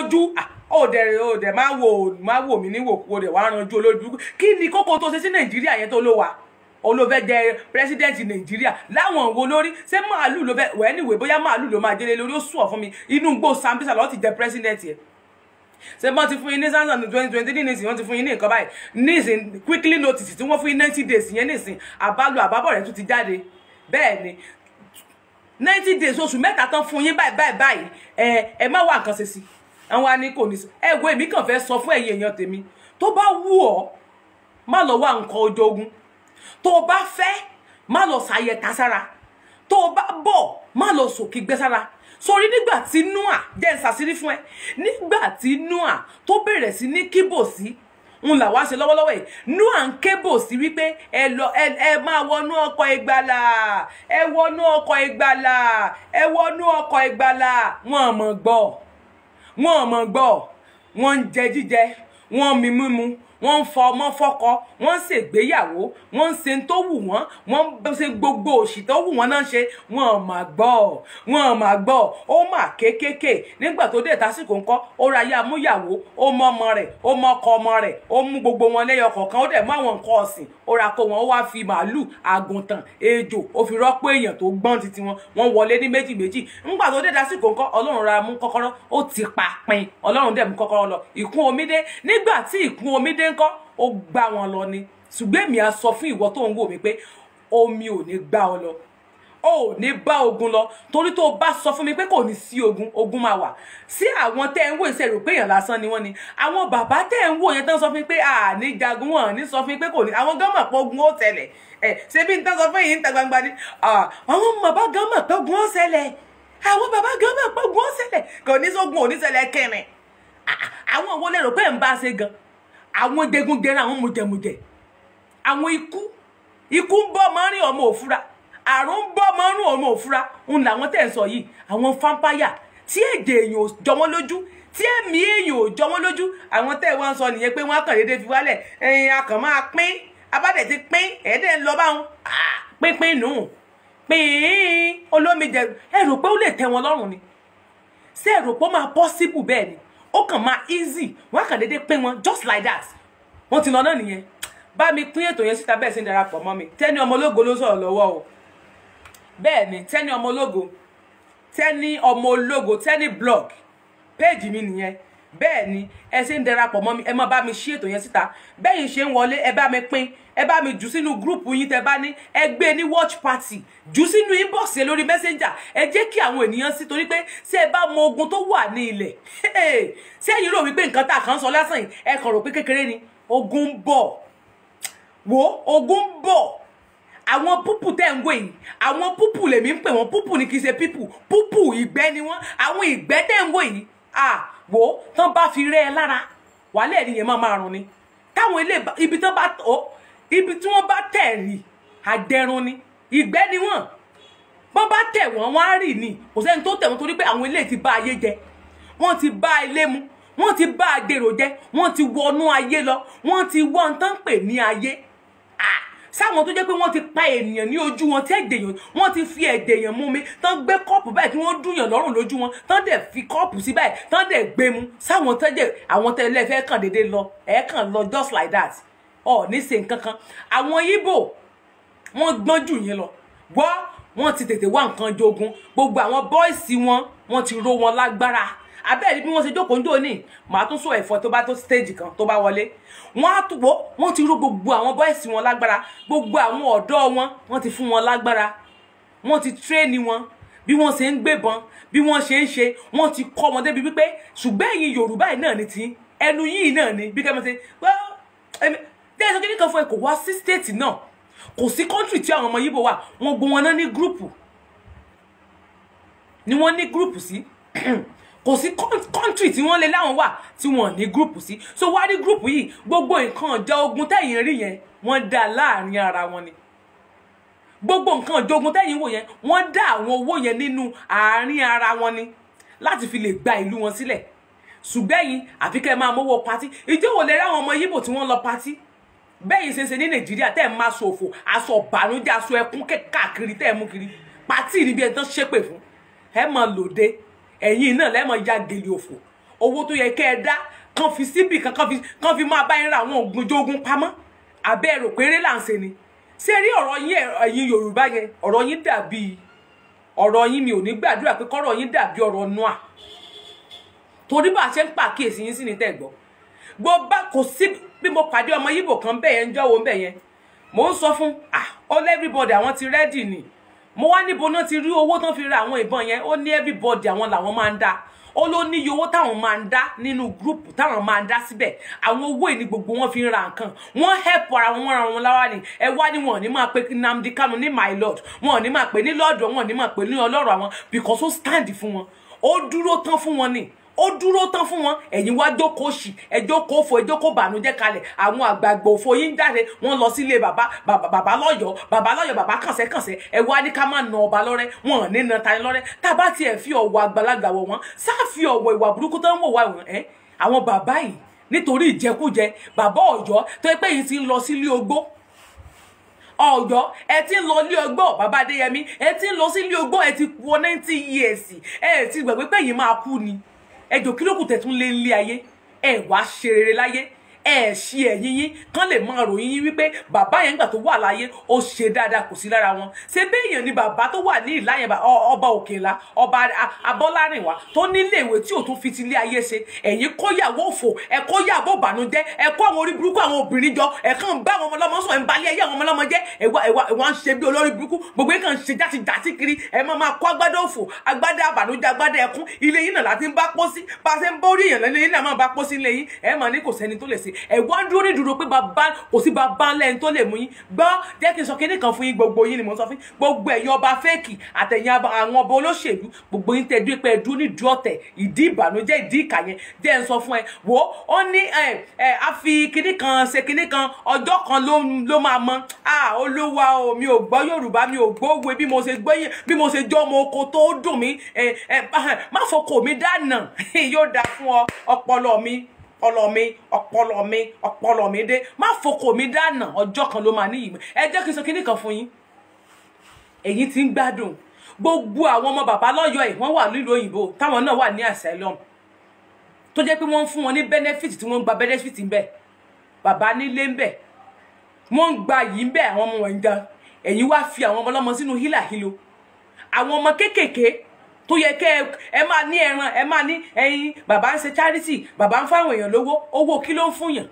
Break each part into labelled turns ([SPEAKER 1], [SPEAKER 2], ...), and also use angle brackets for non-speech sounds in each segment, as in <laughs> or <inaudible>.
[SPEAKER 1] ojú òdẹ òdẹ máa wò máa wò mí níwòkú òdẹ wàá ranjú olójú kí ni kókó tó ṣe sí nàìjíríà yẹn tó ló wà olófẹ́ jẹ president nàìjíríà láwọn wo lórí ṣé màálù ló fẹ́ wẹ́ níwèé bóyá màálù ló máa délé lórí ó sùn ọ̀ fún mi inú gbó sambisa lọ́ọ́ ti jẹ president yẹn ṣé wọ́n ti fún yín ní sansan ní twenty twenty three nísìnyí wọ́n ti fún yín ní nǹkan báyìí nísìn quickly notice tí wọ́n fún yín ninety days yẹn nísìn àbálò àbábọ̀ rẹ̀ tún ti jáde bẹ́ẹ̀ ni ninety days oṣù mẹ́ta tán fún yín báyìí báyìí báyìí ẹ ẹ má wá nǹkan ṣe àwọn á ní kò ní ẹ wo èmi kàn fẹ́ sọ fún ẹ̀yin èèyàn tèmi tó bá wù ọ́ má lọ wá nǹkan ojogun tó o bá fẹ́ má lọ sàyẹ̀ta sára tó o bá bọ̀ má lọ sòkè gbẹ́ sára sórí nígbà tí noah jẹ́ ń ṣàṣírí fún ẹ nígbà tí noah tó bẹ̀rẹ̀ sí ní kíbò sí ń là wá ṣe lọ́wọ́lọ́wọ́ yìí noah ń kébò sí wípé ẹ lọ ẹ máa wọnú ọkọ̀ ìgbàlà ẹ wọnú ọkọ̀ ìgbàlà ẹ wọnú ọkọ̀ ìgbàlà wọn ò mọ̀ wọ́n mọ̀ gbọ́ wọ́n ń jẹ jíjẹ wọ́n mi mímu wọ́n ń fọ ọmọ fọ́kọ wọ́n ń ṣègbéyàwó wọ́n ń ṣe tó wù wọ́n wọ́n ń ṣe gbogbo òṣì tó wù wọ́n náà ṣe wọ́n mà gbọ́ wọ́n mà gbọ́ ó mà kékèké nígbà tó dé ìtàsíkò ńkọ́ ó ra ya múyàwó ó mọ ọmọ rẹ̀ ó mọ ọkọ ọmọ rẹ̀ ó mú gbogbo wọn lẹ́yọ kọ̀ọ̀kan ó dẹ̀ mú àwọn nǹkan ọ̀sìn ó ra kó wọn ó wá fi màálù àgùntàn ejò ó fi rọ́pò èèyàn tó gbọ́n titi wọn wọ́n wọlé ní méjì méjì nígbà tó dé ìtàsíkò ńkọ́ ọlọ́run ra mú kọ́kọ́rọ́ ó ti pa pin ọlọ́run dẹ̀ mú kọ́kọ́rọ́ lọ ìkún omidé nígbà tí ìkún omidé ń ńkọ́ ó gbá wọn lọ ni ṣùgbọ́n èmi á sọ fún ìwọ tó ń wò mí pé omi ò ní gbá ọ lọ o ò ní bá ogun lọ torí tó o bá sọ fún mi pé kò ní sí ogun ogun máa wà sí àwọn tẹ́ ń wò ìṣe rò pé èèyàn lásán ni wọ́n ni àwọn bàbá tẹ́ ń wò yẹn tán sọ fún mi pé àní jagun wọn ní sọ fún mi pé kò ní àwọn gán mọ̀ pé ogun ó tẹ̀lẹ̀ ẹ̀ ṣé bí n tán sọ fún yìí ń ta gbangba ni àwọn bàbá gán mọ̀ pé ogun ó ṣẹlẹ̀ àwọn bàbá gan mọ̀ pé ogun ó ṣẹlẹ̀ kò ní sógun ò ní ṣẹlẹ̀ kẹrin àwọn wo lè rò pé ń bá ṣe gan àwọn jẹgúnjẹrẹ àwọn mọ̀jẹ̀mọ̀jẹ̀ àwọn ikú ikú ń bọ́ mọ́rin ọmọ òfura àrùn ń bọ́ mọ́rùn ọmọ òfura ń làwọn tẹ̀ ń sọ yìí àwọn fámpáyà tí èdè èèyàn ò jọ wọ́n lójú tí èmi èèyàn ò jọ wọ́n lójú àwọn tẹ̀ wọ́n ń sọ nìyẹn pé wọ́n á kàn déédéé fi wálẹ̀ ẹ̀yìn a kàn máa pín abádẹ̀ ti pín ẹ̀ẹ́dẹ̀ ń lọ bá wọn pínpín nù pín olómi jẹ ẹ rò pé ó lè tẹ́ wọn lọ́rùn ni ṣé ẹ rò pé ó máa pọ́síbù bẹ́ẹ̀ ni ó kàn máa easy wọ́n kàn déédéé pé wọn just like that wọ́n ti lọ náà nìyẹn bá mi pín ètò yẹn síta bẹ́ẹ̀ sí ń darapọ̀ mọ́ mi Tenny ọmọ ológo ló sọ̀rọ̀ lọ́wọ́ o bẹ́ẹ̀ ni Tenny ọmọ ológo Tenny ọmọ ológo Tenny blog péèjì mi nìyẹn bẹ́ẹ̀ ni ẹ ṣe ń darapọ̀ mọ́ mi ẹ máa bá mi ṣí ètò yẹn síta bẹ́yìn ṣe ń wọlé ẹ bá mi pín ẹ bá mi jù sínú gúrùpù yín tẹ bá ní ẹ gbé e ní watch party jù sínú inbox yẹn lórí messenger ẹ jẹ́ kí àwọn ènìyàn sí torí pé ṣé ẹ bá mọ ogun tó wà ní ilẹ̀ ṣé ẹ̀yin rò wípé nǹkan tá a kàn sọ lásán yìí ẹ kàn rò pé kékeré ni ogun ń bọ̀ wò ogun ń bọ̀ àwọn púpù tẹ̀ ń wé yìí àwọn púpù lèmi ń pè wọ́n púpù ni kì í ṣe pípù púpù ìgbẹ́ ni wọ́n àwọn ìgbẹ́ tẹ̀ ń wé yìí ah Wo, ó tán bá fi rẹ́ ẹ lára wàhálà ẹ̀rí yẹn máa máa rùn ni táwọn ilé ibi tán bá tó ibi tí wọ́n bá tẹ̀ rí àdẹrùn ni ìgbẹ́ ni wọ́n bọ́n bá tẹ̀ wọ́n wọ́n á rì ni kò sẹ́ni tó tẹ̀ wọ́n torí pé àwọn ilé ti ba ayé jẹ wọ́n ti bá ilé mu wọ́n ti bá agbèrò jẹ wọ́n ti wọnú ayé lọ wọ́n ti wọ́n tán pè ní ayé sáwọn tó jẹ́ pé wọ́n ti pa ènìyàn ní ojú wọn tẹ́ dèèyàn wọ́n ti fi ẹ̀dèèyàn mú mi tán gbé kọ́ọ̀pù báyìí tí wọ́n dùnyàn lọ́rùn lójú wọn tán dẹ̀ fi kọ́ọ̀pù sí báyìí tán dẹ̀ gbé mu sáwọn tẹ́jẹ̀ àwọn tẹ́lẹ̀ fẹ́ kàn déédéé lọ ẹ̀ kàn lọ just like that ọ̀ ní ṣe nǹkan kan àwọn Ìgbò wọ́n gbọ́n jù yín lọ gbọ́ wọ́n ti tètè wá nǹkan jogun gbogbo àwọn bọ́ìsì wọn wọ́n ti ró wọn lágbára abẹ́ẹ̀ ni bí wọ́n ṣe jókòó ń dò ní màá tún sọ ẹ̀fọ́ tó bá tó stage kan tó bá wọlé wọ́n á tún wọ́ wọ́n ti ró gbogbo àwọn bọ́ìsì wọn lágbára gbogbo àwọn ọ̀dọ́ wọn wọ́n ti fún wọn lágbára wọ́n ti tírẹ́ẹ̀nì wọn bí wọ́n ṣe ń gbébọn bí wọ́n ṣe ń ṣe wọ́n ti kọ́ wọn débi wípé ṣùgbọ́n ẹ̀yin Yorùbá yìí náà ni ti ẹnu yìí náà ni bí kẹ́mi ṣe jẹ́ ìsọ kíní kan fún ẹ kò wá sí stéètì náà kò sí kọ́ńtì tí àwọn ọmọ Yíbò wà wọ́n gbọ́ wọn náà ní gúrùpù ni wọ́n ní gúrùpù sí <clears throat> kò sí kọ́ńtì tí wọ́n lé láwọn wà tí wọ́n ní gúrùpù sí so wá rí gúrùpù yìí gbogbo nǹkan ọ̀já ogun tẹ̀yìn rí yẹn wọ́n dá láàrin ara wọn ni gbogbo nǹkan ọ̀já ogun tẹ̀yìn wò yẹn wọ́n dá àwọn owó yẹn nínú àárín ara wọn ni láti fi lè gba ìlú wọn sílẹ̀ ṣùgbẹ́yìn àfi kẹ́ ẹ máa mówó patí ìjọwọ́ lè ráwọn ọmọ yíbò tí wọ́n lọ patí bẹ́yìn ṣeṣe ní nàìjíríà tẹ́ ẹ máa ṣòfò aṣọ ọ̀bànújẹ́ aṣọ ẹkún káàkiri tẹ́ ẹ mú kiri patí níbi ẹ̀ tán ṣépè fún ẹ máa lòde ẹ̀yin náà lẹ́mọ̀ ya gèlè òfò owó tó yẹ kẹ́ ẹ dá kan fi síbì kan kan fi máa bá yín ra àwọn ògùn jogun pamọ́ abẹ́ rò péré là ń ṣe ni ṣé rí ọ̀rọ̀ yín ẹ̀yin Yorùbá yẹn ọ̀rọ̀ yín dàbí ọ̀rọ̀ yín mi ò ní gbàdúrà pé kọ́rọ̀ yín dàbí ọ̀rọ̀ Noah torí bá a ṣe ń pàkíyèsí yín sí ní tẹ̀gbọ́ gbọ́bá kò sí bí mo pàdé ọmọ yíbo kan bẹ́ẹ̀ yẹn ń jọ́wọ́ bẹ́ẹ̀ yẹn mò ń sọ fún ah all everybody àwọn ti rẹ́dì nìí mo wá níbo náà ti rí owó tán fi ra àwọn ìbọn yẹn ó ní everybody àwọn làwọn máa ń dá ó ló níye owó táwọn máa ń dá nínú gúrúùpù táwọn máa ń dá síbẹ̀ àwọn owó ìní gbogbo wọn fi ń ra nǹkan wọ́n help ara wọn ara wọn lára ni ẹ wá ní wọn ò ní máa pe Nnamdi Kanu ní my lord wọn ò ní máa pe ní lọ́ọ̀dọ̀ wọn ò ní máa pe ní ọlọ́rọ̀ àwọn because ó stand fún wọn ó dúró tán fún wọn ni ó dúró tán fún wọn ẹ̀yin wá jókòó ṣì ẹ jókòó fò ẹ jókòó bànújẹ́ kalẹ̀ àwọn àgbààgbà òfò yín jáde wọ́n lọ sílé bàbá bàbá lọ́yọ̀ọ́ bàbá lọ́yọ̀ọ́ bàbá kànṣẹ́kànṣẹ́ ẹ wá ní ká má na ọba lọ́rẹ́ wọn ò ní na ta lọ́rẹ́ tá a bá tiẹ̀ fi ọ̀wọ̀ àgbàlagbà wọ̀ wọ́n sáfi ọ̀wọ̀ ìwà burúkú tó ń wò wá ẹ̀ àwọn bàbá yìí nítorí ìjẹkújẹ bàbá ọ̀yọ́ tó pé yìí ti lọ sílé ogbó ọ̀yọ́ ẹ ti ń lọ ilé ọgbọ́n bàbá adéyẹmí ẹ ti ń lọ sí ilé ọgbọ́n ẹ ti wọ ninety years ẹ ti gbàgbé pé yìí máa kú ni ẹjọ kí ló kù tẹ̀tún lé nílé ayé ẹ wá ṣe rere láyé ẹ ṣe ẹ̀yìn yín kán lè máa ròyìn yín wípé bàbá yẹn nígbà tó wà láyé ó ṣe dáadáa kò sí lára wọn ṣé béèyàn ni bàbá tó wà ní ìlà yẹn ọba òkèlà ọba abọ́lárìnwá tó nílé ìwé tí ò tún fi ti ilé ayé ṣe ẹ̀yin kóyàwó òfò ẹ kóyàwó ìbànújẹ́ ẹ kó àwọn orí burúkú àwọn obìnrin jọ ẹ kàn ń bá àwọn ọmọlọ́mọ sọ ẹ ń balẹ̀ ayé àwọn ọmọlọ́mọ jẹ́ ẹ̀wà ẹ̀wà ẹ̀wà ń ṣe bí olórí burúkú gbogbo ẹ̀ kàn ń ṣe játijàti kiri ẹ máa máa kó agbádá òfò agbádá àbànújẹ́ agbádá ẹkún ilé yín náà láti ń bá pọ́ sí bá a ṣe ń bá orí èèyàn lẹ́nu yín náà máa bá pọ́ sí ilé yín ẹ máa ní kò sẹ́ni tó lè ṣe ẹ wá dúró ní dúró pé bàbá kò sí bàbá lẹ́yìn tó lè mú yín gbọ́ jẹ́ kí n sọ kíní kan fún yín gbogbo yín ni mo sọ fún gbogbo ẹ̀yin ọba fẹ́ẹ̀kì àtẹ̀yìn àwọn ọba olóṣèlú gbogbo yín tẹ́ dúró pé ẹ dúró ní dúró tẹ̀ ìdí ìbànújẹ́ ìdí ìkà yẹn jẹ́ n sọ fún ẹ wò ó ní ẹ a fi kíní kan ṣe kíní kan ọjọ́ kan ló máa mọ ah olúwa o mi ò gbọ́ Yorùbá mi ò gbọ́ òwe bí mo ṣe gbẹ́yìn bí mo ṣe jọ́ ọmọ oko tó dùn mí má fọkọ mi dáná <laughs> yóò dáa fún ọ ọpọlọ mi ọpọlọ mi ọpọlọ mi ọpọlọ mi dé má fokò mi dànà ọjọ́ kan ló máa níyì ẹ jẹ́ kí n sọ kíní kan fún yín èyí tí ń gbádùn gbogbo àwọn ọmọ bàbá lọ́yọ̀ọ́ ẹ̀ wọ́n wà nílùú òyìnbó táwọn náà wà ní asylum tó jẹ́ pé wọ́n ń fún wọn ní benefit tí wọ́n ń gba benefit ń bẹ bàbá nílé ń bẹ wọ́n ń gba yìí ń bẹ àwọn ọmọ wọn ń ga ẹ̀yin wá fi àwọn ọmọ ọlọ́mọ sínú hílàhílo àwọn ọmọ kéékèèké tó yẹ kẹ ẹ máa ní ẹran ẹ máa ní ẹyin bàbá ń ṣe charity bàbá ń fáwọn èèyàn lówó owó kí ló ń fún yàn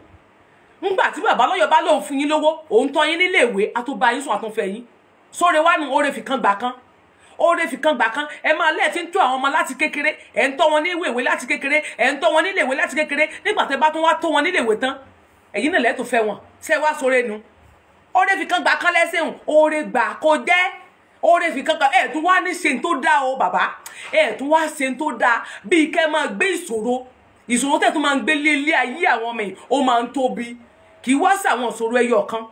[SPEAKER 1] ńgbà tí bàbá lọ́yọ̀ bá lóun fún yín lówó òun tọ́ yín nílé ìwé àtúbà yín sùn àtúnfẹ́ yín sóore wà nù oore fìkan gbà kan oore fìkan gbà kan ẹ máa lẹ́ẹ̀ tí ń tó àwọn ọmọ láti kékeré ẹ̀ ń tọ́ wọn ní ìwé ìwé láti kékeré ẹ̀ ń tọ́ wọn nílé ìwé láti kékeré nígbà tẹ́ bá tún wá tó wọn nílé ìwé tán ẹ̀yin náà lẹ́tọ̀ fẹ́ wọn ṣẹ́ wá sóore nu oore fìkan gbà kan lẹ́sẹ̀ hùn oore gbà kó jẹ́ oore fi kankan ẹ̀ tún wá ní ṣe tó dáa o bàbá ẹ̀ tún wá ṣe tó dáa bíi kẹ́ máa gbé ìṣòro ìṣòro tẹ̀ tún máa ń gbé lé ilé ayé àwọn ọmọ yìí ó máa ń tóbi kì í wá sàwọn ìṣòro ẹyọ kan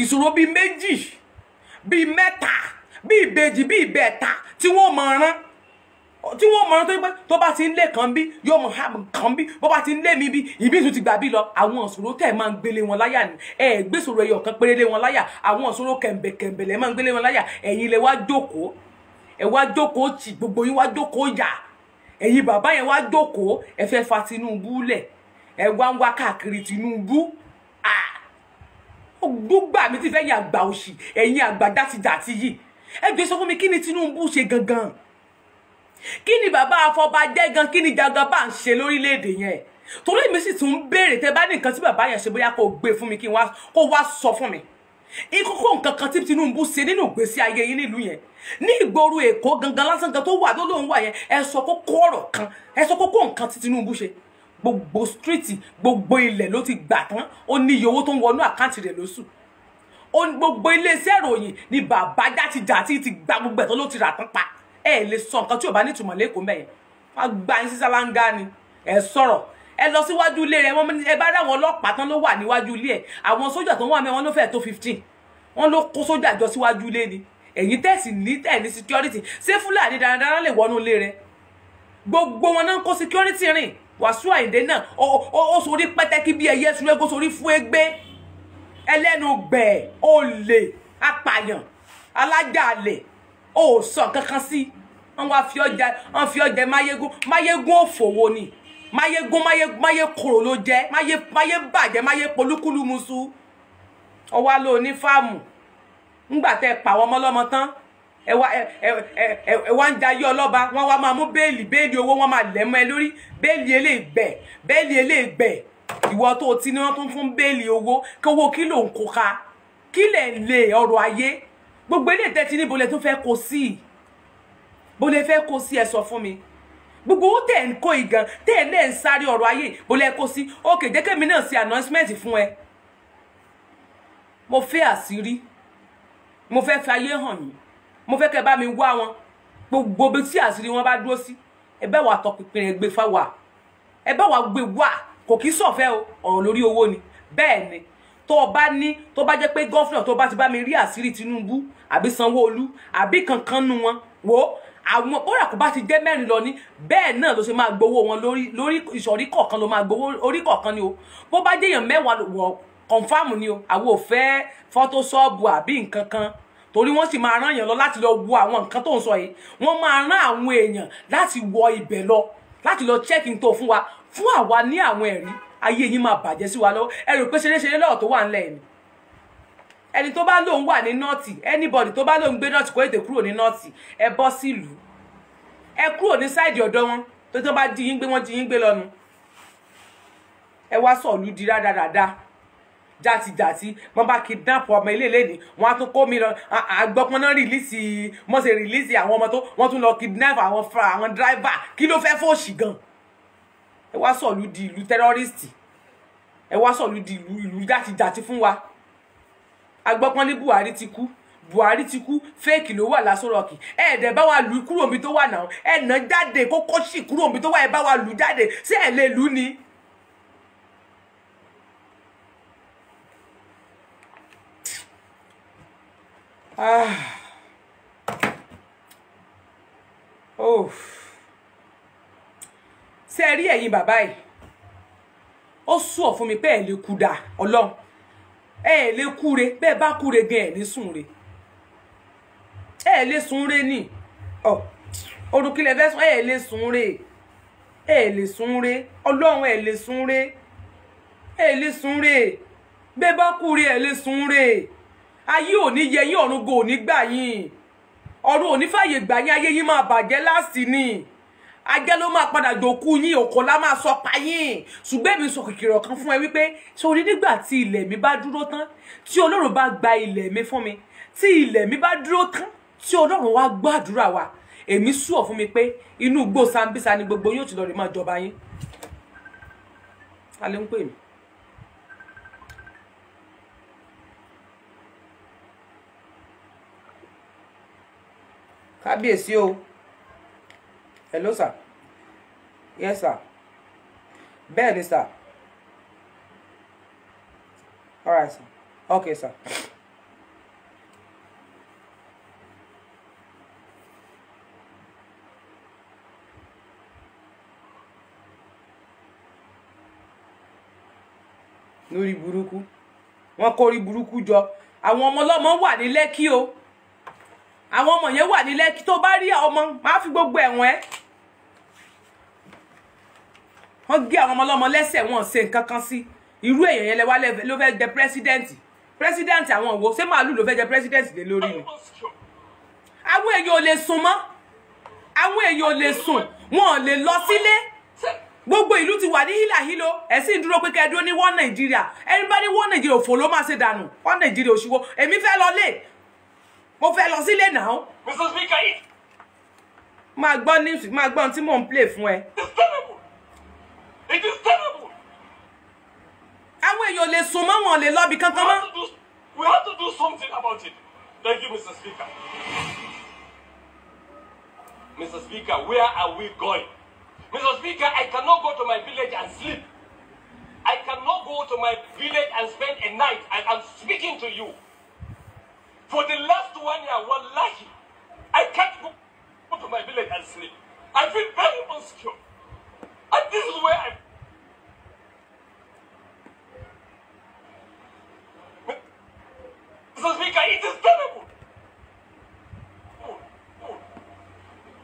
[SPEAKER 1] ìṣòro bíi méjì bíi mẹ́ta bíi ìbejì bíi ìbẹ̀ta tí wọ́n máa rán tí wọ́n mọ̀ràn tó yẹ pé tó bá ti ń lé kan bí yóò mọ̀ ha kan bí bó bá ti ń lé mi bí ìbí tún ti gbà bí lọ àwọn ìṣòro tẹ̀ máa ń gbélé wọn láyà ni ẹ gbèsòro ẹyọ kan péré lé wọn láyà àwọn ìṣòro kẹ̀m̀bẹ̀kẹ̀m̀bẹ̀ lẹ́ máa ń gbélé wọn láyà ẹ̀yin lẹ wá jókòó ẹ wá jókòó tì gbogbo yín wá jókòó yà ẹ̀yin bàbá yẹn wá jókòó ẹ fẹ́ fa Tinubu lẹ̀ ẹ wá ń wá káàkiri Tinubu gbúgbà mi ti fẹ́ yà àgbà òṣì kí ni bàbá afọbajẹ́ gan kí ni jagaba ń ṣe lórílẹ̀‐èdè yẹn torí èmi sì tún ń béèrè tẹ bá ní nǹkan tí bàbá yẹn ṣe bóyá kó gbé fún mi kí n wá kó wá sọ fún mi ìkókó nǹkan kan tí Tinubu ṣe nínú ìgbésí ayé yín nílùú yẹn ní ìgboro Èkó gangan lásán kan tó wà tó lóun wà yẹn ẹ sọ kókó ọ̀rọ̀ kan ẹ sọ kókó nǹkan tí Tinubu ṣe gbogbo stíríìtì gbogbo ilẹ̀ ló ti gbà tán ó ní iye owó tó ń wọnú àkáǹtì rẹ̀ lóṣù gbogbo iléeṣẹ́ ìròyìn ni bàbá játijáti ti gba gbogbo ẹ̀ tó ló ti rà tán pa le ẹ lè sọ nǹkan tí ò bá nítumọ̀ lẹ́kọ̀ọ́ mẹ́yẹn wọ́n gba yín sí sálángá ni ẹ sọ̀rọ̀ ẹ lọ síwájú ilé rẹ wọ́n ẹ bá ráwọn ọlọ́pàá tán ló wà níwájú ilé ẹ àwọn sójà tó wà mẹ́ wọn ló fẹ́ tó fifteen wọ́n ló kó sójà jọ síwájú ilé ni ẹ̀yin tẹ̀sí ní tẹ̀lé security ṣé fúlàní darandaran lè wọnú ilé rẹ gbogbo wọn náà ń kó security rìn Wàsíù Àyìndé náà ó sorí pẹ́tẹ́kí bí ẹyẹ ṣúrégó sorí fún egbé ẹlẹ́nu gbẹ̀ẹ́ olè apààyàn alájàalè o ò sọ kankan sí wọn wá fi ọjà wọn fi ọjà máyégún máyégún òfòwò ni máyégún máyékòrò ló jẹ máyébàjẹ́ máyépolúkúlù musu ọwá ló ní fáàmù ńgbà tẹ pàwọn ọmọlọmọ tán ẹ wá ẹ ẹ ẹ wá ń jayé ọlọ́ba wọ́n wá máa mú béèlì béèlì owó wọ́n máa ma le ẹ lórí béèlì eléègbẹ̀ béèlì eléègbẹ̀ ìwọ tó o ti ní wọ́n tún fún béèlì owó kí owó kí ló ń kó ka kí lè lè ọrọ̀ gbogbo ilé ìtẹ́tí níbo lẹ tún fẹ́ kó sí i bó lẹ fẹ́ kó sí ẹ sọ fún mi gbogbo owó tẹ̀ ń kó ìgan tẹ̀ ń lẹ̀ ń sáré ọ̀rọ̀ ayé bó lẹ kó sí òkè jẹ́kẹ́mi náà ṣe announcement fún ẹ mo fẹ́ àṣírí mo fẹ́ fi ayé hàn yín mo fẹ́ kẹ́ bá mi wá wọn gbogbo bí tí àṣírí wọn bá dúró sí ẹ bá wa tọpinpin ẹ gbé fáwa ẹ bá wa gbé wá kò kí sọ̀fẹ́ o lórí owó ni bẹ́ẹ̀ ni tó o bá ní tó bá jẹ́ pé gọ́fìnà tó bá ti bá mi rí àṣírí Tinubu àbí sanwó àbí kankan nu wọn wò ó àwọn kódà kó bá ti jẹ́ mẹ́rin lọ ní bẹ́ẹ̀ náà ló ṣe máa gbowó wọn lórí lórí ìsọ̀rí kọ̀ọ̀kan ló máa gbowó orí kọ̀ọ̀kan ni o bó bá jẹ́ èèyàn mẹ́wàá wọ̀ kọ̀ǹfàmù ni o àwọn ò fẹ́ fọ́tóṣọ́ọ̀bù àbí nǹkan kan torí wọ́n sì máa rán èèyàn lọ láti lọ wo àwọn nǹkan tó ń sọ yìí wọ́n máa rán àwọn èèyàn láti wọ ibẹ̀ lọ láti lọ check in tó fún wa fún àwa ní àwọn ẹ̀rí ayé yín máa bàjẹ́ sí wa lọ́wọ́ ẹ rò pé ṣeréṣeré lọ́rọ̀ tó wà ńlẹ̀ ni ẹni tó bá lóun wà ní nọ́ọ̀tì anybody tó bá lóun gbé nọ́ọ̀tì kó ètè kúrò ní nọ́ọ̀tì ẹ bọ́ sílùú ẹ kúrò ní sáìdì ọ̀dọ́ wọn tó tó bá di yín gbé wọn di yín gbé lọ́nu ẹ wá sọ̀lú di rádaràda játijàti wọn bá kidnap ọmọ ilé lẹ́ni wọn á tún kó mi lọ àgbọ̀pọ̀ náà rìlíìsì mọ́sẹ̀ rìlíìsì àwọn ọmọ tó wọ́n tún lọ kidnap àwọn driver kí ló fẹ́ fòṣì gan-an ẹ wá sọ̀lú di ìlú tẹ́rọ́rìstì ẹ wá sọ̀lú di ìlú ìlú jàtijàti fún wa agbọ́pọ́n ní Buhari ti kú Buhari ti kú fẹ́ẹ̀kì ló wà lásòrọ̀kì ẹ ẹ̀dẹ̀ bá wa lù ú kúrò mi tó wà náà ẹ nà jáde kókó sì kúrò mi tó wà ẹ bá wa lù jáde sí ẹ lè lù ni.
[SPEAKER 2] Ah.
[SPEAKER 1] Oh ṣe rí ẹ̀yin bàbá yìí ó sùọ̀ fún mi pé ẹ̀ lè kú dà ọlọ́run ẹ̀ lè kú re bẹ́ẹ̀ bá kú re gan ẹ̀ ní sùn re ẹ̀ lè sùn re nì ọ̀ orúkílẹ̀ fẹ́ sùn ẹ̀ lè sùn re ẹ̀ lè sùn re ọlọ́run ẹ̀ lè sùn re ẹ̀ lè sùn re bẹ́ẹ̀ bá kú re ẹ̀ lè sùn re ayé ò ní yẹ yín go ò ní gbà yín ọ̀run ò ní fàyè gbà yín ayé yín máa ni ajẹ́ ló máa padà jòkú yín òkò la máa sọ payín ṣùgbọ́n èmi sọ kìkìrọ̀ kan fún ẹ wípé sórí nígbà tí ilẹ̀ mi bá dúró tán tí ọlọ́run bá gba ilẹ̀ mi fún mi tí ilẹ̀ mi bá dúró tán tí ọlọ́run wá gbàdúrà wa èmi súọ̀ fún mi pé inú igbó Sambisa ni gbogbo yóò ti lọ rè máa jọba yín alẹ́ ń pè mí. kábíyèsí o hello sir yes sir bẹ́ẹ̀ ni sir alright sir okay sir. lórí burúkú wọn kórí burúkú jọ àwọn ọmọ ọlọ́mọ wà ní lẹ́kí o àwọn ọmọ yẹn wà ní lẹ́kí tó bá rí ọmọ máa fi gbogbo ẹ̀wọ̀n ẹ́ wọ́n gé àwọn ọmọ ọlọ́mọ lẹ́sẹ̀ wọn ṣe nǹkan kan sí irú èèyàn yẹn lẹ́wà ló fẹ́ jẹ pírẹ́sídẹ́ǹtì pírẹ́sídẹ́ǹtì àwọn òwò ṣé màálù ló fẹ́ jẹ pírẹ́sídẹ́ǹtì lé lórí ni. àwọn èèyàn ò lè sùn mọ́ àwọn èèyàn ò lè sùn wọn ò lè lọ sílé gbogbo ìlú ti wà ní hílàhílo ẹ̀sìn dúró pé kẹ́ ẹ dúró ní wọ́n nàìjíríà ẹni bá ní wọ́n nàìjíríà òfò ló máa ṣe dànù wọ́n nàìjíríà òṣìwò èmi fẹ́ lọ lé mo fẹ́ lọ sílé náà.
[SPEAKER 2] mrs mikael.
[SPEAKER 1] máa gbọ́ ní máa gbọ́ ohun tí mò ń play fún ẹ. It is terrible. Àwọn where lè sùn mọ́ wọn lè lọ́bi kankan mọ́. We
[SPEAKER 2] have to do something about it. Thank you, Mr. Speaker. Mr. Speaker, where are we going? Mr. Speaker, I cannot go to my village and sleep. I cannot go to my village and spend a night. I am speaking to you. For the last one year, one wallahi, I can't go to my village and sleep. I feel very insecure. And this is where I Speaker, it is terrible.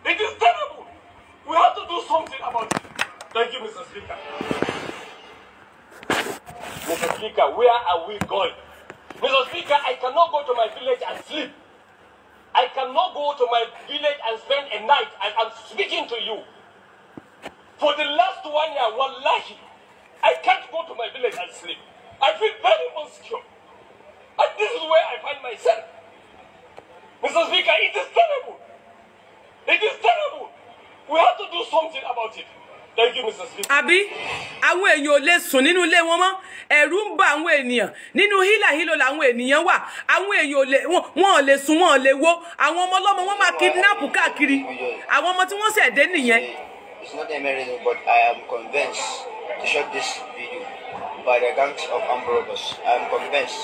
[SPEAKER 2] It is terrible. We have to do something about it. Thank you, Mr. Speaker. Mr. Speaker, where are we going? Mr. Speaker, I cannot go to my village and sleep. I cannot go to my village and spend a night. I am speaking to you. For the last one year, wallahi, I can't go to my village and sleep. I feel very insecure. And this is where I find myself. Mr. Speaker, it is terrible. It is terrible. We have to do something about it. Thank you, Mr. Speaker. Àbí
[SPEAKER 1] àwọn èèyàn ò lè sùn nínú ilé wọn mọ́. Ẹ̀rù ń bà àwọn ènìyàn. Nínú hílà hílò làwọn ènìyàn wà. Àwọn èèyàn ò lè wọn ò lè sùn wọn ò lè wo. Àwọn ọmọ ọlọ́mọ wọn máa kidnap káàkiri. Àwọn ọmọ tí wọ́n ṣẹ̀ dé nìyẹn.
[SPEAKER 3] It's not American, but I am convinced to shot this video by the gangs of armed robbers. I am convinced.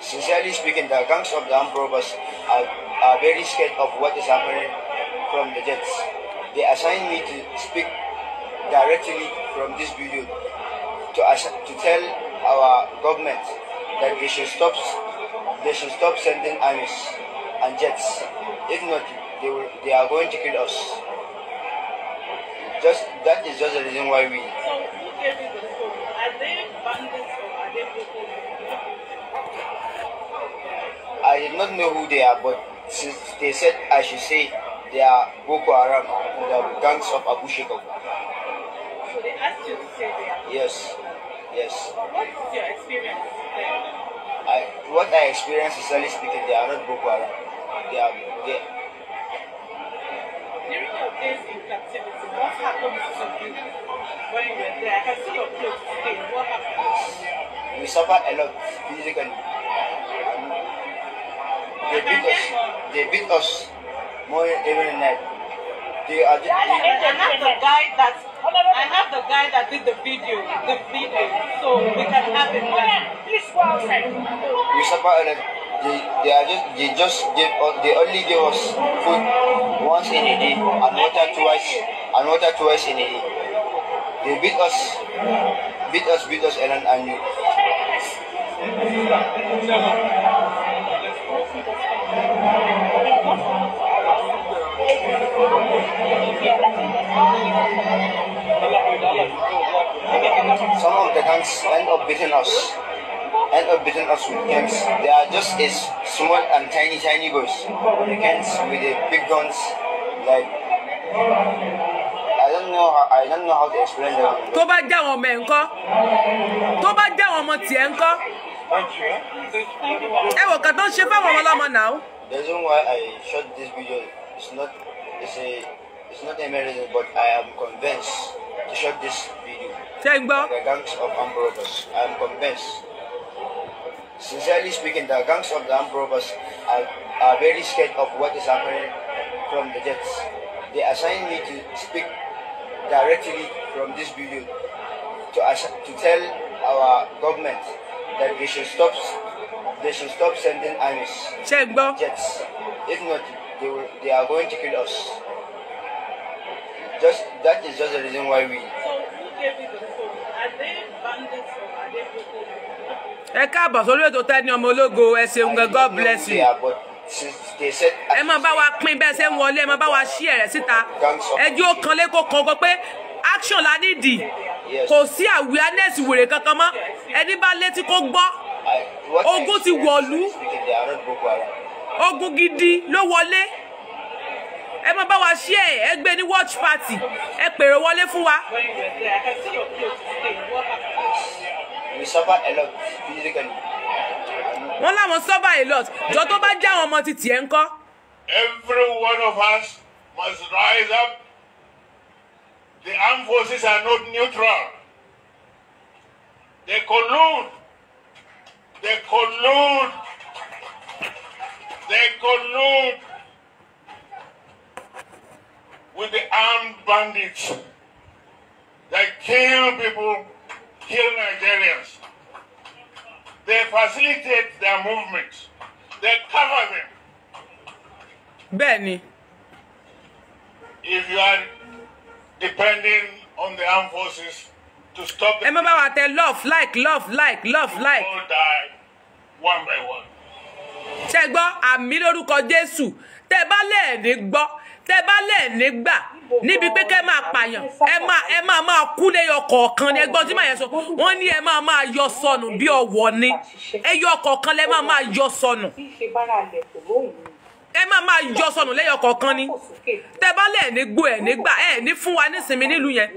[SPEAKER 3] Sincerely speaking, the gangs of the Ambrobas are, are very scared of what is happening from the jets. They assigned me to speak directly from this video to, to tell our government that they should stop they should stop sending armies and jets. If not, they will they are going to kill us. Just that is just the reason why we. So
[SPEAKER 4] who gave you the phone? Are they bandits or are they?
[SPEAKER 3] I did not know who they are, but they said I should say they are Boko Haram, they are gangs of Abu Shekau. So they asked you to say they are? Yes, yes. What is your experience there? I, what I experienced is only speaking, they are not Boko Haram. They are, they,
[SPEAKER 4] During your days in captivity, what happened to you when
[SPEAKER 3] you were there? I can see your clothes stained. What happened? We suffered a lot physically. They beat us. They beat us more every night. They are the, I have the
[SPEAKER 5] guy that I have the guy that did the video, the video, so we can have it. Please go outside. You
[SPEAKER 3] suffer they, they are just they just us uh, they only give us food once in a day and water twice and water twice in a day. They beat us, beat us, beat us, and and you. Some of the guns end up beating us. End up beating us with guns. They are just as small and tiny, tiny boys. The gangs with the big guns, like I don't know I don't know how to explain them.
[SPEAKER 1] Tó bá jẹ́ àwọn ọmọ ẹ̀ ńkọ́? Tó bá jẹ́ àwọn ọmọ tiẹ̀ ńkọ́?
[SPEAKER 3] ẹ wò kàn tó ń ṣe fáwọn ọmọlọ́mọ náà. the reason why i shot this video is not it's a it's not a reason but i am convinced to shot this video. Thank you. the gangs of armed robbers i am convinced. Sincerely speaking, the gangs of the armed robbers are, are very scared of what is happening from the jets. They assigned me to speak directly from this video to, to tell our government that they should stop they should stop sending armies. ṣe gbọ́. jets if not they will they are going to kill us. just that is just the reason why we. so who
[SPEAKER 5] gave you the are they bandits or are they people.
[SPEAKER 3] ẹ káàbọ̀ sórí ètò tẹ́ni
[SPEAKER 1] ọmọ ológo ẹ ṣeun gan god bless you. ẹ máa bá wa pín bẹ́ẹ̀ ṣe ń wọlé ẹ máa bá wa ṣí ẹ̀rẹ́ síta ẹ kan lé kan gbọ́ pé action la nídìí kò sí awareness wèrè kankan mọ́ ẹni bá létí kó gbọ́ ogun ti wọ̀lú ogun gidi ló wọlé ẹ máa bá wa ṣí ẹ ẹ gbé ní watch party ẹ pèrò wọlé fún wa. wọ́n láwọn sọ́bà a lot jọ tó bá já àwọn ọmọ ti tiẹ̀ ń kọ́. every one of us must rise up The armed forces are not neutral.
[SPEAKER 6] They collude. They collude. They collude with the armed bandits that kill people, kill Nigerians. They facilitate their movements. They cover them.
[SPEAKER 1] Benny. If you are depending on the armed forces to stop them. ẹ má bá love like love like love like. all die one by one. Tegbo, gbọ́ àmì lórúkọ Jésù tẹ bá lẹ́ẹ̀ni gbọ́ tẹ bá lẹ́ẹ̀ni gbà níbi pé kẹ́ máa pààyàn ẹ máa ẹ máa máa kú léyọ kọ̀ọ̀kan ni ẹgbọ́n tí màá yẹ sọ wọ́n ní ẹ máa máa yọ sọnù bí ọ̀wọ́ ni ẹyọ kọ̀ọ̀kan lẹ máa máa yọ sọnù ẹ máa máa yọ sọnù lẹ́yọ kọ̀ọ̀kan ni tẹ bá lẹ̀ ní gbó ẹ̀ nígbà ẹ̀ ní fún wa nísinmi nílùú yẹn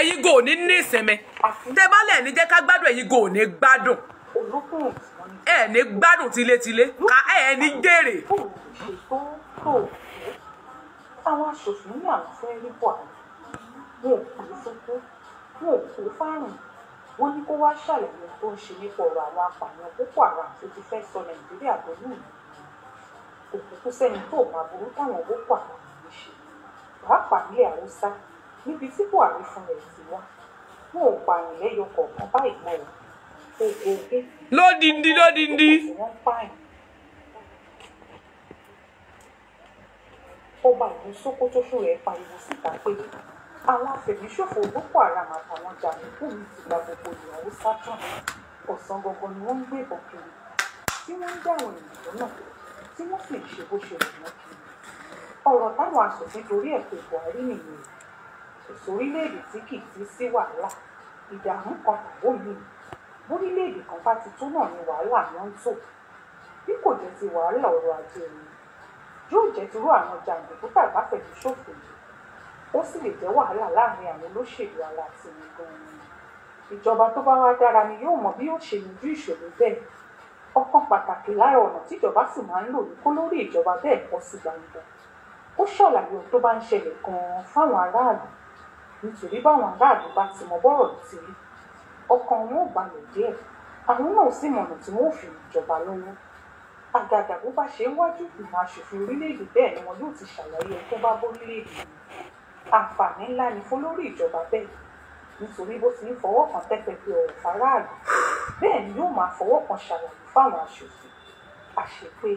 [SPEAKER 1] ẹ̀yin go ní ní ìsinmi tẹ bá lẹ̀ ní jẹ́ ká gbádùn ẹ̀yin go ní gbádùn ẹ̀ ní gbádùn tilétilé ká ẹ̀ ní jèrè.
[SPEAKER 5] àwọn ní kó wá ṣàlàyé tó ń ṣe nípa ọ̀rọ̀ àwọn apààyàn púpọ̀ àrà tó ti fẹ́ sọ nàìjíríà lọ́nà yìí òkùnkùn sẹ́ni tó máa burú táwọn boko haram lè ṣe pàápàá ilẹ̀ haúsá níbi tí buhari fún rẹ̀ ti wá wọn ò pààyàn lẹ́yọ kọ̀ọ̀kan báyìí mọ́ wọn ogógé
[SPEAKER 2] lódìndín lódìndín
[SPEAKER 5] wọ́n pààyàn ọba ìlú sokoto fún rẹ̀ pariwo síta pé àwọn afẹ̀míṣòfò boko haram àtàwọn jàǹdùkú mi ti gba gbogbo ilẹ̀ haúsá tán ọ̀sán gangan ni wọ́n ń gbébọn kiri tí wọ́n ń dáhùn ìlú náà tí wọ́n sì ṣe bó ṣe wù wọ́n kiri ọ̀rọ̀ táwọn aṣòfin torí ẹ̀ pé buhari nìyẹn sórílẹ̀-èdè tí kì í ti sí wàhálà ìdààmú kan tàbó yìí bórílẹ̀-èdè kan bá ti tó náà ni wàhálà náà ń tò bí kò jẹ́ ti wàhálà ọrọ̀ ajé ni yóò jẹ́ tirú àwọn jàǹdùkú tàbá pẹ̀lú ṣòfò yìí ó sì lè jẹ́ wàhálà láàrin àwọn olóṣèlú ara tìǹbù gan-an ìjọba tó bá wá dára ni yóò mọ bí yóò ṣe yanjú ìṣòro bẹ́ẹ̀ ọ̀kan pàtàkì lára ọ̀nà tíjọba sì máa ń lò ní kó lórí ìjọba bẹ́ẹ̀ pọ̀ sí gbangba ó ṣàlàyé ohun tó bá ń ṣẹlẹ̀ gan-an fáwọn aráàlú nítorí báwọn aráàlú bá ti mọ bọ́rọ̀ ti rí ọkàn wọn ò balẹ̀ díẹ̀ àwọn náà sì mọ̀nà tí wọ́n ò fi ìjọba lọ́wọ́ àgàgà bó bá ṣe ń wájú ìmọ̀ aṣòfin orílẹ̀-èdè bẹ́ẹ̀ ni wọn yóò ti ṣàlàyé ohun tó bá bórílẹ̀-èdè àǹfààní ńlá ni fún lórí ìjọba bẹ́ẹ̀ nítorí bó ti ń fọwọ́ kan tẹ́pẹ́pẹ́ ọ̀rọ̀ fáráàlú bẹ́ẹ̀ ni yóò máa fọwọ́ kan ṣàlàyé fáwọn aṣòfin àṣepé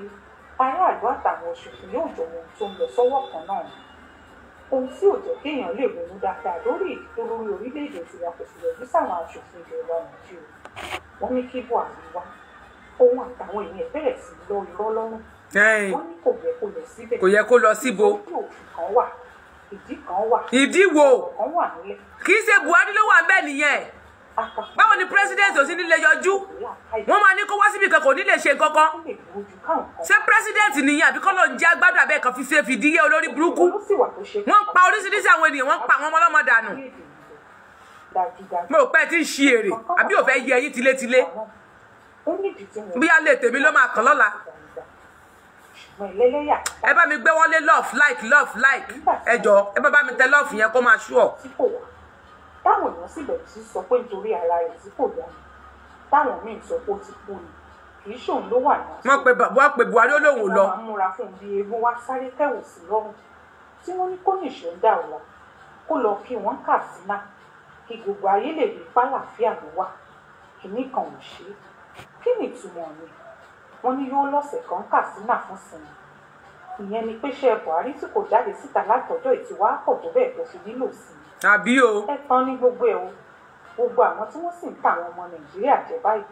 [SPEAKER 5] aráàlú àtàwọn aṣòfin yóò jọ ohun tó ń lọ sọ́wọ́ kan náà ni ohun tí ò jẹ́ kéèyàn lè ronú dáadáa lórí ìdíkó lórí orílẹ̀-èdè tí wọn kò sì sáwọn aṣòfin ilẹ̀ wa nàìjíríà wọ́n ní kí buhari wá òun àtàwọn èèyàn bẹ̀rẹ̀ sí lọ irọ́ lọ́rùn wọ́n ní kò yẹ kó lọ síbẹ̀ kò yẹ kó lọ síbo òfin
[SPEAKER 1] kan wà ìdí kan wà ìdí wo kan ṣe buhari ló wà bẹ́ẹ̀ nìyẹn báwo ni president ò sí nílé yọjú wọn máa ní kó wá síbi kankan nílé ṣe kankan ṣé president nìyẹn àbí kọ́ ló ń jẹ́ agbádùn abẹ́ kan fi ṣe fìdíyẹ olórí burúkú wọ́n ń pa oríṣiríṣi àwọn ènìyàn wọ́n ń pa àwọn ọmọ ọlọ́mọ dànù mo rò pé ẹ ti ń ṣe èrè àbí ò fẹ́ yẹ yín tilétilé a lè tèmi ló máa kàn lọ́la ẹ bá mi gbé wọlé love like love like ẹ jọ ẹ bá bá mi tẹ love yẹn kó máa ṣú ọ táwọn èèyàn sì bẹ̀rẹ̀
[SPEAKER 5] sí sọ pé nítorí ara rẹ̀ tí kò dáa táwọn míì sọ pé ó ti kú ni kì í ṣòun
[SPEAKER 1] ló wà náà. wọ́n pe wọ́n pe buhari olóhùn lọ. wọ́n máa
[SPEAKER 5] múra fún un bí ewu wá sáré kẹ̀wọ̀n sí lọ́rùn tí wọ́n ní kó nìṣó ń dà wọ́n kó lọ kí wọ́n Katsina kí gbogbo ayé lè rí pálàfíà ló wà kìíní kan ò ṣe é kí ni ìtumọ̀ ni wọ́n ní yóò lọ́sẹ̀ kan Katsina fún sinmi ìyẹn ni pé ṣe buhari tí kò jáde síta látọjọ́ ìtiwá pọ̀ tó bẹ́ẹ̀ tó fi nílò sí àbí o. ẹ̀tàn ní gbogbo ẹ̀ o gbogbo àwọn tí wọ́n sì ń ta àwọn ọmọ nàìjíríà jẹ báyìí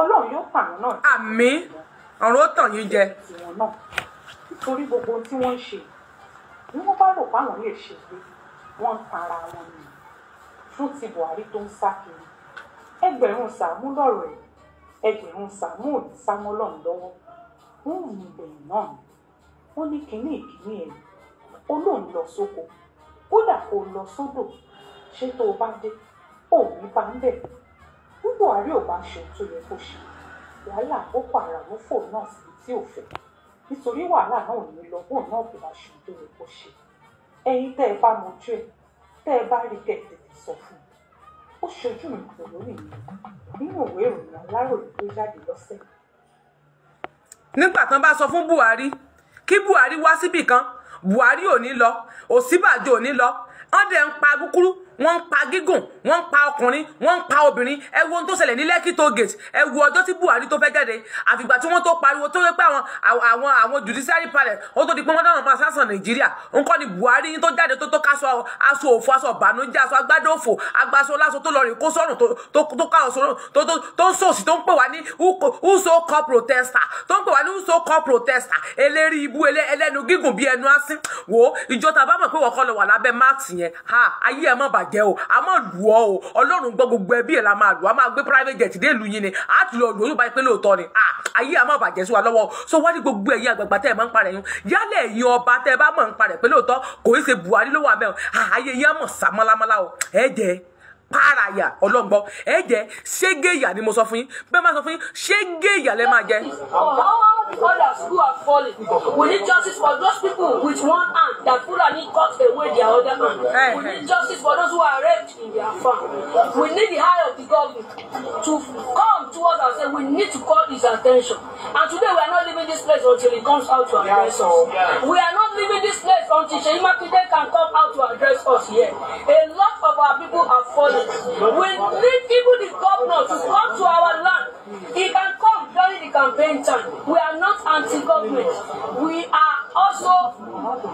[SPEAKER 5] ọlọ́run yóò pa àwọn náà. àmín ọ̀rọ̀ ó tàn yín jẹ. nítorí gbogbo ohun tí wọ́n ń ṣe ni wọ́n bá rò páwọn lè ṣe pé wọ́n ń tara wọn nù fún ti buhari tó ń sá kiri ẹgbẹ̀rún sàmú lọ́rọ̀ ẹ̀ ẹgbẹ̀rún sàmú ò ní sá mọ́ lọ́run lọ́wọ́ wọ́n ń rìn ìbẹ̀rù náà wọ́n ní kínní ìkínní ẹ̀ olóòun lọ sóko kódà kò lọ sódò ṣé tó o bá dé òní bá ń bẹ̀ bí buhari ò bá ṣe tó yẹ kó ṣe wàhálà boko haram fò náà sí tí ò fẹ́ nítorí wàhálà náà ò ní lọ bóun náà kò bá ṣe tó yẹ kó ṣe ẹ̀yin tẹ́ ẹ bá mojú ẹ tẹ́ ẹ bá rí kẹ́ sọ fún mi ó ṣojú mi kò lórí mi nínú òwe ìròyìn aláròyé tó jáde lọ́sẹ̀.
[SPEAKER 1] nígbà tán bá sọ fún buhari kí buhari wá síbì kan buhari ò ní lọ òsínbàjò ò ní lọ wọn dẹ̀ ń pa gúkúrú wọ́n ń pa gígùn wọ́n ń pa ọkùnrin wọ́n ń pa obìnrin ẹ wo ohun tó ṣẹlẹ̀ ní Lekki toll gate ẹ wo ọjọ́ tí Buhari tó fẹ́ jáde àfìgbà tí wọ́n tó pariwo tó yẹ pé àwọn àwọn àwọn judiciary panel ó tó di pé wọ́n dáhùn máa sásàn Nàìjíríà nǹkan ni Buhari tó jáde tó tó káṣọ aṣọ òfò aṣọ ìbànújẹ́ aṣọ agbádòfò agbaṣọ láṣọ tó lọ rìn kó sọ́rùn tó ká ọ̀sọ́rùn tó ń sòsì tó ń pè call protester tó ń pè wá ní call protester eléri ibú ẹlẹ́nu gígùn bíi ẹnu asín wò ìjọ tàbá mọ̀ pé wọ́n kọ́ lọ wà lábẹ́ máàkì yẹn ayé ẹ̀ mọ̀ bàjẹ́ bàjẹ́ o a máa lù ọ́ o ọlọ́run gbọ́ gbogbo ẹbí ẹ̀ la máa lù a máa gbé private jet dé ìlú yín ni a ti lọ lù ó yóò bá yẹ pé lóòótọ́ ni ayé a máa bàjẹ́ sí wa lọ́wọ́ so wọ́n ní gbogbo ẹ̀yin àgbàgbà tẹ́ ẹ̀ máa ń parẹ̀ yín yálẹ̀ ẹ̀yin ọba tẹ́ ẹ bá máa ń parẹ̀ pé lóòótọ́ kò í ṣe Buhari ló wà mẹ́rin ààyè yín á mọ̀ sá mọ́lámọ́lá o ẹ̀ jẹ́ pààràyà ọlọ́gbọ́ ẹ jẹ ṣégéyà ni mo sọ fún yín bẹ́ẹ̀ máa sọ fún yín ṣégéyà lẹ́ máa
[SPEAKER 7] others who are falling we need justice for those people with one hand that Fulani cut away their other hand we need justice for those who are raped in their farm we need the eye of the government to come towards us and we need to call his attention and today we are not leaving this place until he comes out to address us we are not leaving this place until Seyi Makinde can come out to address us here a lot of our people are falling. We need even the governor to come to our land. He can come during the campaign time. We are not anti-government. We are also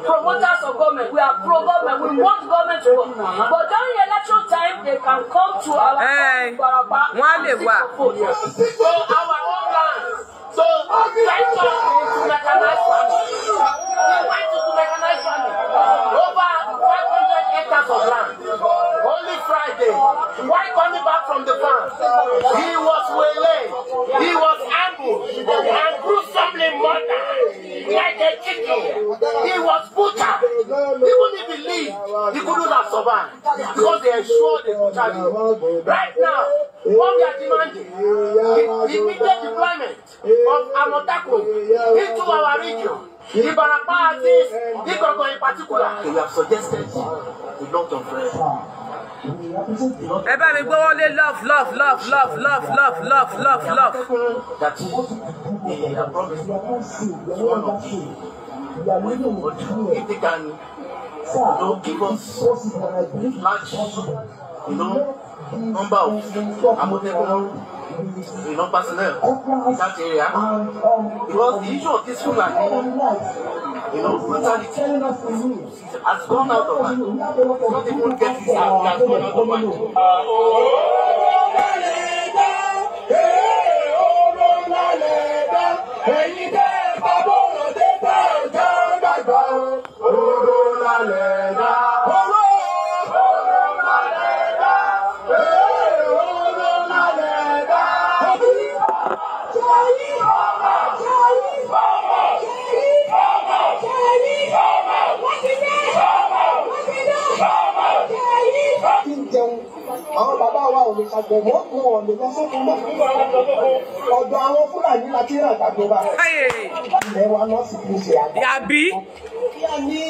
[SPEAKER 7] promoters of government. We are pro-government. We want government to work. But during the election time, they can come to our hey, land.
[SPEAKER 4] So
[SPEAKER 7] our own land.
[SPEAKER 4] So, right now, to mechanize farming.
[SPEAKER 7] We went to mechanize farming. Over 500 hectares of land.
[SPEAKER 4] Only Friday, while coming back from the farm, he was waylaid, he was ambushed, and gruesomely murdered
[SPEAKER 2] like a chicken. He was
[SPEAKER 4] butchered. Even if he lived, he survived
[SPEAKER 2] because they
[SPEAKER 4] ensured the
[SPEAKER 8] Right now, what we are demanding is immediate
[SPEAKER 7] deployment of Amotaku into our region. Ibarapa artists, Igogo in particular.
[SPEAKER 8] They have suggested a lot of uh,
[SPEAKER 1] ẹ bá mi gbọ́wọ́ love love love love love love love love love. that uh,
[SPEAKER 4] I promise one if they can you know give us large you know
[SPEAKER 8] number of Amotekun you know, personnel in that area.
[SPEAKER 4] Because the issue of this woman, you know, brutality has gone out of hand. Not even get this out, has gone out of hand.
[SPEAKER 6] oh tẹ́ ẹ bá bọ̀rọ̀ tẹ́ bá ọ̀dọ́ gbàgbọ́. Oró
[SPEAKER 7] lálẹ́
[SPEAKER 5] àgbẹ̀wò gun ọ̀lẹ̀ lọ sókun mọ́. ọ̀dọ̀ àwọn fúlàní la ti rà gbàgbọ́ba. ilẹ̀ wa náà sì ti ṣe àgbà. yàbí. kí a ní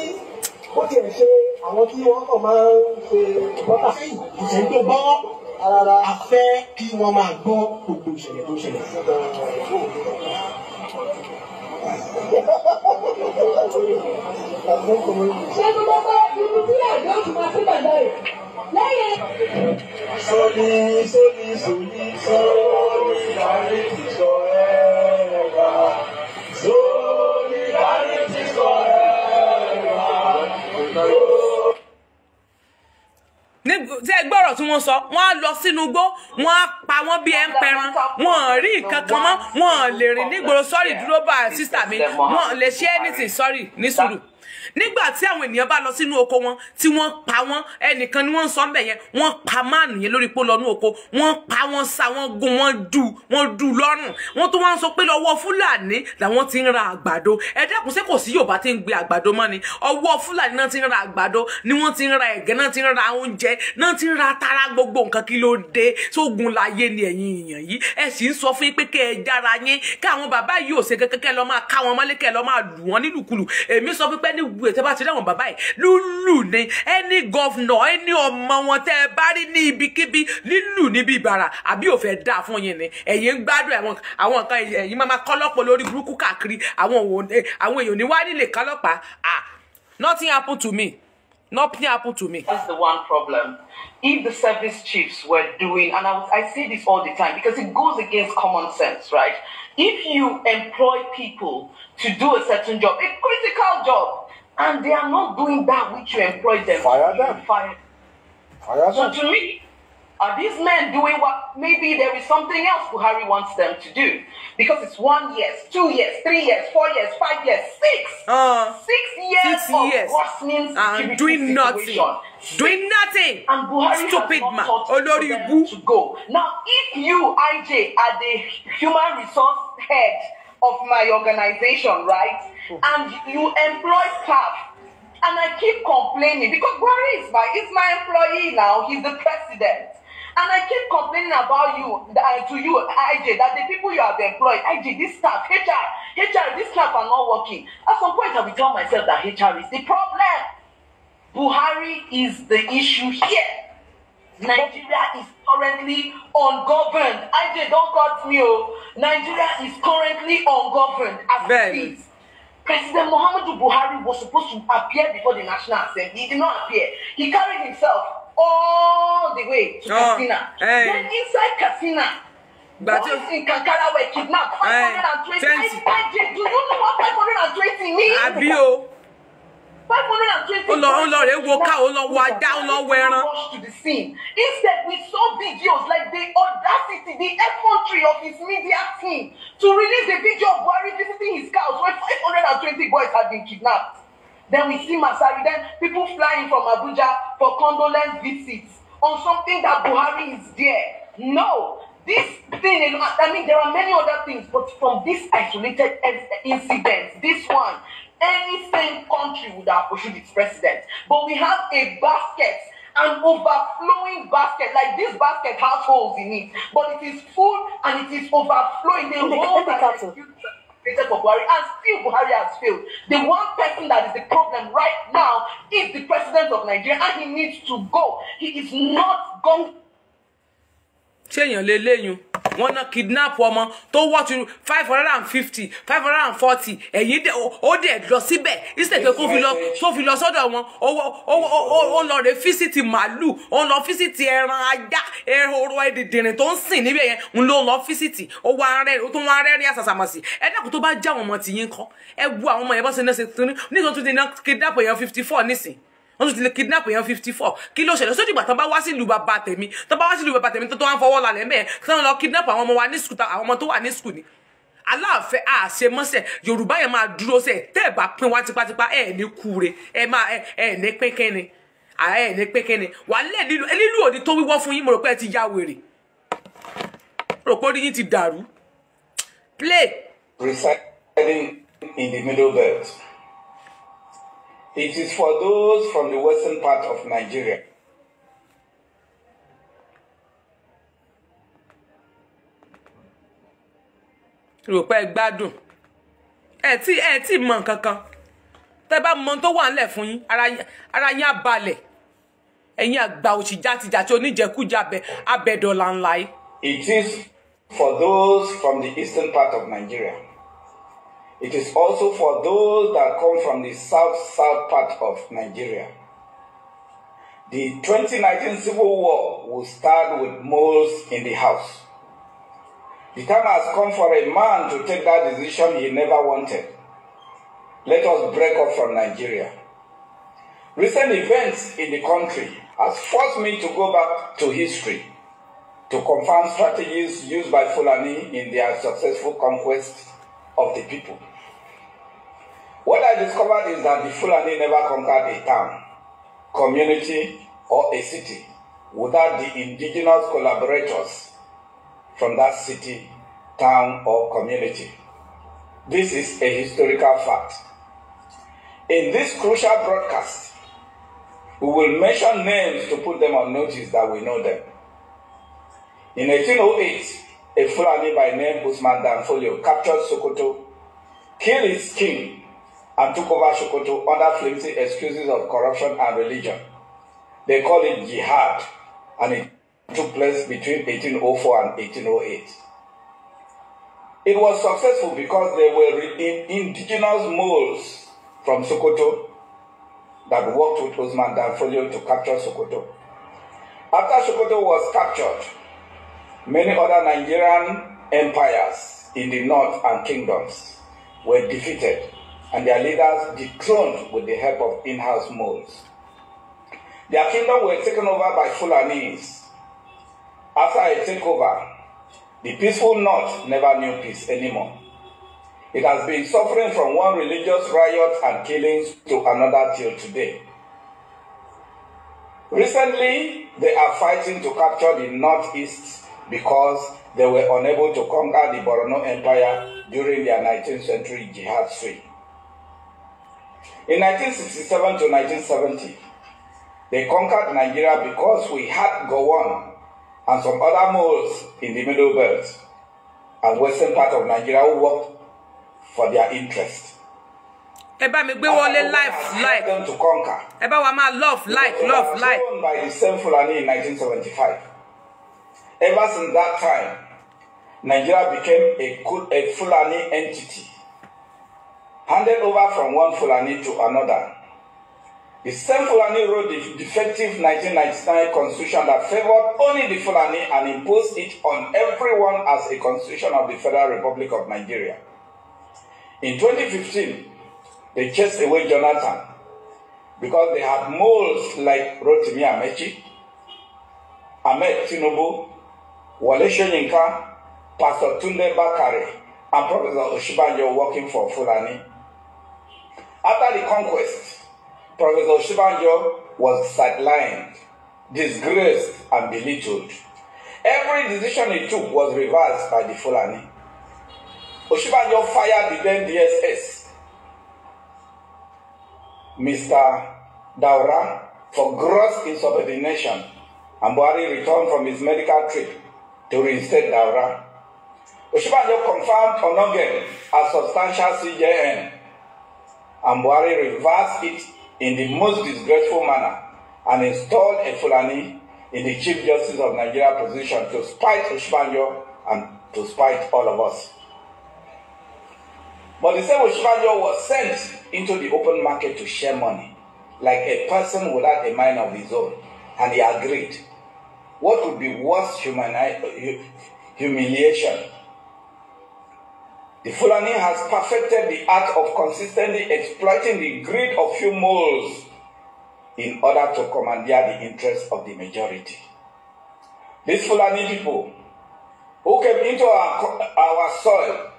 [SPEAKER 5] bó tiẹ̀ ṣe àwọn tí wọ́n kàn máa ń ṣe bọ́tà. ìṣẹ́ tó bọ́ a fẹ́ kí wọ́n máa gbọ́
[SPEAKER 9] gbogbo
[SPEAKER 8] ìṣẹ̀lẹ̀ tó ṣẹlẹ̀. ṣé gbogbo ibi
[SPEAKER 7] tí àgbẹ̀ òtún máa fi bàbá rẹ̀? Sọ́ni
[SPEAKER 6] sọ́ni sọ́ni sọ́ni láyé ti sọ ẹ́ wá. Sọ́ni láyé ti sọ ẹ́ wá.
[SPEAKER 1] Ní tí ẹ gbọ́rọ̀ tí wọ́n sọ, wọ́n á lọ sínú igbó, wọ́n á pa wọ́n bí ẹ ń pẹran, wọ́n ò rí nǹkan kan mọ́, wọ́n ò lè rìn nígboro sọ́ọ̀rì dúró bá sísà mi, wọ́n lè ṣe anything sọ́ọ̀rì ní sùúrù nígbà tí àwọn ènìyàn bá lọ sínú oko wọn tí wọ́n pa wọ́n ẹnìkan ni wọ́n ń sọ ń bẹ̀ yẹn wọ́n pa máàlù yẹn lórí pé lọ́nú oko wọ́n pa wọ́n sa wọ́n gun wọ́n dù wọ́n dù lọ́rùn wọ́n tó wọ́n sọ pé lọ́wọ́ fúlàní làwọn ti ń ra àgbàdo ẹ dákun ṣé kò sí yorùbá tí ń gbé àgbàdo mọ́ ni ọwọ́ fúlàní náà ti ń ra àgbàdo ni wọ́n ti ń ra ẹ̀gẹ́ náà ti ń ra oúnjẹ náà ti ń ra tara gbogbo nǹkan kí ló dé sógun láyé ni ẹ̀yin èèyàn yìí ẹ sì ń sọ fún yín pé kẹ́ ẹ jára yín káwọn bàbá yìí ò ṣe kẹ́kẹ́ lọ́ máa ká wọn mọ́lé kẹ́ lọ́ máa lù wọ́n nílùkulù èmi sọ fún pé ní gbogbo ẹ̀ ti rí àwọn bàbá yìí lúlù ni ẹni gọ́fúnà ẹni ọmọ wọn tẹ́ ẹ bá rí ní ibikíbi lílù níbi ìbàrà àbí ò fẹ́ dáa fún yín ni ẹ̀yin ń gbádùn àwọn nǹkan ẹ̀yin máa máa kọ́lọ́pọ̀ lórí burúkú káàkiri àwọn èèyàn ní wá nílé kálọ́pàá ah nothing happen to me. Nothing happened to me. That's the one problem. If the service chiefs were
[SPEAKER 4] doing, and I, I say this all the time because it goes against common sense, right? If you employ people to do a certain job, a critical job, and they are not doing that which you employ them. Fire them. Fire. Fire so to me, are these men doing what maybe there is something else Buhari wants them to do? Because it's one year, two years, three years, four years, five years, six, uh, six years six of years. worsening and doing nothing, doing nothing. And Buhari Stupid has not man. taught them Oloribu. to go. Now, if you, IJ, are the human resource head of my organization, right? and you employ staff. And I keep complaining because Buhari is my, is my employee now. He's the president. And I keep complaining about you, uh, to you, IJ, that the people you have employed, IJ, this staff, HR, HR, this staff are not working. At some point, I will tell myself that HR is the problem. Buhari is the issue here. Nigeria is currently ungoverned. IJ, don't cut me. Oh. Nigeria is currently ungoverned as it is. President Muhammadu Buhari was supposed to appear before the National Assembly. He did not appear. He carried himself all the way to oh, Katsina. Hey. Then inside Katsina, but boys in Kankara were kidnapped. 520. Hey, 20. do you know what 520 means? Abio five hundred and
[SPEAKER 1] twenty. ó lọ ó lọ rẹ wo ká ó lọ wo ajá ó lọ wo ẹran.
[SPEAKER 4] instead we saw videos like the audacity the effrontery of his media team to release a video of Buhari visiting his cows when five hundred and twenty boys had been kidnapped. Then we see Masari, then people flying from Abuja for condolence visits on something that Buhari is there. No, this thing, I mean, there are many other things, but from this isolated incident, this one, Any sane country would have pushed its president. But we have a basket, an overflowing basket, like this basket has holes in it, but it is full and it is overflowing. The whole created for Buhari, and still Buhari has failed. The one person that is the problem right now is the president of Nigeria, and he needs to go. He is not going
[SPEAKER 1] ṣé èèyàn lè léyìn wọn náà kidnap ọmọ tó wọ́ọ̀tù five hundred and fifty five hundred and forty ẹ̀yìn ó dẹ̀ lọ síbẹ̀ instead pé kó fi lọ sọ́dọ̀ wọn ó lọ rè físítì màálù ó lọ físítì ẹran ajá ehoro ẹ̀dìdìrìn tó ń sìn níbẹ̀ yẹn ń lọ lọ físítì ó wá rẹ́ ó tún wá rẹ́ ní àṣàṣàmọ̀sì ẹ dákun tó bá já àwọn ọmọ tìyín kọ́ ẹ bu àwọn ọmọ yẹn bọ́ sí ní ṣe tún ní nígbà tó ti ná kidnap yẹn fifty four nísìnyí wọ́n tún ti lè kidnap èèyàn fifty four kí ló ṣẹlẹ̀ sódì ìgbà tó bá wá sí ìlú bàbá tèmi tó bá wá sí ìlú bàbá tèmi tó tó wá ń fọwọ́ lálẹ́ mẹ́ẹ̀ tó ń lọ kidnap àwọn ọmọ wa ní skul àwọn ọmọ tó wà ní skul ni aláàfẹ́ àṣemọ́sẹ̀ yorùbá yẹn máa dúró sẹ̀ tẹ́ ẹ̀ bá pín wá tipátipá ẹ̀ ní kúure ẹ̀ máa ẹ̀ ní pínkẹ́ni ẹ̀ ní pínkẹ́ni wàhálẹ̀ lílù òní tó wíwọ́ fún yín mo rò pé ẹ ti ya
[SPEAKER 10] wèrè rò pé orí yín ti dàrú play. Reciting in the middle belt. It is for those from the western part of Nigeria.
[SPEAKER 1] rò pé ẹ gbádùn ẹ tí ẹ tí mọ nǹkan kan tẹ bá mọ tó wà ńlẹ̀ fún yín ara yín á balẹ̀ ẹ̀yin àgbà òsì játijàti oníjẹkújà abẹdọlà ńlá yìí.
[SPEAKER 10] It is for those from the eastern part of Nigeria. It is also for those that come from the south-south part of Nigeria. The 2019 Civil War will start with moles in the house. The time has come for a man to take that decision he never wanted. Let us break up from Nigeria. Recent events in the country has forced me to go back to history to confirm strategies used by Fulani in their successful conquest of the people. What I discovered is that the Fulani never conquered a town, community, or a city without the indigenous collaborators from that city, town, or community. This is a historical fact. In this crucial broadcast, we will mention names to put them on notice that we know them. In 1808, a Fulani by name Usman Danfolio captured Sokoto, killed his king, and took over Sokoto under flimsy excuses of corruption and religion. They call it jihad, and it took place between 1804 and 1808. It was successful because there were indigenous moles from Sokoto that worked with Osman Danfolio to capture Sokoto. After Sokoto was captured, many other Nigerian empires in the north and kingdoms were defeated and their leaders dethroned with the help of in-house moles. Their kingdom were taken over by Fulanis. After a takeover, the peaceful North never knew peace anymore. It has been suffering from one religious riot and killings to another till today. Recently, they are fighting to capture the Northeast because they were unable to conquer the Borno Empire during their 19th century jihad sweep. In 1967 to 1970, they conquered Nigeria because we had Gowon and some other moles in the middle belt and western part of Nigeria who worked for their interest.
[SPEAKER 1] ẹ bá mi gbé wọlé life life ẹ bá wa máa love life love life. owned by the
[SPEAKER 10] same Fulani in 1975. Ever since that time, Nigeria became a, a Fulani entity handed over from one Fulani to another. The same Fulani wrote the defective 1999 constitution that favored only the Fulani and imposed it on everyone as a constitution of the Federal Republic of Nigeria. In 2015, they chased away Jonathan because they had moles like Rotimi Amechi, Ahmed Tinubu, Wale Soyinka, Pastor Tunde Bakare, and Professor Oshibanjo working for Fulani After the conquest, Professor Shibanjo was sidelined, disgraced, and belittled. Every decision he took was reversed by the Fulani. Oshibanjo fired the then DSS, Mr. Daura, for gross insubordination, and Buhari returned from his medical trip to reinstate Daura. Oshibanjo confirmed Onogen as substantial CJN Ambuari reversed it in the most disgraceful manner and installed a Fulani in the Chief Justice of Nigeria position to spite Oshbanjo and to spite all of us. But the same Oshbanjo was sent into the open market to share money, like a person without a mind of his own, and he agreed. What would be worse humani- humiliation The Fulani has perfected the art of consistently exploiting the greed of few moles in order to commandeer the interests of the majority. These Fulani people who came into our, our soil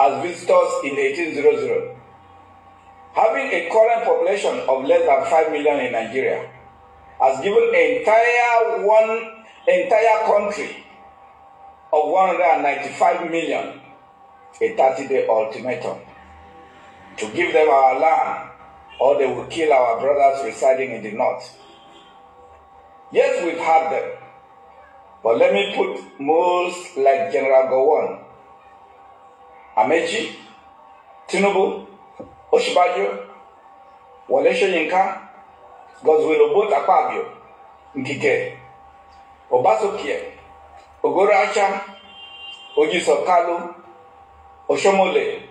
[SPEAKER 10] as visitors in 1800, having a current population of less than 5 million in Nigeria, has given entire one entire country of 195 million a 30 day ultimatum to give them our land or they will kill our brothers residing in the north. Yes, we've had them, but let me put moles like General Gowon, Amechi, Tinubu, Oshibajo, Wale Soyinka, Godswill Obot Akpabio, Nkike, Obasokie, Ogoro Acha, Ojiso Kalu, Oshomole,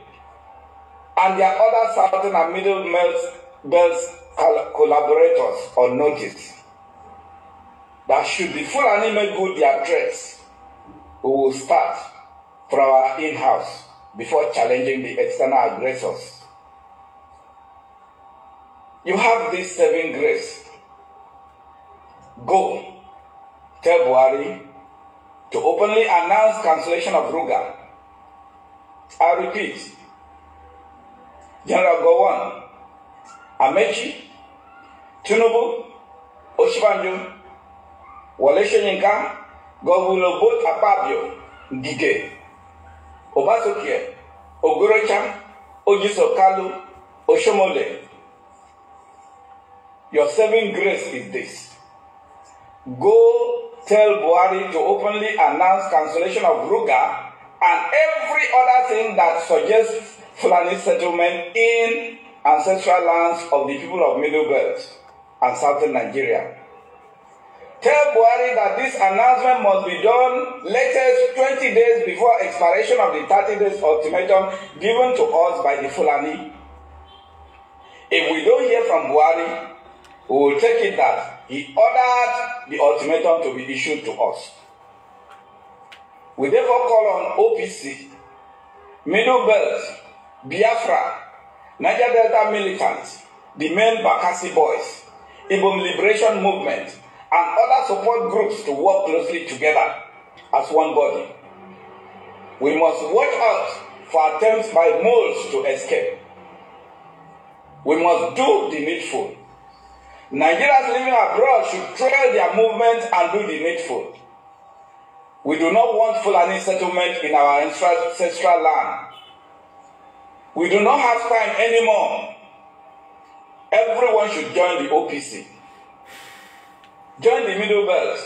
[SPEAKER 10] and their other southern and middle belt collaborators on notice that should the Fulani make good their threats, we will start from our in-house before challenging the external aggressors. You have this saving grace. Go, tell Buhari to openly announce cancellation of Ruga I repeat, General Gowon, Amechi, Tunubu, Oshibanjo, Wale Soyinka, Governor Both Apabio, Gige, Obasokie, Ogorocha, Ojiso Kalu, Oshomole. Your saving grace is this. Go tell Buhari to openly announce cancellation of Ruga and every other thing that suggests Fulani settlement in ancestral lands of the people of Middle Belt and southern Nigeria. Tell Buhari that this announcement must be done latest 20 days before expiration of the 30 days ultimatum given to us by the Fulani. If we don't hear from Buhari, we will take it that he ordered the ultimatum to be issued to us. We therefore call on OPC, Middle Belt, Biafra, Niger Delta militants, the main Bakassi boys, Ibom Liberation Movement, and other support groups to work closely together as one body. We must watch out for attempts by moles to escape. We must do the needful. Nigerians living abroad should trail their movement and do the needful. We do not want Fulani settlement in our ancestral land. We do not have time anymore. Everyone should join the OPC. Join the Middle Belt.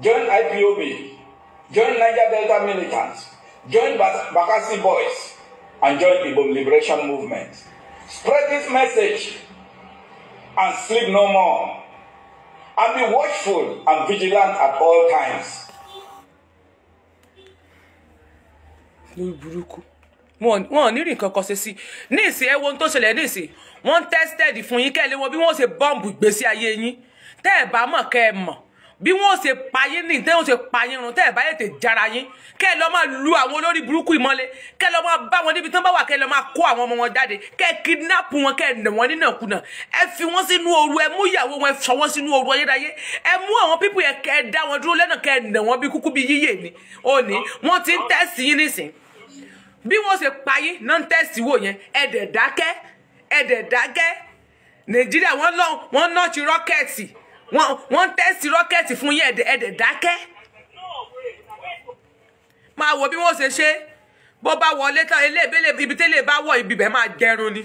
[SPEAKER 10] Join IPOB. Join Niger Delta militants. Join Bakassi Boys. And join the Liberation Movement. Spread this message and sleep no more. And be watchful and vigilant at all times.
[SPEAKER 1] lórí burúkú wọn ò ní rí nǹkan kan ṣe sí ní ìsìn ẹ wo ohun tó ṣẹlẹ̀ ní ìsìn wọ́n tested fún yín kẹ́ ẹ lé wọn bí wọ́n ṣe bọ́ǹbù ìgbésí ayé yín tẹ́ ẹ bá mọ̀ kẹ́ ẹ mọ̀ bí wọn ò ṣe payé ní tẹ́ wọn ṣe payé run tẹ́ ẹ̀ bá ètè jara yín kẹ́ ẹ lọ́ máa lu àwọn olórí burúkú ìmọ́lé kẹ́ ẹ lọ́ máa bá wọn níbi tán bá wà kẹ́ ẹ lọ́ máa kó àwọn ọmọ wọn jáde kẹ́ ẹ kidnap wọn kẹ́ ẹ nà wọn nínàkúnà ẹ fi wọn sínú ooru ẹ mú ìyàwó wọn ẹ sọ wọn sínú ooru ayérayé ẹ mú àwọn pípù yẹn kẹ́ ẹ dá wọn dúró lẹ́nà kẹ́ ẹ nà wọn bí kúkú bí yíyè mi òní wọn ti ń tẹ́sì yín nísìn bí wọn ṣe payé náà ń tẹ́sì wò yẹn ẹ̀dẹ̀ dákẹ́ ẹ̀dẹ̀ dákẹ́ Nàìjíríà wọn wọn náà ti rọ́kẹ̀tì wọ́n wọ́n tẹ́sí rọ́kẹ́tì fún yín ẹ̀dẹ̀ ẹ̀dẹ̀ dákẹ́ máa wo bí wọ́n ṣe ṣe bó bá wọlé tán eléèbélé ibi tẹ́lẹ̀ bá wọ̀ ibi bẹ́ẹ̀ máa gẹrun ni.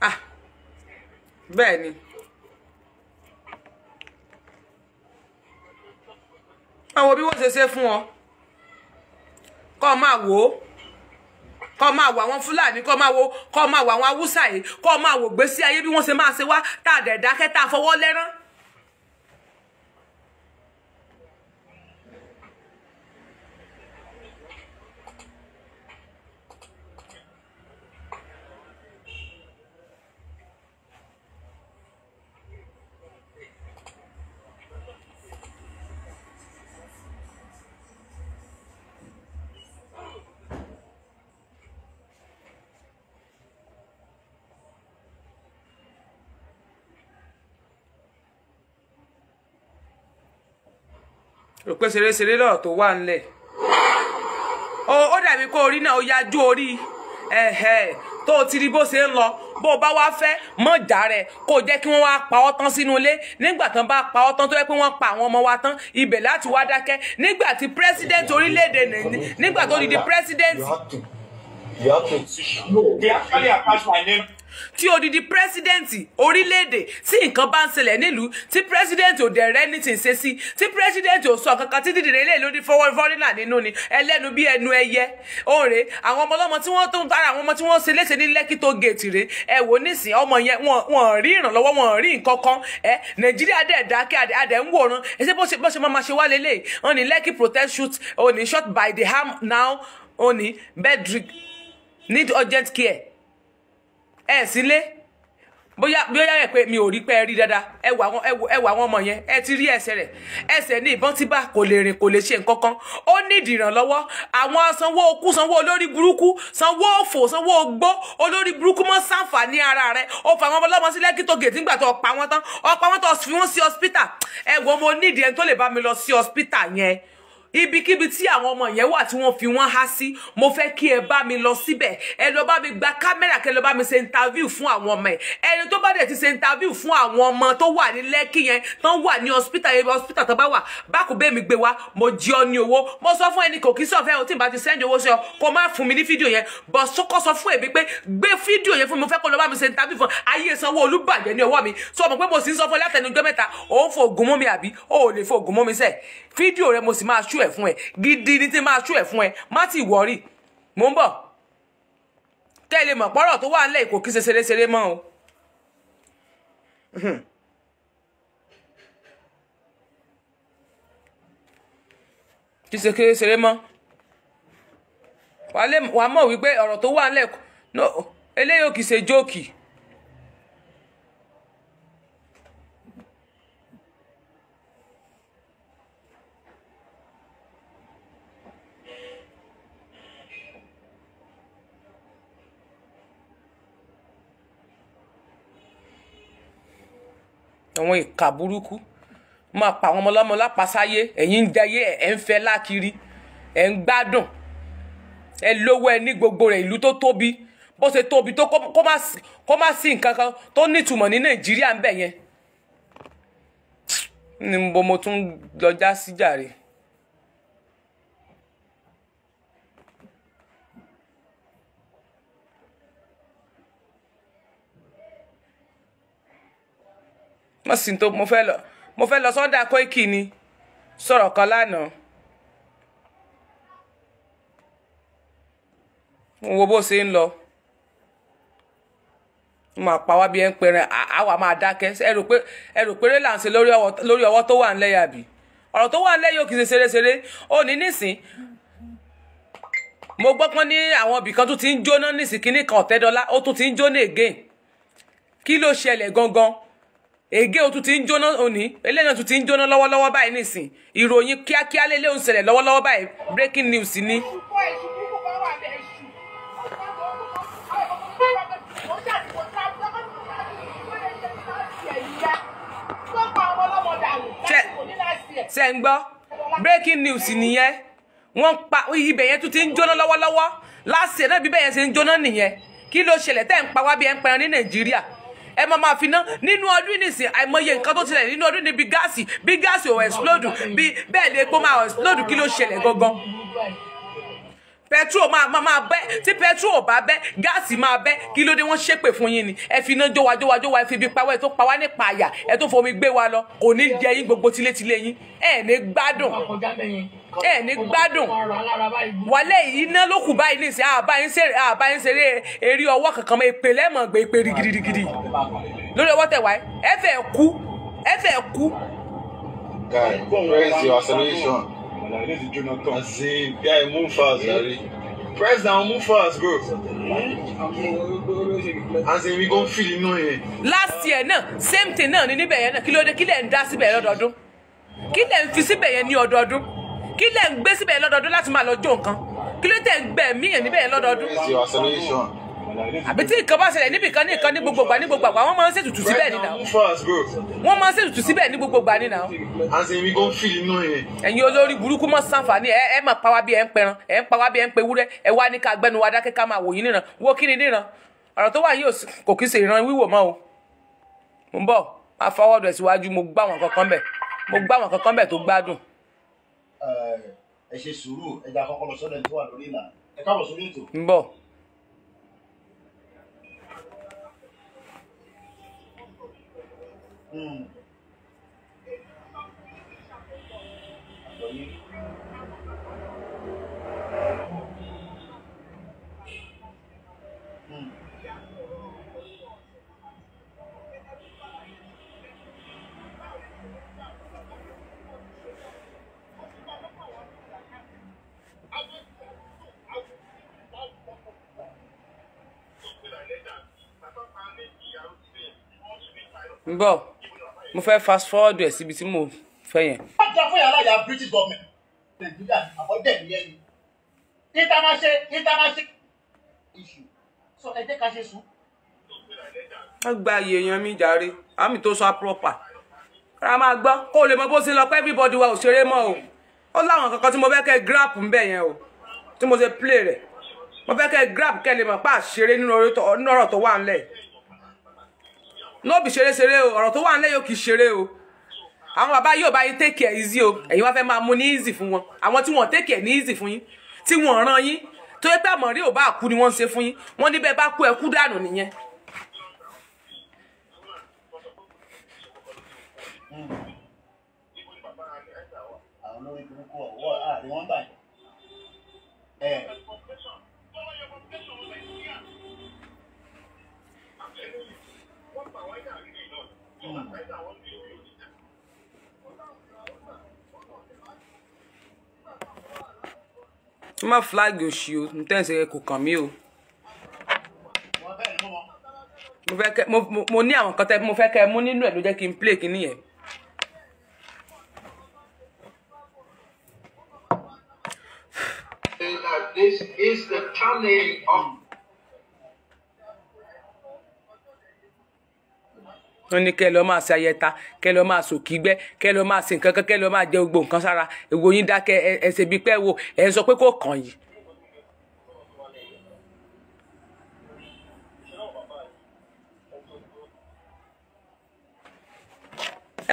[SPEAKER 1] Ah, bẹ́ẹ̀ àwọn bí wọ́n ṣe ṣe fún ọ kọ́ máa wò ó kọ́ máa wò àwọn fúlàní kọ́ máa wò kọ́ máa wò àwọn haúsá yìí kọ́ máa wò gbèsè ayé bí wọ́n ṣe máa ṣe wá tá a dẹ̀ dákẹ́ tá a fọwọ́ lẹ́rán pé ṣeréṣeré lọ́rọ̀ tó wà ńlẹ̀ ó dàbí kó orí náà ó yájú orí tó ti rí bó ṣe ń lọ bó bá wá fẹ́ mọ̀ jà rẹ̀ kó jẹ́ kí wọ́n wá pa ọ́ tán sínú ilé nígbà tán bá pa ọ́ tán tó yẹ pé wọ́n pa àwọn ọmọ wa tán ibẹ̀ láti wá dákẹ́ nígbà tí president orílẹ̀-èdè nàìjíríà nígbà tó di di president.
[SPEAKER 4] You have to, you have to. No, they
[SPEAKER 1] actually attach my name tí odidi pírẹsidẹ́ǹtì orílẹ̀-èdè tí nǹkan bá ń ṣẹlẹ̀ nílùú tí pírẹsidẹ́ǹtì ò dẹ̀ rẹ́ ní ti ṣe sí tí pírẹsidẹ́ǹtì ò sọ kankan títí dìde ilé lórí fọ́rínà nínú ni ẹlẹ́nu bí ẹnu ẹyẹ òòrè àwọn ọmọ ọlọ́mọ tí wọ́n tó ń bára àwọn ọmọ tí wọ́n ṣe léṣe ní lẹ́kì tó gèètì rè ẹ wò nísìnyí ọmọ yẹn wọn rí ìrànlọ́wọ́ wọn rí nǹkan kan ẹ nàìjíríà dẹ̀ dákẹ́ adẹ̀ ń wòran ẹ ṣe bó ṣe bó ṣe máa ṣe wá lélẹ̀ wọn ní lẹ́kì protest shoot òní shot by the arm now òní bedrick need urgent care ẹ sílé bóyá bóyá yẹ pé mi ò rí pé ẹ rí dáadáa ẹ wà wọn ẹ wà wọn ọmọ yẹn ẹ ti rí ẹsẹ̀ rẹ̀ ẹsẹ̀ ní ìbọn tí bá kò lè rìn kò lè ṣe nǹkan kan ó ní ìdìrànlọ́wọ́ àwọn sanwó okú sanwó olórí burúkú sanwó òfò sanwó ogbó olórí burúkú mọ sàǹfààní ara rẹ̀ ó fa àwọn ọmọlọmọ sí lẹkì tó gètì nígbà tó pa wọn tán ó wọn tó fi wọn sí hospital ẹ wọ mo ní ìdí ẹni tó lè bá mi lọ sí hospital yẹn ibikíbi tí àwọn ọmọ yẹn wà tí wọ́n fi wọ́n há sí mo fẹ́ kí ẹ bá mi lọ síbẹ̀ ẹ lọ bá mi gba kámẹ́rà kẹ lọ bá mi ṣe interview fún àwọn ọmọ ẹ ẹni tó bá dẹ̀ ti ṣe interview fún àwọn ọmọ tó wà ní lẹ́kì yẹn tó ń wà ní hospital yẹn hospital tó bá wà bákùn bẹ́ẹ̀ mi gbé wa mo jí ọ ní owó mo sọ fún ẹni kò kí sọ̀fẹ́ o tí n bá ti sẹ́ndì owó sí ọ kó má fún mi ní fídíò yẹn bọ̀ sọ́kọ́ sọ fún èmi pé gbé fídíò yẹn fún mi mo fẹ́ kó lọ bá mi ṣe interview fún ayé sanwó olúbàjẹ́ ní ọwọ́ mi sọ mọ̀ pé mo sì ń sọ fún látẹnujọ́ mẹ́ta òun fògùn mú mi àbí òun ò lè fògùn mú mi sẹ́ fídíò rẹ mo sì máa ṣú ẹ̀ fún ẹ gidi ni tí máa tú ẹ̀ fún ẹ má ti wọ̀rí mò ń bọ̀ kẹ́ ẹ lè mọ̀ pọ́rọ̀ tó wà ńlẹ̀ kò kí ṣe ṣeréṣeré mọ́ o. Hmm. kí ṣe ṣeréṣeré mọ́ wàá mọ̀ wípé ọ̀rọ̀ tó wà ńlẹ̀ eléyìí ò kì í ṣe jóòkì. àwọn ìka burúkú máa pa àwọn ọmọlọ́mọ lápasáyé ẹ̀yin ń jẹyé ẹ̀ ń fẹ́ lákiri ẹ̀ ń gbádùn ẹ lówó ẹ ní gbogbo rẹ̀ ìlú tó tóbi bó ṣe tóbi tó kó má sí nǹkan kan tó nítumọ̀ ní Nàìjíríà ń bẹ̀ yẹn ni mo tún lọ já sí jàre. wọ́n sì ń tó mo fẹ́ lọ mo fẹ́ lọ sọ́dà Koiki ni sọ̀rọ̀ kan lánàá mo wo bó ṣe ń lọ mo máa pa wá bí ẹ ń pẹran àwa máa dákẹ́ ẹ rò péré là ń ṣe lórí ọwọ́ tó wà ń lẹ́yà bì ọ̀rọ̀ tó wà ń lẹ́yìn òkè ṣe ṣeréṣeré ó ní nísìn mo gbọ́ pọ́n ní àwọn ibìkan tún ti ń jóná nísìn kínní kan ọ̀tẹ́dọ́lá ó tún ti ń jóná again kí ló ṣẹlẹ̀ gangan ègé o tún ti ń jóná òní eléyìí náà tún ti ń jóná lọ́wọ́lọ́wọ́ báyìí nísìn ìròyìn kíákíá lélẹ́ òun ṣẹlẹ̀ lọ́wọ́lọ́wọ́ báyìí breaking news ni. ṣe ń gbọ́ breaking news nìyẹn wọ́n pa ibẹ̀ yẹn tún ti ń jóná lọ́wọ́lọ́wọ́ láti ẹ̀rọ bíbẹ̀ yẹn ṣe ń jóná nìyẹn kí ló ṣẹlẹ̀ tẹ́ ń pa wá bí ẹ̀ ń pẹran ní nàìjíríà ẹ máa máa fi ná nínú ọdún nìsín àìmọye nǹkan tó tilẹ̀ nínú ọdún ni bí gáàsì bí gáàsì ò explode bí bẹ́ẹ̀ lè epo máa explode kí ló ṣẹlẹ̀ gangan pẹtrol máa máa máa bẹ tí pẹtrol ò bá bẹ gáàsì máa bẹ kí ló dé wọn ṣépè fún yín ni ẹ fi iná jówá jówá jówá ẹ fi ibi pawọ́ tó pa wá nípa àyà ẹ tó fomi gbé wa lọ kò ní jẹ yín gbogbo tilétilé yín ẹ ní gbádùn ẹ ní gbádùn wálé iná ló kù báyìí ní ìsìn àbáyín ṣeré eré ọwọ́ kankan mọ́ èpè lẹ́mọ̀ gbé èpè rigirigiri lórí ọwọ́ tẹ̀ wáyé ẹ fẹ́ kú ẹ fẹ́ kú.
[SPEAKER 11] guy press your acceleration as in move fast jare press down move fast bro as in we go feel inú yẹn.
[SPEAKER 1] last year no, same thing no. Nini níbẹ̀ yẹn náà kí ló dé kí lẹ̀ ń dá síbẹ̀ lọ́dọọdún kí lẹ̀ ń fi síbẹ̀ yẹn ní kí lẹ̀ ń gbé síbẹ̀ lọ́dọọdún láti máa lọ jó nǹkan kí ló tẹ̀ ń gbẹ̀ mí èmi bẹ́ẹ̀ lọ́dọọdún. àbí tí nǹkan bá ṣẹlẹ̀ níbì kan ní nǹkan ní gbogbo ìgbà ní gbogbo ìgbà wọ́n máa ń ṣètùtù síbẹ̀ nínà wọ́n máa ń ṣètùtù síbẹ̀ ní gbogbo ìgbà nínà. ẹ̀yin olórí burúkú mọ́ sànfàní ẹ ẹ máa pa wá bí ẹ ń pẹran ẹ ń pa wá bí ẹ ń pe wúrẹ́ ẹ wá ní ká gbẹnu wa dákẹ́ ká máa wò yín níran wo kí ni níran ọ̀rọ̀ tó wà yìí kò kí ṣe ìran wíwò mọ́ o mo ń bọ̀ máa fọwọ́ dọ̀ síwájú mo gbá àwọn kankan bẹ̀ mo gbá àwọn kankan bẹ̀ tó gbádùn
[SPEAKER 3] ẹ ṣe sùúrù ẹja àkọ́kọ́ lọ sọ́dọ̀
[SPEAKER 8] ẹni lórí ìlà ẹ káàbọ̀ sórí ètò.
[SPEAKER 1] ń bọ̀. Mm. n bọ̀ mo fẹ́ fast forward ẹ̀ síbi tí mo fẹ́ yẹn.
[SPEAKER 8] wọ́n jà fún yàrá ìyá British government Nàìjíríà àbọ̀dẹ̀ nìyẹn ni
[SPEAKER 5] níta máa ṣe níta máa ṣe ìṣù sọ ẹ jẹ́ ká ṣe sùn.
[SPEAKER 1] wọ́n gba iye yan mi jàre àmì tó sọ proper ra máa gbọ́ kó o lè mọ bó ṣe lọ pé everybody wa ò ṣeré mọ́ o ó láwọn kankan tí mo fẹ́ kẹ́ grab ń bẹ̀ yẹn o tí mo ṣe play rẹ̀ mo fẹ́ kẹ́ grab kẹ́ lè mọ̀ pé àṣeré nínú ọ̀rọ̀ tó wà ńlẹ̀ no be ṣeréṣeré o ọ̀rọ̀ tó wà nílẹ̀ yóò kì í ṣeré o àwọn bàbá yóò bá yín take care easy o ẹ̀yin wá fẹ́ máa mú ní easy fún wọn àwọn tí wọ́n take care ní easy fún yín tí wọ́n ràn yín tó yẹ pé àmọ̀rí ò bá kú ni wọ́n ń ṣe fún yín wọ́n ní bẹ́ẹ̀ bá kú ẹ kú dànù nìyẹn.
[SPEAKER 8] Hmm. àwọn
[SPEAKER 2] tí
[SPEAKER 1] má flag òsì o mo tẹ́ ẹ̀ sẹ́yẹ kò kàn mí o mo ní àwọn kan tẹ́ mo fẹ́ kẹ́ mo nínú ẹ̀ ló jẹ́ kí n play kí nìyẹn.
[SPEAKER 8] Uh, this is the challenge of
[SPEAKER 1] wọ́n ní kẹ́ lọ máa ṣe ayẹta kẹ́ lọ máa ṣòkígbẹ́ kẹ́ lọ máa ṣe nǹkan kan kẹ́ lọ máa jẹ gbogbo nǹkan sára èwo yín dákẹ́ ẹ ṣe bíi pẹ́ wo ẹ sọ pé kò kàn yìí.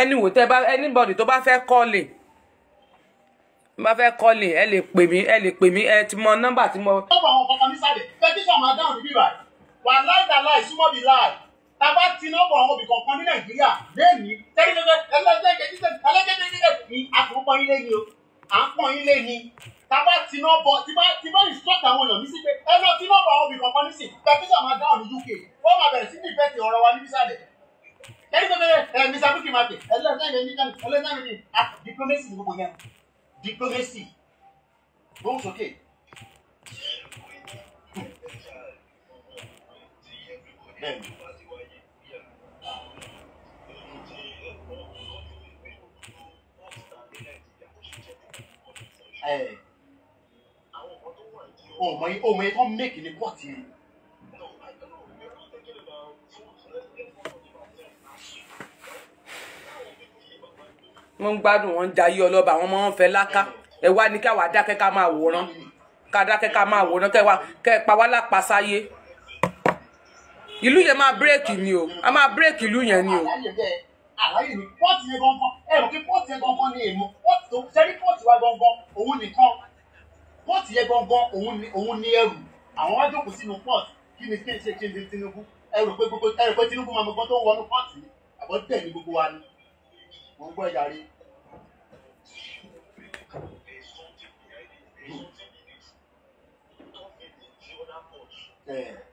[SPEAKER 1] ẹniwò tẹ bá anybody tó bá fẹ́ kọ́ọ̀lì bá fẹ́ kọ́ọ̀lì ẹ lè pè mí ẹ lè pè mí ẹ ti mọ nọ́mbà tí mo. ọ̀pọ̀
[SPEAKER 8] àwọn ọkọ̀ kan ní sáré pẹ́tíṣà máa dáhùn níbí báyìí wà láìda láì súnmọ́ bí láì tábà tiná bọ̀ àwọn òbí kankan ní nàìjíríà lẹ́ẹ̀mí tẹ́lifẹ̀fẹ̀ ẹlẹ́gẹ́dẹ́gẹ́dẹ́ ní àkànpọ̀ ilé ni o à ń pọ̀ ilé ni tábà tiná bọ̀ tìbá tìbá instruct àwọn èèyàn nísì pé ẹ lọ tiná bọ̀ àwọn òbí kankan nísì tẹ̀síṣà máa dáhùn ní UK ó máa bẹ̀rẹ̀ sí ní ìfẹ́ ti ọ̀rọ̀ wa ní bísàlẹ̀ tẹ́lifẹ̀fẹ̀ ẹ Mr. Bukki Mate ẹlẹ́gẹ́dẹ́gẹ́dẹ́ diplomacy gbóhùn sókè. Bẹ́ẹ̀ni. òmò eh. òmò yẹn tó ń mèkì ní pọ́ọ̀tì yẹn.
[SPEAKER 1] wọ́n ń gbádùn wọn ń jayé ọlọ́ba àwọn ọmọ wọn fẹ́ láká ẹ wá ní káwa dákẹ́ ká máa wòran ká dákẹ́ ká máa wòran kẹ́ wá kẹ́ pa wá lápasáyé ìlú yẹn máa bírèkì ni o a máa bírèkì ìlú yẹn ni o
[SPEAKER 8] àlàyé ni pọ́ọ̀tì yẹn gangan ẹ rò pé pọ́ọ̀tì yẹn gangan ni èèmọ̀ pọ́ọ̀tì tó ṣẹ́rí pọ́ọ̀tì wa gangan òun nìkan pọ́ọ̀tì yẹn gangan òun ni ẹrù àwọn wá jókòó sínú pọ́ọ̀tì kí ni kí n ṣe kí n ṣe Tinubu ẹ rò pé gbogbo ẹ rò pé Tinubu máa mọ gbọ́n tó ń wọnú pọ́ọ̀tì ni àbọ̀ tẹ̀ ní gbogbo wa ni mò ń gbọ́ ẹ̀yà rí. Yeah.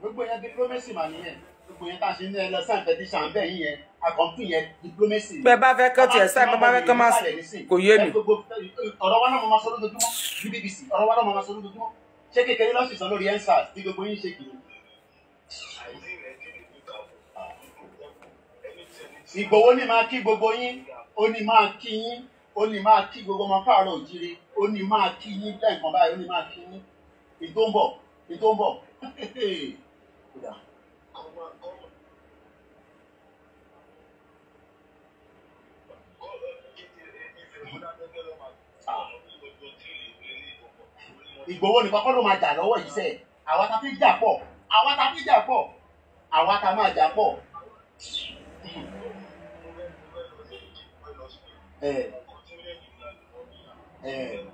[SPEAKER 8] gbogbo yẹn diplomacy mà nìyẹn gbogbo yẹn tá a ṣe ní ẹ lọ sign petition bẹ́ẹ̀ yìí yẹn àkọ́ntù yẹn diplomacy. bẹẹ
[SPEAKER 11] bá fẹ kọ tiẹ sáì bá fẹ kọ máa sìn kò yé mi.
[SPEAKER 8] ọ̀rọ̀ wa náà mo máa sọ lójoojúmọ́ ní BBC ọ̀rọ̀ wa náà mo máa sọ lójoojúmọ́ ṣé kékeré lọ́sì sọ lórí ensars tí gbogbo yín ṣe kìí. Ìgbòho ni máa kí gbogbo yín ó ní máa kí yín ó ní máa kí gbogbo ọmọ káàárọ̀ òjire ó ní máa kí yín lẹ́ẹ̀kan báyìí ó ní máa kí yín ìtó ń bọ̀ ìtó ń bọ̀. <laughs> kódà. Ìgbòho nìkan kọ́ ló máa jà lọ́wọ́ yìí sẹ́ẹ̀ àwa ta fi jà pọ̀ àwa ta fi jà pọ̀ àwa ta máa jà pọ̀. Ẹ Ẹ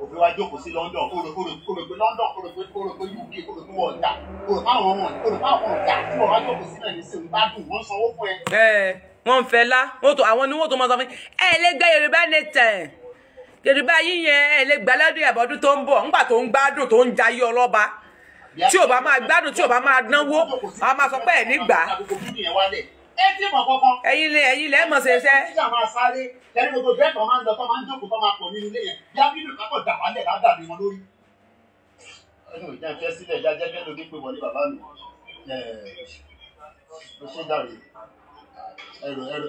[SPEAKER 8] òfin wa jókòó sí London o rò o rò pé London o rò pé o rò pé UK o rò pé wọ́n dà o rò fáwọn wọn o rò fáwọn ọ̀dà tí wọ́n wá jókòó sí náà ní sèwọ́n bá dùn wọ́n sanwó fún
[SPEAKER 1] ẹ. wọ́n fẹ́ lá wọ́n àwọn ni tó máa sọ ẹ lè gbé Yorùbá nation Yorùbá yín yẹn ẹ lè gbà lọ́dún ìyàbọ̀dún tó ń bọ̀ ńgbà tó ń gbádùn tó ń jayé ọlọ́ba tí ò bá máa gbádùn tí ò bá máa náwó àwọn máa sọ pé ẹ̀ nígbà etí mọ̀ kankan. ẹ̀yin lẹ ẹ̀yin lẹ mọ̀ ṣẹṣẹ. ẹ̀yin tí a máa sáré lẹ́yìn
[SPEAKER 8] gbogbo bẹ́ẹ̀ tó máa ń lọ tó máa ń jókòó tó máa pọ̀ nínú ilé yẹn bí abínú kápọ̀ dà wálẹ̀ ládàbí wọn lórí. ẹnu ìjà ìfẹ́ sílẹ̀ ìjà jẹ́gẹ́ ló dé pé wọlé bàbá mi ó ṣe dàrí ẹrù ẹrù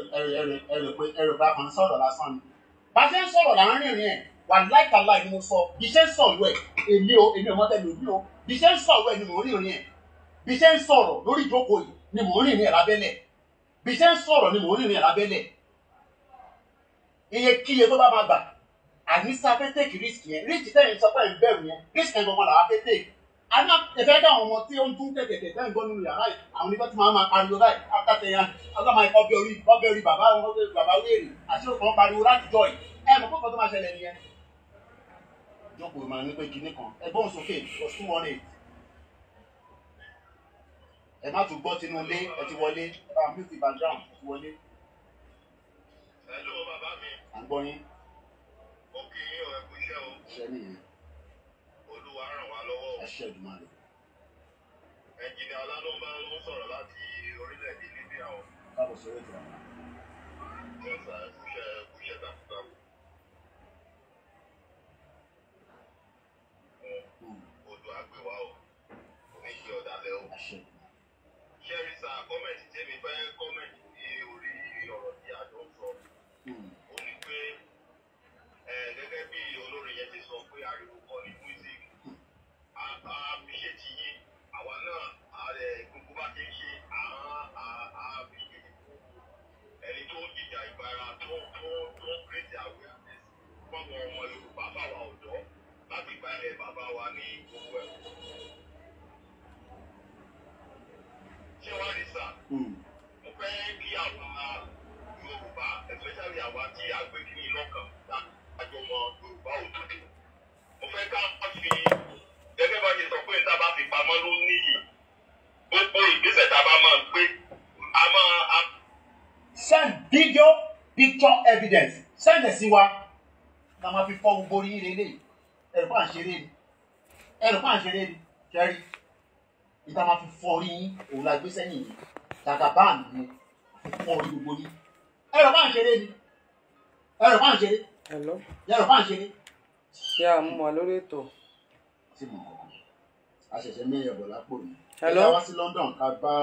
[SPEAKER 8] ẹrù ẹrù wà láìka láì ni mo sọ bí ń sọ̀rọ̀ ẹ̀ èmi o èmi ò mọ tẹ́lẹ̀ òbí o bí ń sọ̀rọ̀ ẹ̀ ni mò ń rìn rìn ẹ̀ bí ń sọ̀rọ̀ lórí ìjókòó ni mò ń rìn rìn ẹ̀ lábẹ́lẹ̀ bí ṣe ń sọ̀rọ̀ ni mò ń rìnrìn àlábẹ́lẹ̀ iye kíye tó bá máa gbà àníṣà fẹ́ tèkì rísìkì yẹn rísìkì tẹ̀yìn sọ pé ìbẹ̀rù yẹn rísìkì yẹn gbọ́n làwọn fẹ́ tèkì àná ìfẹ́ dá àwọn ọmọ tí ó ń dún tẹ̀tẹ̀tẹ̀ tẹ̀ ń gbọ́ nínú yàrá yìí àwọn onígbà tí màá máa pariwo báyìí after ten yan ọlọ́mọ ikọ̀ bí orí ikọ̀ bí orí bàbá bàbá wéèrè àti òkan pariwo láti jọ yìí ẹ mọ̀ kókò tó máa ṣẹlẹ̀ nìyẹn. jókòó máa ní pé kan ẹgbọ́n sókè ọ̀ṣun wọlé ẹ má tún gbọ́ tinú ilé ẹ ti wọlé bá a mute background ẹ ti wọlé. hello bàbá mi. à ń gbọ́ yín. ó kì í yàn ẹ iṣẹ́ o. iṣẹ́ nìyẹn. olúwa ràn wá lọ́wọ́. ẹ ṣe ìdùnnú rẹ. ẹnjìnì alálọ́mbà ló ń sọ̀rọ̀ láti orílẹ̀-èdè Libya o. káàbọ̀ sórí ètò àwọn.
[SPEAKER 12] 明白。
[SPEAKER 8] evidence sẹ́ǹdẹ̀ sí wa la máa fi fọ́ gbogbo orí yín lélẹ́yìí ẹ̀rù pa àṣeré ni ẹ̀rù pa àṣeré ni kẹ́rì ìta máa fi fọ́ orí yín òun la gbé sẹ́yìn yìí tàkà báàmù ni fọ́ orí gbogbo yín ẹ̀rù pa àṣeré ni ẹ̀rù pa àṣeré ẹ̀rù pa àṣeré. ṣé a lórí ètò. a ṣẹ̀ṣẹ̀ mẹ́yẹ̀ bọ̀ lápò mi. ẹ wá sí London ká bá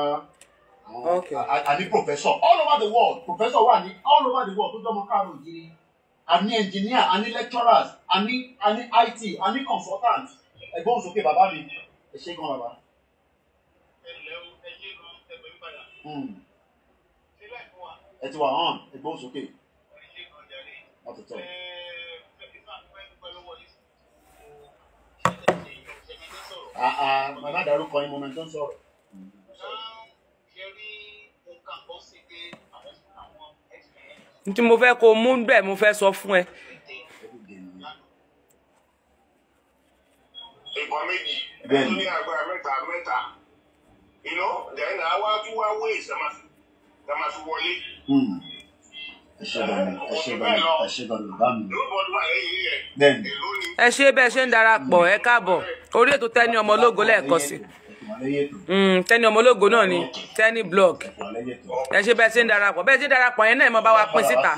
[SPEAKER 8] okay. àní professor all over the world professor wà ní all over the world tó jọmọ káàró òjìrì àní engineer àní lecturers àní àní IT àní consultant ẹ̀gbọ́n sókè bàbá mi ẹ ṣe gan bàbá. Hmm. ẹ ti wà hàn ẹ̀gbọ́n sókè wọ́n ti tọ́. màmá ah, ah,
[SPEAKER 1] dárúkọ yín mo mẹ́tọ́ sọ̀rọ̀. tí mo fẹ́ kó mú bẹ́ẹ̀ mo fẹ́ sọ fún ẹ.
[SPEAKER 9] nǹkan méjì ẹni ní agbára mẹ́ta mẹ́ta iná dẹ́n náà wá tún wá wé
[SPEAKER 1] ìsàmásí wọlé.
[SPEAKER 8] Hmm. ẹ
[SPEAKER 1] ṣe bẹ́ẹ̀ ṣe ń darapọ̀ ẹ káàbọ̀ orí ètò tẹ́ ní ọmọ ológo lẹ́ẹ̀kan sí i. Hmm, tẹni ọmọlógo náà ni tẹni blog ẹ ṣe bẹ́ẹ̀ ṣe ń darapọ̀ bẹ́ẹ̀ ṣe ń darapọ̀ yẹn náà ẹ máa bá wa pín síta.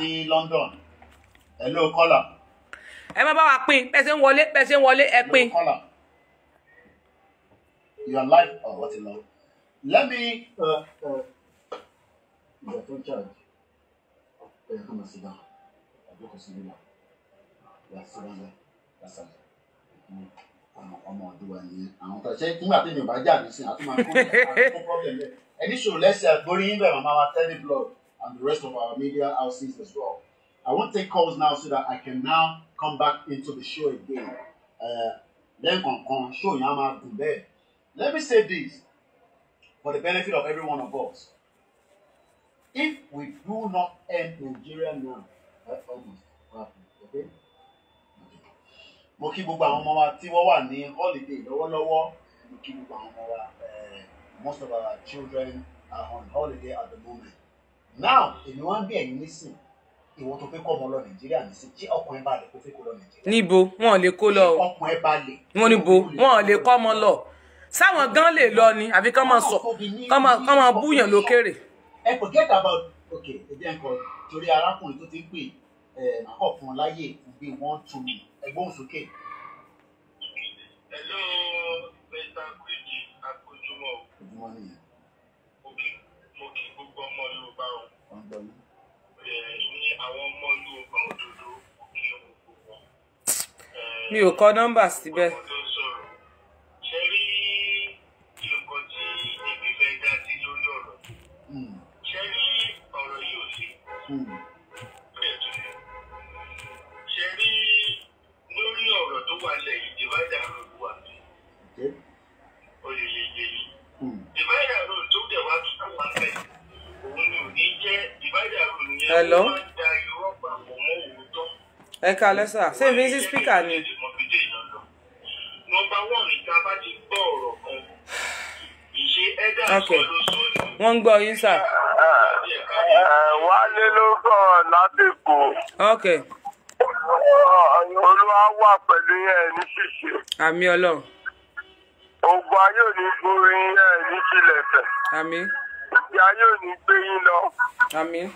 [SPEAKER 1] ẹ máa bá wa pín bẹ́ẹ̀ ṣe ń wọlé bẹ́ẹ̀ ṣe ń wọlé ẹ pín.
[SPEAKER 8] Your oh, what you love. Let me. Uh, uh, come and sit down. I go consider you. Yeah, sit down there. That's hmm. all ọmọ ọdún wa yẹn àwọn tó ṣe nígbà tí mi and the rest of our media houses as well. I won't take calls now so that I can now come back into the show again. Eh, lẹ́ẹ̀kọ̀ọ̀kan ṣó yẹn á máa dùn bẹ́ẹ̀. Let me say this for the benefit of every one of us. If we do not end Nigeria now, eh, that's almost happened. Okay? mo kí gbogbo àwọn ọmọ wa tí wọ́n wà ní holiday lọ́wọ́lọ́wọ́ mo kí gbogbo àwọn ọmọ wa eh, most of our children are on holiday at the moment now èmi wá ń bí ẹ̀yin nísìn ìwọ tó fẹ́ kọ́ ọmọ lọ nàìjíríà nísìn tí ọkùnrin balẹ̀ kó fẹ́ kó lọ nàìjíríà.
[SPEAKER 1] níbo wọn ò lè kó lọ o
[SPEAKER 8] ọkùnrin balẹ̀.
[SPEAKER 1] wọn níbo wọn ò lè kọ́ ọmọ lọ sáwọn gan lè lọ ni àfi kán máa sọ kán máa búyàn lókèrè.
[SPEAKER 8] ẹ forget about okay ẹ jẹ́ nǹkan torí arákùnrin tó ti ń pè ẹ̀ eh, máa fún un láyè fún bíi one two minutes ẹ̀gbọ́n sókè.
[SPEAKER 6] hello mr kwiji akójúmọ́ o. ojúmọ́ nìyẹn. mo
[SPEAKER 1] kí gbogbo ọmọ yorùbá o. wọ́n gbọ́ mi. ní àwọn ọmọ yorùbá òdodo kí n kò mi ò kọ nọ́mbà síbẹ̀. ṣe hello. ẹ kalẹ́ sà ṣé ibi sí spíkà ni. ok wọ́n ń gbọ́ yín sà.
[SPEAKER 6] wálé ló sọ lásìkò. ok. olúwa wà pẹ̀lú ẹ̀ ní ṣíṣe. àmì ọlọ́run. ogun ayé ò ní gbórin ẹ̀ ní tilẹ̀ tẹ̀. àmín ìyá yóò ní gbé yín lọ. àmín.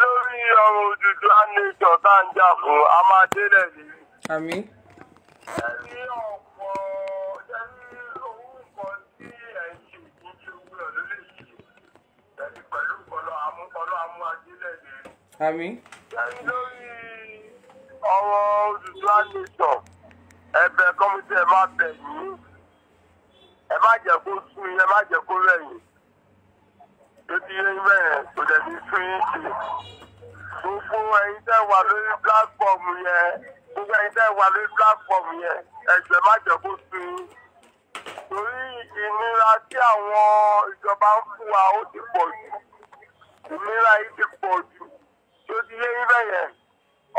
[SPEAKER 6] lórí ọmọ òdùdú àníjọ tá à ń jà fún a máa délẹ̀ ní.
[SPEAKER 12] àmín. ọ̀pọ̀ jẹ́rí
[SPEAKER 6] owó tí ẹ̀ ń ṣe ṣe owó ẹ̀ ló lè ṣe
[SPEAKER 1] jẹ́rí pẹ̀lú ọlọ́ àmú ọlọ́ ní. àmín.
[SPEAKER 6] lórí ọmọ òdùdú àníjọ ẹ̀bẹ̀ kọ́mítẹ́ ẹ bẹ̀ yín ẹ má jẹ́ kó sún yín ẹ má jẹ́ kó rẹ̀ yín tó ti bẹ́ẹ̀ kò dẹ̀ ní túwìtì gbogbo ẹ̀yin tẹ́ wà lórí platform yẹn gbogbo ẹ̀yin tẹ́ wà lórí platform yẹn ẹ̀jẹ̀ má jẹ́ kó tún torí ìnira tí àwọn ìjọba ń fún wa ó ti pọ̀ jù ìnira yìí ti pọ̀ jù tó ti yé ibẹ̀ yẹn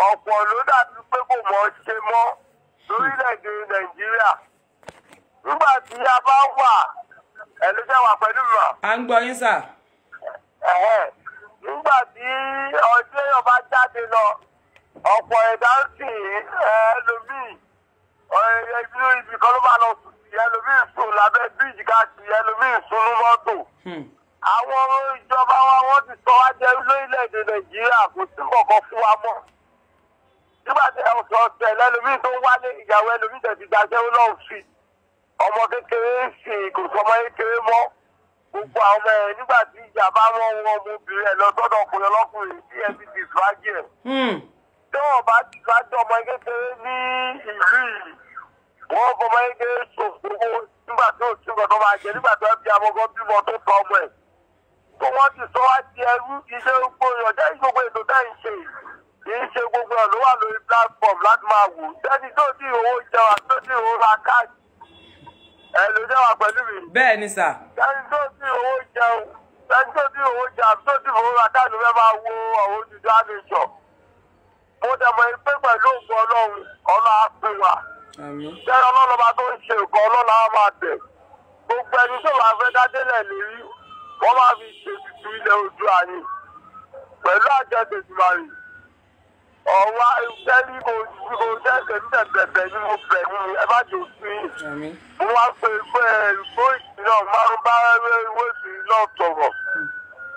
[SPEAKER 6] ọ̀pọ̀ ló dàbí pé kò mọ̀ ṣe mọ́ lórílẹ̀‐èdè nàìjíríà nígbà tí a bá wà ẹ̀ ló jẹ́ wà pẹ̀lú wa. à ń gbọ́ yín sà nígbà tí ọjọ́ èèyàn bá jáde lọ ọ̀pọ̀ ẹ̀dá ń sìn ẹlòmíì ẹbí ibi kan ló bá lọ sùn sí ẹlòmíì sùn lábẹ́ bíríjì káàkiri ẹlòmíì sùn ní mọ́tò. Hmm. àwọn ìjọba wa wọ́n ti sọ wá jẹ lórílẹ̀‐èdè nàìjíríà kò sí kọ̀ọ̀kan fún wa mọ́. nígbà tí ọ̀sẹ̀ ọ̀sẹ̀ lẹ́lòmíì tó ń wálé ìyàwó ẹlòmíì tẹ̀sí gbàgbé lọ́ọ̀fì ọmọ kékeré sì kò sọmọ kékeré mọ́ gbogbo àwọn ẹ nígbà tí ìjà bá wọn wọn ọmọbìnrin ẹ lọ ọkùnrin ọlọ́kùnrin tí ẹ ti dìsíwájú ẹ. Hmm. tí wọn bá dìsíwájú ọmọ kékeré ní ìlú yìí wọn fọmọ kékeré ṣòfò nígbà tí ò sí nǹkan tó jẹ nígbà tí wọn fi amọgọ bímọ tó tọ ọmọ ẹ. tó wọn ti sọ wá di ẹrú iṣẹ́ gbogbo ìyọjẹ ìgbogbo ètò tẹ ń ṣe kì í ṣe gbogbo ẹ wà lórí platform láti máa wò tẹni tó ti owó ẹ ló jẹ́ wà pẹ̀lú mi. bẹ́ẹ̀ ni sà. ẹni tó ti owó jẹun ẹni tó ti owó jẹun àti tó ti fowó ra táàlù fẹ́ máa wo àwọn olùdó àlejò mo dẹ̀ mọ̀ pé pẹ̀lú ògùn ọlọ́run ọlọ́ á pè wá.
[SPEAKER 12] bẹ́ẹ̀
[SPEAKER 6] ọlọ́lọ́ba tó ń ṣe nǹkan ọlọ́lá á máa tẹ̀ gbogbo ẹni tó bá fẹ́ dádélẹ̀ lórí wọ́n máa fi ṣètùtù ilẹ̀ ojú àyè pẹ̀lú àjọ tètùmárì ọwọ́ ìtẹ́lí mo mo tẹ́sẹ̀ ní tẹ̀tẹ̀tẹ̀ ni mo bẹ̀ ni ẹ bá jò sí i mo wá pé pé ìgbó ìdílé ọ̀ máa ń bá ewé sí i náà sọ̀rọ̀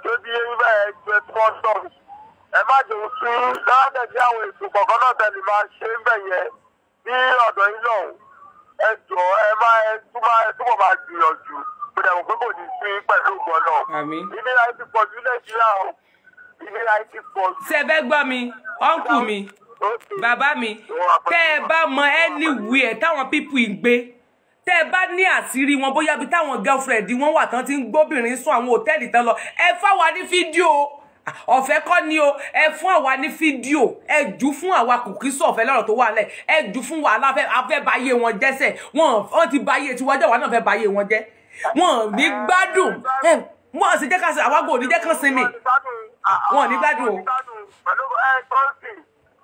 [SPEAKER 6] tó di eyín bẹ́ẹ̀ gbé pọ́ńtọ̀ ẹ má jò sí i dáadẹ́ àwọn ètò kọ̀ọ̀kan náà tẹ̀lé máa ṣe ń bẹ̀ yẹn ní ọ̀dọ̀ yín náà ẹ jọ ẹ má ẹ túmọ̀ ẹ túmọ̀ máa gbìyànjú kò pé kò ní sí pẹ̀lú ìgbọ́ náà ìdílé ayé
[SPEAKER 1] ti pọ̀ sẹ́fẹ́ gbọ́ mi ọ́nkù mi bàbá mi tẹ́ ẹ bá mọ anywhere táwọn pípù ń gbé tẹ́ ẹ bá ní àṣírí wọn bóyá bí táwọn girlfriend wọn wà tán ti ń gbóbìnrin sún àwọn hòtẹ́ẹ̀lì tán lọ ẹ fáwa ní fídíò ọ̀fẹ́ kọ́ ni o ẹ fún àwa ní fídíò ẹ jù fún àwa kùkísọ̀ ọ̀fẹ́ lọ́rọ̀ tó wà lẹ̀ ẹ jù fún wa afẹ́ báyé wọn jẹ́sẹ̀ wọn ti báyé tiwájú àwa náà fẹ́ báyé wọn jẹ́ wọn ní gbádùn mú ọ̀sìn jẹ́ ká sin àwágbò òní jẹ́ kán sinmi wọn ò ní o. pẹ̀lú ẹ tọ́sí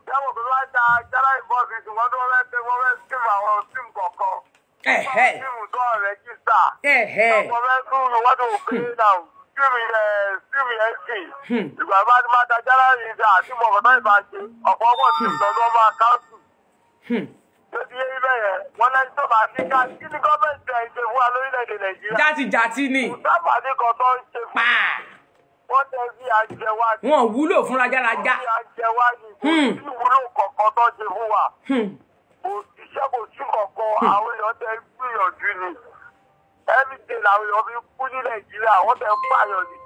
[SPEAKER 1] yàwó tó bá da jálá
[SPEAKER 5] ìbọ̀sì tí wọ́n tó fẹ́ pé wọ́n fẹ́ sim àwọn sim kọ̀ọ̀kan. ẹ̀hẹ́
[SPEAKER 6] sim tó rẹ́jísítà. ẹ̀hẹ́ wọ́n fẹ́ tún wọ́n tó pé náà
[SPEAKER 5] sim yẹ sim yẹ sí. ìgbà bá ti máa da jálá yìí dà àti
[SPEAKER 6] mọ̀kànlá ìbáṣe ọ̀pọ̀ ọgbọ̀n sim lọ́dọ̀ máa káńsù tóbi yé ibẹ̀ yẹn tó bá fi ká kí ni gọ́ọ̀mẹ̀ntì ẹ̀ ń lórílẹ̀‐èdè nàìjíríà. jáde jàti ni. ìsáfàdé kan tó ń ṣe fún wọn tẹ fi àjẹ ni. wọn wúlò fún rajaraja. wọn fi àjẹ wá ni kò hmm. sí ìwúlò kọ̀ọ̀kan tó ṣe fún wa. kò hmm. síṣẹ́ kò sí kọ̀ọ̀kan hmm. àwọn èèyàn tẹ gbìyànjú ni. ẹnìtẹ̀ làwọn èèyàn fi kú ní nàìjíríà wọ́n tẹ pààyàn ni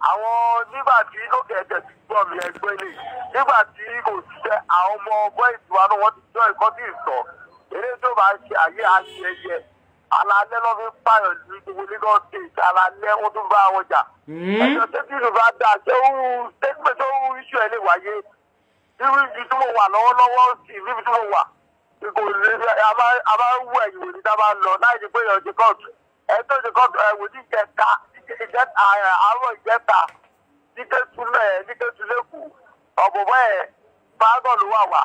[SPEAKER 6] àwọn nígbà tí òkè ẹ̀jẹ̀ ti gbọ́ mi ẹgbẹ́ lè nígbà tí kò ṣiṣẹ́ àwọn ọmọ ọgbọ́n ìtura náà wọ́n ti jọ ẹ̀kọ́ tí ì eré tó bá ṣe àyè àṣeyẹ alalẹ́ lọ́ fi pààyàn ní gbogbo Lagos state alalẹ́ wọ́n tún bá wọn jà hmm. ẹ̀jọ̀ tó ti ìlúbá dà ṣé ó wù statement ó wù iṣu ẹ̀ lè wáyé irú ibi tí mo wà lọ́wọ́lọ́wọ́ sí níbi tí mo wà kò lè a máa ń wù ẹ̀yìn òní tá a máa lọ láì ní pé ẹ̀jọ̀ àárọ̀ ìjẹta nígbèsúlẹ̀ nígbèsúlẹ̀kù ọ̀bọ̀bọ̀ ẹ̀ paragon ló wà wá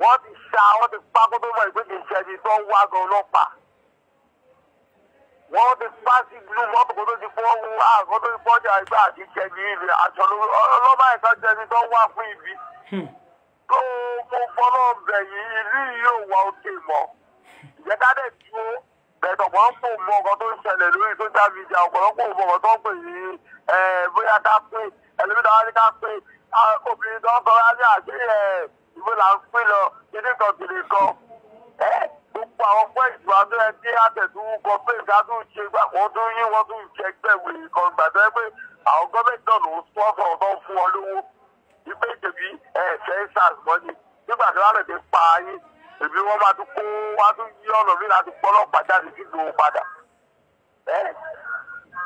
[SPEAKER 6] wọ́n ti ṣá wọ́n ti pa tó mọ̀ ìgbésẹ̀ ìṣẹ́ni tó ń wá gan ọlọ́pàá wọ́n ti pa sí ìlú mọ́tò kó tó ti fọ́ wọn wá tó ti fọ́jà ìgbà àti ìṣẹ́ni ilẹ̀ àṣọ ọlọ́mọ ẹ̀ka jẹni tó ń wá fún ibi hmm. tó mo fọ́nà bẹ̀yìn ìlú yìí yóò wá òkè mọ́ ìjẹ́ká bẹ̀tọ̀ wọ́n kò mọ ọkọ̀ tó ń ṣẹlẹ̀ lórí social media ọ̀pọ̀lọpọ̀ ò mọ tó ń pè ní bóyá ká pé ẹlẹ́mìtà wá ní ká pé obìnrin tó ń sọ wá ní àṣẹ ìbò là ń pè lọ kíní kan kìnìún kan gbogbo àwọn fún ìgbà tó yẹ kí kọ pé ìgbà ṣe gbà wọ́n tó yín wọ́n tó ń gbẹ̀wé kan gbà pé àwọn gọ́mẹ̀ntì náà èmi wọn bá tún kó wá tún yí ọ̀nà mi láti pọ́ ọlọ́pàá jáde sí ìlú padà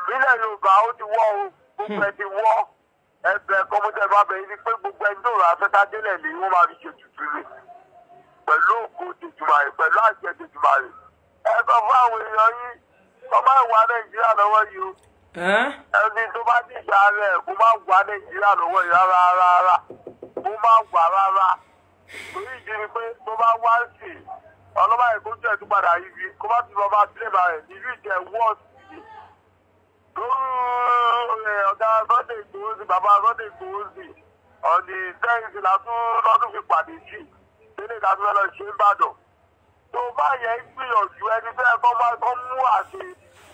[SPEAKER 6] nílẹ̀ yorùbá ó ti wọ́ o gbogbo ẹ ti wọ́ ẹbẹ̀ kọ́mọ́tẹ́ bá bẹ̀rẹ̀ ni pé gbogbo ẹni tó rà afẹ́ká délẹ̀ ni wọ́n máa fi ṣe tuntun rẹ̀ pẹ̀lú òkú tètùmáyé pẹ̀lú àṣẹ tètùmáyé ẹ sọ fún àwọn èèyàn yìí sọ máa wà nàìjíríà lọ́wọ́ yìí o ẹni tó bá ti ṣàárẹ̀ kó má wà nàìjíríà lọ́wọ́ yìí rárá rárá kó má wà rárá torí ìdí ni pé tó bá wá sí ọlọ́ba yìí kó tẹ̀ tó padà ibi kó bá ti lọ bá sílẹ̀ báyìí ìlú ìjẹ́ wọ́ọ̀sì eh, ọ̀gá sọ́dẹ̀ ìgbòhósì bàbá sọ́dẹ̀ ìgbòhósì ọ̀nì sẹ́yìnsì látún lọ́dún fi pàdé sí nílé ìdásílẹ̀ lọ ṣe ń bàdàn. tó bá yẹ ń gbìyànjú ẹni tẹ́ ẹ kọ́ bá kọ́ mú àṣẹ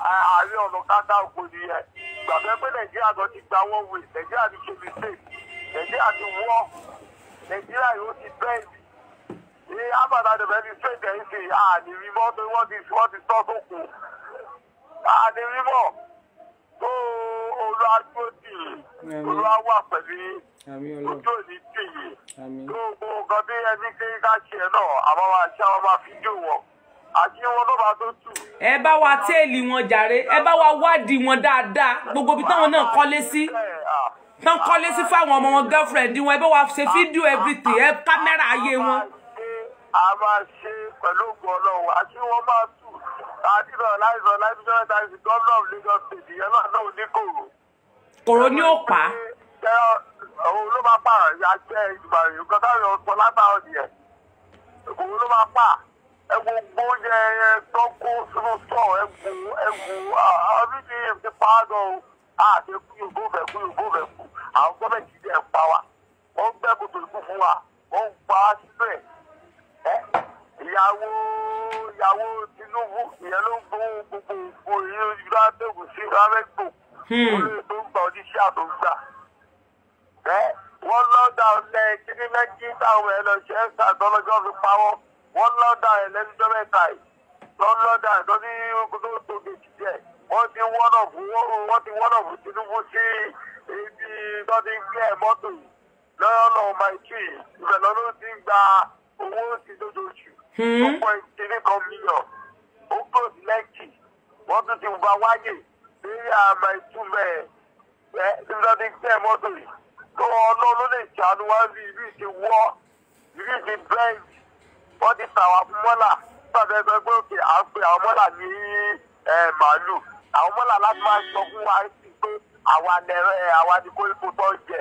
[SPEAKER 6] ààrẹ ọ̀nà káńtà òkú nìyẹn. gbàgbé pé nàìjíríà tó ti gba wọ́n wè nàìjíríà ti ṣe mistake nàìjíríà ti wọ́ nàìjíríà yóò ti bẹ́ẹ̀lì ní abàdà dẹ̀bẹ̀ ní straight ẹ̀ ń ṣe àní rímọ́ wọ́n ti wọ́n ti sọ́ tó kù àní tó olúwa tó pẹ̀lú ojú òní tì í gbogbo nǹkan tí ẹni ṣe ká ṣe ẹ náà àmọ́ máa ṣe àwọn máa fi jó wọn àti wọn ló tó tù.
[SPEAKER 1] ẹ bá wa téèlì wọn jàre ẹ bá wa wádìí wọn dáadáa gbogbo ibi táwọn náà kọ́lé sí tán kọ́lé sí fáwọn ọmọ my girlfriend You ẹ bá wa ṣe fídíò everything ẹ kámẹ́rà ayé wọn. a máa ṣe pẹ̀lú ògùn ọlọ́run of
[SPEAKER 2] Lagos state yẹn náà náà pa. òun ló máa pa àyà jẹ́ ìgbà nǹkan táwọn ọ̀pọ̀ látàwọn
[SPEAKER 6] nìyẹn òun ló máa pa ẹ gbogbo oúnjẹ yẹn tó kó sínú stọ̀ ẹ gùn ẹ gùn ọdún yìí a ah, ṣe kú ìbò bẹ̀ kú ìbò bẹ̀ kú àwọn gọ́ọ̀mẹ̀ntì ilé ẹ̀ pa wa ó gbẹ́ kòtò ikú fún wa ó pa wá sínú ẹ̀ ẹ́ ìyàwó ìyàwó Tinubu ìyẹn ló ń gbó gbogbo òfò ìyẹn ìyá tẹ̀wò sí ramẹ́gbò hmm. tó ń gba oníṣẹ́ àtòǹgbà ẹ́ wọ́n lọ́dà ọ̀lẹ́ kíní méjì táwọn ẹ̀ lọ fi pa wọ́n lọ́dà ẹ̀ jọ́mẹ́ta yìí lọ́dà ẹ̀ lọ́dún tó gbèsè díẹ̀ wọ́n ti wọ́nà fún wọ́n ti wọ́nà fún Tinubu sí ibi tó ti ń mọ́tò lọ́nà maiki ibẹ̀ lọ́nà ti ń gba owó sí lójooṣù two point three kan ó kò sí lẹ́kì wọ́n tún ti wá wáyè ní àmà ìtumẹ̀ ẹ̀ ibi tó ti mọ́tò yìí tó ọlọ́run lè ṣàánú wá sí ibi ti wọ́ ibi ti bẹ́ẹ̀lì wọ́n ti tàwa fún mọ́là tàbí ẹgbẹ́ pé òkè à àwọn mọ́là ní eh, màálù àwọn mọ́là láti máa sọ fún wa sí pé àwa nẹ̀rẹ̀ àwa ni koríko tó ń jẹ.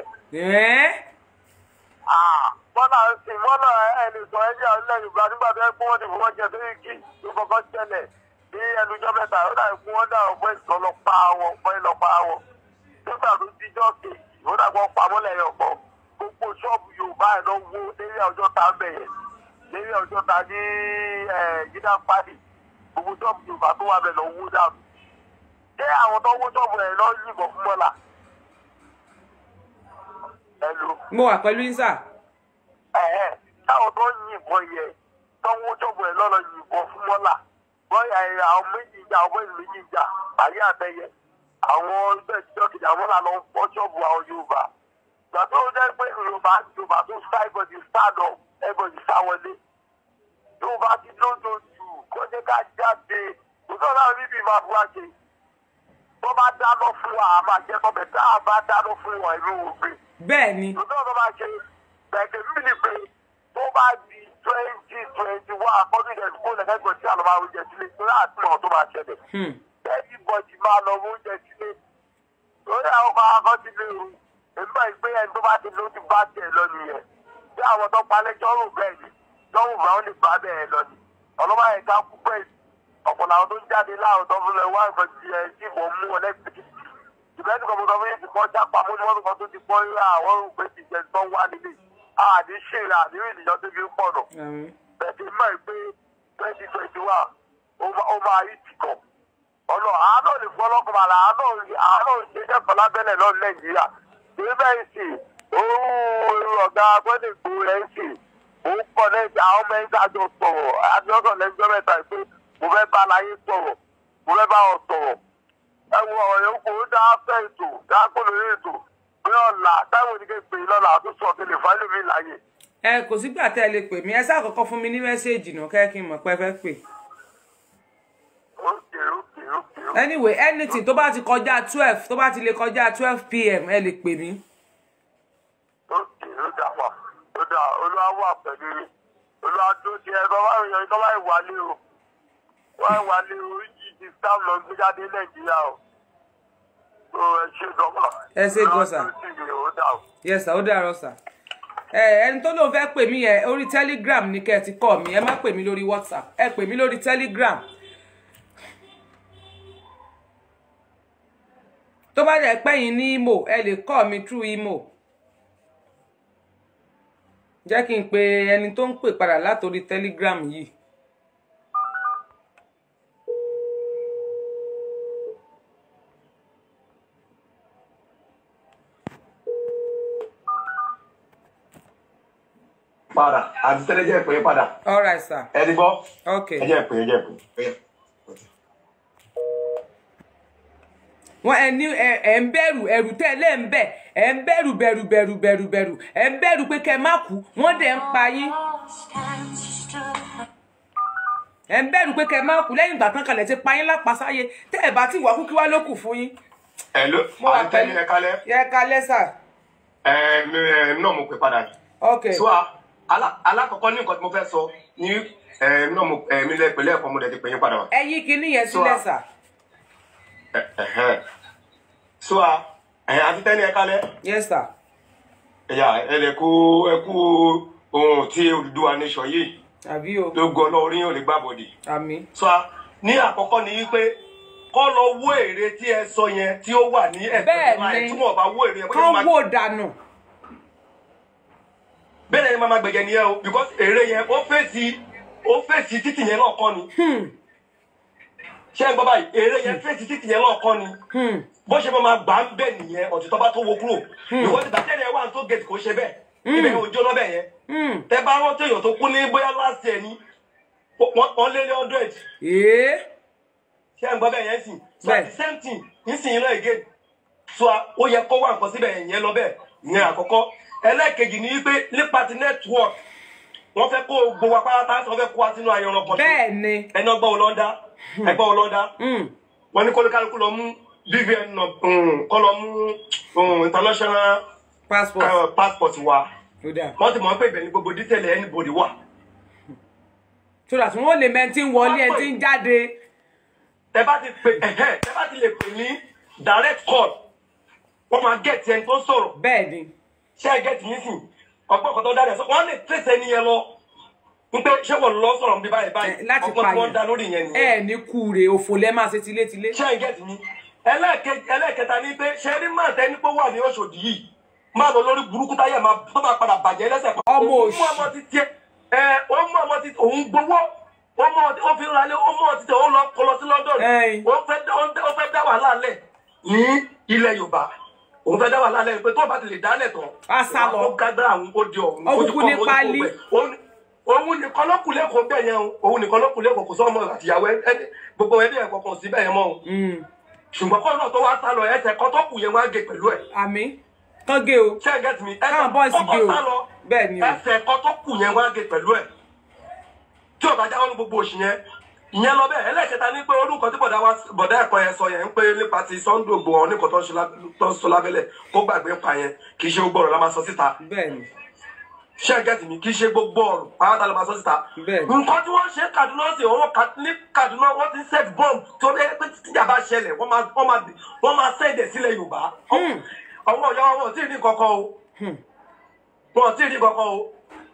[SPEAKER 6] mọ́là mọ́là ẹni sọ ẹni ọ̀lẹ́ yorùbá nígbà tó yẹ kó wọ́n ti fọwọ́ jẹ sí kí ló kọ́kọ́ ṣẹlẹ̀ ní ẹnujọ́ mẹ́ta ó dàbí kí wọ́n dà ọgbọ́n ìlọ́lọ́pàá wọn ọgbọ́n ìlọ́pàá wọn nígbà tó díjọ́ kejì ó dàgbọ́ pamọ́ lẹ́yìn ọ̀pọ̀ gbogbo ṣọ́ọ̀bù yorùbá ẹ̀ lọ wo nílé ọjọ́ ta ń bẹ̀yẹ̀ nílé ọjọ́ ta ní gíga pàdé gbogbo ṣọ́ọ̀bù yorùbá tó wà bẹ̀ lọ wo dànù ṣé àwọn tó wó ṣọ́ọ̀bù ẹ̀ lọ yìnbọn fún bọ́là.
[SPEAKER 1] mo wà pẹ̀lú yín sà.
[SPEAKER 6] ẹ̀hẹ̀ táwọn tó yìnbọn yẹ tó wó ṣọ́ọ̀bù ẹ̀ lọ́lọ́ yìnbọn fún bọ́là bọ́yà ẹ̀ àwọn méjì ìjà àwọn bẹ́ẹ̀ méjì ìjà àyè àtẹ̀yẹ àwọn ẹgbẹ́ ìjọ kejì àwọn náà lọ fọ́ ṣọ́ọ̀bù àwọn Yorùbá gbà tó jẹ́ pé Yorùbá Yorùbá tó sá everybody stand up everybody sá wọlé Yorùbá ti lójoojú kọjá ká jáde kò sọ́nà níbi ìmọ̀ àbúrò àjẹyìn tó bá dáná fún wa a máa jẹ tọ́bẹ̀ tá a bá dáná fún wa inú ògbé.
[SPEAKER 1] bẹ́ẹ̀ni. lọ́dọ̀ tó bá ṣe gbẹ̀gẹ̀ mí ni
[SPEAKER 6] pé tó bá di twenty twenty one according to the school ẹ̀kẹ́gbọ̀n tí àlọ́ máa ń sílé tó láà tún tó máa ṣẹlẹ̀. Hmm. bẹ́ẹ̀ni bọ̀jì máa lọ oúnjẹ sílé lórí àwọn ọmọ akọ́ ti lè rú èmi máa gbé ẹni tó bá ti ló ti bá tiẹ̀ lọ nìyẹn bí àwọn tó palẹ̀ jọ́rùn bẹ́ẹ̀ ni jọ́rùn bẹ́ẹ̀ ni ọ̀pọ̀ làwọn tó ń jáde láwọn tó fún lẹ wá nǹkan ti ẹ tí mò ń mú ọ lẹ́gbẹ̀ẹ́ ìbẹ́ni kan mo sọ fún yín ti kọ́ jápa mo ní wọ́n kan tó ti pọ́n rí àwọn òpè ti jẹ tó wà nílé àdí ṣèrè àdí rí ìdíjọ́ tó fi ń pọ̀ nù bẹ́ẹ̀ ti mọ̀ pé twenty twenty one ó máa yí ti kọ̀ ọ̀nà àánú ní fún ọlọ́kùnrin àlà àánú àánú ìṣẹ́jẹ́ kan lábẹ́lẹ̀ lọ nàìjíríà ìbẹ́ ìsì òun ọ̀gá gbọ́dọ̀ ìgbò rẹ̀ ìsì òun kọ́ lẹ́yìn àwọn ọmọ ẹ̀ńtà jọ sọ̀rọ̀ àti ọ̀sán lẹ́yìn jọ́mẹ́ta ìpín mo fẹ́ bá láyé sọ̀rọ̀ mo fẹ́ bá ọ sọ̀rọ̀ ẹ wo ọ̀rọ̀ yẹn kò dá fẹ́ ètò dá kó lórí ètò pé ọ̀la táwọn oníkẹ́ pè lọ́la tó sọ kí lè fáìlì mi láyè.
[SPEAKER 1] ẹ kò sígbà tẹ́ ẹ lè pè mí ẹ sáà kọ́kọ́ fún mi ní mẹ́sáàgì náà kẹ́ kí pé ẹ fẹ́ pè. anyway anything tó bá ti kọjá twelve tó bá ti lè kọjá twelve pm ẹ lè pè mí.
[SPEAKER 6] ó dà wà ó dà olúwa wà pẹ̀lú tó bá wà yọ o wọ́n wà ní oríṣi ti sáà lọ gbé jáde nàìjíríà o so ẹ ṣe gọba.
[SPEAKER 1] ẹ ṣe gọsà yes sir ó dàárọ̀ sà ẹni tó lóun fẹ́ pè mí yẹn orí telegram ni kẹ́ ẹ ti kọ́ mi ẹ má pè mí lórí whatsapp ẹ pè mí lórí telegram tó bá dẹ̀ pẹ́yìn ní imo ẹ lè kọ́ mi through imo jẹ́ kí n pe ẹni tó ń pè padà látòrí telegram yìí.
[SPEAKER 11] padà àti tẹ́lẹ̀ jẹ́ pé padà. all right sir. ẹ ti gbọ́. ok ẹ jẹ́ pé ẹ jẹ́ pé.
[SPEAKER 1] wọn ẹ ní ẹ ń bẹ̀rù ẹ̀rù tẹ́lẹ̀ ń bẹ ẹ ń bẹ̀rù bẹ̀rù bẹ̀rù bẹ̀rù bẹ̀rù ẹ ń bẹ̀rù pé kẹ́ má kú wọ́n dẹ̀ ń pa yín ẹ ń bẹ̀rù pé kẹ máa kú lẹ́yìn ìgbà kan kalẹ̀ ti pa yín lápasáyé tẹ́ ẹ̀ bá ti wà kú wá ló kù fún yín. ẹ ló mo wà yẹ
[SPEAKER 11] kalẹ̀. yẹ kalẹ̀ sà. ẹ mi náà mo pè padà. ok so ah, alákọ̀ọ́kọ́ ní nǹkan tí mo fẹ́ sọ ní ẹ̀mí náà ẹ̀mí lẹ́pẹ̀lẹ́ ẹ̀kọ́ mo eh, e dẹ̀ ti pè yín padà wá.
[SPEAKER 1] ẹ yí kinní yẹn sílẹ̀ sà.
[SPEAKER 11] Eh, eh, so a ẹ̀yìn àti tẹ́ni ẹ kálẹ̀. yes sir. ẹ̀yà ẹ lè kú ẹ kú ohun tí Odùduwà nation yìí. àbí o. ló gbọ́ lọ orí yóò lè gbàbọ̀dì. àmín. so a ní àkọ́kọ́ ni wípé kọ́ lọ wó èrè tí ẹ sọ yẹn tí ó wà ní ẹ̀sìn máa ẹ̀ túmọ̀ bá wó èrè ẹ̀ bóyá máa. bẹ́ẹ̀ ni kán wò bẹ́ẹ̀ ni mama gbẹ̀gẹ̀ nìyẹn o because èrè yẹn ó fèsì ó fèsì títì yẹn náà kọ́ ni hmm. ṣé èrè yẹn hmm. fèsì títì yẹn náà kọ́ ni hmm. bó ṣe máa gbà ń bẹ̀ nìyẹn ọ̀títọ́ bá tó wo kúrò because ìbàjẹ́ yẹn wà tó gẹ̀ẹ́sì kò ṣe bẹ́ẹ̀ ibẹ̀ yẹn tẹ bá rántí èèyàn tó kú ní bóyá last year ni wọ́n lé ẹlẹ́ẹ̀kejì ni pé nípa network wọ́n fẹ́ kó gbogbo wa pátá fẹ́ kó wa sínú ayọ̀rọ̀ pọ̀ sí ẹni ọgbọ́n ọlọ́dá hmm. ẹgbọ́n ọlọ́dá hmm. wọ́n ní kólúkálukú lọ mú bvn um, kọ́ lọ mú um, international passport um, wa wọ́n ti mọ̀ pé ibẹ̀ ni gbogbo detail
[SPEAKER 1] anybody wà. so that wọ́n lè mẹ́ntí wọlé ẹ̀ tí ń jáde.
[SPEAKER 11] ẹ bá ti pè ẹ bá ti lè pè ní direct call wọ́n máa gẹ̀ẹ́tì ẹni tó sọ̀rọ̀. bẹ́ẹ̀ ṣé ẹ gẹ́tì yín sìn ọgbọ́n kan tó dára ẹ̀ sọ wọ́n lè tẹ̀sẹ̀ ní yẹn lọ wípé ṣé wọ́n lọ sọ̀rọ̀ bí báyìí báyìí ọgbọ́n tí wọ́n dá lórí yẹn nìyẹn. ẹ ní kúure òfò lẹ máa ṣe tilétilé. ṣé ẹ gẹ́tì yín ẹlẹ́ẹ̀kẹta ní pé ṣé rí máa tẹ́ ní pé wà ní Ọ̀ṣọ́dì yìí máa lọ lórí burúkú táyà máa tó máa padà bàjẹ́ lẹ́sẹ̀ pa. ọmọ òṣì ó mú ọmọ ti tiẹ̀ ẹ ó mú ọmọ ti òun gbowó ó mú ọtí ó fi ń ralé ó mú ọtí tẹ ó lọ kọlọ sí London ó fẹ́ dá wàhálà lẹ̀ ní ilẹ̀ Yorùbá òun fẹ́ dá wà lálẹ́ pé tó bá ti lè dálẹ̀ tán. a sá lọ ó kágbá àwọn odi ọ̀hún. òkùnkùn ní pálí. òun nìkan lọ́kùnlé kò bẹ̀ yẹn òun nìkan lọ́kùnlé kò kò sọ ọmọ àtìyàwó gbogbo ẹbí ẹ̀ kọ̀ọ̀kan sí bẹ́ẹ̀ mọ́. Mm. ṣùgbọ́n kọ́ náà tó wá sá lọ ẹsẹ̀ kan tó kù yẹn wá gé pẹ̀lú ẹ̀. àmín kán gé o. ṣé ẹ gẹ́tì mi ẹsẹ̀ kan tó sá ìyẹn lọ bẹ́ẹ̀ ẹlẹ́kẹta ní pé orúkọ tí bọ̀dá ẹ̀kọ́ yẹn sọ yẹn ń pé nípa ti Sunday Igboho ní kò tó ń sọ lábẹ́lẹ̀ kó gbàgbé pa yẹn kì í ṣe gbogbo ọ̀rọ̀ la máa sọ síta. ṣé ẹ gẹ́tì mi kì í ṣe gbogbo ọ̀rọ̀ pàápàá la máa sọ síta. nǹkan tí wọ́n ṣe Kaduna sí òun ní Kaduna wọ́n ti set bomb tó dé pé tíjà bá ṣẹlẹ̀ wọ́n máa sẹ́ẹ̀dẹ̀ sílẹ̀ hmm. hmm.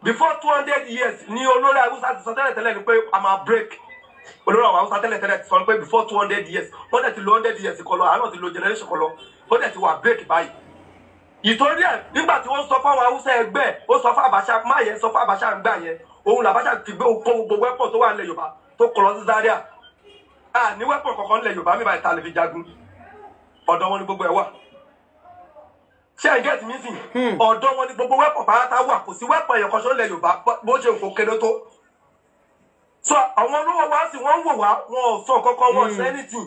[SPEAKER 11] before two hundred years ni olórí Haúsá ti sọ tẹ́lẹ̀ tẹ́lẹ̀ ni pé a máa break olórí àwọn haúsá tẹ́lẹ̀ tẹ́lẹ̀ ti sọ pé before two hundred years wọ́n dẹ̀ ti lo hundred years kọlọ àánú ti lo generation kọlọ ó dẹ̀ ti wà break báyìí. ìtorí ẹ̀ nígbà tí wọ́n sọ fáwọn haúsá ẹgbẹ́ ó sọ fún Abacha má yẹn sọ fún Abacha ń gbà yẹn òun làbáṣà ti gbé okó gbogbo wẹ́pọ̀ tó wà nílẹ̀ Yorùbá tó kọ̀ lọ sí Zaria à ní wẹ́pọ̀ kọ̀ọ̀kan nílẹ̀ Yorùbá mi báyìí ta lè fi jagun ọ̀dọ̀ wọn ni gbogbo ẹ̀ wà ṣé ẹ̀ gẹ́tì mí sìn hmm. ọ̀dọ̀ wọn ni gbogbo wẹ́pọ̀ pàápàá wà kò sí wẹ́pọ̀ ẹ̀yọ̀kan ṣó Yorùbá bó ṣe nǹkan kéré tó so àwọn olówó wa sì wọ́n ń wò wá wọn ò sọ kankan wọn hmm. sẹ́ni tù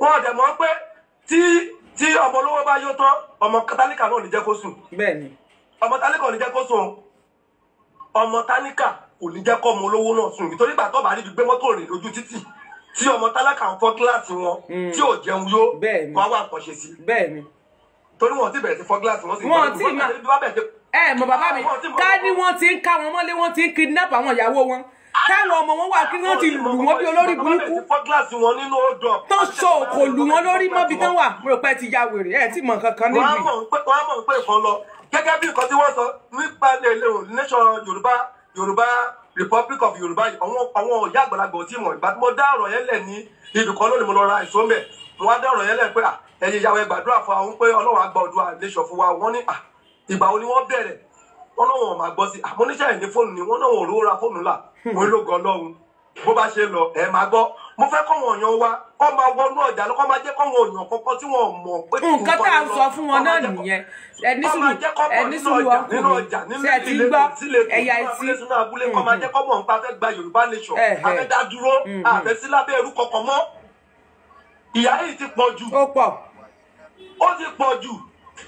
[SPEAKER 11] wọn ò dẹ̀ mọ̀ pé tí tí ọmọ olówó bá yó tán ọmọ tálíkà náà ò ní jẹ́ kó sùn ọmọ tálíkà ò ní jẹ́ kó sùn ọmọ tálíkà kò ní jẹ́ kó ọmọ olówó náà sùn nítorí ìgbà tó bá rí ju gbé mọ́tò rìn lójú títì tí ọmọ tálákà ń fọ́ kíláàsì wọn hmm. tí ò jẹun yó wọn wá nǹkan ṣe sí. bẹ́ẹ̀ni. torí wọn ti bẹ̀rẹ̀ sí fọ́ kíláàsì wọn sì ń bọ̀ wọn ti ma
[SPEAKER 1] ẹ mọ bàbá mi ká ní wọn ti ń ká wọn mọ́lé wọn ti ń kidnap àwọn ìyàwó wọn táwọn ọmọ wọn wà kí wọ́n ti lù wọ́n bí olórí burúkú
[SPEAKER 11] tó sọ òkò lù wọ́n lórí mọ́bi tán wà mo rò pé ti ya wèrè ẹ̀ tí mọ̀ kankan níbi. wọ́n á mọ̀ pé ìfọ̀n lọ gẹ́gẹ́ bí nǹkan tí wọ́n sọ nípa nation yorùbá yorùbá republic of yorùbá àwọn àwọn ọ̀yá àgbàlagbà ọtí mọ̀ ìgbà tí mo dá ọ̀rọ̀ yẹn lẹ̀ ní ibìkan lónìí mo lọ ra ìṣó mẹ́ mo wá dá ọ̀rọ̀ yẹn lẹ̀ pé ẹ̀yẹ ìyàwó ẹ gbàdúrà fún àwọn pé ọlọ́run àgbà ọdún àdéṣọ fún wa wọ́n ní ìgbà wo ni wọ́n bẹ̀rẹ̀ wọn náà wọn máa gbọ́ sí àmọ́ ah, oníṣẹ́ ìní fóònù ni wọn náà wọn òróró ra fóònù là mo ló gan lọ́hùn bó bá ṣe lọ ẹ máa gbọ́ mo fẹ́ kọ́wọn èèyàn wa kọ́ máa wọnú ọjà lọ kọ́ máa jẹ́ kọ́wọn èèyàn kọ́kọ́ tí wọ́n mọ̀ pé kí nǹkan tá à ń sọ fún wọn náà nìyẹn ẹni sùúrù ẹni sùúrù ọkùnrin ṣe ti gbọ́ ẹ̀yà ìtì kọ́ máa jẹ́ kọ́mọ̀ nípa fẹ́ gba Yorùbá nation àfẹ́dá dúró àfẹ́sí mm-hmm. lábẹ́ ẹrú kọ̀ọ̀kan mọ́ ìyá yìí ti pọ̀ jù ó ti pọ̀ jù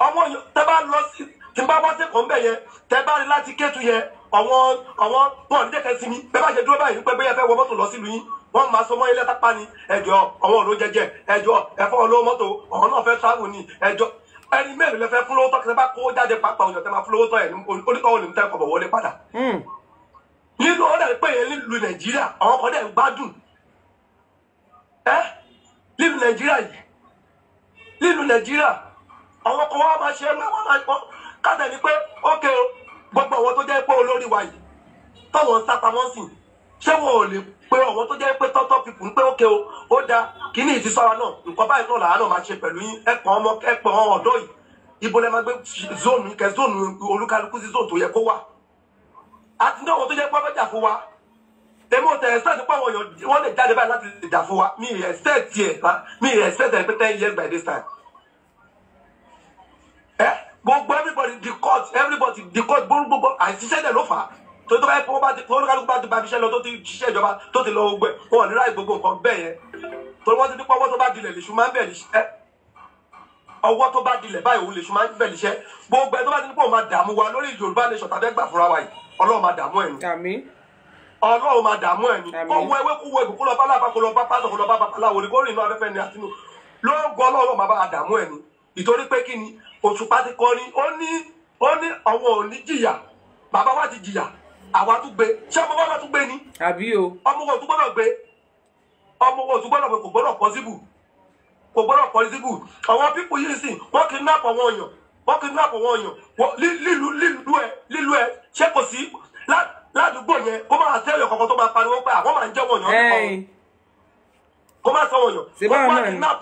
[SPEAKER 11] ọmọ tẹ́ bá lọ sí tí n bá wá sẹ́kọ̀ọ́ mbẹ̀ yẹn tẹ́ bá rí láti kétu yẹn àwọn àwọn pọ́ùn dẹ́kẹ́ sí mi bẹ́ẹ̀ bá ṣe dúró báyìí pé bẹ́ẹ̀ fẹ́ wọ mọ́tò lọ sílùú yín wọ́n máa sọ mọ́ ilé tápá ni ẹ̀jọ̀ àwọn òró jẹjẹ ẹ̀jọ̀ ẹ̀fọ́ olówó mọ́tò ọ̀hún náà fẹ́ travel ni ẹ̀jọ̀ ẹni mẹ́rin lẹ́fẹ́ fún lówó tọ́ kí ẹ bá kó jáde pàápàá òyìnbó tẹ́ máa fún tọ́ ẹ̀ onítọ́ òní tẹ́ kọ̀bọ̀ wọlé padà. Hmm. nínú ọ̀dà pé yẹn nílu nàìjíríà àwọn kan dẹ̀ gbádùn ẹ́ nílu nàìjíríà yìí nílu nàìjíríà àwọn kan wá máa ṣe ẹ́ káṣẹ ni pé ókè o gbogbo àwọn tó jẹ́ pé olórí wa yìí tọwọn sápamọ́ sí ṣé wọn ò lè pé àwọn tó jẹ́ pé tọ́tọ́ pipu ń pé ókè o ó da kíní ìfisọ́ra náà nǹkan báyìí náà làánà máa ṣe pẹ̀lú yín ẹ̀pọ̀n ọmọ ẹ̀pọ̀n ọ̀dọ́ yìí ibo lẹ́ máa gbé zónù kẹ zónù olúkálukú sí zónù tó yẹ kó wà àti náà wọn tó jẹ́ pé ọbẹ̀ jà fún wa èmi ò tẹ̀ ẹ̀sẹ̀ pé àwọn èèyàn wọ́n lè jáde báyìí láti lè jà wa mi ì ẹ̀sẹ̀ mi ì ẹ̀sẹ̀ pé ten years by this time. Eh? gbogbo everybody the court everybody the court gbogbo àìsíṣẹ́ dẹ̀ ló fà á torí tó bá yẹ kó bá ti kó olúkálùkù bá ti bá fi ṣẹ́ lọ tó ti ṣiṣẹ́ ìjọba tó ti lọ gbogbo ẹ̀ wọn ò ní ráì gbogbo nǹkan bẹ́ẹ̀ yẹn torí wọ́n ti ní pọ́wọ́ tó bá dilẹ̀ lè ṣùgbọ́n bẹ́ẹ̀ níṣẹ́ ọwọ́ tó bá dilẹ̀ báyìí òun lè ṣùgbọ́n bẹ́ẹ̀ níṣẹ́ gbogbo ẹ̀ tó bá ti ní pọ́wọ́ máa dààmú wa lórí Yorùbá nation tàbí ẹgbà fúnra wa yìí Ọlọ́run máa dààmú ẹ̀ ni Ọlọ́run máa dààmú ẹ̀ ni kó wọ ewé kó wọ ìbùkún lọ bá láàbá kó lọ bá pásọ kó lọ bá babaláwo ni kó rìn inú afẹ́fẹ́ ni àtinú lóògùn Ọlọ́run máa bá dààmú ẹ̀ ni ìtorí pé kí ni òṣùpá ti kọrin ó ní ó ní àwọn ò ní jìyà bàbá wa ti jìyà àwa tún gbé ṣé ọmọ wa tún gbé ni. àbí o. ọmọ wo tún gbọ́dọ̀ gbé ọmọ wo tún gbọ́dọ̀ gbé kò gbọ́dọ̀ pọ́síbù kò gbọ́dọ̀ pọ́síbù àwọn pípù yìí sìn wọ́n kidnap àwọn èèyàn wọ́n kidnap àwọn èèyàn lílu lílu ẹ lílu ẹ ṣé kò sí ládùúgbò yẹn kó máa sẹ́yọ̀ kankan tó máa pariwo pé àwọn máa ń jẹ́wọ̀ yàn kó máa sọ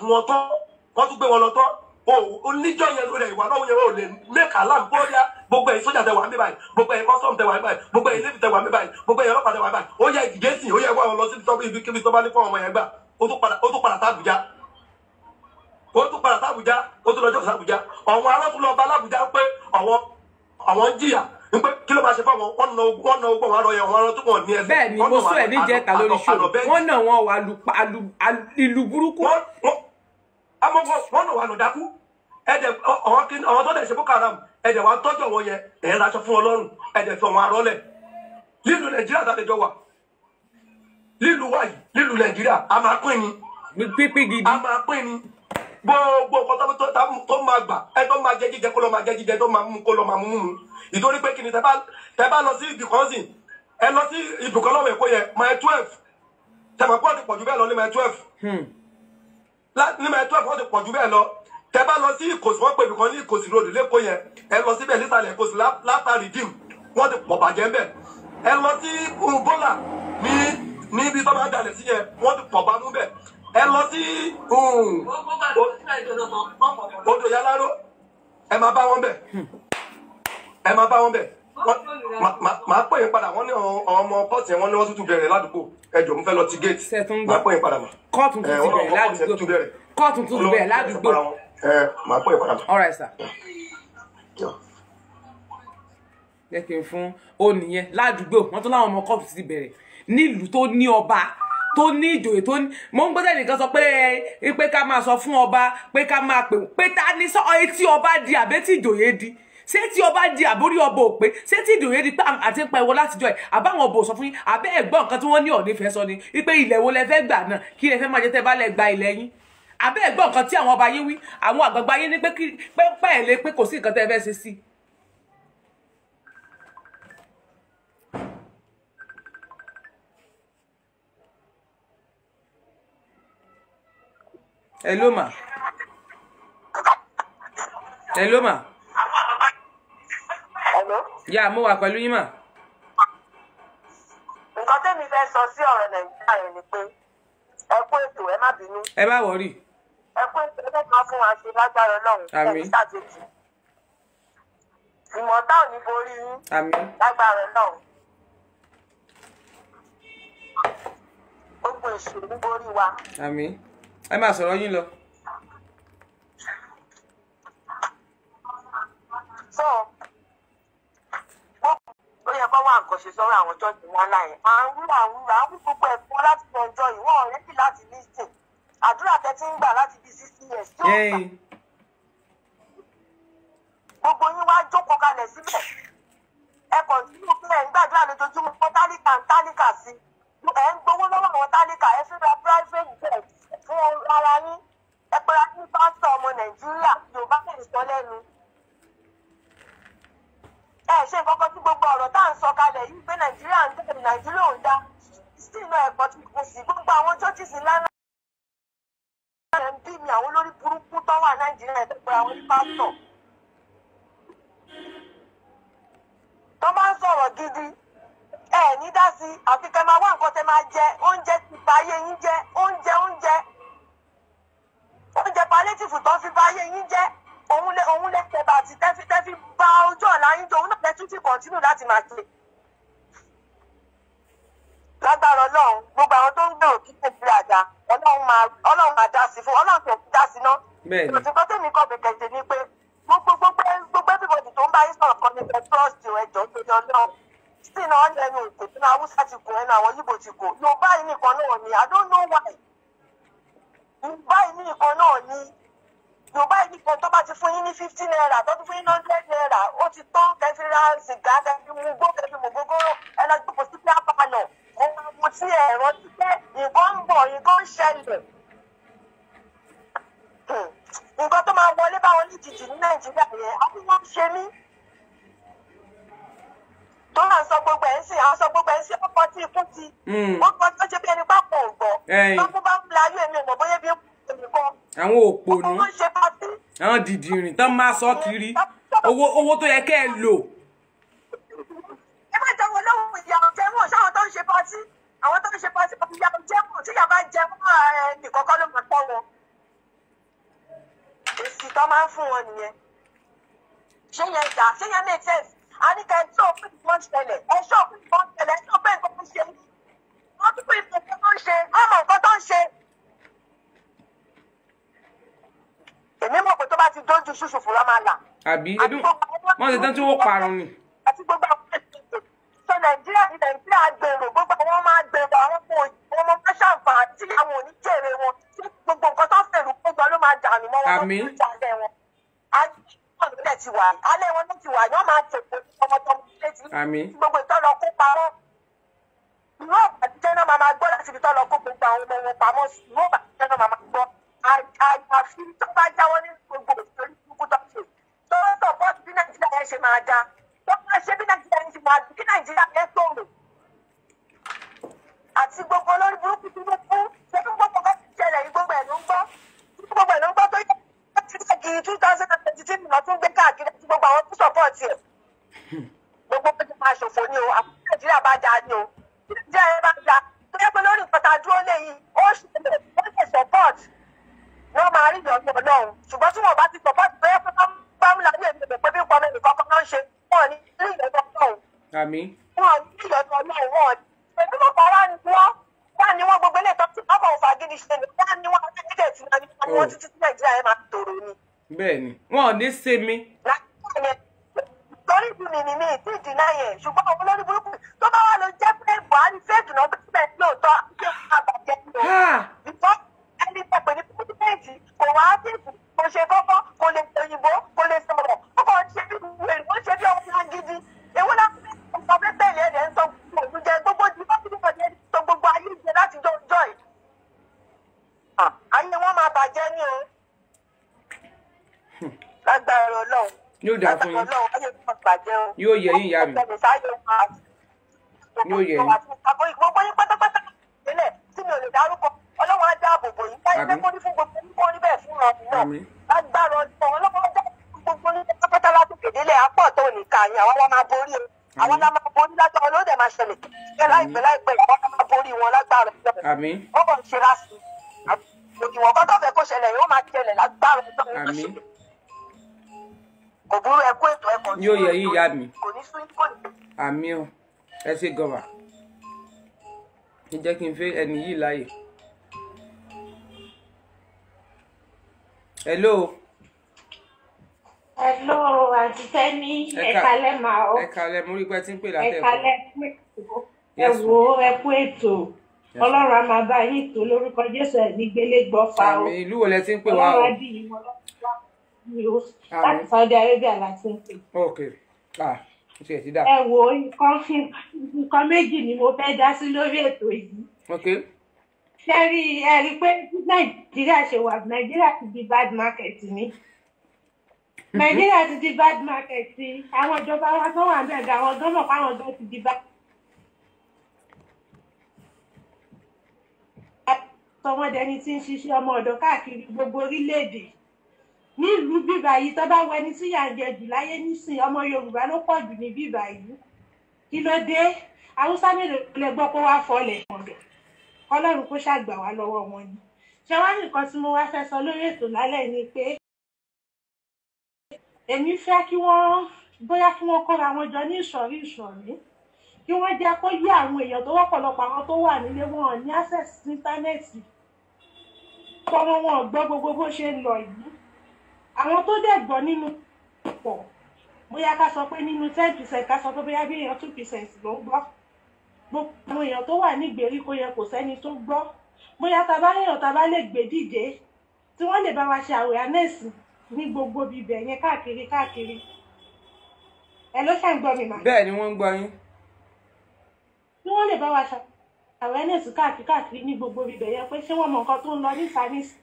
[SPEAKER 11] wọn tán wọ́n tún oníjọ yẹn lórí ìwà náà yẹn ò lè mẹ́ka alam bóyá gbogbo ẹ̀yin sójà tẹ wà mí báyìí gbogbo ẹ̀yin kọ́sọ́m tẹ wà mí báyìí gbogbo ẹ̀yin lẹ́fì tẹ wà mí báyìí gbogbo ẹ̀yin ọlọ́pàá tẹ wà mí báyìí ó yẹ ìdílé sìn ó yẹ wá wọn lọ sí ibi kíbi tó bá ní fún ọmọ yẹn gbà ó tún padà sábùjá ó tún padà sábùjá ó tún lọ́jọ́ sábùjá ọ̀wọ́n alátúnlọ́ba alábùjá pé àwọn ń jìyà pé kí ló máa ṣe fáwọn wọn na ogun wọn na ogun àwọn arọyẹ wọn tó wọn ní ẹsẹ. bẹ́ẹ̀ni mo sún ẹ níjẹta lórí ṣòro wọn náà wọn wà lù pa lù ìlú burúkú amọ̀gbọ̀ wọn nà wà lọ dákú ẹ̀dẹ̀ ọ̀hún tó dẹ̀ ṣe boko haram ẹ̀dẹ̀ wà tọ́jú ọ̀wọ́ yẹ ẹ̀yẹ laṣọ fún ọlọ́run ẹ̀dẹ̀ fi ọ̀wọ́n arọ́lẹ̀ lílu nàìjíríà tàbíjọ wà lílu wáyì lílu nàìjíríà a máa pín ni pípí gidi a máa pín ni gbogbo ọkọ tó máa gbà ẹ tó máa jẹ jíjẹ kó lọ máa jẹ jíjẹ tó máa mú kó lọ máa mú mu ìtorí pé kìnnìtẹ bá lọ sí ibìkọ́sìn ẹ lọ sí ibùkọ́ ẹ̀kọ́ yẹ mile twelve tẹ̀mọ̀pọ̀ ti pọ̀jù bẹ́ẹ̀ lọ ní mile twelve hmm nígbà twelve wọ́n ti pọ̀ jù bẹ́ẹ̀ lọ tẹ bá lọ sí ìkòsí wọ́n pè mí kan ní ìkòsí road lẹ́kọ̀ọ́ yẹn ẹ lọ síbẹ̀ nísàlẹ̀ ìkòsí látàrí dìm wọ́n ti pọ̀ bàjẹ́ bẹ́ẹ̀ ẹ lọ sí uh, bọ́là ní níbi tó máa dalẹ̀ sí yẹn wọ́n ti pọ̀ bámú bẹ́ẹ̀ ẹ lọ sí uh, odò yaláró ẹ máa bá wọn bẹ́ẹ̀ ẹ máa bá wọn bẹ́ẹ̀ màá pè yín padà wọ́n ní ọmọ pọ́ọ̀tì wọ́n ní wọ́n tútù bẹ̀rẹ̀ ládùúgbò ẹjọ́ mo fẹ́ lọ ti géètì màá pè yín padà mà. kóòtù tútù bẹ̀rẹ̀ ládùúgbò kóòtù tútù bẹ̀rẹ̀ ládùúgbò màá pè yín padà mà. all right sir.
[SPEAKER 1] jẹ́ kí n fún ó nìyẹn ládùúgbò wọ́n tún láwọn ọmọ kóòtù ti bẹ̀rẹ̀ nílùú tó ní ọba tó ní ìjòyè tó ní mò ń gbọ́dọ̀ nìkan sọ pé pé ká máa sọ fún ọba pé ká máa pè pé ta ní sọ etí ọba di àbẹ́tí ìjòyè di ṣé tí ọba di àbórí ọba ò pé ṣé tí ìdòwe di pa àti pa ẹwọ látijọ́ ẹ̀ àbáwọn ọba ò sọ fún yín àbẹ́ ẹ̀gbọ́n nǹkan tí wọ́n ní ọ̀ní fẹ́ sọ ni wípé ilẹ̀ wo lẹ fẹ́ gbà náà kí lẹ fẹ́ máa jẹ tẹ́ bá lẹ gba ilẹ̀ yín àbẹ́ ẹ̀gbọ́n nǹkan tí àwọn ọba yín wí àwọn àgbààgbà yín ní pé pẹ́ ẹ̀ lé pé kò sí nǹkan tẹ́ fẹ́ ṣe sí Hello ma. Hello ma hello. yà á mo wà pẹ̀lú yín mà.
[SPEAKER 7] nǹkan tẹ́mi fẹ́ sọ sí ọ̀rọ̀ nàìjíríà yẹn ni pé ẹ kú ètò ẹ má bínú. ẹ bá wọrí. ẹ kú ètò ẹ kẹ́kọ̀ọ́ fún wa ṣe lágbára ọlọ́run ẹ̀mí ṣàjèjì. ìmọ̀ta ò ní borí yín. àmín. lágbára ọlọ́run. gbogbo ìṣòro borí wa.
[SPEAKER 1] àmín ẹ máa sọ̀rọ̀ yín lọ.
[SPEAKER 7] so ó yẹ kó wá nǹkan àwọn chọ́ọ̀tì wọn láyé à ń wú gbogbo ẹ̀kọ́ láti lọ ọjọ́ ìwọ ọ̀rẹ́dì láti lísìn àdúrà tẹ́tí ń gbà láti di sixty years gbà gbogbo yín wá jókòó kalẹ̀ síbẹ̀ ẹ tí mo fẹ́ ń gbàdúrà lójoojúmọ́ fún tálíkà ń tálíkà sí ẹ ń gbowó lọ́wọ́ àwọn tálíkà ẹ fẹ́ private jet fún ara yín ẹ pẹ́ra ẹ ṣe kọ́kọ́ tí gbogbo ọ̀rọ̀ tá à ń sọ kalẹ̀ yìí pé nàìjíríà ń tẹ̀lé nàìjíríà ò ń dá sínú ẹ̀kọ́ tí kò sí gbogbo àwọn chọ́ọ̀chìsì ńláńlá ẹ̀ ń bí mi àwọn olórí burúkú tó wà nàìjíríà ẹ̀ pé àwọn pásítọ̀ tó máa ń sọ̀rọ̀ gidi ẹ ní dá sí àfi kẹ́ máa wá nǹkan tẹ́ máa jẹ oúnjẹ ti bà ayé yín jẹ́ oúnjẹ oúnjẹ oúnjẹ palétìfù tó fi bà ayé yín jẹ́. òun lẹ òun ti tẹfi ba bá ọjọ́ ọ̀la yín jọ òun náà lẹ ti kọ̀ntínú láti máa ṣe. lágbára gbogbo àwọn tó ń gbèrò kí tẹ̀sí àjà ọlọ́run máa ọlọ́run máa dá sí fún ọlọ́run tó dá sí bẹ́ẹ̀ni kọ́ ni pé gbogbo gbogbo gbogbo everybody tó ń bá yín sọ̀rọ̀ kan ní trust ẹ jọ torí ọlọ́run sí náà ní yorùbá yìí nìkan tó bá ti fún yín ní fifty naira tó ti fún yín ní hundred naira ó ti tán kẹfì ra sìgá kẹfì mu gbó kẹfì mu gógóró ẹlẹgbẹ́ kò sí pé á palọ̀ mo máa mu tí ẹ̀rọ ti pé nǹkan ń bọ̀ nǹkan ń ṣẹlẹ̀ nǹkan tó máa wọlé báwọn lójijì ní nàìjíríà yẹn àbí wọ́n ń ṣe mí tó hàn sọ gbogbo ẹ̀ ń sìn àwọn sọ gbogbo ẹ̀ ń sìn ọkọ̀ tí ikú ti ó kọ́ tó ṣe bí ẹni pápọ̀ ògbọ́ tó bá ń la ayé mi mọ̀ bóyá bí ń
[SPEAKER 1] àwọn òpònú àwọn dìdìrìn tán máa sọ kiri owó owó tó yẹ kẹ́ ẹ lò.
[SPEAKER 7] ẹ má jẹ́ wọn lóhùn ìyàwó jẹ́ sáwọn tó ń ṣe pátí àwọn tó ń ṣe pátí ìyàwó jẹ́ tí yàrá jẹ́ nìkan kọ́ ló máa pọ̀ wọn. èsì tó máa ń fún wọn nìyẹn ṣé yẹn dà ṣé yẹn make sense a ní ká ẹ tó pé ìbọn ṣẹlẹ̀ ẹ ṣọ́ pé ìbọn ṣẹlẹ̀ ẹ ṣọ́ pé nǹkan ń ṣe wọ́n tún pé ìbọn tó ń ṣe ọmọ nǹkan tó ń ṣe. èmi mọ̀ pé tó bá ti dójú ṣùṣù fúnra máa là.
[SPEAKER 1] àbí ebi wọn ti tán tí wọn parun ni. àti gbogbo àwọn
[SPEAKER 7] ètò sọ nàìjíríà ní nàìjíríà gbèrò gbogbo àwọn máa gbèrò àwọn ọmọ ọmọ máa ṣàǹfààní tí àwọn òní wọn tí gbogbo nǹkan tó fèrú gbogbo ló máa dànù mọ́ wọn ló ti jalè wọn. alẹ́ ti wà alẹ́ wọn ló ti wà yọ́n àfi tó bá jáwọ́ ní gbogbo ìtòrí kúkú tó ṣe tó ń sọ̀pọ̀tì bí nàìjíríà yẹn ṣe máa dáa tó máa ṣe bí nàìjíríà yẹn ṣe máa dùn kí nàìjíríà yẹn tòrò àti gbogbo olórí burúkú tó ló kú ṣé kí gbogbo kan ti ṣẹlẹ̀ yìí gbogbo ẹ̀ ló ń gbọ́ gbogbo ẹ̀ ló ń gbọ́ tó yẹ kí ṣe kí two thousand and twenty three nìkan tún gbé káàkiri àti gbogbo àwọn tó sọ̀pọ̀tì ẹ̀ gbogbo pé kí máa ṣòfò ni o support wọ́n máa rí ìyọ̀nù ọlọ́run ṣùgbọ́n tí wọ́n bá ti sọ̀pọ̀ ti bẹ́ẹ̀ fún bámúlà ní èdè ìgbẹ́ pé bí nǹkan mẹ́rin kankan náà ṣe wọ́n ní rí ìyọ̀nù ọlọ́run. àmín. ní ìyọ̀nù ọlọ́run wọ́n ní. pẹ̀lú mọ̀pọ̀ ara ni wọ́n wá ní wọ́n gbogbo ilé ìtọ́ ti bábọ̀ òfà gidi ṣe ni wọ́n ní wọ́n á tẹ́tẹ́
[SPEAKER 1] ti náà ní wọ́n oh. títí
[SPEAKER 7] nàìjíríà yẹn máa tòrò ni.
[SPEAKER 1] bẹ́ẹ̀ni wọn ò ní ṣe mí.
[SPEAKER 7] lórí ìdùnnú ni mi ti dì yẹn ṣùgbọ́n òun lórí burúkú tó bá wà ló jẹ́ pé buhari fẹ́ẹ̀dùn náà bẹ́ẹ̀ lóòótọ́ àbàjẹ́ lò ní pẹ̀pẹ́ ní pẹ̀pẹ́ẹ̀tì kò wá tètè kò ṣe kọ́kọ́ kò lè òyìnbó kò lè sọ̀rọ̀ ó kàn ṣe wèrè ó ṣe bí ọmọ gidi ewu láti ọmọ bẹ́tẹ̀lì ẹ̀ ń sọ gbogbo jẹ gbogbo di fásitì kan jẹ sọ gbogbo ayé jẹ láti jọ jọ ẹ̀. ayé wọn máa bàjẹ́ ni o lágbára ọlọ́run
[SPEAKER 1] yóò dáa fún yín
[SPEAKER 7] yóò yẹ yín yá mi
[SPEAKER 1] yóò yẹ yín. gbogbo yín pátápátá
[SPEAKER 7] nílẹ̀ tí mi ò lè dárúkọ ọlọ́wọ́n á dáàbò bò yín káyọ̀ pé kó ní fún gbogbo yín kó
[SPEAKER 4] rí bẹ́ẹ̀ fún wọn náà
[SPEAKER 7] lágbára ọ̀dọ́ ọlọ́wọ́n á dáàbò gbogbo yín pátápátá látòkè délẹ̀ apọ̀ tó nìka yín àwọn la máa o àwọn la máa borí látọ̀ ọlọ́dẹ máa ṣẹlẹ̀ kíkẹ́ láìpẹ́ láìpẹ́ àwọn la máa borí wọn lágbára ọ̀dọ́ wọn kàn ṣe ra sí i òdìwọ̀n kọ́tọ́ fẹ́ kó ṣẹlẹ̀ yóò máa ṣẹlẹ̀ lágbára ọ̀dọ́ wọn
[SPEAKER 1] kò burú ẹkú ètò ẹ̀kọ́ tí yóò kò ní sún kò ní. àmì o ẹ ṣe gọba ẹ jẹ́ kí n fẹ́ ẹni yìí láàyè. hello.
[SPEAKER 5] hello àtìtẹ́ni ẹ̀kalẹ̀ máa ó
[SPEAKER 1] ẹ̀kalẹ̀ mo rí pé tí ń pè látẹ̀kọ́ ẹ̀kalẹ̀ ẹ wò
[SPEAKER 5] ó ẹ kú ètò ọlọ́run a máa bá yín tó lórúkọ jésù ẹ̀ nígbélé gbọ́ fa o ìlú wo lẹ ti ń pè o ọlọ́run á dì í mọ́ lọ́wọ́ láti Saudi Arabia la ti ń pè.
[SPEAKER 1] ok ah ẹ
[SPEAKER 5] wò ó nǹkan méjì ni mo fẹ́ dá sí lórí ètò
[SPEAKER 1] yìí
[SPEAKER 5] ṣe rí ẹ i pé nàìjíríà ṣe wà nàìjíríà ti di bad market ni nàìjíríà ti di bad market ni àwọn ìjọba wa tó wà bẹ́ẹ̀ àwọn gọ́mọ̀ fáwọn ọ̀dọ́ ti di bad. tọmọdẹni tí ń ṣiṣẹ́ ọmọ ọ̀dọ́ káàkiri gbogbo orílẹ̀-èdè nílùú bíbà yìí tó bá wẹni tí yà ń jẹ jù láyé nísìnyí ọmọ yorùbá ló pọ̀ jù ní bíbà yìí kí ló dé haúsá mélòó lè gbọ́ pé wàá fọ́lẹ̀ ọ̀dọ̀ kọ́lọ́run kó ṣàgbà wá lọ́wọ́ wọn ni ṣọwọ́n nìkan tí mo wá fẹ́ sọ lórí ètò lálẹ́ ni pé èmi fẹ́ kí wọ́n bóyá kí wọ́n kọ́ra wọn jọ ní ìsọ̀rí ìsọ̀rí kí wọ́n jẹ́ kó yé àwọn èèyàn tó wọ́pọ̀lọpọ̀ àwọn tó wà nílé wọn ní access sí íńtánẹ́ẹ̀tì tọrọ wọn gbọ́ gbogbo bó ṣe ń lọ yìí àwọn tó dẹ̀ gbọ́ nínú pọ̀ bóyá ká sọ pé nínú ten percent ká sọ pé bóyá bí èèyàn two percent ló ń gbọ́ gbogbo àwọn èèyàn tó wà ní ìgbèríko yẹn kò sẹ́ni tó gbọ́ bóyá ta bá èèyàn ta bá lè gbé dìde tí wọ́n lè bá wa ṣe awareness ní gbogbo ibẹ̀ yẹn káàkiri káàkiri ẹ ló ṣàn gbọ́ mi mà.
[SPEAKER 1] bẹ́ẹ̀ ni wọ́n ń gbọ́ yín.
[SPEAKER 5] tí wọ́n lè bá wa ṣe awareness káàkiri káàkiri ní gbogbo ibẹ̀ yẹn pé ṣé wọ́n mọ nǹkan tó ń lọ nísàníṣì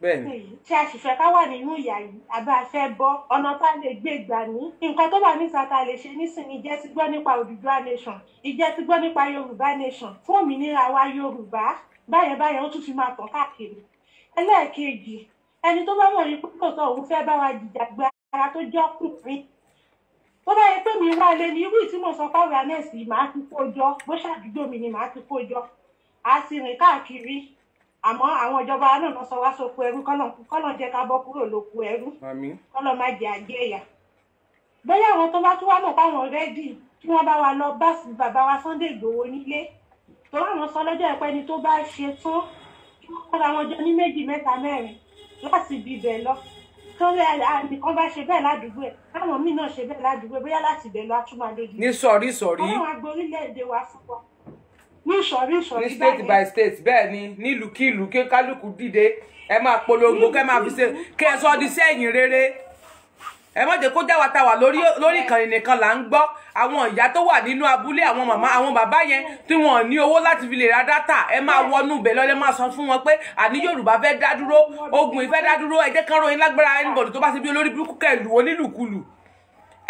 [SPEAKER 12] tí
[SPEAKER 5] a sì fẹ́ ká wà nínú ìyà yìí àbá a fẹ́ bọ́ ọ̀nà tá a lè gbé gbà ní. nǹkan tó wà níta tá a lè ṣe nísìnyí jẹ́ ti gbọ́ nípa Odùduwà nation ìjẹ́ ti gbọ́ nípa Yorùbá nation fún òmìnira wa Yorùbá báyẹn báyẹn ó tún fi máa tàn káàkiri. ẹlẹ́ẹ̀kejì ẹni tó bá wọ̀ ní pípọ̀tọ̀ òun fẹ́ bá wa jìjà gba ara tó jọ́ kùnrin tó bá yẹ pé mi wá lé ní irú tí mo sọ fáwọn anẹ́sì màá fi kó jọ bó ṣàdúgbò mi ni màá fi kó jọ àá sì rìn káàkiri àmọ́ àwọn ìjọba náà lọ sọ wá sóko ẹrú kọ́lọ̀ jẹ́ ká bọ́ kúrò lóko ẹrú kọ́lọ̀ má jẹ́ àjẹ́ ẹ̀yà bóyá àwọn tó bá tún wá mọ̀ páwọn rẹ́dì kí wọ́n bá wa lọ bá bàbá wa Sunday Ìgbòho nílé torí àwọn sọ lọ́jọ́ ẹ̀pẹ́ ni tó bá ṣe tán kí wọ́n kọ́ra wọn jọ ní méjì mẹ́ta mẹ́rin láti ibi ibẹ̀ lọ torí nìkan bá ṣe bẹ́ẹ̀ ládùúgbò ẹ̀ káwọn míì náà ṣe bẹ́ẹ̀ ládùúgbò ẹ̀ bóyá láti ibẹ̀ lọ á tún ní
[SPEAKER 1] sọ̀rí sọ̀rí. ọlọ́run
[SPEAKER 5] agbórílẹ̀ èdè wa fún wọn
[SPEAKER 1] ní ìsọ̀rí ìsọ̀rí bẹ́ẹ̀ ni. ní state by state bẹ́ẹ̀ ni nílùkílù kí kálukú dìde ẹ máa polongo kẹ máa fi ṣe kí ẹ sọ di sẹ́yìn rere ẹ má jẹ́ kó já wa ta wà lórí lórí ìkànnì nìkan là ń gbọ́ àwọn ìyá tó wà nínú abúlé àwọn màmá àwọn bàbá yẹn tí wọn ní owó láti fi lè ra dátà ẹ máa wọnú ibẹ̀ lọ́lẹ́ máa sọ fún wọn pé àní yorùbá fẹ́ dá dúró ogun ìfẹ́ dá dúró ẹ jẹ́ kán ròyìn lágbára ẹnìbọ̀dù tó bá ṣe bí olórí burúkú kẹlù onílùkulù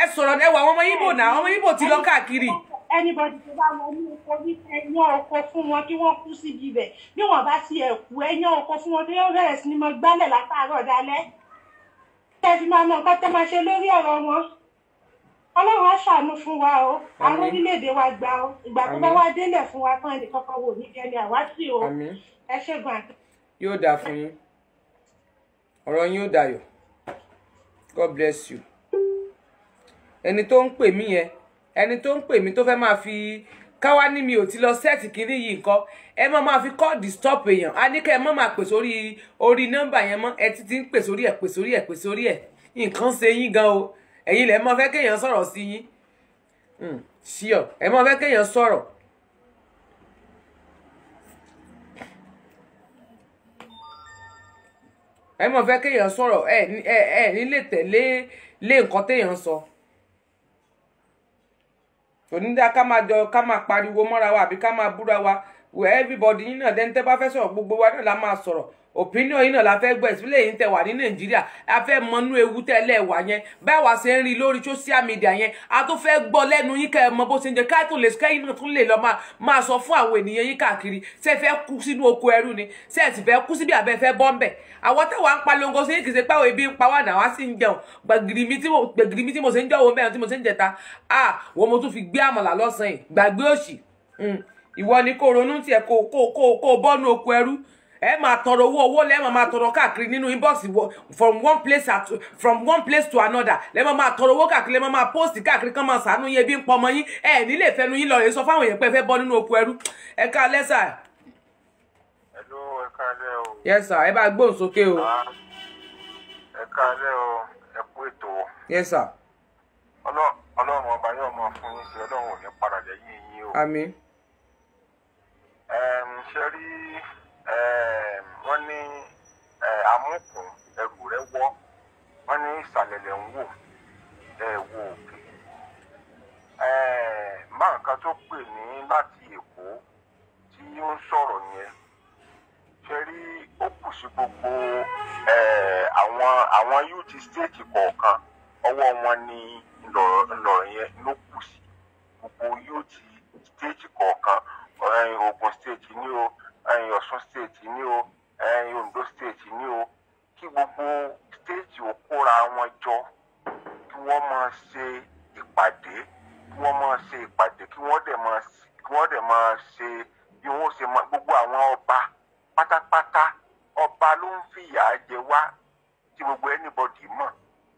[SPEAKER 1] ẹ sọ̀rọ̀ ẹ wà àwọn ọmọ yíbò náà àwọn ọmọ yíbò ti lọ káàkiri anybody
[SPEAKER 5] tó bá wọn ní oko ní ẹyán oko fún wọn kí wọ́n kú síbi ibẹ̀ bí wọ́n bá ti ẹ̀kú ẹyán oko fún wọn tó yóò bẹ̀rẹ̀ sí ni mo gbálẹ̀ látàárọ̀ dalẹ́ tẹ́ fi máa mọ nǹkan tẹ́ máa ṣe lórí ọ̀rọ̀ wọn ọlọ́run á ṣàánú fún wa o àwọn orílẹ̀ wa gbà o ìgbà tó bá wá délẹ̀ fún wa tán ìdíkọ́kọ́ wò ní jẹ́ àwátì o ẹ ṣègùn àti.
[SPEAKER 1] yóò dáa fún yín ọ̀rọ̀ yín ó dayọ̀ God bless you ẹni tó ń pè mí yẹn ẹni tó ń pè mí tó fẹ́ máa fi káwá ní mi ò ti lọ sẹ́ẹ̀tì kínní yìí nǹkan ẹ má máa fi kọ́ọ̀dì stop èèyàn a ní kẹ́ ẹ má máa pè sórí orí nọ́mbà yẹn mọ́ ẹ ti ti ń pè sórí ẹ̀ pè sórí ẹ̀ pè sórí ẹ̀ nǹkan ṣe yín gan o ẹ̀yin lẹ́ mọ́ fẹ́ kéèyàn sọ̀rọ̀ sí yín ṣíọ̀ hmm, ẹ mọ́ fẹ́ kéèyàn sọ̀rọ̀. ẹ mọ̀ fẹ́ kéèyàn sọ̀rọ̀ ẹ ẹ nílé tẹ̀lé lé nǹkan téèyàn sọ onídàá ká máa jọ ká máa pariwo mọ́ra wa àbí ká máa búra wa everybody yín náà dẹ́ni tẹ́ bá fẹ́ sọ̀rọ̀ gbogbo wa náà la máa sọ̀rọ̀ opinion yìí náà la fẹ́ gbọ́ ìsílẹ̀ yìí ń tẹ wà ní nàìjíríà a fẹ́ mọnú ewu tẹ́lẹ̀ wà yẹn báwa ṣe ń rí lórí social media yẹn a tó fẹ́ gbọ́ lẹ́nu yín kẹ́ ẹ mọ bó ṣe ń jẹ káàtó lè ṣe yín tún lè lọ máa máa sọ fún àwọn ènìyàn yín káàkiri ṣe fẹ́ kú sínú oko ẹrú ni ṣe ti fẹ́ kú síbi àbẹ́ fẹ́ bọ́m̀bẹ̀ àwọn táwa ń polongo sí kì í ṣe pé àwọn ebi ń pa wà náà wá sí ń jẹun gbàgìrì mi tí mo ṣe ń jẹ́ òun mẹ́rin tí mo ṣe ń jẹta ah wọ́n mo tún fi gbé àmàlà lọ́sàn-án gbàgbé òṣì hmm. ìwọ ni kò ronú tiẹ̀ kò kò kò bọ́nu oko ẹrú ẹ máa tọrọ owó owó lẹ́ẹ̀ máa máa tọrọ káàkiri nínú inbox from one place to from one place to another lẹ́ẹ̀ máa máa tọrọ owó káàkiri lẹ́ẹ̀ máa máa post káàkiri kán máa sàánú yín ebi ń pọmọ yín ẹ nílé ìfẹnu yín lọ rè sọ fáwọn èèyàn pé ẹ fẹ́ bọ́ nínú oko ẹrú ẹ ká lẹ́sà.
[SPEAKER 9] hello ẹ ká lẹ́ o.
[SPEAKER 1] yes sir ẹ bá gbóhùn sókè o. Ah,
[SPEAKER 9] ẹ ká lẹ́ o ẹ kú
[SPEAKER 10] ètò. yes sir.
[SPEAKER 9] ọlọ́run ọba yóò máa fún yín sí ọlọ́run ò ní padà lẹ́yìn
[SPEAKER 1] yín
[SPEAKER 10] o. àmín.
[SPEAKER 9] ṣe rí wọ́n ní amúkùn ẹrù rẹ̀ wọ́ wọ́n ní ìsàlẹ̀lẹ̀ ń wò ẹ̀wò òkè máa nǹkan tó pè ní láti èkó tí ó ń sọ̀rọ̀ yẹn ṣe rí ó
[SPEAKER 6] kù sí gbogbo
[SPEAKER 9] àwọn ut youth state kọ̀ọ̀kan ọwọ́ wọn ni ńlọrọ̀ yẹn ló kù sí gbogbo ut state kọ̀ọ̀kan Ògùn state ni o. ẹ̀yìn ọ̀ṣun state ni o ẹ̀yìn ondo state ni o kí gbogbo state ò kóra wọn jọ kí wọ́n máa ṣe ìpàdé kí wọ́n máa ṣe ìpàdé kí wọ́n dẹ̀ máa kí wọ́n dẹ̀ máa ṣe bí wọ́n ṣe máa gbogbo àwọn ọba pátápátá ọba ló ń fìyà jẹ wá tí gbogbo anybody mọ̀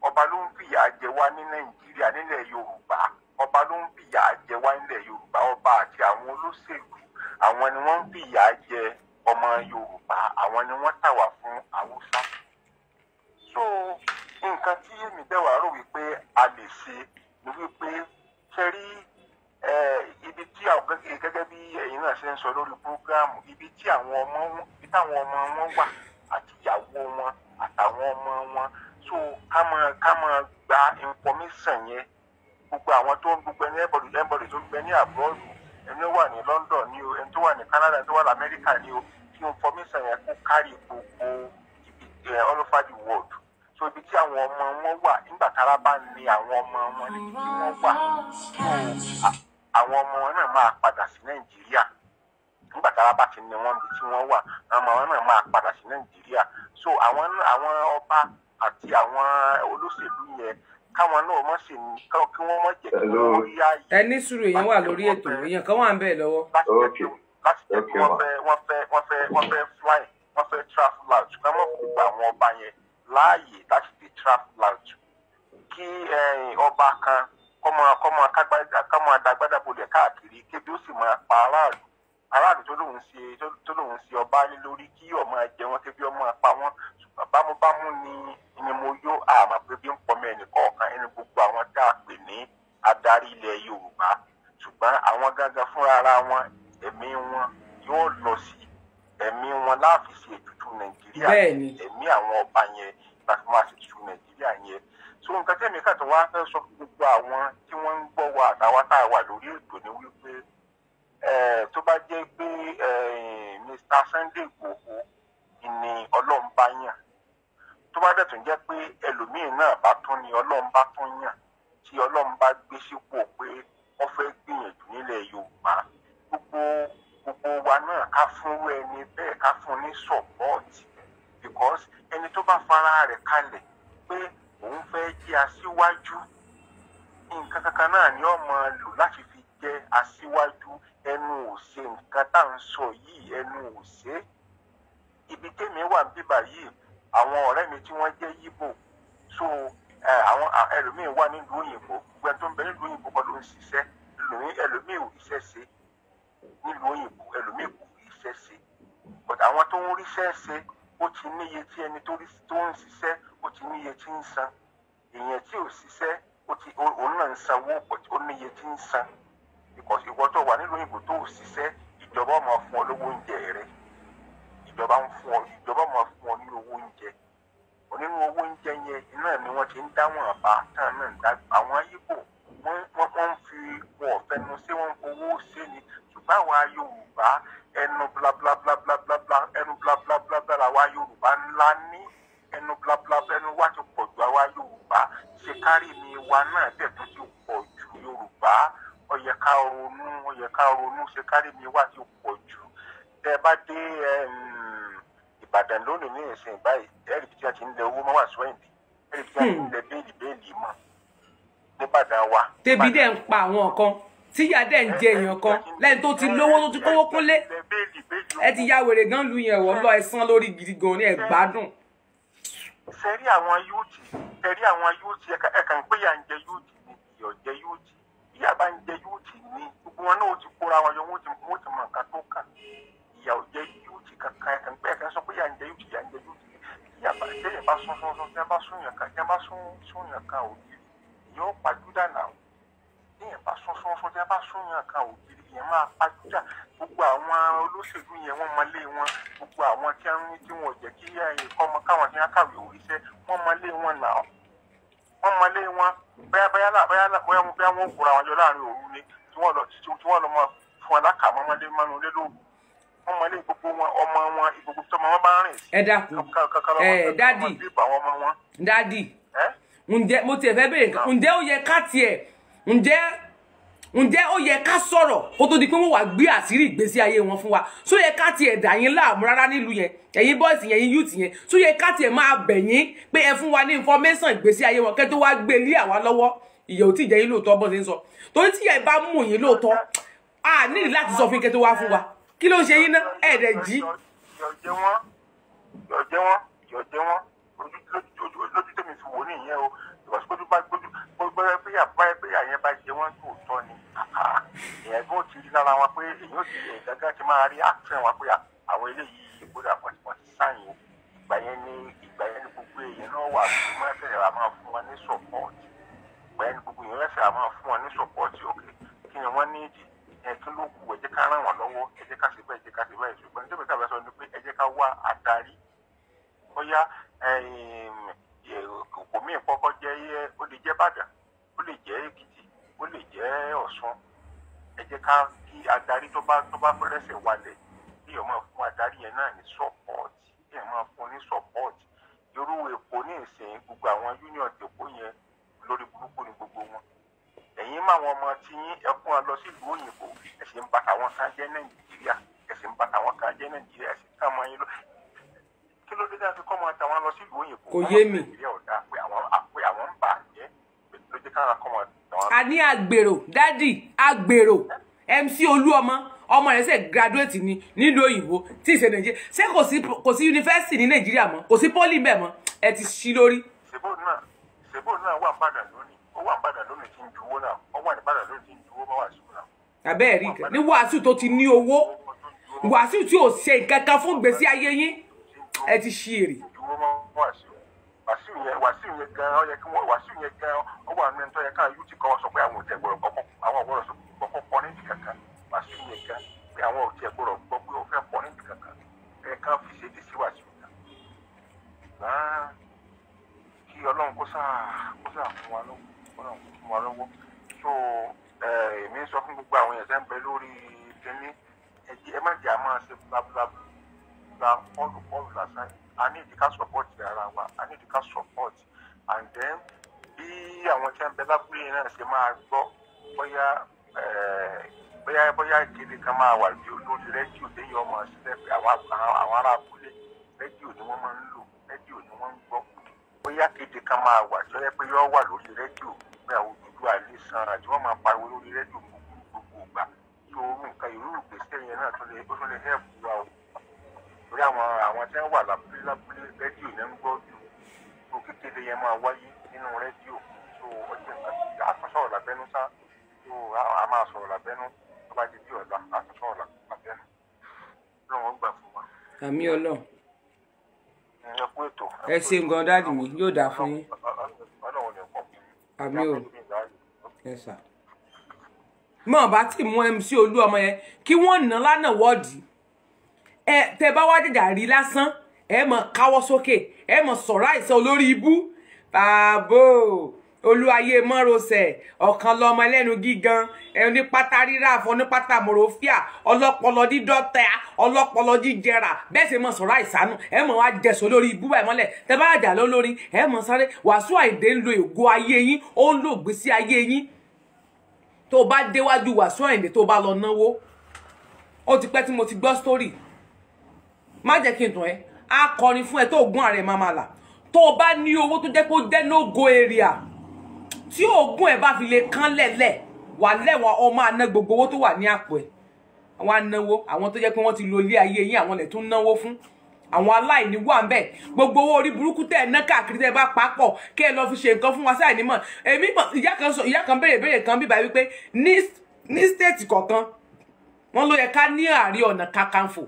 [SPEAKER 9] ọba ló ń fìyà jẹ wá ní nàìjíríà nílẹ̀ yorùbá ọba ló ń fìyà jẹ wá nílẹ̀ yorùbá ọba àti àwọn olóṣèlú àwọn ni wọ́n ń fìyà jẹ ọmọ Yorùbá àwọn ni wọ́n tàwà fún Haúsá so nǹkan tí èmi dẹ̀ wá rò wípé a lè ṣe ni wípé ṣe rí ibi tí gẹ́gẹ́ bí ẹ̀yin náà ṣe ń sọ lórí búrógáàmù ibi tí àwọn ọmọ ibi táwọn ọmọ wọn wà àti ìyàwó wọn àtàwọn ọmọ wọn so ká máa ká máa gba information yẹn gbogbo àwọn tó ń gbogbo ẹni ẹbọdì ẹbọdì tó ń gbẹ ní àbúrò ẹni wà ní London ni o ẹni tó wà ní Canada ẹni tó wà ní America ni o kí information yẹn kó kárí gbogbo ibi eh, all over the world so ibi tí àwọn ọmọ wọn wà nígbà tára bá ní àwọn ọmọ wọn
[SPEAKER 4] níbi tí wọn
[SPEAKER 9] wà àwọn ọmọ wọn náà máa padà sí Nàìjíríà nígbà tára bá ti ní wọn níbi tí wọn wà ọmọ wọn náà máa padà sí Nàìjíríà so àwọn ọba àti àwọn olóṣèlú yẹn káwọn náà mọ̀ sí ni kí wọ́n mọ̀ jẹ́ kí wọ́n
[SPEAKER 1] yá yìí. ẹ ní sùúrù yẹn wà lórí ètò èèyàn kan wà ń bẹ̀ lọ́wọ́. láti jẹ́ kí wọ́n
[SPEAKER 9] fẹ́ wọ́n fẹ́ wọ́n fẹ́ fly wọ́n fẹ́ travel out ṣùgbọ́n wọ́n fi gba àwọn ọba yẹn láàyè láti fi travel out kí ọba kan kọ́mọ kọ́mọ kọ́mọ adagbádàbolẹ̀ káàkiri kébi ó sì máa pa aráàlú aráàlú tó lòun ṣe tó lòun ṣe ọba lé lórí kí ọmọ jẹ wọn kébi ọmọ pa wọn bámúbámú ni ìyẹn mo yó àmọ́ gangan fúnra ara wọn ẹ̀mí wọn yóò lọ sí ẹ̀mí wọn láàfin ṣe ètùtù nàìjíríà
[SPEAKER 1] ẹ̀mí
[SPEAKER 9] àwọn ọba yẹn láti máa ṣe ètùtù nàìjíríà yẹn so nǹkan tẹ́mi kàtó wá fẹ́ sọ fún gbogbo àwọn tí wọ́n ń gbọ́ wa àtàwọn tá a wà lórí ètò ni wípé tó bá jẹ́ pé Mr. Sunday Igboho ni ọlọ́run bá yàn tó bá dẹ̀ tún jẹ́ pé ẹlòmíín náà bá tún ni ọlọ́run só ríṣẹ́ ṣe ó ti níye tí ẹni tó ń ṣiṣẹ́ ó ti níye tí ń san èèyàn tí ò ṣiṣẹ́ òun náà ń sanwó ó níye tí ń san ìwọ tó wà nílùú òyìnbó tó ò ṣiṣẹ́ ìjọba máa fún ọ lówó oúnjẹ rẹ ìjọba ń fún ọ ìjọba máa fún ọ ní owó oúnjẹ onínú owó oúnjẹ yẹn iná ni wọ́n ti ń dáwọn àbá tán náà ń dá àwọn Ìgbò wọ́n ń fi wọ́n ọ̀fẹ́ nu sí wọ́n ń ṣe ni ṣùgbọ́n àwa Yorùbá ẹnu blablabla la ní ẹnu blablabla ẹnu wá ti pọ̀ ju àwa yorùbá ṣe kárí mi wa náà dẹ̀ tó ti pọ̀ ju yorùbá ó yẹ ká ronú ó yẹ ká ronú ṣe kárí mi wa ti pọ̀ ju tẹ́ ẹ bá dé ìbàdàn lónìí ní ìsìn báyìí ẹ̀rì tí a ti ń lẹ owó mọ́ wà sọ́yìndì ẹ̀rì tí a ti ń lẹ hmm. béèlì béèlì mọ́
[SPEAKER 1] nìbàdàn wa. tèmi dẹ̀ ń pa àwọn kan tíyà dẹ̀ ń jẹ èèyàn kan lẹ́yìn tó ti lówó tó ti kówó kúnlé ẹ ti ya wèrè gan lu yẹn wọ́n lọ ẹ san lórí gidi gan ní ẹ gbádùn.
[SPEAKER 9] ṣe rí àwọn yúùtì ṣe rí àwọn yúùtì ẹ̀ka ń pè yà ń jẹ yúùtì ní ìyọ̀ jẹ yúùtì ìyá bá ń jẹ yúùtì ní gbogbo wọn náà ó ti kóra wọn yọ wọn ti mọ nǹkan tó kàn ìyà ò jẹ yúùtì kankan ẹ̀ka ń pè ẹ̀ka ń sọ pé yà ń jẹ yúùtì yà ń jẹ yúùtì ìyá bá ń jẹ bá sún sún sún bẹ́ẹ̀ bá sún sún sún tẹ́ bá sún yàn kan ògiri yẹn máa pàjá gbogbo àwọn olóṣèlú yẹn wọ́n mọlé wọn gbogbo àwọn tí wọ́n ní tí wọ́n jẹ́ kí ọmọ káwọn tí wọ́n kàwé oríṣẹ́ wọ́n mọlé wọn nà ọ́ wọ́n mọlé wọn bẹ́ẹ̀ bẹ́ẹ̀ wọ́n bẹ́ẹ̀ wọn jọ láàrin òru ni tí wọ́n lọ tí wọ́n lọ mọ fún aláka mọ́mọlé mọ́nu lé lóru wọ́n mọlé gbogbo wọn ọmọ wọn ìgbogbo tọmọ wọn bá
[SPEAKER 1] rìn sí. ẹ dákun ẹ dádì ǹjẹ́ mo tiẹ̀ fẹ́ béèrè ǹjẹ́ ó yẹ ká tiẹ̀ ǹjẹ́ ǹjẹ́ ó yẹ ká sọ̀rọ̀ kó tó di pé wọ́n wá gbé àṣírí ìgbésí ayé wọn fún wa só yẹ ká tiẹ̀ dà yín láàmú rárá nílùú yẹn ẹ̀yin bọ́ọ̀sì yẹn yín yúùtì yẹn só yẹ ká tiẹ̀ máa bẹ̀ yín pé ẹ fún wa ní information ìgbésí ayé wọn kẹ́ wá gbé lé àwa lọ́wọ́ ìyẹ̀ ò tí ì yín lóòótọ́ bọ́ọ̀sì ń sọ torí tí ìyẹ̀ bá mú yín lóòótọ́ a ní láti sọ fún kẹ́ tó wá fún wa kí ló ń ṣe yín ná ẹ̀ẹ́dẹ̀ jí. yọ̀jẹ̀
[SPEAKER 9] wọn yọ̀jẹ̀ wọn bá gbójú gbọ́dọ̀ pé àbá ẹgbẹ́ àyẹn bá ṣe wọ́n tó tọ́ ni èèyàn gbọ́n ti rí lára wọn pé èèyàn ò ti ìdájọ́ ti máa rí àtúnṣe wọn pé àwọn eléyìí gbọ́dọ̀ àpọ̀tìpọ̀tì sáyìn ìgbà yẹn ni ìgbà yẹn ni gbogbo èèyàn náà wà fún wọn fẹ́rẹ̀ wà máa fún wọn ní sọ̀pọ̀tì ìgbà yẹn ni gbogbo èèyàn fẹ́rẹ̀ wà máa fún wọn ní sọ̀pọ̀tì òkè kí ni wọ́n ní ìdí ẹ̀tún ló kù ẹ jẹ́ ká ràn wọ́n lọ́wọ́ ẹ jẹ́ ká ṣe bẹ́ẹ̀ ẹ jẹ́ ká ṣe bẹ́ẹ̀ ṣùgbọ́n nítorí tàbí sọ ni pé ẹ jẹ́ ká wá adarí bóyá kò mí kọ́kọ́ jẹ́ ó lè jẹ́ bàdàn ó lè jẹ́ èkìtì ó lè jẹ́ ọ̀ṣun ẹ jẹ́ ká kí adarí tó bá tó bá fẹ́rẹ́sẹ̀ walẹ̀ kí èèyàn máa fún adarí yẹn náà ní sọ́pọ́ọ̀tì kí èèyàn máa fún ní sọ́pọ́ọ̀tì irú èpo ní ìsìn gbogbo àwọn union tèpo yẹn lórí burúkú ni gbogbo wọn ẹ̀yin máa wọn ọmọ tí yín ẹkún lọ sílùú òyìnbó ẹ̀sìn ń bá àwọn kan jẹ́ nàìjíríà ẹ̀sìn ń bá àwọn kan jẹ́ nàìjíríà ẹ̀sìn
[SPEAKER 2] ká máa yín lọ kí ló dé dáa fi kọ́ máa tàwọn lọ sílùú òyìnbó kò yé mi
[SPEAKER 9] kára kọ́mọ ẹ̀dá. a
[SPEAKER 1] ní àgbèrò dádì àgbèrò MC Olúọmọ ọmọ rẹ̀ ṣe graduate ni nílùú òyìnbó tí ìṣe nàìjíríà ṣé kò sí yunifásitì ní nàìjíríà mọ́ kò sí pọ́lì bẹ́ẹ̀ mọ́ ẹ ti ṣí lórí.
[SPEAKER 6] ṣèbó náà ṣèbó náà wà
[SPEAKER 1] padà lónìí ó wà padà lónìí tí ń juwó náà ó wà ní padà lónìí tí ń juwó bá wà sí náà. àbẹ́ẹ̀ rí ní wàásù tó ti ní owó wàásù tí ò ṣe nǹkan fún gbèsè ayé yín
[SPEAKER 2] ẹ ti ṣí èrè. juwó máa wà sí wàsíù yẹn wàsíù yẹn gan ọ yẹ kí wọn
[SPEAKER 9] wàsíù yẹn gan ọ wà nínú ẹ̀tọ́ yẹ ká yóò ti kọ́ sọ pé àwọn ò tẹ̀ gbọ́dọ̀ kọ́kọ́ àwọn ò gbọ́dọ̀ sọ kọ́kọ́ pọ́ ní ìdí kankan wàsíù yẹn gan pé àwọn ò tẹ̀ gbọ́dọ̀ gbọ́ I need ní ìdíkà support ara wa a ní ìdíkà support and then bí àwọn tí wọn bẹ lábúlé náà ṣe máa gbọ́ bóyá eh, bóyá bóyá ìkéde kan máa wà bí olórí rédíò you ọmọ sílẹ̀ pé àwọn ará abúlé rédíò ni wọ́n máa ń lò rédíò ni wọ́n ń gbọ́ bóyá kéde kan máa wà tó yẹ pé you wà lórí rédíò pé àwọn òdúdú àlè san àti wọ́n máa pariwo lórí rédíò gbogbo gbogbo ìgbà tó nǹkan ìrú ìgbésẹ̀ yẹn náà tó lè help you. o torí àwọn àwọn tí wọ́n wà lábúlé lábúlé rédíò yẹn ń gbọ́ ju tó kékeré yẹn máa wáyé nínú rédíò tó ọjọ́ nǹkan àtúnṣọ̀rọ̀ lábẹ́nú sá tó a máa sọ̀rọ̀ lábẹ́nú tó bá ti di ọ̀la àtúnṣọ̀rọ̀ lábẹ́nú lọ́wọ́ gbà fún wa.
[SPEAKER 1] àmì ọlọ. ẹ ṣe nǹkan dáàdì mi yóò dáa fún yín. àmì ò ẹ sà. mọ̀ bá ti mú mc olú ọmọ yẹn kí wọ́n ná lánàá wọ́ọ̀dì ẹ tẹ bá wá jàjà rí lásán ẹ mọ káwọ́ sókè ẹ mọ sọ̀rọ̀ àìsàn olórí ibú bàbò olúwayé mọ́rọ̀sẹ̀ ọ̀kan lọ́mọ ẹlẹ́nu gígan ẹni pátá rírà fún ní pátá mọ̀rọ̀fíà ọlọ́pọlọ dídọ́tà ọlọ́pọlọ jíjẹrà bẹ́ẹ̀ sì mọ sọ̀rọ̀ àìsànù ẹ mọ̀ wá jẹ̀sọ̀ lórí ibúba ìmọ́lẹ̀ tẹ bá àjà lólórí ẹ mọ̀ sáré wàásù àìdè ń lo ègo ayé yín ó ń lo ìgbésí ayé yín tó bá déwájú wàásù àìdè tó bá lọ náwó ó ti pẹ́ tí mo ti gbọ́ story má jẹ́ kí n dùn ẹ́ akọrin fún ẹ tó ògùn ààrẹ máa máa là tó o bá ní owó tó jẹ́ pé ó jẹ́ no go area tí ògùn ẹ bá fi lè kán lẹ̀lẹ̀ wà lẹ́wọ̀n ọmọ àná gbogbo owó tó wà ní àpò ẹ̀ àwọn anáwó àwọn tó jẹ́ pé wọ́n ti lo ilé ayé yín àwọn lè tún náwó fún àwọn aláìní wà ń bẹ gbogbo owó orí burúkú tẹ ẹ ná káàkiri tẹ ẹ bá papọ̀ kẹ ẹ lọ fi ṣe nǹkan fún wa sáì nímọ̀ èmi mọ̀ ìyá kan sọ ìyá kan béèrè béèrè kan bíbá wípé ní ní stéètì kọ̀ọ̀kan wọ́n ló yẹ ká ní ààrẹ ọ̀nà kakanfò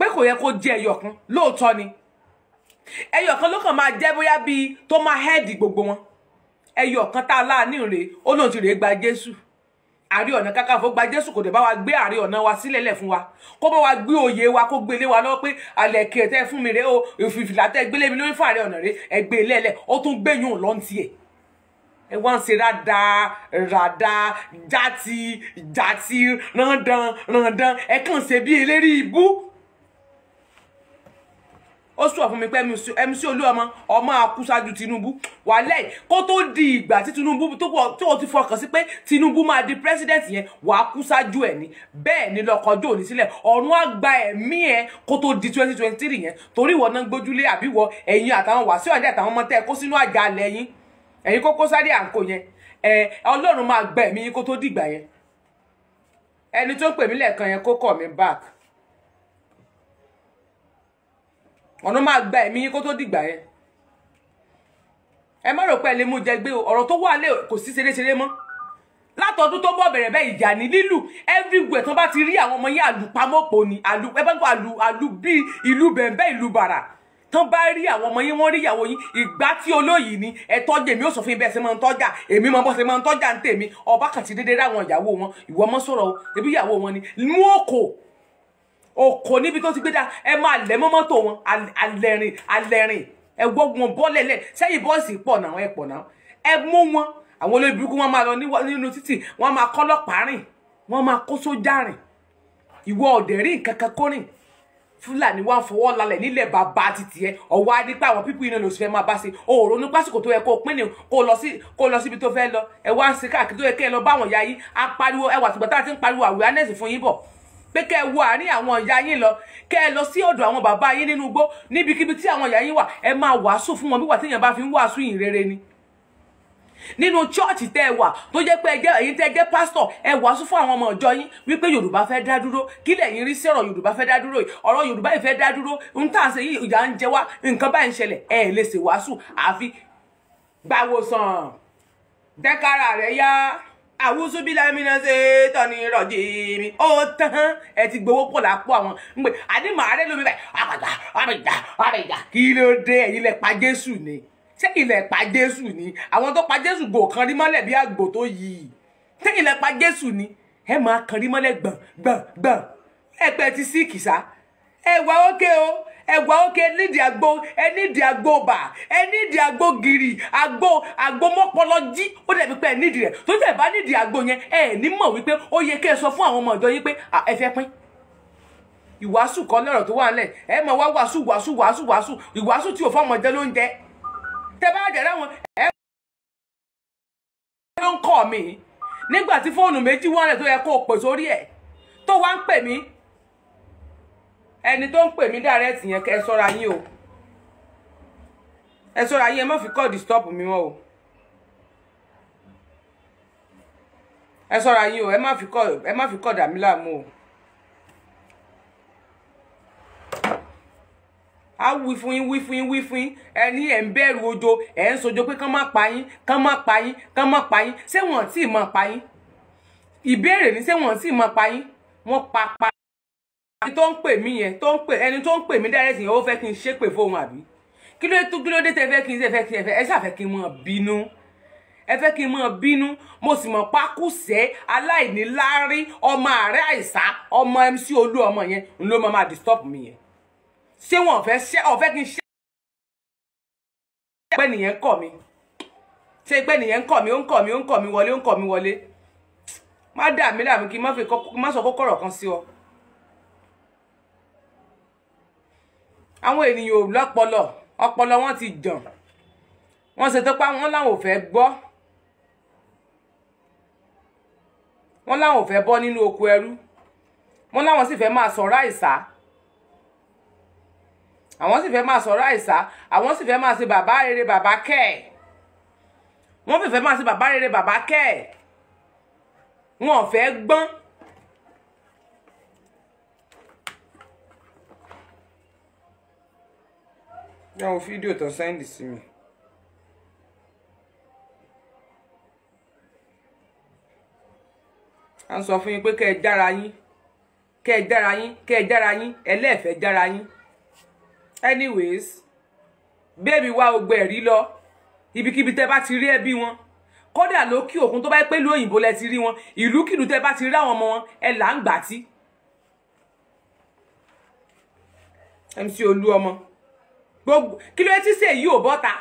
[SPEAKER 1] pé kò yẹ kó jẹ́ ẹyọkan lóòótọ́ ni ẹyọkan ló kàn máa jẹ́ bóyá bíi tó máa hẹ́ẹ̀dì gbogbo wọn ẹyọkan tá a láàánú rèé ó lóun ti rèé gba Jésù àrí ọ̀nà kákàfó gba jésù kò dé bá wa gbé àrí ọ̀nà wa sílẹ̀lẹ̀ fún wa kó bá wa gbé òye wa kó gbélé wa lọ́wọ́ pé àlẹ̀kẹ̀ tẹ́ fún mi rẹ o ìfìfìlà tẹ́ gbélé mi lórí fún àrí ọ̀nà rẹ ẹgbẹ́ lẹ́lẹ̀ e ó tún gbẹ̀yìn lọ́n tiẹ̀ ẹ wá ń ṣe rada rada jati jati randan randan ẹ kàn ṣe bí eléré ibú ó sùn fún mi pé MC Olúọmọ ọmọ àkúṣájú Tinubu wàlẹ́ kó tó di ìgbà tí Tinubu tó o ti fọkàn sí pé Tinubu máa di president yẹn wà á kú ṣáájú ẹ̀ ni bẹ́ẹ̀ ni lọ́kọjọ́ òní sílẹ̀ ọ̀run á gba ẹ̀mí ẹ̀ kó tó di twenty twenty three yẹn torí ìwọ náà gbójúlé àbí wọ ẹ̀yin àtàwọn Wàsíù Àdé àtàwọn ọmọ tẹ́ ẹ kó sínú àjà alẹ́ yín ẹ̀yin Koko Zaria àǹkó yẹn ẹ Ọlọ́run máa gba ẹ̀mí yín kó tó dìgbà yẹn ẹni tó ń pè mí lẹ́ẹ̀kan yẹn kó call me back ọ̀nà máa gba ẹ̀mí yín kó tó dìgbà yẹn ẹ má rò pé ẹ lè mú jẹ gbé ọ̀rọ̀ tó wà lé kò sí ṣeréṣeré mọ́ látọdún tó bọ̀ bẹ̀rẹ̀ bẹ́ẹ̀ ìjà ní lílù everywhere tán bá ti rí àwọn ọmọ yín àlùpamọ́pọ̀ ni àlù ẹ bá ń kọ́ àlù àlù bí ìlú bẹ̀ẹ̀bẹ́ ìlú bàrà tán bá rí àwọn ọmọ yín wọ́n rí ìyàwó yín ìgbà tí olóyìí ni ẹ tọ́jú èmi ò sọ fún yín ṣe máa ń tọ́jà èmi máa bọ́ ṣe máa ń tọ́jà ń tèmi ọba kàn ti ráwọn ìyàwó wọn ìwọ mọ́ sọ̀rọ̀ ebi ìyàwó wọn ni mú òkò òkò níbi tó ti gbé dá ẹ máa lẹ mọ́ mọ́tò wọn alẹ́rìn alẹ́rìn ẹ gbọ́gun bọ́lẹ̀ lẹ̀ sẹ́yìn bọ́ọ̀sì pọ̀ náà ẹ pọ̀ náà ẹ mú wọn àwọn olóyè burúkú wọn máa lọ nínú títì wọn máa kọ́ lọ́pàá rìn wọn máa kó sójà rìn ìwọ ọ̀dẹ̀ rìn kankan kó rìn fúlàní wa ń fọwọ́ lálẹ̀ nílẹ̀ bàbá títì ẹ ọ̀wá nípa àwọn pípọ̀ iná lòsì fẹ́ máa bá ṣe òòrò ní pásìkò tó yẹ kó pín ní kó lọ síbi tó fẹ́ lọ ẹ wá ń ṣe káàkiri tó yẹ kẹ́ ẹ lọ bá àwọn ìyá yìí á pariwo ẹwà tìgbà tá a ti ń pariwo àwẹ̀ anẹ́sì fún yín bọ̀ pé kẹ́ ẹ wo àárín àwọn ìyá yín lọ kẹ́ ẹ lọ sí ọ̀dọ̀ àwọn bàbá yín nínú igbó níbikíbi tí àwọn ìyá yín wà ẹ máa wàásù fún wọn bí wà tí èèyàn bá fi ń wàásù yìn rere ni nínú chọ́ọ̀chì tẹ́ ẹ wà tó jẹ́ pé ẹjẹ́ ẹ̀yin tẹ́ jẹ́ pásítọ̀ ẹ wàásù fún àwọn ọmọ ìjọ yín wípé yorùbá fẹ́ dá dúró kí lẹ̀yin rí sí ọ̀rọ̀ yorùbá fẹ́ dá dúró yìí ọ̀rọ̀ yorùbá yìí fẹ́ dá dúró ń tà ṣe yìí ìyà ń jẹ wá nǹkan báyìí ń ṣẹlẹ̀ ẹ lè ṣèwàásù àfi gbàwòsàn dẹ́kára rẹ̀ yá àwùsùbílámínà ṣe tọ́ni rọ̀jì mi ó tán ẹ ti gbowó pọ̀ lápò àwọn ń pè àdìmọ̀ àárẹ̀ lómi báyìí àbàdà àbàdà àbàdà kí ló dé ẹ̀yin lẹ pa Jésù ni ṣé ilẹ̀ pa Jésù ni àwọn tó pa Jésù gò kan rí mọ́lẹ̀ bí àgbò tó yí i ṣé ilẹ̀ pa Jésù ni ẹ máa kan rí mọ́lẹ̀ gbọ̀n gbọ̀n gbọ̀n ẹ pẹ́ ti sí kìsà ẹ wá ókè o ẹ̀wà òkè ẹ nídìí àgbo ẹ nídìí àgbo bà ẹ nídìí àgbo gírì àgbo àgbo mọ́pọlọ jí ó dẹ̀ wípé ẹ nídìí rẹ̀ tó tẹ̀ bá nídìí àgbo yẹn ẹ ní mọ̀ wípé ó yẹ kẹ́ ẹ sọ fún àwọn ọmọ ìjọ yín pé ẹ fẹ́ pín ìwàásù kan lọ́rọ̀ tó wà nílẹ̀ ẹ máa wá wàásù wàásù wàásù wàásù ìwàásù tí ò fọmọ jẹ ló tẹ bá jẹ láwọn ẹ ló ń kọ mi nígbà tí fóònù méjì wọ́n rẹ̀ tó yẹ kó o pè sórí ẹ̀ tó wá ń pè mí ẹni tó ń pè mí direct yẹn ẹ sọ́ra yín o ẹ sọ́ra yín ẹ má fi call disturb mi mọ́ o ẹ sọ́ra yín o ẹ má fi call ẹ má fi call dà mí láàmú o. a wí fún yín wí fún yín wí fún yín ẹni ẹ̀ ń bẹ̀rù ojo ẹ̀ ń sojo pé kán má pa yín kán má pa yín kán má pa yín ṣé wọ́n tí ì má pa yín ìbéèrè ni ṣé wọ́n tí ì má pa yín wọ́n pa pa ẹni tó ń pè mí yẹn tó ń pè ẹni tó ń pè mí direct yẹn ó fẹ́ kí n ṣépè fóun àbí kí ló tó kí ló dé tẹ fẹ́ kí n fẹ́ kí ẹ ṣàfẹ́ kí n mọ̀ bínú ẹ fẹ́ kí n mọ̀ bínú mo sì mọ̀ pákúsẹ́ aláìníláárí ọmọ ààrẹ àìsá ọmọ MC olú ọmọ yẹn ń ló máa disturb mi yẹn ṣé wọn ò fẹ́ ṣe ọ̀ fẹ́ kí n ṣe pé nìyẹn ń kọ̀ mi ṣe pé nìyẹn ń kọ̀ mi ó ń kọ̀ mi ó ń kọ̀ mi wọlé ó ń kọ̀ mi wọlé má dà mí láàmú kí n má sọ kókọ̀rọ̀ kan sí ọ. àwọn ènìyàn ò lọ́pọlọ ọpọlọ wọn ti dàn wọ́n ṣe tó pa wọ́n láwọn ò fẹ́ gbọ́ wọ́n láwọn ò fẹ́ bọ́ nínú oko ẹrú wọ́n láwọn sì fẹ́ máa sọ̀rọ̀ àìsà àwọn sì fẹ́ máa sọ̀rọ̀ àìsà àwọn sì fẹ́ máa ṣe bàbá rere bàbá kẹ́ ẹ̀ wọ́n fẹ́ máa ṣe bàbá rere bàbá kẹ́ ẹ̀ wọ́n ò fẹ́ gbọ́n
[SPEAKER 10] ní àwọn fídíò tó sẹ́ndì sí mi.
[SPEAKER 1] à ń sọ fún yín pé kẹ́ ẹ dára yín kẹ́ ẹ dára yín kẹ́ ẹ dára yín ẹlẹ́ẹ̀fẹ́ dára yín anyways bẹ́ẹ̀bi wá ogbó ẹ̀rí lọ ibikíbi tẹ́ bá ti rí ẹbí wọn kódà lókè òkun tó bá pẹ́ lóyìnbó lẹ ti rí wọn ìlúkìlú tẹ́ bá ti rí àwọn ọmọ wọn ẹ là ń gbà MC Olúọmọ gbogbo kí ló ti ṣèyí ò bọ́ta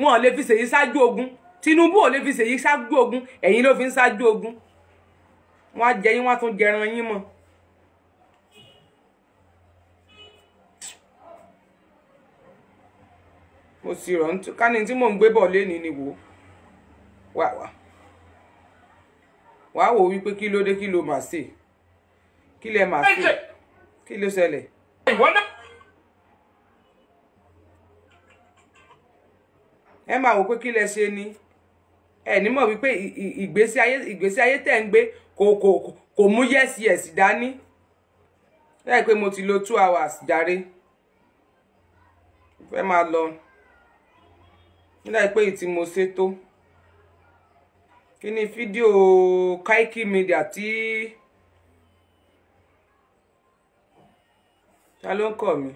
[SPEAKER 1] wọn ò lè fi ṣèyí ṣáájú ogun Tinubu ò lè fi ṣèyí ṣáájú ogun ẹ̀yin ló fi ń ṣáájú ogun wọn á jẹ yín wọn á tún jẹran yín mọ́. mo sì rọ̀ ń ká ní tí mò ń gbé bọ̀ lénìí ni wò wá wá wàá wò wípé kí ló dé kí ló mà ṣe kí lè mà ṣe kí ló ṣẹlẹ̀. ìwọ náà. ẹ máa wò pé kí lẹ ṣe ni ẹ ní mọ̀ wípé ìgbésí ayé ìgbésí ayé tẹ̀ ń gbé kò kò kò mú yẹ̀sì yẹ̀sì dání láì pé mo ti lo two hours jàre fẹ́ máa lọ láì pé ìtì mo ṣe tó kí ni fídíò Koiki Media tí ta ló ń kọ̀ mí.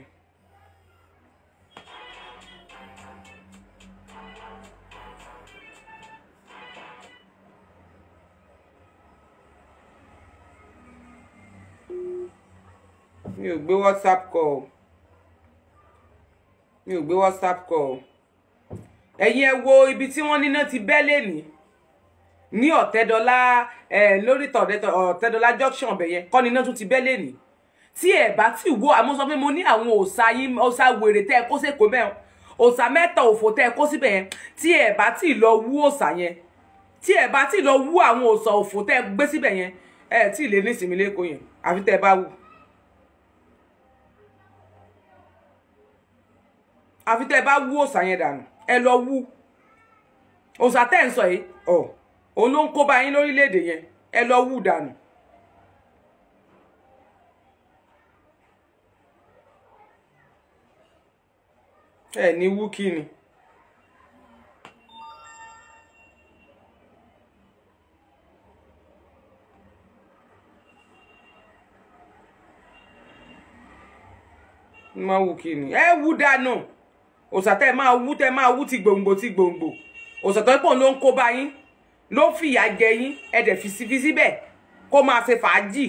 [SPEAKER 10] mi ò gbé whatsapp call
[SPEAKER 1] mi ò gbé whatsapp call ẹ̀yin ẹ wo ibi tí wọ́n níná ti bẹ́ lẹ́nìí ní ọ̀tẹ́dọ́lá lórí ọ̀tẹ́dọ́lá junction bẹ̀yẹ kọ́ níná tún ti bẹ́ lẹ́nìí tí ẹ̀ bá ti wo àmọ́ sọ pé mo ní àwọn òòṣà yín òòṣà wèrè tẹ́ ẹ kó sèkó mẹ́rin òòṣà mẹ́ta òfò tẹ́ ẹ kó síbẹ̀ yẹn tí ẹ̀ bá ti lọ wú òòṣà yẹn tí ẹ̀ bá ti lọ wú àwọn òòṣà òfò tẹ́ ẹ gbé síbẹ̀ yẹn ẹ̀ tí lè ní ìsinmi lẹ́kọ̀ọ́ yẹn àfi tẹ́ ẹ bá wù. àfi tẹ́ ẹ bá wú òòsà yẹn dànù ẹ lọ wú òòsà tẹ́ ẹ̀ ń sọ yìí ọ̀ òun ló ń kó bá yín lórílẹ̀‐èdè yẹn ẹ lọ wú dànù. ẹ ní wú kí ni. ma wù kí ni ẹ wú dànù. No òòṣà tẹ́ ẹ máa wú tẹ́ ẹ máa wú ti gbòǹgbò ti gbòǹgbò òòṣà tó ń pọ̀ ló ń kó bá yín ló ń fìyà jẹ yín ẹ dẹ̀ fi sí fi síbẹ̀ kó máa ṣe fàájì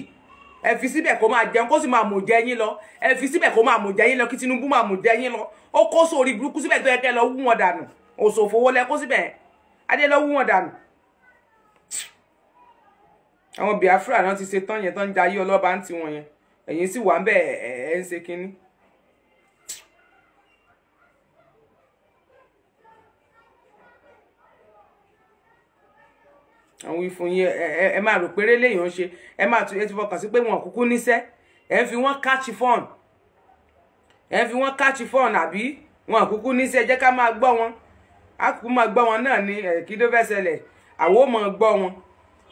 [SPEAKER 1] ẹ fi síbẹ̀ kó máa jẹun kó sì máa mò jẹ yín lọ ẹ fi síbẹ̀ kó máa mò jẹ yín lọ kí Tinubu máa mò jẹ yín lọ ó kó sórí burúkú síbẹ̀ tó yẹ kẹ́ lọ wú wọn dànù òṣòfò owó lẹ kó síbẹ̀ adé lọ wú wọn dànù àwọn Biafra náà ti ṣe tán yẹn tán ń jayé ọlọ́ba ń tiwọn yẹn ẹ̀yìn sì wà ń bẹ́ẹ̀ ẹ̀ ń àwọn ìfún yín ẹ máa rò péré léèyàn ṣe ẹ máa tún ẹ ti fọkàn sí pé wọn kúkú níṣẹ́ ẹ fi wọn káàchì fọ́ọ̀n ẹ fi wọn káàchì fọ́ọ̀n àbí wọn kúkú níṣẹ́ jẹ́ ká máa gbọ́ wọn á kúkú máa gbọ́ wọn náà ní kí ló fẹ́ ṣẹlẹ̀ àwọn ò mọ̀ gbọ́ wọn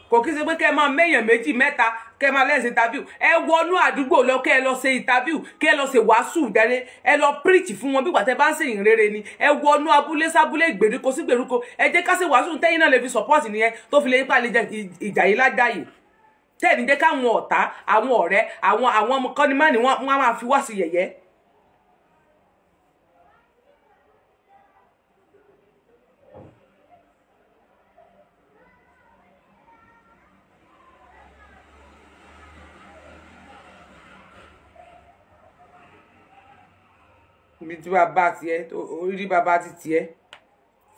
[SPEAKER 1] kò kí ṣe pé kẹ́ máa méèyàn méjì mẹ́ta kẹ máa lẹ́sẹ̀ interview ẹ wọnú àdúgbò lọ kẹ ẹ lọ ṣe interview kẹ ẹ lọ ṣe wàásù dẹrẹ ẹ lọ preach fún wọn bí wàtẹ bá ń ṣe ìyìn rere ni ẹ wọnú abúlé sábúlé ìgbèríko sí ìgbèríko ẹ jẹ́ ká ṣe wàásù tẹ́yìn náà lè fi support nìyẹn tó fi lè yípa lè jẹ ìjà yìí ládàáyè tẹ́ẹ̀ ní jẹ́ káwọn ọ̀tá àwọn ọ̀rẹ́ àwọn àwọn kọ́ni má ni wọ́n á máa fi wá sí yẹ̀yẹ́ ibi tí bàbá tiẹ̀ orí bàbá ti tiẹ̀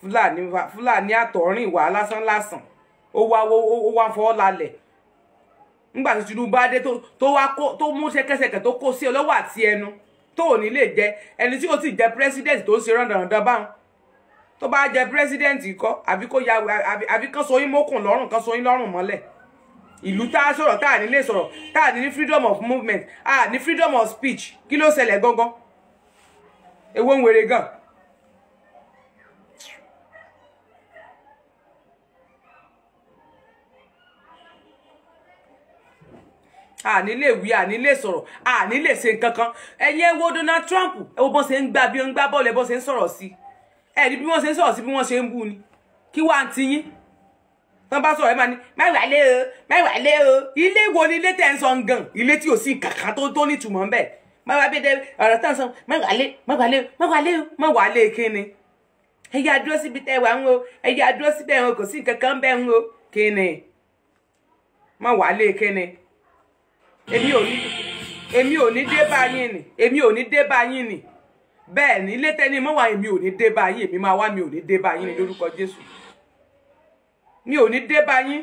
[SPEAKER 1] fúlàní fúlàní àtọ̀rìn wà lásán lásán ó wá ó wá fọ́ lálẹ̀ nígbà tí Tinubu bá dé tó wá kó tó mú ṣẹ̀kẹ̀ṣẹ̀kẹ̀ tó kó sí ọ lọ́wọ́ àti ẹnu tó ò ní lè jẹ ẹni tí ó ti jẹ pírẹsidẹǹtì tó ń ṣe ràndàràndàn báwọn tó bá jẹ pírẹsidẹǹtì kọ àbí kó ya àbí kán so yín mókùn lọ́rùn kán so yín lọ́rùn mọ́lẹ̀ ìlú tá a sọ̀rọ̀ tá a ní lè sọ̀rọ̀ tá a ní freedom of movement ah ní freedom of speech kí ló ṣẹlẹ̀ gangan ewé ń wèrè a àní lè wí àní lè sọ̀rọ̀ àní lè ṣe nǹkan kan ẹ̀yin ẹ Donald Trump ẹ wo bọ́n ṣe ń gbá bí ó ń gbá bọ́ọ̀lù ẹ bọ́n ṣe ń sọ̀rọ̀ sí ẹ ní bí wọ́n ṣe ń sọ̀rọ̀ sí bí wọ́n ṣe ń bú ni kí wàá ti yín tán bá sọ̀rọ̀ ẹ máa ní mẹ́wàá lé o mẹ́wàá lé o ilé wo ni ilé tẹ̀ ń sọ ń gan ilé tí ò sí kàkà tó tó nítumọ̀ ń bẹ́ẹ̀ má wá bíi ọ̀rọ̀ tán sọ má wálé má wálé má wálé má wálé kíni ẹ yá dúró síbi tẹ́ wà ń o ẹ yá dúró síbẹ̀ ń o kò sí nǹkan kan bẹ́ẹ̀ ń o kíni má wálé kíni èmi ò ní èmi ò ní dé bá yín ni èmi ò ní dé bá yín ni bẹ́ẹ̀ ni ilé tẹ́ni mọ́ wá èmi ò ní dé bá yín èmi máa wá mi ò ní dé bá yín ni lórúkọ Jésù mi ò ní dé bá yín.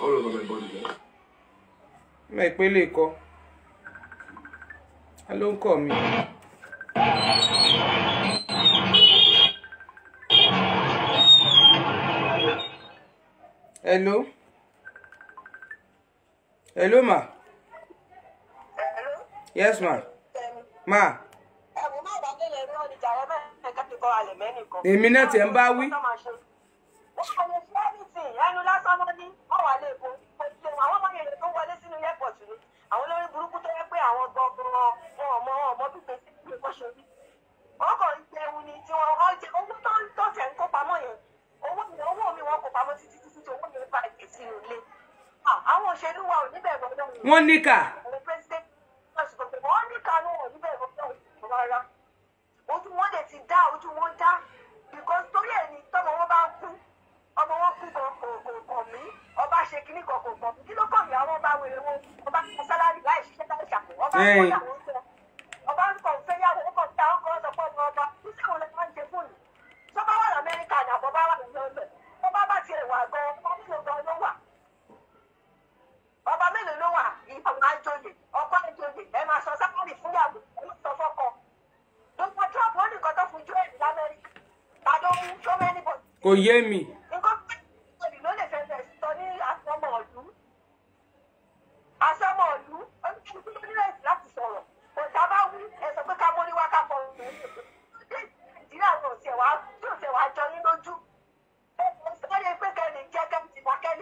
[SPEAKER 1] All over my body
[SPEAKER 10] mọ ìpele ìkọ a ló ń kọ mi. hello
[SPEAKER 1] hello ma yes ma ma. èmi náà tiẹ̀ ń bá wí.
[SPEAKER 7] ẹnu lásán ló ní ọ̀wà lè bo. òṣèlú ọkọ̀ ìjẹun ni tí wọ́n ọjẹ owó tó ń tọ́sẹ̀ ń kó pamọ́ yẹn owó mi owó mi wọ́n kó pamọ́ títí títí tí owó yẹn bàjẹ́ sínú ilé ah, àwọn òṣèlú wa ò níbẹ̀ gbọ́dọ̀ wọ́n níkà wọ́n níkà ló wọ̀ níbẹ̀ gbọ́dọ̀ rárá ojú wọn dẹ̀ ti dá ojú wọn dá because torí ẹ̀ ni tọ́mọ wọn bá kú ọmọ wọn kú kan kò kò kàn mí ọba ṣe kínní kan kò kàn mí kí ló kàn mí àwọn ọba wèrè wọn ọba kọ sálárì láì ṣiṣẹ́ láì ṣàkóso ọba kọ́ wà gan ọba mélòó gan ló wà ọba mélòó ló wà ìyàwó àjòyè ọkọ àjòyè ẹ máa sọ sáfárì fúnyàwó ẹ máa sọ fọkọ gbogbo trump ó nìkan tó fojú ẹ ní amẹ́ríkà tàdó mú tó mẹ́ni bọ̀. kò yé mi. nǹkan tó ń lò lè fẹsẹ̀ sọ ní asọmọ ọ̀dú asọmọ ọ̀dú ó ń tún kúrò láti sọ̀rọ̀ kò tá bá wí ẹ̀sọ́ pé ká mórí wá ká fọ̀rọ̀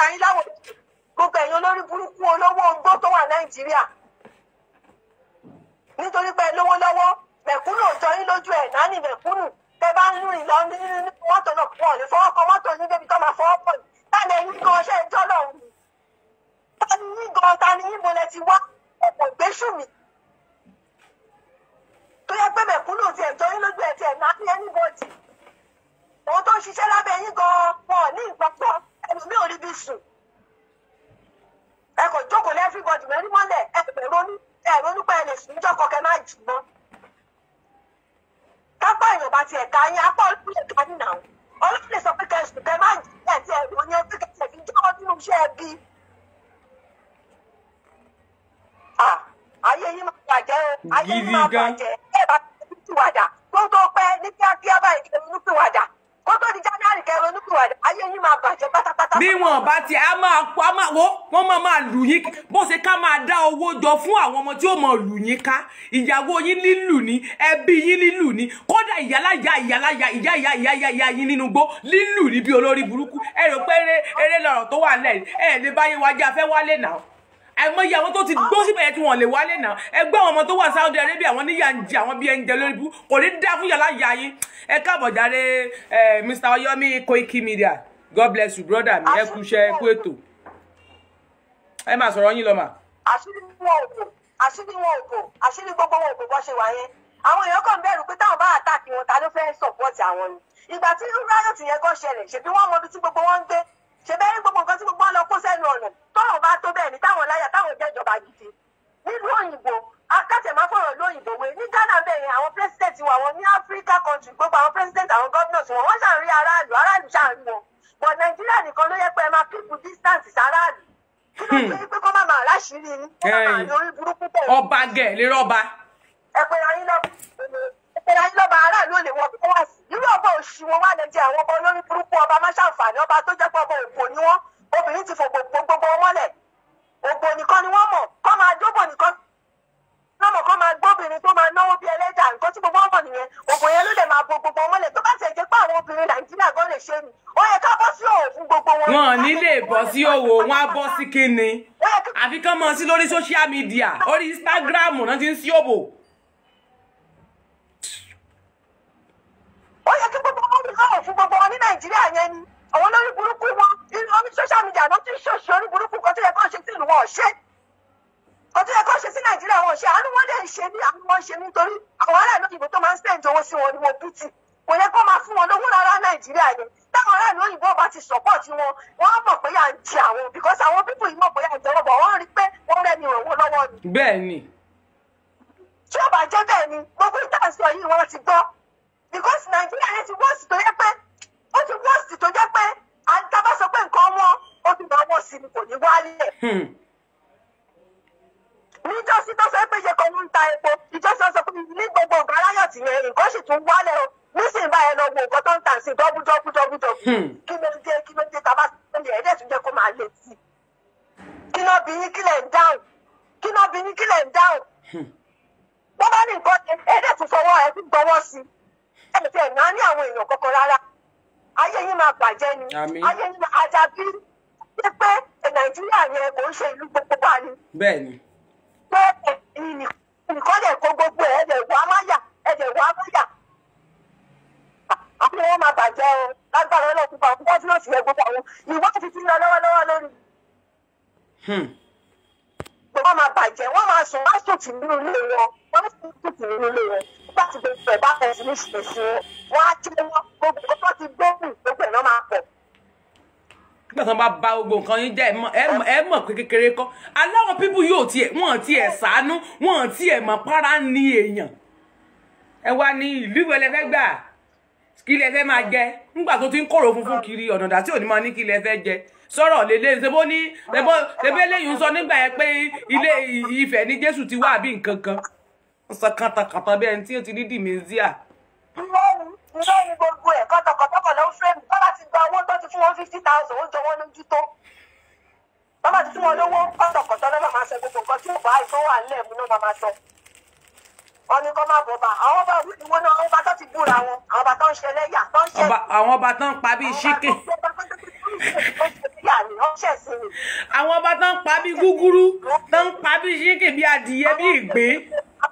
[SPEAKER 7] dá yín láwọ̀ gbogbo ẹ̀yin olórí burúkú olówó ogbó tó wà nàìjíríà nítorí pé lówó lọ́wọ́ mẹ̀kúnnù ò jọ yín lójú ẹ̀ náà ní mẹ̀kúnnù tẹ bá ń rìn lọ ní mọ́tò náà pọ̀ lè fọwọ́ kan mọ́tò yín débi tó máa fọwọ́ pọ̀ yìí táni ẹ̀yin gan ṣe ń jọ́ lọ́hùn táni yín gan táni yín mo lẹ ti wá ọ̀pọ̀ ìgbésù mi tó yẹ pé mẹ̀kúnnù tiẹ̀ jọ yín lójú ẹ̀ ẹlòmíì ò rí bí sùn ẹ kò lé everybody mẹ́rí mọ́lẹ̀ ẹ ronú ẹ pé ẹ lè sùn níjọ́ kọ̀ọ̀kẹ́ má jù mọ́ kápá èèyàn bá tiẹ̀ ká yín apá olùkú lè ká nínà o olùkú lè sọ pé kẹ́ sùn kẹ́ jù ẹ̀ tí ẹ ronú ẹ pé kẹ́ fi jọ́wọ́ nínú iṣẹ́ bí. ayé yín máa bàjẹ́ o ayé yín máa bàjẹ́ ẹ bá ti ronú pìwàdà
[SPEAKER 1] pẹ́ ní kíákíá báyìí ronú kó tó di january kẹrin oníkùwàdà ayé yín máa bàjẹ́ pátápátá. bí wọn bá ti a máa kó a máa wo wọn máa máa lù yín bó ṣe ká máa dá owó jọ fún àwọn ọmọ tí ó máa lù yín ká ìyàwó yín lílù ní ẹbí yín lílù ní kódà ìyálàyà ìyálàyà ìyá ìyá ìyá ìyá ìyá yín nínú gbó lílù ní bí olórí burúkú ẹ rò pé eré eré tó wà lẹ́yìn ẹ lè báyé wájú afẹ́ wálé náà àìmọye àwọn tó ti gbó ah. síbẹ̀ yẹn tí wọ́n lè wálé náà ẹgbẹ́ àwọn ọmọ tó wà Saudi Arabia àwọn níyà ń jẹ àwọn bíi ẹni jẹ lórí bú kò ní dá fún yàrá ìyá yín ẹ káàbọ̀ jáde Mr. Oyomi Koiki Media God bless you brother mi ẹ kú iṣẹ́ ẹ kú ètò ẹ máa sọ̀rọ̀ yín lọ mà. àṣírí
[SPEAKER 7] wọn ò bò àṣírí wọn ò bò àṣírí gbogbo wọn ò bò bó ṣe wà yẹn àwọn èèyàn kàn bẹ̀rù pé táwọn bá àtàkì wọn ta ló fẹ́ sọ̀pọ̀tì àwọn ni ìgbà tí riot yẹn kọ́ ṣẹlẹ̀ ṣèbí wọ́n mọ ibi tí gbogbo wọn ń gbé ṣèbẹ́rí gbogbo nǹkan tí gbogbo wọn lọ kó sẹ́nu ọ̀nà tọ́lọ̀ bá tó bẹ́ẹ̀ ni táwọn yorùbá gidi nílùú òyìnbó akátẹ̀ lóyìnbó wé ní ghana bẹ́ẹ̀ yẹn àwọn president wa wọn ní africa country gbogbo àwọn president àwọn governors wọn wọ́n ṣàǹrí aráàlú aráàlú ṣàǹrí wọn but nàìjíríà nìkan ló yẹ pé ẹ máa kíkù distance sáráàlú kí ló pé kó má máa ráṣìírí ní kó má máa ní burúkú tẹ̀. ọba gẹ̀ lè rọ́ba. ẹ pé ayé lọ ìpínlẹ̀ ayélujọba aráàlú ò lè wọ kó wá sí irú ọba òṣì wọn wà lẹ́jẹ̀ àwọn ọba olórí burúkú ọba máṣàǹfààní ọba tó jẹ́ pé ọba òpò ni wọ́n obìnrin ti fògbò gbogbo ọmọlẹ̀ ògbò nìkan ni wọ́n mọ̀ kọ́ máa jóbò nìkan lọ́mọ kan máa gbóbìnrin tó máa náwó bí ẹlẹ́jà nǹkan tí gbogbo ọmọ nìyẹn ògbò yẹn ló dẹ̀ máa bo gbogbo ọmọ lẹ̀ tó bá tẹ̀ jẹ́ pé àwọn obìnrin nàìjíríà gan lè ṣe ni ó yẹ ká bọ́ sí òwò fún
[SPEAKER 1] gbogbo wọn. wọn ní lè bọ́ sí òwò wọn á bọ́ sí kíni àfi kán mọ sí lórí social media orí instagram náà ti ń sí òbò.
[SPEAKER 7] ó yẹ kí gbogbo ọmọ mi náà fún gbogbo wọn ní nàìjíríà yẹn ni àwọn olórí burúkú wọn lórí social media náà ti ṣòṣì orí burúkú kan tó yẹ kó ṣe sí ìlú wọn ọ̀ṣẹ́ kan tó yẹ kó ṣe sí nàìjíríà wọn ọ̀ṣẹ́ àánú wọn dẹ̀ ṣe ní àánú wọn ṣe nítorí àwọn aráàlú òyìnbó tó máa ń sẹ́ǹd owó sí wọn ni wọn bìtì kò yẹ kó máa fún wọn lówó rárá nàìjíríà yẹn táwọn aráàlú òyìnbó bá ti support wọn wọn mọ̀ pé à ń jẹ àwọn because àwọn pípò yìí mọ̀ pé à ń jẹ lọ́bọ̀ wọ́n rí pé wọ́n rẹ́ni ìrànwọ́ lọ́wọ́ ni. bẹ́ẹ̀ tí ó bá bẹ́ẹ̀ ni gbogbo ìtàn sọ yìí wọ́n ti gbọ́ because nàìjíríà yẹn ti wọ́ọ̀sì tó yẹ pé ó ti wọ́ọ̀sì tó jẹ́ pé àtàbá sọ pé nǹkan wọn ó ti máa wọ́ọ̀sì ni kò ní wálẹ̀. Hmm. níjọ́sí tó sọ pé iye kan ń ta epo ìjọ́sí sọ pé ní gbogbo nǹkan aláyọ̀tì yẹn nǹkan sì tún wálẹ̀ o nísìnyí báyẹn lọ wo nǹkan tó ń tà sí dọ́bú hmm. kí ló dé kí ló dé tàbá sọ pé ẹ̀ẹ́dẹ̀ tún jẹ́ kó máa lè tì kí ló bí kí lẹ̀ ń dáhùn kí ló bí kí lẹ̀ ń dáhùn wọ́n hmm. bá ní nǹkan ẹ̀ẹ́dẹ̀ tún fọwọ́ ẹ̀ fi gbọ́wọ́ sí ẹ̀ náà ní àwọn èèyàn kọ̀ọ̀kan rárá ayé yín máa bàjẹ́ ni ayé yín máa àdàbí pé pé nàìjíríà yẹn kò ń ṣe ìlú gbogbo wa ni. bẹ́ẹ̀ni. pé ẹ̀yin nìkan lè kó gbogbo ẹ̀ ẹ̀dẹ̀ wà máyà ẹ̀dẹ̀ wà máyà. àwọn ọmọ máa bàjẹ́ o lágbára ọlọ́kùn pa àwọn bọ́sùn òsì yẹn gbogbo àwọn ìwádìí ti lọ lọ́wọ́lọ́wọ́ lórí.
[SPEAKER 4] gbogbo
[SPEAKER 7] hmm. wọn máa bàjẹ́ wọ́n máa sùn wá sùn tì nínú ilé wọn wọ́n máa sùn tì nígbà tí gbogbo ẹ̀ bá fẹ̀sùn
[SPEAKER 1] ní ṣèṣe wọ́n á jẹ́ wọ́n gbogbo nǹkan ti gbóhùn gbogbo ẹ̀ náà máa pọ̀. nígbà tí wọ́n bá ba gbogbo nǹkan yín jẹ́ ẹ mọ̀ pé kékeré kọ́ aláwọ̀ pípù yóò tiẹ̀ wọ́n tiẹ̀ ṣàánú wọ́n tiẹ̀ mọ̀ para ní èèyàn ẹ wá ní ìlú ìwé lẹ́fẹ́ gbà kí lẹ fẹ́ máa jẹ nígbà tó ti ń kòrò funfun kiri ọ̀nà dà tí ò ní máa ní kí lẹ fẹ́ jẹ sọ̀rọ̀ lélẹ́ ṣebó ní ṣebó ṣebé lẹ́yìn sọ nígbà yẹn pé ilé Ifẹ̀ ní Jésù ti wá àbí nǹkan kan sọ kàtàkàtà bí ẹni tí ó ti ní dìmẹ́síà.
[SPEAKER 7] ǹjẹ́ ní gbogbo ẹ̀ kọ́tọ̀kọ́tọ̀kọ̀ ló fẹ́ mi bọ́lá ti gba owó tó ti fún wọn fifty thousand ó jọ wọ́n lójú tó bọ́lá ti fún wọn lówó kọ́tọ̀kọ́tọ̀ lọ́nà máa sọ gbogbo nǹkan tí ò bá ìtọ́ wà nílẹ̀ mú náà máa sọ. wọ́n ní kọ́ máa bọ̀ bá àwọn bá ìwọ náà àwọn bá tó ti búra wọn àwọn bá tó ń ṣe lẹ́yà tó ń
[SPEAKER 1] ṣe. àwọn bá tó ń pa bíi ṣíkè. àwọn bá tó ń pa bíi gúgúrú tó ń pa bíi ṣíkè bíi adìyẹ bíi ìgbín.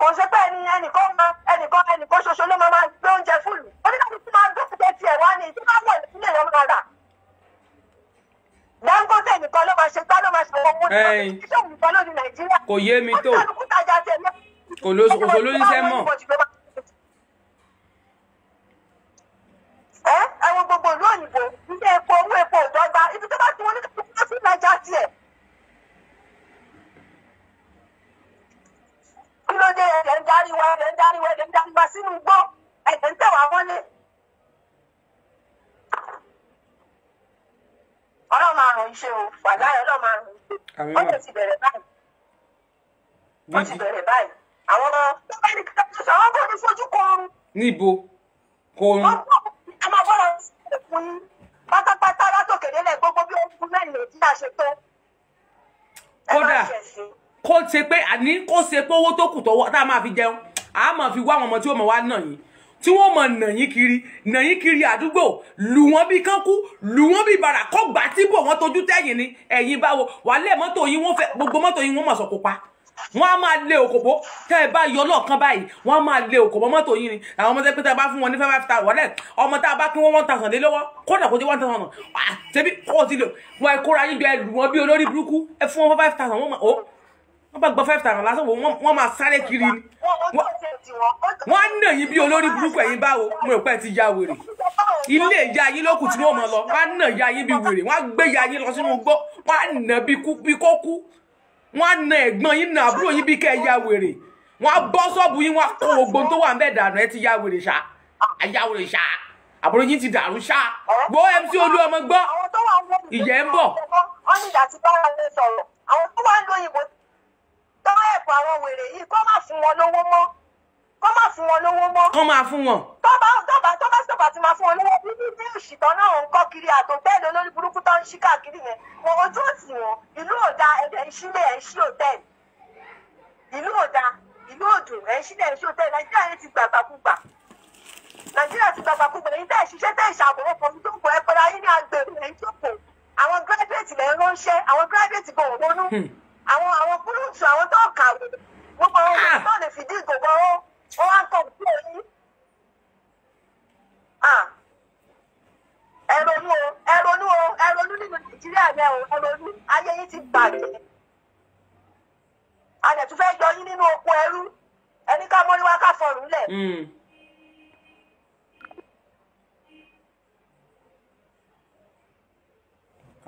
[SPEAKER 7] kò ṣe pé ẹni ẹnìkan máa ẹnìkan ẹnìkan ṣoṣo ló máa gbé oúnjẹ fúlù oníkàtúntì máa gbé tìjẹ tiẹ̀ wá ní ìtura pọ̀ sílẹ̀ ló máa rà Dangote nìkan ló máa ṣe gbá ló máa ṣe owó ní iṣẹ́ òun nìkan ló Nàìjíríà kò yé mi tó
[SPEAKER 1] kò ló kò
[SPEAKER 7] ẹ ẹ wo gbogbo ìlú òyìnbó ilé epo owó epo ò dọ́gba ibi tó bá ti wọn ní kí wọ́n fi Nàìjíríà tiẹ̀. kí ló dé ẹ̀jẹ̀ ń darí wa ẹ̀jẹ̀ ń darí wa ẹ̀jẹ̀ ń darí wa sínú gbọ́ ẹ̀jẹ̀ ń tẹ̀ wọlé. ọlọ́run iṣẹ́ o wàlá ọlọ́run máa ràn
[SPEAKER 1] iṣẹ́ wọ́n ti bẹ̀rẹ̀ báyìí wọ́n ti
[SPEAKER 7] bẹ̀rẹ̀ báyìí àwọn ọmọ ẹni kí wọ́n sọ wọ́n kò ní fojú kọ oorun.
[SPEAKER 1] níbo kò ń.
[SPEAKER 7] a máa bọ́ra sílẹ̀ fún yín pátápátá látòkèdélẹ̀ gbogbo bí wọ́n fún mẹ́rin lòdì
[SPEAKER 1] kó ṣe pé àní kó ṣe pé owó tó kù tọwọ́ tá a máa fi jẹun a máa fi wá àwọn ọmọ tí ó mọ̀ wá náà yìí tí wọ́n mọ̀ nà yín kiri nà yín kiri àdúgbò lù wọ́n bí kánkú lù wọ́n bí bàrà kọ́ gbà tí bò wọ́n tójú tẹ̀yìn ni ẹ̀yin báwo wàlẹ̀ mọ́tò yín wọ́n fẹ́ gbogbo mọ́tò yín wọ́n mọ̀ sọ̀kò pa wọ́n á máa lé òkòbó tẹ́ ẹ bá yọ lọ́ọ̀kan báyìí wọ́n a máa lé òkòbó mọ́tò yín ni àwọn ọmọ tẹ́ pé tá a bá fún wọn ní five thousand wọ́lẹ̀ ọmọ tá a bá pín wọn one thousand lé lọ́wọ́ kódà kó dé one thousand tẹ́bí kọ́ọ̀tì lò wọ́n ẹ kóra yín jọ ẹ lù wọ́n bí olórí burúkú ẹ fún wọn five thousand wọ́n máa ó oh wọ́n bá gbọ́ five thousand lásán wọ́n máa sáré kiri ni wọ́n nà yín bí olórí burúkú ẹ̀yin báwo mo rò pé ẹ ti ya wèrè ilé ìyá yín lókùn tí wọ́n mọ̀ lọ wọ́n á nà ya yín bí wèrè wọ́n á gbé ya yín lọ sínú igbó wọ́n á nà bí kó kú wọ́n á nà ẹ̀gbọ́n yín nà àbúrò yín bí kẹ́ ẹ ya wèrè wọ́n á bọ́ ṣọ́ọ̀bù yín wọ́n á kó gbogbo tó wà ń bẹ̀ dànù ẹ ti ya wèrè ṣá àyà wèrè ṣá àbúrò yín ti dàrú ṣá gbọ́ MC Olúọmọ gbọ́ ìyẹn ń bọ̀.
[SPEAKER 7] wọ́n ní ìdá tán ẹ̀bùn àwọn wèrè yìí kó má fún wọn lówó mọ́ kó má fún wọn lówó mọ́. kó máa fún wọn. tó bá tó bá tó bá tó bá ti máa fún wọn lówó bíbí bí òṣìtàn náà ń kọ́ kiri àtòtẹ́ẹ̀lì olórí burúkú tó ń ṣí káàkiri yẹn mo ojú òsì wọn ìlú ọ̀dà ẹ̀dẹ̀ ìṣílẹ̀ ẹ̀ ṣí òtẹ́ẹ̀lì ìlú ọ̀dà ìlú òdùn ẹ̀ ṣílẹ̀ ẹ̀ ṣí òtẹ́ẹ̀lì nàìjíríà yẹn ti gbàgbàkúgbà nàìjíríà ti gbàgbàkúgbà èyí tẹ́ ẹ̀ ṣiṣẹ́ tẹ́ ìṣàbọ̀wọ̀ pọ̀ tó kọ ẹ pẹ̀lú ayé ní agbèrè ẹ̀ ń jókòó àwọn gírádìẹ̀tì lẹ́ ń ránṣẹ́ àwọn gírádìẹ̀tì kò wọ́n hmm àwọn àwọn kúrúùtù àwọn tó kàwé gbogbo àwọn ah! ọmọ tó lè fìdí ìgbògbò wọn wọn wá ń tọ sí òyìn. Ah! ẹ ronú o ẹ ronú o ẹ ronú nínú nàìjíríà rẹ o ẹ ronú ayé yìí ti bàjẹ́. a tún fẹ́ yọ yín nínú oko ẹrú ẹni ká
[SPEAKER 1] mọ́rí wá ká fọrùn lẹ̀. Hmm.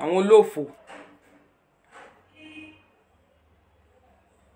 [SPEAKER 1] àwọn olófò.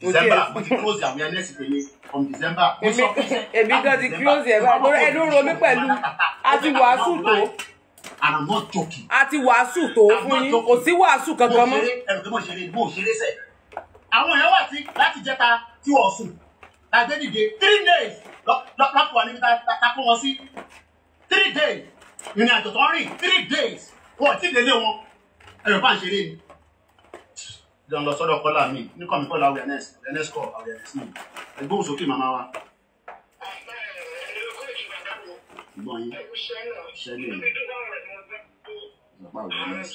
[SPEAKER 8] december mo ti close àwọn ẹlẹ́sì pẹ̀lẹ́ from december. èmi èmi ah, gan ti close yẹn báyìí lórí ẹnu ro mi pẹ̀lú àti wàásù tó
[SPEAKER 1] àti wàásù tó fún yín kò sí wàásù kankan mọ́.
[SPEAKER 8] ẹrù tó mọ̀ ṣeré mo ṣeré sẹ̀ àwọn èèyàn wà tí láti jẹta tí wọ́n sùn tàgbé dìde three days lọ́pọ̀ àníbi ta kó wọn sí three days ìrìn àjò tó ń rìn three days wọ́n ti délé wọn ẹ̀rọ bá ń ṣeré ni jọ ń lọ sọ́dọ̀ kọ́lá mi ní kọ́mi kọ́lá awareness awareness call awareness mi ẹgbọ́n sókè màmá wa. ìgbọ́n yín ṣẹlẹ̀ mi ìgbàpá
[SPEAKER 6] awareness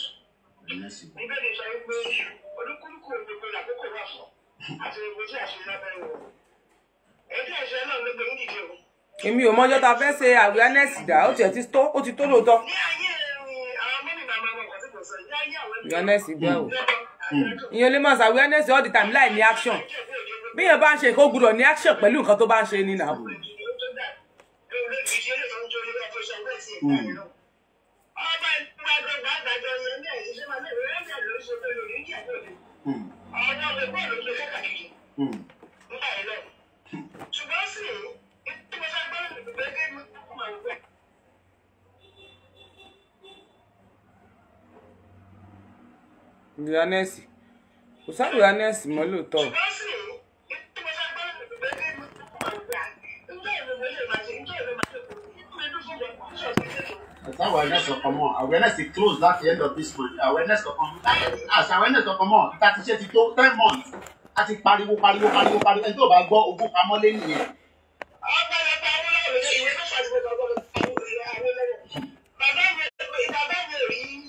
[SPEAKER 6] awareness ìgbọ́n. nígbà tí sọ pé olúkúlùkù gbogbo làkókò wà fún àti gbogbo tí àṣírí lábẹ́ wò ẹjọ́ ìṣẹ́ náà ló gbé ń o.
[SPEAKER 1] èmi ò mọjọ́ ta fẹ́ ṣe awareness dà ó tiẹ̀ ti tó ó ti tó lóòótọ́. ní ayé eh, àwọn mọ́mí màmá wọn kò sí kò sọ ní ayé àwọn ẹgbẹ́ awareness dà o ìyẹn lè mọ̀ sí awareness all the time láì ní action bí yẹn bá ń ṣe nǹkan ó gbúdọ̀ ní action pẹ̀lú nǹkan tó bá ń ṣe ní nà. ṣùgbọ́n sì ní
[SPEAKER 6] tí mo fẹ́ gbọ́dọ̀ gbẹ́gẹ́ mi kúkú máa ń gbẹ̀.
[SPEAKER 1] Lioness kò sáré Lioness mọ́ lóòótọ́. awareness ọkọ mọ
[SPEAKER 8] awareness dey close the end of this month awareness ọkọ as awareness ọkọ mọ tá a ti to ti tó ten months a ti pariwo pariwo pariwo pariwo ẹni tó bá gbọ́ ogún pamọ́ lé nìyẹn.
[SPEAKER 7] bàbá mi ò rí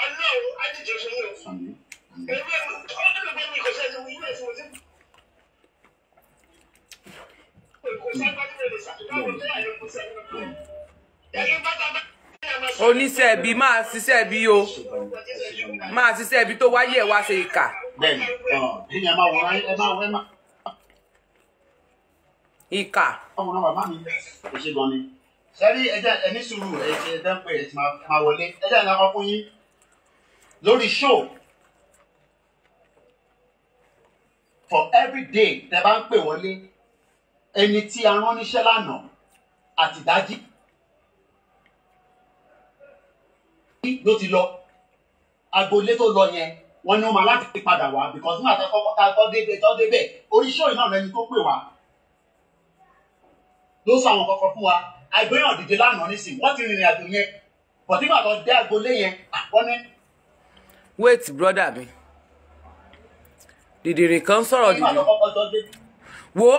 [SPEAKER 4] Ọlọ́run á dìjọ ṣe yóò fún mi. Èmi ọdún mi mi kò sẹ́ni mi ilé
[SPEAKER 8] ìfowó sí. Kò sẹ́ni bá tẹ̀lé ṣàtúndáwò tó
[SPEAKER 1] yà ló kó sẹ́ni náà. Ẹ̀yin bàtà bá oníṣẹ́ ibi máa ṣiṣẹ́ ibi o máa ṣiṣẹ́ ibi tó wáyé ẹ̀ wá ṣe ìkà. ìkà.
[SPEAKER 8] sẹ́rí ẹja ẹni sùúrù ẹ̀jẹ̀ ẹ̀dá pé ẹ̀ ti máa wọlé ẹja ìnáwó fún yín lórí show for every day tẹ bá ń pè wọlé ẹni tí a rán níṣẹ́ lánàá àtìdájí ló ti lọ agboolé tó lọ yẹn wọ́n ní wọ́n máa láti padà wá because nígbà tó kọ́kọ́ tá a tọ́ débẹ̀ tọ́ débẹ̀ orí show náà lẹni tó pè wá ló sọ àwọn kọ̀ọ̀kan fún wa àìgbéyàn dìde lánàá nísìnyí wọ́n ti rìnrìn àjò yẹn bọ̀dígbà tó dé agboolé yẹn wọ́n ní
[SPEAKER 1] wait brother mi dìdìrì kan sọ̀rọ̀
[SPEAKER 8] dìdìrì
[SPEAKER 1] wo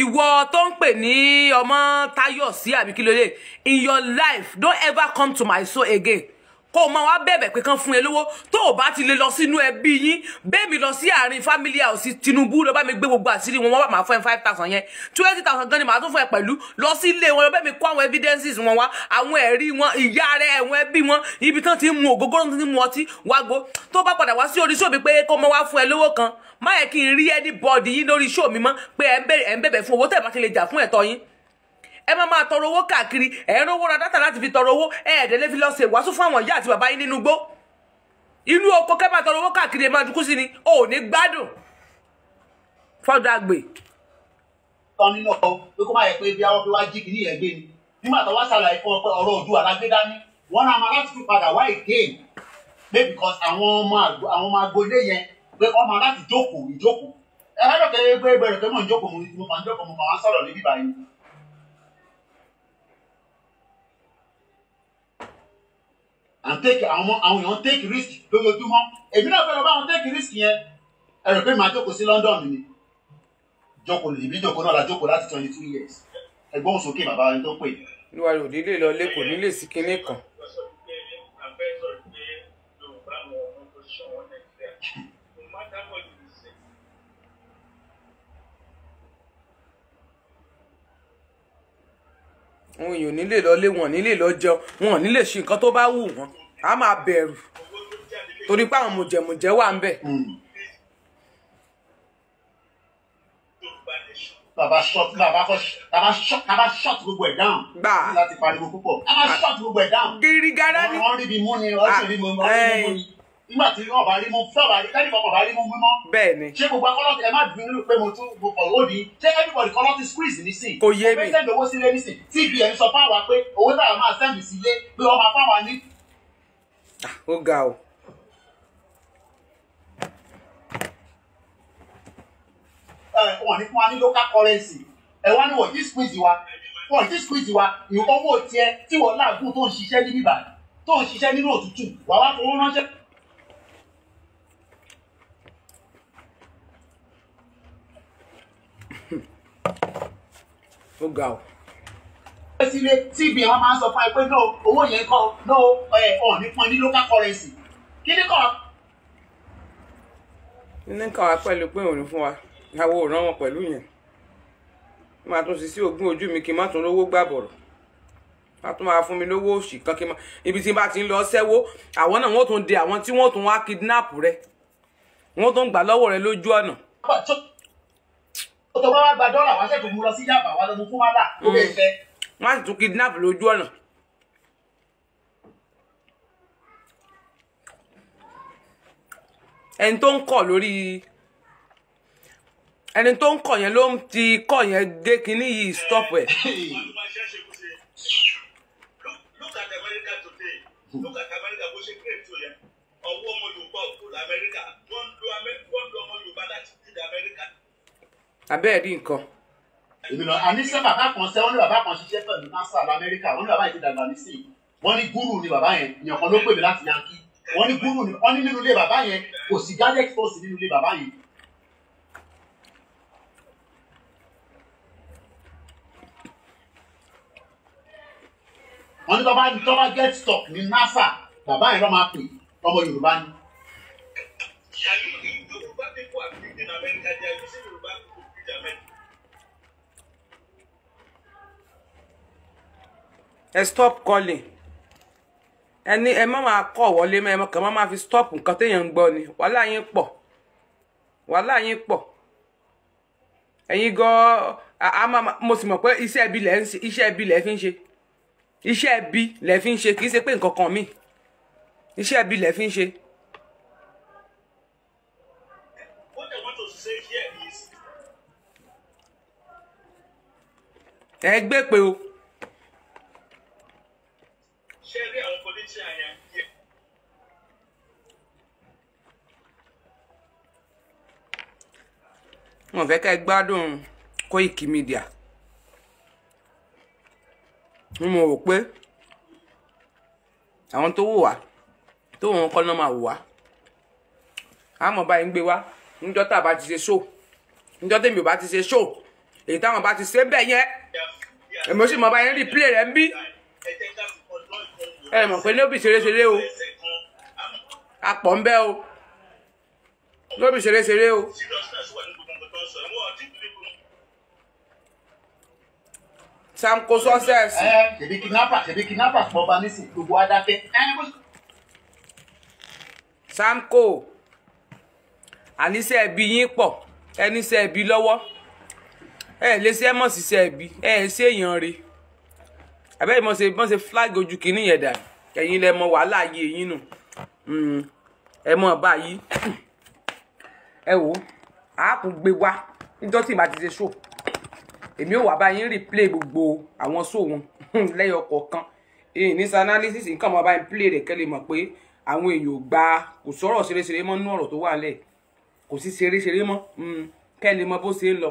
[SPEAKER 1] ìwọ tó ń pè ní ọmọ Táyọ̀ sí àbí kí ló dé in your life don't ever come to my soul again kó o máa wá bẹ̀bẹ̀ pé kán fún ẹ lówó tó o bá ti lè lọ sínú ẹbí yín bẹ́ẹ̀mi lọ sí àárín family house Tinubu lọ bá mi gbé gbogbo àṣírí wọn wá máa fún ẹ five thousand yẹn twenty thousand gan ni màá tún fún ẹ pẹ̀lú lọ sí ilé wọn lọ bẹ́ẹ̀ mi kó àwọn evidences wọn wá àwọn ẹ̀rí wọn ìyá rẹ ẹ̀wọ̀n ẹbí wọn ibi tán ti ń mu ògógóró tán ti ń mu ọtí wá gbó tó bá padà wá sí orí ṣòbí pé kó o máa wá fún ẹ lówó kan má yẹ kí n rí anybody yín lórí ṣòmí mọ́ pé ẹ ń bẹ̀bẹ̀ fún owó tẹ̀ bá ti lè jà fún ẹ̀tọ́ yín ẹ máa máa tọrọ owó káàkiri ẹ ń rówó ra dátà láti fi tọrọ owó ẹ ẹ̀dẹ̀ lè fi lọ ṣe ìwàásù fún àwọn ìyá àti bàbá yín nínú igbó inú oko kẹ́ máa tọrọ owó káàkiri ẹ máa dúkú sí ni ò ní gbádùn fọdà gbè. kan nínú ọkọ pé kó má yẹ pé bí àwọn fi wá jí kìíní
[SPEAKER 8] yẹn gbé ni nígbà tó wá ṣàlàyé fún ọpẹ ọ̀rọ̀ òdu alágbé dání wọn ra máa láti tún padà wá again pé because àwọn ọmọ àwọn ọmọ agbolé yẹn pé wọn máa láti jókòó ìjókòó ẹ lọ́dọ̀ pé pé bẹ̀rẹ̀ pé mò ń jókòó mo máa ń jókòó mo máa ń sọ̀rọ̀ níbí báyìí and take àwọn àwọn èèyàn take risk lójoojúmọ́ èmi náà fẹ́ lọ bá àwọn take risk yẹn ẹ̀rọ pé màá jókòó sí London ni jókòó ìbí jókòó náà la jókòó láti twenty two years ẹgbọ́n sókè bàbá
[SPEAKER 1] ẹni tó pè. olúwa rẹ̀ òdílé lọ lẹ́kọ̀ọ́ nílé sí kinní kan. àwọn èèyàn nílé lọ lé wọn nílé lọ jẹun wọn nílé ṣe nǹkan tó bá wù wọn a máa bẹ̀rù torí pé àwọn mùjẹ̀mùjẹ̀ wà ń bẹ̀. Hmm. bàbá short gbogbo
[SPEAKER 8] ẹ̀ dáhùn. gbà láti pariwo púpọ̀ bàbá short gbogbo ẹ̀ dáhùn. gírígárá ni. wọ́n rí bí mú ni wọ́n rí bí mú ni nígbà tí wọn bá rí mu sábà rí tẹ́lifọ̀ kọ̀ bá rí mu mímọ́. bẹ́ẹ̀ni. ṣé gbogbo akọ́lọ́ ẹ má bínú pé mo tún mo kọ̀ lónìí ṣé everybody kọ́lọ́ ti squeeze nísìn. kò yé mi òfin sẹ́ni owó sílé nísìn cbn sọ fáwa pé owó táwọn máa sẹ́ni sílé pé wọ́n máa fáwa ní.
[SPEAKER 1] Ah, ó ga o.
[SPEAKER 8] wọn ní fún wa ní local currency ẹ wá ní wọ̀nyí squeeze wa wọ̀nyí squeeze wa ìwọ́n owó tiẹ̀ tí wọ́n láàgùn tó ń ṣiṣẹ́ níbí báyìí tó ń ṣiṣẹ́ nínú òtútù wàá wá fowó ránṣẹ́ ó ga o. ó sílé tí àwọn máa ń sọ fún ẹ pé no owó yẹn kọ no ọ̀ ní pọn ní local currency kí ni kọ́.
[SPEAKER 1] ní kàn wá pẹ̀lú pé òun fún wa àwọn ò rán wọn pẹ̀lú yẹn máa tún sí sí ogún ojú mi kí n má tún lówó gbà bọ̀rọ̀ a tún máa fún mi lówó òṣì kan kí n má ibi tí n bá ti ń lọ sẹ́wó àwọn náà wọ́n tún de àwọn tí wọ́n tún wá kidnap rẹ wọ́n tún gbà lọ́wọ́ rẹ lójú ọ̀nà
[SPEAKER 8] tó bá wá gba dọ́là wá ṣẹ̀tò mú lọ sí yàbá wá lọ́dún fún wa
[SPEAKER 1] wọ́n sì tún kidnap lójú ọ̀nà. ẹni tó ń kọ̀ lórí ẹni tó ń kọ̀ yẹn ló ti kọ̀ yẹn dé kinní yìí stop ẹ̀.
[SPEAKER 11] Look at America bó ṣe kéré tó yẹ ọwọ́ ọmọ Yorùbá òkú l'Amẹ́ríkà.
[SPEAKER 8] abẹ́ẹ̀dì nǹkan. èmi náà àní sẹ́ bàbá kan sẹ́ wọ́n ní bàbá kan ṣiṣẹ́ pẹ̀lú nasa lamẹ́ríkà wọ́n ní bàbá yìí ti dàgbà nísìnyí wọ́n ní gúrù ni bàbá yẹn èèyàn kan ló pè mí láti yankí wọ́n ní gúrù ni wọ́n ní nínú ilé bàbá yẹn kò sí gálẹ̀ tó sí nínú ilé bàbá yẹn. wọ́n ní tọ́ba tọ́ba get stock ní nasa bàbá yẹn ló máa pè ọmọ Yorùbá ni. Yorùbá people are in America they are using
[SPEAKER 1] ẹ stop calling ẹni ẹ má máa kọ wọlé mọ ẹ mọ kàn má máa fi stop nǹkan téèyàn ń gbọ́ ni wàhálà yín pọ̀ wàhálà yín pọ̀ ẹ̀yin gan a máa mo sì mọ̀ pé iṣẹ́ ibi lẹ ń ṣe iṣẹ́ ibi lẹ fi ń ṣe iṣẹ́ ibi lẹ fi ń ṣe kì í ṣe pé nǹkan kan míì iṣẹ́ ibi lẹ fi ń ṣe. ẹ gbé pé o.
[SPEAKER 2] ṣé rí àwọn politician yẹn.
[SPEAKER 1] wọn fẹ́ ká ẹ gbádùn Koiki Media n mo rò pé àwọn tó wò wá tó wọn kọ́ náà máa wò wá àmọ́ báyìí ń gbé wá níjọ́ tá a bá ti ṣe ṣó níjọ́ tèmi ò bá ti ṣe ṣó èyí táwọn bá ti ṣe bẹ́ẹ̀ yẹn èmi ò sì mọ bá yẹn rí play rẹ̀ ń bí ẹ mọ̀ pé níbi ṣeréṣeré o apọ̀ ń bẹ́ o níbi ṣeréṣeré o. Samko success. ẹ ṣèbí kidnapper ṣèbí kidnapper pọ̀ bá nísìn gbogbo adáké. Samko àníṣe ẹbí yín pọ̀ ẹníṣe ẹbí lọ́wọ́ ẹ lè ṣe ẹ mọ̀ ṣiṣẹ́ ẹbí ẹ ṣe èèyàn re àbẹ́yìí mọ̀ ṣe mọ̀ ṣe flag ojú kìíní yẹn dà ẹ̀yin lẹ mọ wàhálà ayé yín nù hmm, ẹ mọ báyìí <clears throat> ẹ wò áàpù gbé wá níjọ́ tí màá ti ṣe show èmi ò wá báyìí replay gbogbo àwọn show wọn <laughs> lẹ́yọ kọ̀ọ̀kan ìníṣẹ́ analysis nǹkan mọ̀ báyìí play rẹ̀ kẹ́lẹ́ mọ̀ pé àwọn èèyàn ò gba kò sọ̀rọ̀ ṣeréṣeré mọ́ nínú ọ̀rọ̀ tó wà lẹ̀ kò sí ṣeréṣeré mọ́ hmm, kẹ́lẹ́ mọ̀ bó ṣe ń lọ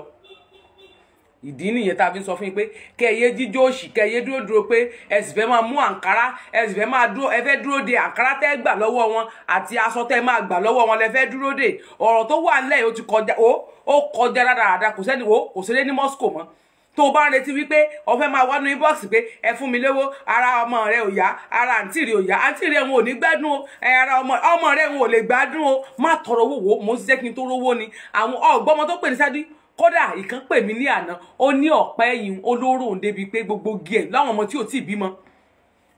[SPEAKER 1] ìdí nìyẹn tá a fi ń sọ fún yín pé kẹyẹ jíjó òṣì kẹyẹ dúró dúró pé ẹ sì fẹ́ máa mú àǹkárá ẹ sì fẹ́ máa dúró ẹ fẹ́ dúró de àǹkárá tẹ́ gbà lọ́wọ́ wọn àti aṣọ tẹ́ máa gbà lọ́wọ́ wọn lẹ fẹ́ dúró de ọ̀rọ̀ tó wà nílẹ̀ ó ti kọjá ó ó kọjá rádaràda kò sẹ́ni wo kò sílé ní moscow mọ́ tó o bá ń retí wípé o fẹ́ máa wá ní inbox pé ẹ fún mi lówó ara ọmọ rẹ ò yá ara àǹtí rẹ ò yá àǹtí rẹ òun ò ní gbádùn o ara ọmọ rẹ òun ò lè gbádùn o má tọrọ owó wò ó mo ń ṣiṣẹ́ kí n tó rówó ni àwọn ọgbọ́n ọmọ tó pè ní sáájú kódà ìkan pè mí ní àná ó ní ọ̀pẹ́ ẹ̀yìn olóró òun débi pé gbogbo gi ẹ̀ láwọn ọmọ tí ò tí ì bímọ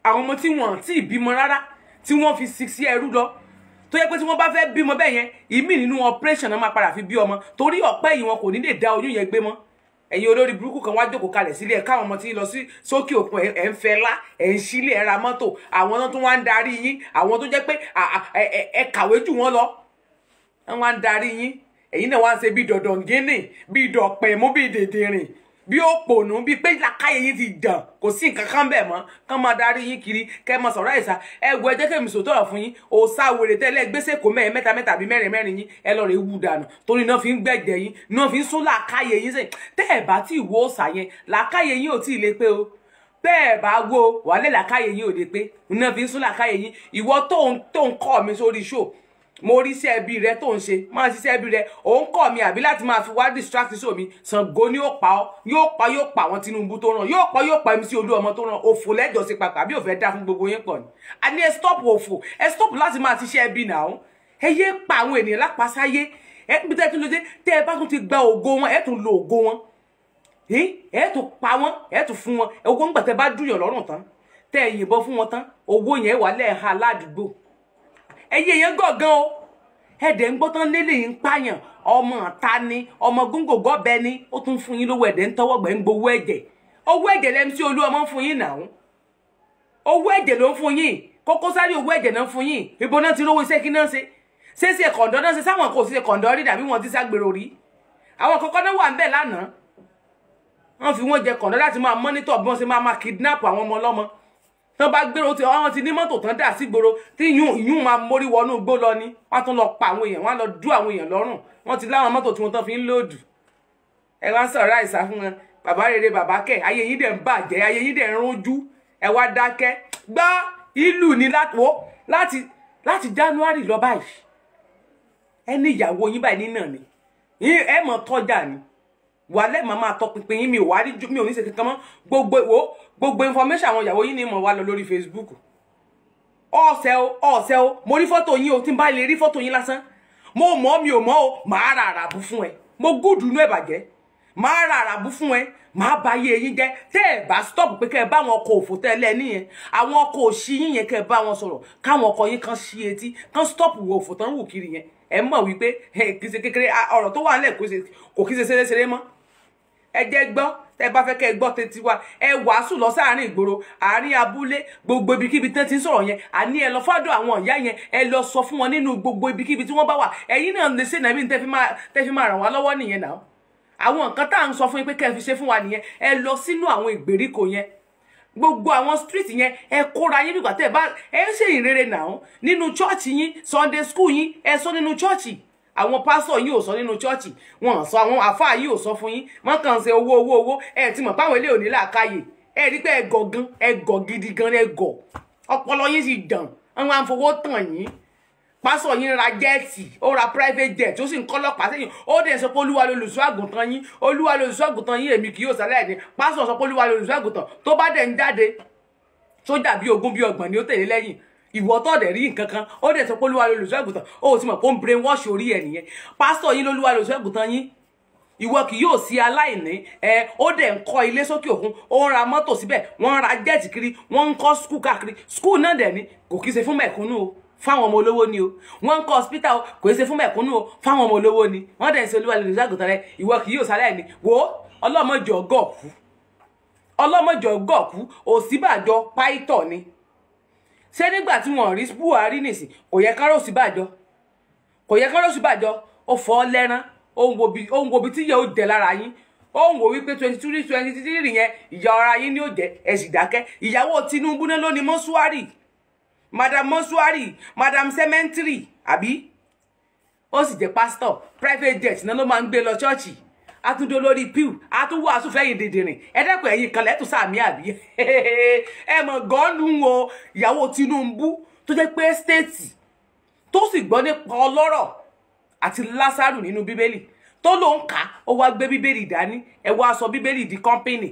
[SPEAKER 1] àwọn ọmọ tí wọn tí ì bímọ rárá tí wọ́n fi six sí ẹrú lọ tó yẹ pé tí wọ́n bá fẹ́ bímọ bẹ́ẹ̀ yẹn ìmí nínú operation náà máa padà fi bí ọmọ torí ọ̀pẹ́ ẹ̀yìn wọn kò ní lè dá oyún yẹn gbé mọ́ ẹ̀yin olórí burúkú kan wá jókòó kalẹ̀ sílé ẹ̀ káwọn ọmọ tí ń lọ sí sókè òkun ẹ̀ ń fẹ́ lá ẹ̀ ń sílé ẹ̀ ra mọ́tò àwọn tó wá ń darí yín àwọn tó jẹ́ pé ẹ kàwé jù wọ́n lọ wọ́n wá ń darí yín ẹ̀yin náà wá ń ṣe bí dọ̀dọ̀ngínì bí dọ̀pẹ̀mú bí dèdèrìn bí ó pònú bíi pé làkàyè yìí ti dàn kò sí nǹkan kan bẹ́ẹ̀ mọ́ kán máa darí yín kiri kẹ́ máa sọ̀rọ̀ àìsà ẹ wo ẹ jẹ́ kí èmi sòtọ́ ọ̀ fún yín òòsà wèrè tẹ́lẹ̀ gbèsè kò mẹ́ẹ̀ mẹ́ta mẹ́ta àbí mẹ́rin mẹ́rin yín ẹ lọ́ọ́ rẹ̀ wù dànù torí náà fi ń gbẹ̀jẹ̀ yín náà fi ń sún làkàyè yín sẹ́yìn tẹ́ ẹ̀ bá tí ìwọ òòsà yẹn làkàyè yín ò tí ì le pé o bẹ́ẹ̀ bá wo wàhálẹ̀ làkàyè yín ò le pé náà fi ń sún làkàyè yín ìwọ tóun tóun kọ́ mi sórí show mo rí iṣẹ́ ẹbí rẹ tó ń ṣe máa ṣiṣẹ́ ẹbí rẹ òun kọ̀ mi àbí láti máa fi wá distract sí omi Ṣàngó ni ó pa ọ́ yóò pa yóò pa àwọn Tinubu tó ràn yóò pa yóò pa MC Olúọmọ tó ràn òfò lẹ́jọ́ sí papọ̀ àbí òfẹ́ dá fún gbogbo yín pọ̀ ni a ní ẹ stop òfò ẹ stop láti máa ṣiṣẹ́ ẹbí náà ẹ yé pa àwọn ènìyàn lápasáyé ẹ bí tẹ́ tún lóde tẹ́ ẹ bá tún ti gba ògo wọn ẹ tún lo ògo wọn ẹ tún pa wọn ẹ tún fún wọn ògo ńgbà tẹ́ bá dùyàn lọ́rùn tán tẹ́ ẹ yìnbọn fún wọn tán owó yẹn wà lẹ́ẹ̀ha ládùúgbò ẹyẹ yẹn gọ̀ọ̀gán o ẹ̀dẹ̀ ń gbọ́tán lélẹ̀ yìí ń pààyàn ọmọ ta ni ọmọ góńgò gọ́bẹ ni ó tún fún yín lówó ẹ̀dẹ̀ ń tọwọ́ gbẹ̀ ń gbowó ẹ̀jẹ̀ owó ẹ̀jẹ̀ lẹ́nu tí olú ọmọ ń fún yín náà owó ẹ̀jẹ̀ ló ń fún yín kókó sáré owó ẹ̀jẹ̀ náà ń fún yín ìbò náà ti rówó iṣẹ́ kí náà ṣe ṣé ṣe kọ̀ǹdọ́ náà ṣe sáwọn kò ṣe kọ̀ǹdọ́ rí dàbí wọn ti ságbèrò rí àwọn kọ̀kọ́ náà wà ń lánàá wọn fi wọn jẹ kọ̀ǹdọ́ láti máa mọ́nítọ̀ bí wọ́n ṣe máa máa kidnap àwọn ọmọ ọlọ́mọ tán bá gbèrò tí wọn ti ní mọ́tò tán dà sí gbòòrò tí yún máa mórí wọnú igbó lọ ni wọn tún lọ pa àwọn èèyàn wọn lọ dú àwọn èèyàn lọ́rùn wọn ti láwọn mọ́tò tí wọn tán fi ń lòdù ẹ wá sọ̀rọ̀ àìsà fún wọn bàbá rere bàbá kẹ ayé yín dẹ̀ ń bàjẹ́ ayé yín dẹ̀ ń rúnjú ẹ wá dákẹ́ gbá ìlú ni látwó láti láti January lọ báyìí ẹ ìyàwó yín báyìí nínà ni ẹ mọ̀ tọ́jà ni wàhálẹ́ màmá tọpinpin yín mi ò wá rí mi ò ní ṣe kankan mọ́ gbogbo ìwò gbogbo information àwọn ìyàwó yìí ni mo wá lọ lórí facebook ọ̀sẹ̀ o ọ̀sẹ̀ o mo rí fọ́tò yín o tí n bá lè rí fọ́tò yín lásán mo mọ̀ mi ò mọ̀ o màá ra àràbù fún ẹ mo gúdù inú ẹ̀ bàjẹ́ màá ra àràbù fún ẹ màá ba ayé yín jẹ́ tẹ́ ẹ̀ bá stop pé kẹ́ ẹ bá àwọn ọkọ̀ òfò tẹ́lẹ̀ nìyẹn àwọn ọkọ̀ òṣì yín yẹn kẹ́ ẹ bá wọn sọ̀rọ̀ káwọn ọkọ̀ yín kan ṣí etí kan stop wo òfò tán wù kiri yẹn ẹ mọ̀ wípé kìí ṣe kékeré ọ̀rọ̀ tó wà nílẹ̀ kò kìí ṣe ṣeré ṣeré mọ́ ẹ jẹ́ gbọ́ tẹ bá fẹ́ kẹ́ ẹ gbọ́ tẹ́tí wa ẹ wàásù lọ sáàárín ìgboro àárín abúlé gbogbo ibikíbi tẹ́ ti ń sọ̀rọ̀ yẹn àní ẹ lọ fọ́dọ̀ àwọn ìyá yẹn ẹ lọ sọ fún wọn nínú gbogbo ibikíbi tí wọ́n bá wà ẹ̀yin náà lè ṣe nàbí tẹ́ fi máa ràn wá lọ́wọ́ nìyẹn náà àwọn nǹkan tá à ń sọ fún yín pé kẹ́ ẹ fi ṣe fún wa nìyẹn ẹ lọ sínú àwọn ìgbèríko yẹn gbogbo àwọn street yẹn ẹ kóra yín nígbà tẹ ẹ bá ẹ ń ṣe ìrere náà nínú church yín sunday school yín ẹ sọ nínú church àwọn pásọ yìí ò sọ nínú chọọchì wọn sọ àwọn àfáà yìí ò sọ fún yín wọn kàn ṣe owó owó owó ẹ ti mọ̀ páwọn ilé òní làákàyè ẹ rí pé ẹgọ gan ẹgọ gidi gan ẹgọ ọpọlọ yín sì dàn wọn máa ń fowó tàn yín pásọ yín ra jẹẹtì ó ra private jet ó sì ń kọlọpàá sẹ́yìn ó dẹ̀ sọ pé olúwa lolùṣọ́ àgùntàn yín olúwa lolùṣọ́ àgùntàn yín èmi kì yóò sálẹ ní pásọ sọ pé olúwa lolùṣọ́ àgùntàn tó bá dẹ̀ ń jáde sójà bíi ogún bíi ọgbọ̀n ni ó tẹ̀lé lẹ́yìn ìwọ tó dẹ̀ rí nǹkan kan ó dẹ̀ sọ pé olúwa lolùṣọ́ àgùntàn ó sì mọ̀ pé ó ń brain wash orí ẹ̀ nìyẹn pásítọ̀ yín lolúwa lolùṣọ́ àgùntàn yín ìwọ kì yóò sí aláìní ẹ ó dẹ̀ ń kọ́ ilé sókè òkun ó ń ra mọ́tò síbẹ̀ wọ́n ń ra jẹ́ẹ̀tì kiri wọ́n ń kọ́ skul káàkiri skul náà dẹ̀ ni kò kí í ṣe fún mẹ̀kúnnù o fáwọn ọmọ olówó ni o wọ́n ń kọ́ hospital kò í ṣe fún mẹ̀kúnnù o fáwọn ọmọ olówó ni wọ́n dẹ̀ ń ṣe olúwa lè ṣàgùntàn rẹ ìwọ kì yóò sí aláìní wo ọlọ́mọjọ gọ̀ọ̀kú ọlọ́mọjọ gọ̀ọ̀kú òsínbàjọ páìtọ̀ ni ṣé nígbà tí wọn rí Buhari nìsín kò yẹ kárò sí bàjọ kò yẹ kárò sí bàjọ ó fọ́ lẹ́rán ó ń wo ibi tí yẹ ó dẹ̀ lára yín ó ń wò wípé twenty two twenty three yẹn ìyá ọ̀ra yín ni ó jẹ́ ẹ sì dákẹ́ ìyàwó Tinubu náà ló ní mọ́ṣúárì madam mọ́ṣúárì madam cemetery àbí ó sì jẹ́ pásítọ̀ private jet náà ló máa ń gbé lọ ṣọ́ọ̀ṣì atúndó lórí pew atúwò asúfẹ́yìn dìndìnrín ẹ̀dẹ́kun ẹ̀yìn kan lẹ́tù sàmì àbí <laughs> ẹ mọ̀ gọ́ọ̀nù o ìyàwó Tinubu tó jẹ́ pé stéètì tó sì gbọ́ nípa ọlọ́rọ̀ àti Lásárù nínú bíbélì tó ló ń kà ó wá gbé bíbélì dání ẹ wá sọ bíbélì di kọ́ńpìnì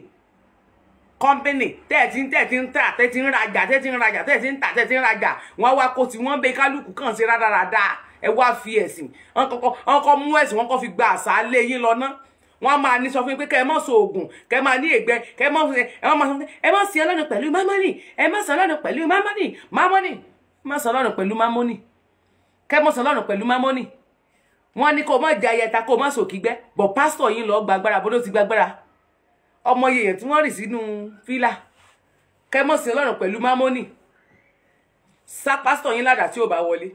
[SPEAKER 1] kọ́ńpìnì tẹ́ẹ̀tì ń tẹ́ẹ̀tì ń tà tẹ́ẹ̀tì ń rajà tẹ́ẹ̀tì ń rajà tẹ́ẹ̀tì ń tà tẹ́ẹ̀tì ń rajà wọ́n wá kó tí wọ́n bẹ kálukú kàn sí rádaràda ẹ wá fi ẹ̀sìn wọn kọ́kọ́ mú ẹ̀sìn wọn kọ́ fi gba àṣà alẹ́ yín lọ náà wọ́n á máa ní sọ fún yín pé kẹ́ ẹ má so oògùn kẹ́ ẹ máa ní ègbẹ́ kẹ́ ẹ má sọ ẹ má sí ọlọ́run pẹ̀lú mámọ́nì ẹ má sọ ọlọ́run pẹ̀lú mámọ́nì mámọ́nì má sọ ọlọ́run pẹ̀lú mámọ́nì kẹ́ ẹ má sọ ọlọ́run pẹ̀lú mámọ́nì wọ́n ní kó má jẹ ayẹta kó má sòkígbẹ́ bọ̀ pásítọ̀ yín lọ gbàgbára bó ló ti gbàgbára ọmọ yèèyàn tí wọ́n rì sínú fílà kẹ́ ẹ má sí ọlọ́run pẹ̀lú mámọ́nì sá pásítọ̀ yín ládàá tí ò bá wọlé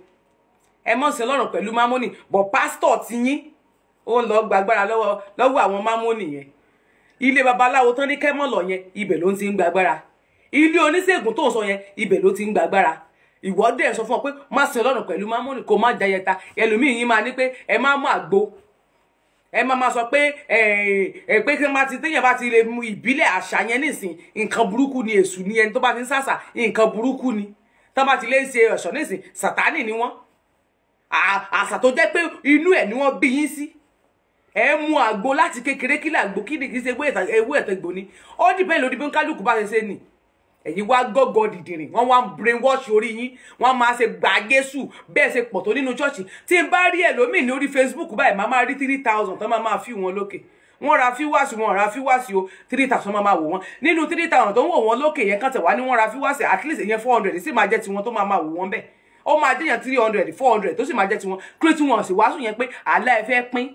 [SPEAKER 1] ẹ má sí ọlọ́run pẹ̀lú mámọ́nì bọ̀ pásítọ̀ ti yín ó ń lọ gbàgbára lọ́wọ́ lọ́wọ́ àwọn mámú nìyẹn ilé babaláwo tán ní kẹ́mọ̀lọ̀ yẹn ibẹ̀ ló ti ń gbàgbára ilé oníṣègùn tó ń sọ yẹn ibẹ̀ ló ti ń gbàgbára ìwọ dẹ̀ sọ fún ọ pé má sin ọlọ́run pẹ̀lú mámú kó má jayẹta ẹlòmíì yín máa ní pé ẹ má mú àgbo ẹ máa ma sọ pé ẹ ẹ pé kí n bá ti téèyàn bá ti lè mu ìbílẹ̀ àṣà yẹn nísìn nǹkan burúkú ni èṣù ni ẹni tó bá ti ń sàṣà nǹkan burúkú ni tó bá ti lè ṣe ọ̀ṣọ́ nísìn sàtánì ni wọ́n àṣà tó jẹ́ pé inú ẹ̀ ni wọ́n bí yín sí ẹ mu àgbo láti kékeré kí làgbo kí ni kì í ṣe ewé ẹ̀tẹ̀gbò ni ó dì bẹ́ẹ̀ lórí bí kálukú bá ṣe ṣe nì ẹ̀yin wá gọ́gọ́ dìdìrìn wọ́n wá ń brainwash orí yín wọ́n máa ṣe gbàgésù bẹ́ẹ̀ ṣe pọ̀ tó nínú ṣọ́ọ̀ṣì tí n bá rí ẹlòmíì lórí Facebook báyìí máa máa rí three thousand tán máa máa fi wọn lókè wọ́n ra fíwáàsì wọn ra fíwáàsì o three thousand máa máa wò wọ́n nínú three thousand tó ń wò wọ́n lókè yẹn kàn tẹ̀ wá ní wọ́n ra fíwáàsì at least ìyẹn four hundred sì máa jẹ́ tiwọn tó máa máa wò wọ́n bẹ́ẹ̀ ó máa jẹ́yàn three hundred four hundred tó sì máa jẹ́ tiwọn kí ló tí wọn sì wáásù yẹn pé àlá ẹ fẹ́ pín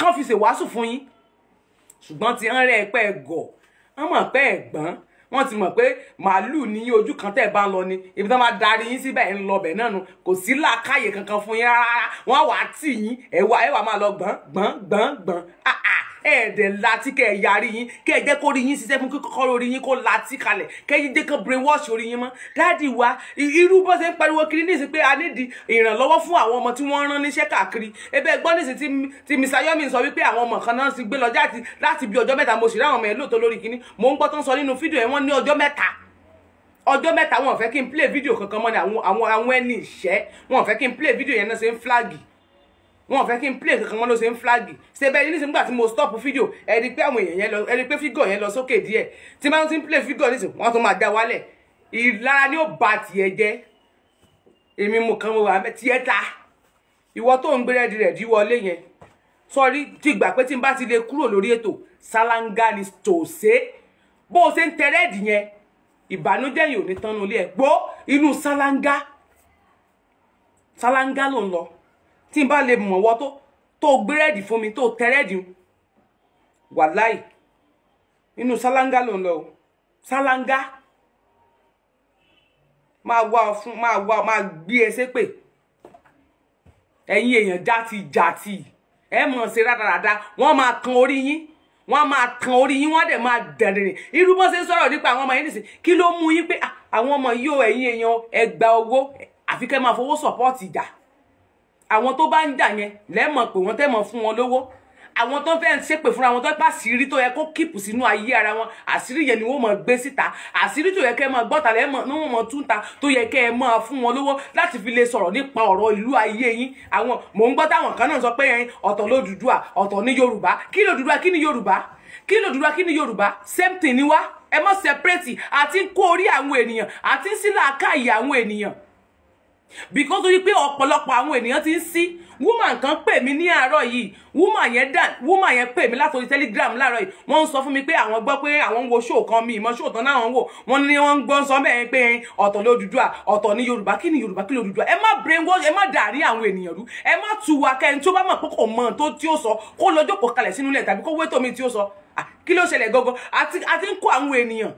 [SPEAKER 1] kán fi ṣèwàásù fún yín ṣùgbọ́n ti hàn rẹ̀ pẹ́ gọ̀ wọ́n mọ̀ pẹ́ ẹ̀gbọ́n wọ́n ti mọ̀ pé màálù ní ojú kan tẹ̀ bá ń lọ ni ibi tí wọ́n máa darí yín síbẹ̀ ń lọ bẹ̀ náà nu kò sí làákàyè kankan fún yín rárá wọ́n á wà á tì yín ẹ̀wà ẹ̀wà máa lọ gbọ̀n gbọ̀n gbọ̀n gbọ̀n ah ah ẹ̀ẹ́dẹ̀ láti kẹ́ ẹ̀ yarí yín kẹ́ ẹ̀ jẹ́ kó rí yín ṣiṣẹ́ fún kíkọ́ orí yín kó láti kalẹ̀ kẹ́ ẹ̀ jẹ́ kó brainwash orí yín mọ́ dáàdì wa irú bó ṣe ń pariwo kiri ní ìsìn pé a nídìí ìrànlọ́wọ́ fún àwọn ọmọ tí wọ́n rán níṣẹ́ káàkiri ebe gbọ́n ní ìsìn tí Mr Yomi sọ wípé àwọn ọmọ kan náà ti gbé lọ jáde láti bí ọjọ́ mẹ́ta mo sì ráwọn ọmọ yẹn lóòótọ́ lórí kíní mò ń gbọ́ tó ń sọ nínú fídíò yẹn wọ́n ní ọjọ́ mẹ́ta ọjọ́ mẹ́ta wọn ò fẹ́ kí n play fídíò kankan mọ́ ni àwọn ẹni ìṣẹ́ wọn ò fẹ́ kí n play fídíò yẹn náà ṣe ń flag wọn fẹ́ kí play kankan mọ́ ló ṣe ń flagi ṣe bẹ́ẹ̀ ní nísìnyí nígbà tí mo stop fídíò ẹni pé àwọn èèyàn yẹn lọ ẹni pé fígọ̀ yẹn lọ sókè díẹ̀ tí máa ń ti play figure, nísìnyí wọ́n tún máa dá wálẹ̀ ìlara ni ó ba tiẹ̀ jẹ́ èmi mo kàn wa wà tiẹ̀ ta ìwọ tó ń gbérẹ́dì rẹ̀ dí wọlé yẹn sọrí ti gbà pé tí n bá ti lè kúrò lórí ètò ṣáláńgá ni tòṣe bó o ṣe ń tẹrẹ́ẹ̀dì yẹn ìbànújẹ́ yìí ò ní tán nulẹ̀ gbó inú Salanga ṣáláńgá ló ń lọ tí n bá lè mọ̀ wọ́ tó tó gbérẹ́dì fún mi tó tẹ́rẹ́dì wàláì inú sálángá ló ń lọ o sálángá máa wá fún máa wá máa gbé ẹ ṣépè ẹ̀yin èèyàn játi játi ẹ mọ̀ ṣe rádaràda wọ́n máa kan orí yín wọ́n máa kan orí yín wọ́n dẹ̀ máa dẹ̀rìn irú bó ṣe ń sọ̀rọ̀ nípa àwọn ọmọ yín nìsín kí ló mú yín pé ah, àwọn ọmọ yóò ẹ̀yin èèyàn ẹ owó àfi kẹ́ máa fowó sọ̀pọ́ọ̀tì ìjà àwọn tó bá ń jà yẹn lẹ́mọ̀ pé wọ́n tẹ́mọ̀ fún wọn lówó àwọn tó fẹ́ ń ṣépè fúnra wọn tó pa àṣírí tó yẹ kó kíìpù sínú ayé ara wọn àṣírí yẹn ni wọ́n máa gbé síta àṣírí tó yẹ kẹ́ ẹ máa gbọ́ta lẹ́mọ̀ ní wọ́n máa tún ta tó yẹ kẹ́ ẹ máa fún wọn lówó láti fi lè sọ̀rọ̀ nípa ọ̀rọ̀ ìlú ayé yín àwọn mò ń gbọ́ táwọn kan náà sọ pé yẹn ọ̀tọ̀ lódùdúà ọ̀tọ̀ ní Yorùbá kí lódùdúà kí ni Yorùbá kí lódùdúà kí ni Yorùbá same thing ni wá ẹ má separate àti ń kó orí àwọn ènìyàn àti ń sílà káàyè àwọn ènìyàn because wípé ọ̀pọ̀lọpọ̀ àwọn ènìyàn ti ń sí woman kan pè mí ní àárọ̀ yìí woman yẹn dà woman yẹn pè mí látòrí telegram láàárọ̀ yìí wọ́n ń sọ fún mi pé àwọn gbọ́ pé àwọn ń wo show kan mi ìmọ̀ show tán náà ń wò wọ́n ní wọ́n ń gbọ́ sọ bẹ́ẹ̀ pé ọ̀tọ̀ ló Odùduwà ọ̀tọ̀ ní Yorùbá kí ni Yorùbá kí ló Odùduwà ẹ má brain wash ẹ má dàrí àwọn ènìyàn rú ẹ má tu wa kẹ́ni tí ó bá To pé kò mọ̀ tó tí ó sọ kó lọ jókòó kalẹ̀ sínú ilẹ̀ tàbí kó wé tòmí tí ó sọ kí ló ṣẹlẹ̀ gọ́gọ́ àti ń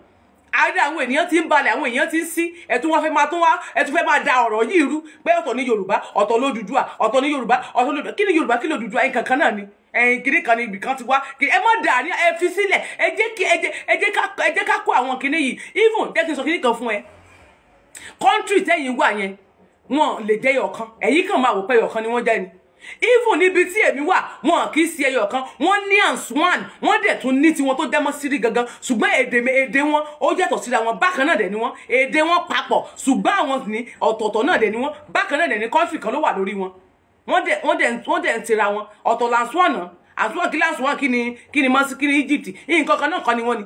[SPEAKER 1] àárí àwọn ènìyàn ti ń balẹ̀ àwọn èèyàn ti ń sí ẹ̀tún wọn fẹ́ máa tún wá ẹ̀tún fẹ́ máa da ọ̀rọ̀ yìí rú pé ọ̀tọ̀ ní yorùbá ọ̀tọ̀ lódùdúà ọ̀tọ̀ ní yorùbá ọ̀tọ̀ lódùdúà kí ni yorùbá kí lódùdúà nǹkan kan náà ni ẹyin kiri kan ni ibì kan ti wá ẹ má dà ní ẹ fi sílẹ̀ ẹ jẹ́ kí ẹ jẹ́ ká kó àwọn kinní yìí even jẹ́ kí n sọ kinní kan fún ẹ country tẹ́yìn wà yẹn wọn lè jẹ́ yọ̀kan ẹ̀yìn kan máa wò pé yọ̀kan ni wọ́n jẹ́ ni even níbi tí èmi wà wọn kì í sí ẹyọ kan wọn ní answan wọn dẹ̀ tún ní tiwọn tó dẹ́mọ́ sírí gangan ṣùgbọ́n èdè èdè wọn ó yàtọ̀ síra wọn bákan náà dẹ̀ ni wọn èdè wọn papọ̀ ṣùgbọ́n àwọn ní ọ̀tọ̀ọ̀tọ̀ náà dẹ̀ ni wọn bákan náà dẹ̀ ni kọ́ńtì kan ló wà lórí wọn wọ́n dẹ̀ wọ́n dẹ̀ wọ́n dẹ̀ ń tira wọn ọ̀tọ̀ lanswan náà answan kí lanswan kí ni kí ni mọ́sí kí ni Egypt nǹkan kan náà kan ni wọ́n ni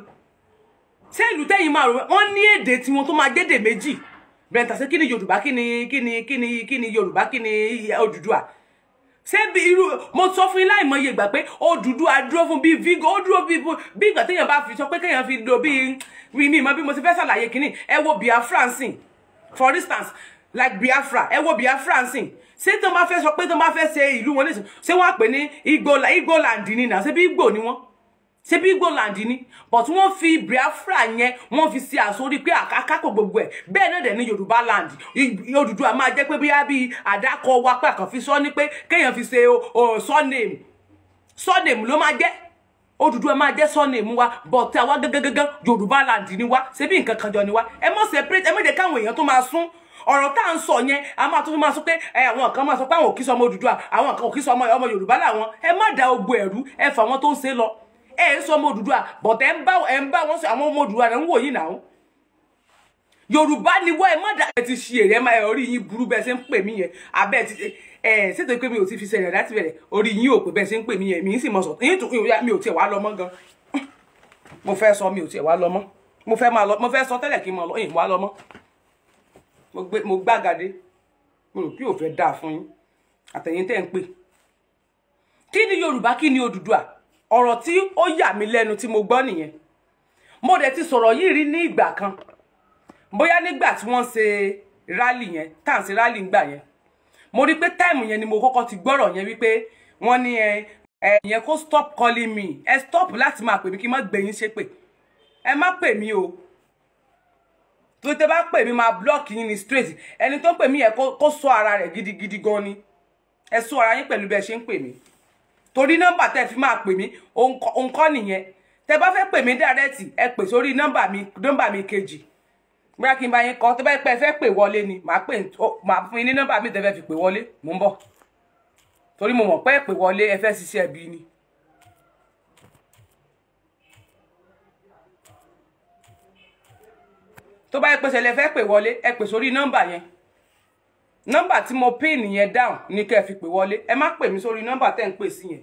[SPEAKER 1] ṣé ìlú tẹ́yìn máa rò wọ́n ní èdè tiwọn tó máa gédè méjì bẹ̀rẹ̀ tàṣé kí ni Yorùbá kí ni kí ni kí ni Yorùbá kí ni Odùduwà ṣé bí irú mo sọ fún yín láìmọye ìgbà pé Odùduwà dúró fún bíi vigo ó dúró bíi bí ìgbà téèyàn bá fi sọ pé kéèyàn fi lo bíi mi mọ bí mo ti fẹ́ ṣàlàyé kínní ẹ wo Biafra nsìn for instance like Biafra ẹ wo Biafra nsìn ṣé tó máa fẹ́ sọ pé tó máa fẹ́ ṣe ìlú wọn nísìn ṣé wọ́n á pè ní Igbo Igboland ni nà ṣé bí Igbo ni wọ́n ṣé go Igboland ni but wọ́n fi Biafra yẹn wọ́n fi sí àsórí pé àkákò gbogbo ẹ̀ bẹ́ẹ̀ náà dẹ̀ ní Yorùbá land Odùduwà máa jẹ́ pé bíyá bíi àdákọ wa pé àkànfi sọ ni pé kéèyàn fi ṣe surname surname ló máa jẹ́ Odùduwà máa jẹ́ surname wa but awa gẹ́gẹ́gẹ́gẹ́ Yorùbá land ni wa ṣé bí nǹkan kan jọ ni wa ẹ mọ̀ separate ẹ de jẹ́ káwọn èèyàn tó máa sún ọ̀rọ̀ tá à ń sọ yẹn a máa tún máa sọ pé ẹ àwọn kan máa sọ pé àwọn òkìsọ ọmọ Odùduwà àwọn kan òkìsọ ọmọ Yorùbá làwọn ẹ má da ogbó ẹ̀rú ẹ fà wọn tó ń ṣe lọ ẹ so sọ ọmọ Odùduwà but ẹ ń bá ẹ ń bá wọn sọ àwọn ọmọ Odùduwà rẹ ń wò yìí náà yorùbá ni wọ́n ẹ má dà ẹ ti ṣe èrè máa orí yín burú bẹ́ẹ̀ ṣe ń pè mí yẹn abẹ́ ti ẹ ṣètò pé mi ò ti fi ṣẹlẹ̀ láti bẹ̀rẹ̀ orí yín ò pé bẹ́ẹ̀ ṣe ń pè mí yẹn mi ń sì mọ̀ sọ yín tún mi ò tiẹ̀ wá lọ mọ́ gan mo fẹ́ sọ mi ò tiẹ̀ wá lọ mọ́ mo fẹ́ máa lọ mo fẹ́ sọ tẹ́lẹ̀ kí n máa lọ yìn wá lọ mo gbé mo gbàgàdé mo rò pé ò fẹ́ dáa fún yín àtẹ̀yìn tẹ́ ń pè kí ni yorùbá kí ọ̀rọ̀ tí ó yà mí lẹ́nu tí mo gbọ́ nìyẹn mo dẹ̀ ti sọ̀rọ̀ yìí rí ní ìgbà kan bóyá nígbà tí wọ́n ṣe rálì yẹn tá à ń ṣe rálì ńgbà yẹn mo rí pé táìmù yẹn ni mo kọ́kọ́ ti gbọ́rọ̀ yẹn wípé wọ́n ní ẹ ẹ yẹn kó stop calling me ẹ stop láti máa pè mí kí n má gbẹ̀yìn ṣépè ẹ má pè mí o tó tẹ bá pè mí máa block yín ní straight ẹni tó ń pè mí yẹn kó sọ ara rẹ̀ gidigidi gan ni ẹ sọ ara yín pẹ̀lú bí ẹ ṣe ń pè mí torí nọ́mbà tẹ́ fi máa pè mí òun kọ́ nìyẹn tẹ́ bá fẹ́ pè mí dàrẹ́tì ẹ pè sórí nọ́mbà mi nọ́mbà mi kejì bí akin bá yín kọ tó bá pẹ́ fẹ́ pè wọlé ni màá pè màá fún yín ní nọ́mbà mi tẹ́ fẹ́ fi pè wọlé mò ń bọ̀ torí mo mọ̀ pé pè wọlé ẹ fẹ́ ṣiṣẹ́ ẹbí ni. tó bá yẹ pèsè lẹ fẹ́ pè wọlé ẹ pè sórí nọ́mbà yẹn nọ́mbà tí mo pín yẹn down ní kẹ́ fi pè wọlé ẹ má pè mí sórí nọ́mbà tẹ́ ń pè sí yẹn.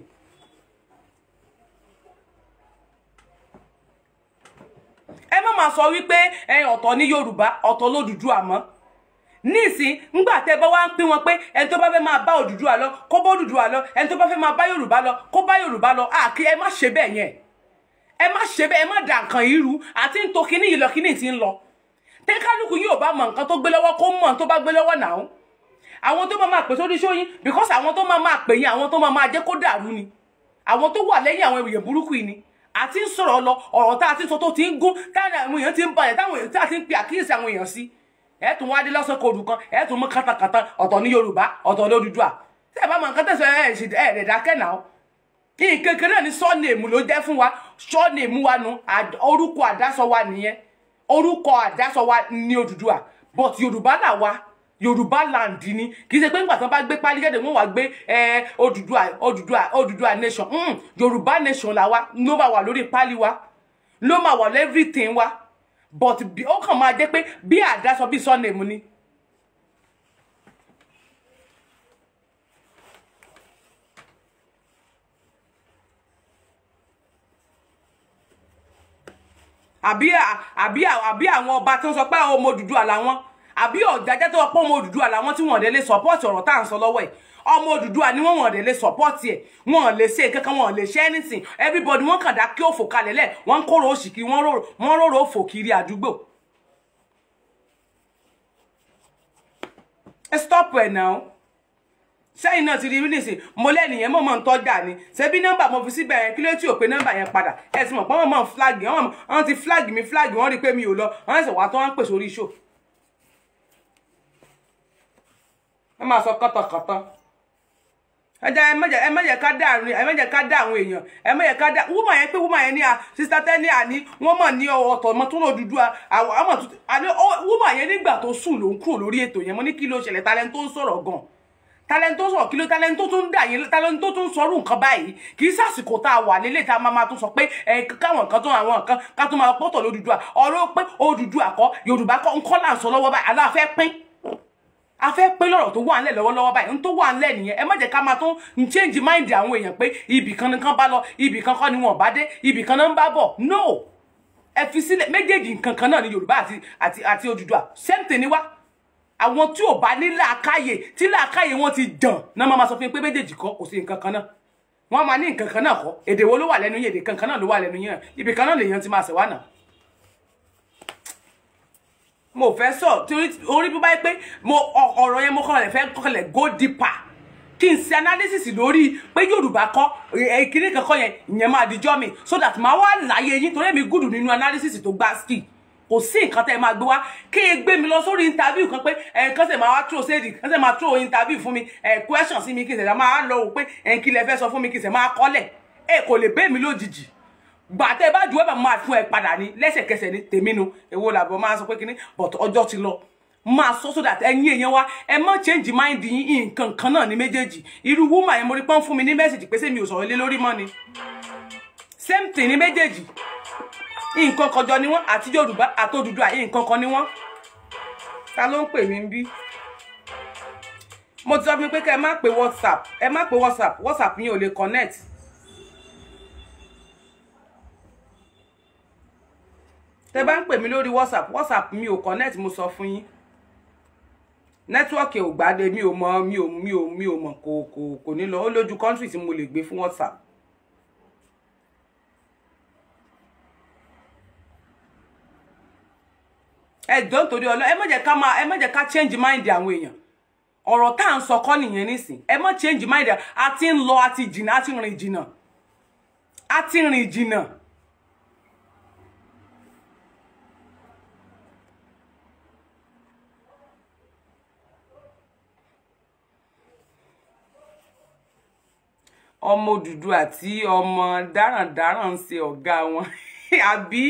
[SPEAKER 1] ẹ má máa sọ wípé ẹyin ọ̀tọ̀ ní Yorùbá ọ̀tọ̀ l'Odùduwà mọ́ nísìn ńgbà tẹ bá wá ń pín wọn pé ẹni tó bá fẹ́ máa bá Odùduwà lọ kó bá Odùduwà lọ ẹni tó bá fẹ́ máa bá Yorùbá lọ kó bá Yorùbá lọ àkí ẹ má ṣe bẹ́ẹ̀ yẹn ẹ má ṣe bẹ́ẹ̀ ẹ má dà nǹkan yìí rú àti ń to kinní yìí lọ kinní ti ń lọ tẹ́kálùkù yóò bá mọ nǹkan tó gbé lọ́wọ́ kó mọ̀ tó bá gbé lọ́wọ́ náà àwọn tó máa máa pè sórí sóyin because àwọn tó máa máa pè yín àwọn tó máa máa jẹ́ kó dàrú ni àwọn tó wà lẹ́yìn àwọn èèyàn burúkú yìí ni àti ń sọ̀rọ̀ lọ ọ̀rọ̀ tá a ti sọ tó ti ń gún táwọn àwọn èèyàn ti ń balẹ̀ táwọn èèyàn tí a ti ń pe àkíyèsí àwọn èèyàn sí ẹ tún wá dé lọ́sàn kò dùn kan ẹ tún mú kátàkátà ọ̀tọ̀ ní Yorùbá ọ̀tọ̀ ní Odùduwà tí ẹ bá mọ nǹkan tẹ̀sán ẹ̀ ṣì ẹ̀ rẹ̀ dákẹ́ náà kí kékeré ní sọ́ọ̀nèmù ló jẹ́ fún wa sọ́ọ̀nèmù wa nu orúkọ àdásọ wa nìyẹn orúkọ àdásọ wa ní Odùduwà but Yorùbá là wa yorùbá land ni kì í ṣe pé nígbà tán bá gbé pálí jáde wọn wà gbé Odùduwà Odùduwà Odùduwà nation hmm, yorùbá nation là wa ló máa wà lórí pálí wa ló máa wà lẹ́vìtìn wa but ó kàn máa jẹ́ pé bí àdá sọ bí sọ́nẹ̀mù ni. àbí àbí àbí àwọn ọba tó ń sọ pé àwọn ọmọ Odùduwà làwọn àbí ọ̀jájá tó wà ọmọ Odùduwà làwọn tí wọ́n lè support ọ̀rọ̀ tá à ń sọ lọ́wọ́ ẹ̀ ọmọ Odùduwà ni wọ́n wọ́n lè support ẹ̀ wọ́n lè ṣe kankan wọ́n lè ṣe anything everybody wọ́n kàn dá kí òfò kalẹ̀ lẹ̀ wọ́n kóró òṣì kiri wọ́n róró òfò kiri àdúgbò. ẹ stop ẹ̀ náà sẹ́yìn náà ti rí nísìn mo lẹ́nìyẹn mọ̀ mọ̀ ń tọ́jà ni ṣebí nọ́mbà mo fi síbẹ̀ yẹn kí ló tí ò pé nọ́mbà yẹn padà ẹ̀ sì mọ̀ pọ́n mọ̀ flag yẹn wọ́n ti flag mi flag wọ́n rí pé mi ò lọ wọ́n sì wá tó wọ́n pèsè orí show wọ́n máa sọ kọ́tọ̀kọ́tọ̀ ẹja ẹ mẹjẹ ẹ mẹjẹ ká dá àárín ẹ mẹjẹ ká dá àwọn èèyàn ẹ mẹjẹ ká dá wúmọ yẹn pé wúmọ yẹn ní a sista tẹni àní wọ́n mọ ní ọ̀tọ̀ ọmọ tó lọ dúdú àwọn ọmọ tó àní wúmọ yẹn nígbà tó sùn ló ń kúrò lórí ètò yẹn mo ní kí ló ṣẹlẹ̀ talẹ tó ń sọ̀rọ̀ gan talẹni tó sọ̀rọ̀ kí ló talẹni tó tún dà yín talẹni tó tún sọrú nǹkan báyìí kì í sàsìkò tá a wà lélẹ̀ tá a máa máa tún sọ pé ẹ káwọn nǹkan tó àwọn nǹkan ká tún máa pọ̀tọ̀ lódùdúà ọ̀rọ̀ pé a fẹ́ pé lọ́rọ̀ tó wà ńlẹ̀ lọ́wọ́lọ́wọ́ báyìí n tó wà ńlẹ̀ nìyẹn ẹ má jẹ́ ká máa tó ń change mind àwọn èèyàn pé ibì kan ni kán bá lọ ibì kan kọ́ ni wọn bá dé ibì kan náà ń bá no ẹ fi sílẹ̀ méjèèjì nǹkan kan náà ni Yorùbá àti àti àti Odùduwà same thing ni wá àwọn tí ò bá ní làákàyè tí làákàyè wọn ti dàn náà máa so fún pé méjèèjì kọ́ kò sí nǹkan kan náà wọn máa ní nǹkan kan náà kọ́ èdè wo ló wà lẹ́nu yẹn èdè kankan náà ló wà lẹ́nu yẹn ibì kan náà lèèyàn ti máa ṣẹ̀wá náà mo fẹ́ sọ torí orí bí báyìí pé mo ọ̀rọ̀ yẹn mo kọlẹ̀ fẹ́ kọlẹ̀ go deeper kí n ṣe analysis lórí pé yorùbá kọ ìkíní kankan yẹn ìyẹn máa dijọ́ mi so that màá wá láyé yín torí èmi gùdù nínú analysis tó gbá skill kò sí nǹkan tẹ́ ẹ máa gbé wá kí ẹ gbé mi lọ sórí interview kan pé ẹ kàn ṣe máa wá throw séèdì kàn ṣe máa throw interview fún mi question sí mi kì í ṣe máa lọ wò pé ẹ kí lẹ sọ fún mi kì í ṣe máa kọ́lẹ̀ ẹ kò lè bẹ́ mi lójijì gbà tẹ́ ẹ bá ju ẹ bá máa fún ẹ padà ní lẹ́sẹ̀kẹsẹ̀ ní tèmi nu èwo làbọ̀ máa sọ pé kínní but ọjọ́ ti lọ máa so so that ẹyin èèyàn wa ẹ má change mind yín nǹkan kan náà ní méjèèjì irú woman yẹn mo rí pọ́n fún mi ní mẹ́sàgì pé sẹ́mi ò sọ̀rọ̀ lé lórí mọ́ ni same thing ní méjèèjì nǹkan kan jọ ni wọ́n àti Yorùbá àtòdùdú aye nǹkan kan ni wọ́n ta ló ń pè mí mo ti sọ fún mi pé kẹ́ ẹ WhatsApp ẹ má pè WhatsApp WhatsApp yín ò le connect tẹ́ bá ń pè mí lórí whatsapp whatsapp mi ò connect mo sọ fún yín nẹ́tíwọ́ọ̀kì ò gbàdé mi ò mọ mi ò mi ò mi ò mọ̀ kò kò kò ní lọ ó lójú country tí mo lè gbé fún whatsapp. ẹ jọ nítorí ọlọ ẹ má jẹ́ ká máa ẹ má jẹ́ ká change mind àwọn èèyàn ọ̀rọ̀ tá à ń sọ kọ́ nìyẹn nísìn ẹ change mind a ti ń lọ a ti jìnnà a ti rìn jìnnà ọmọ òdùdú àti ọmọ dáràndáràn ń se ọ̀gá wọn <laughs> àbí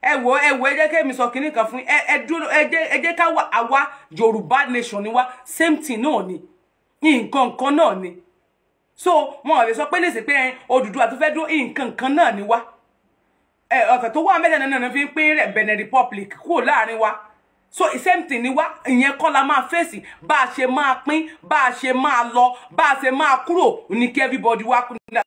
[SPEAKER 1] ẹ wo ẹ wo ẹ jẹ́ kí èmi sọ kinní kan fún ẹ ẹ dúró ẹ jẹ́ ẹ jẹ́ ká wà àwa yorùbá nation ni wá same thing náà ni nǹkan kan náà ni so wọn ò lè sọ pé lè sè pé òdùdú àti fẹ́ dún nǹkan kan náà ni wá ọ̀fẹ́ tó wà mẹ́tẹ̀ẹ̀ta náà fi ń pín rẹ̀ Benin Republic kúrò láàrin wa so same thing ni wá ìyẹn kọ́ la máa fèsì bá a ṣe máa pín bá a ṣe máa lọ bá a ṣe máa kúrò ní kí everybody wá kú nílẹ̀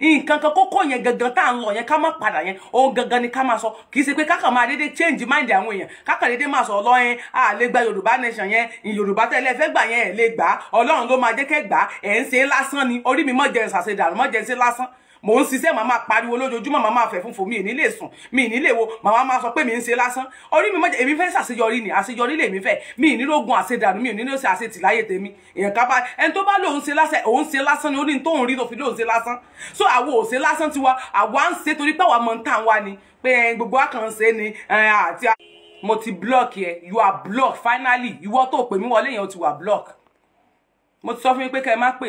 [SPEAKER 1] nǹkan kan kókó yẹn gangan tá à ń lọ yẹn ká má padà yẹn òun gangan ni ká máa sọ kì í ṣe pé kákan máa dédé change mind àwọn èèyàn kákan dédé máa sọ ọlọ́ yẹn a lè gba yorùbá nation yẹn yorùbá tẹ́lẹ̀ fẹ́ gbà yẹn ẹ̀ lè gbà ọlọ́run ló máa jẹ́ kẹ́ gbà ẹ̀ ń ṣe lásán ni orí mi mọ̀ ṣàṣedàrú mọ̀ jẹ́ ṣe lásán mò ń ṣiṣẹ́ màá pariwo lójoojúmọ́ màá máa fẹ̀ mi ì ní lè mi ì ní wo màá máa sọ pé mi ń ṣe lásán orí mi mọ́jà èmi fẹ́ ṣàṣeyọrí ni àṣeyọrí lèmi fẹ́ mi ì nílò ogun àṣedànù mi ì nílò ṣe àṣetì láyé tèmi èèyàn ká bá ẹni tó bá lóun ṣe lásán òun ṣe lásán ni ó ní tóun rí tó fi lóun ṣe lásán so àwo ò ṣe lásán tiwa àwa ń ṣe torí pé àwa mọ̀ ń tà wá ni pé gbogbo àkànṣe ni àti mo ti block yẹ you are blocked finally ìwọ tó pè mí wọlé yẹn o ti wà block mo ti sọ fún yín pé kẹ́ ẹ má pè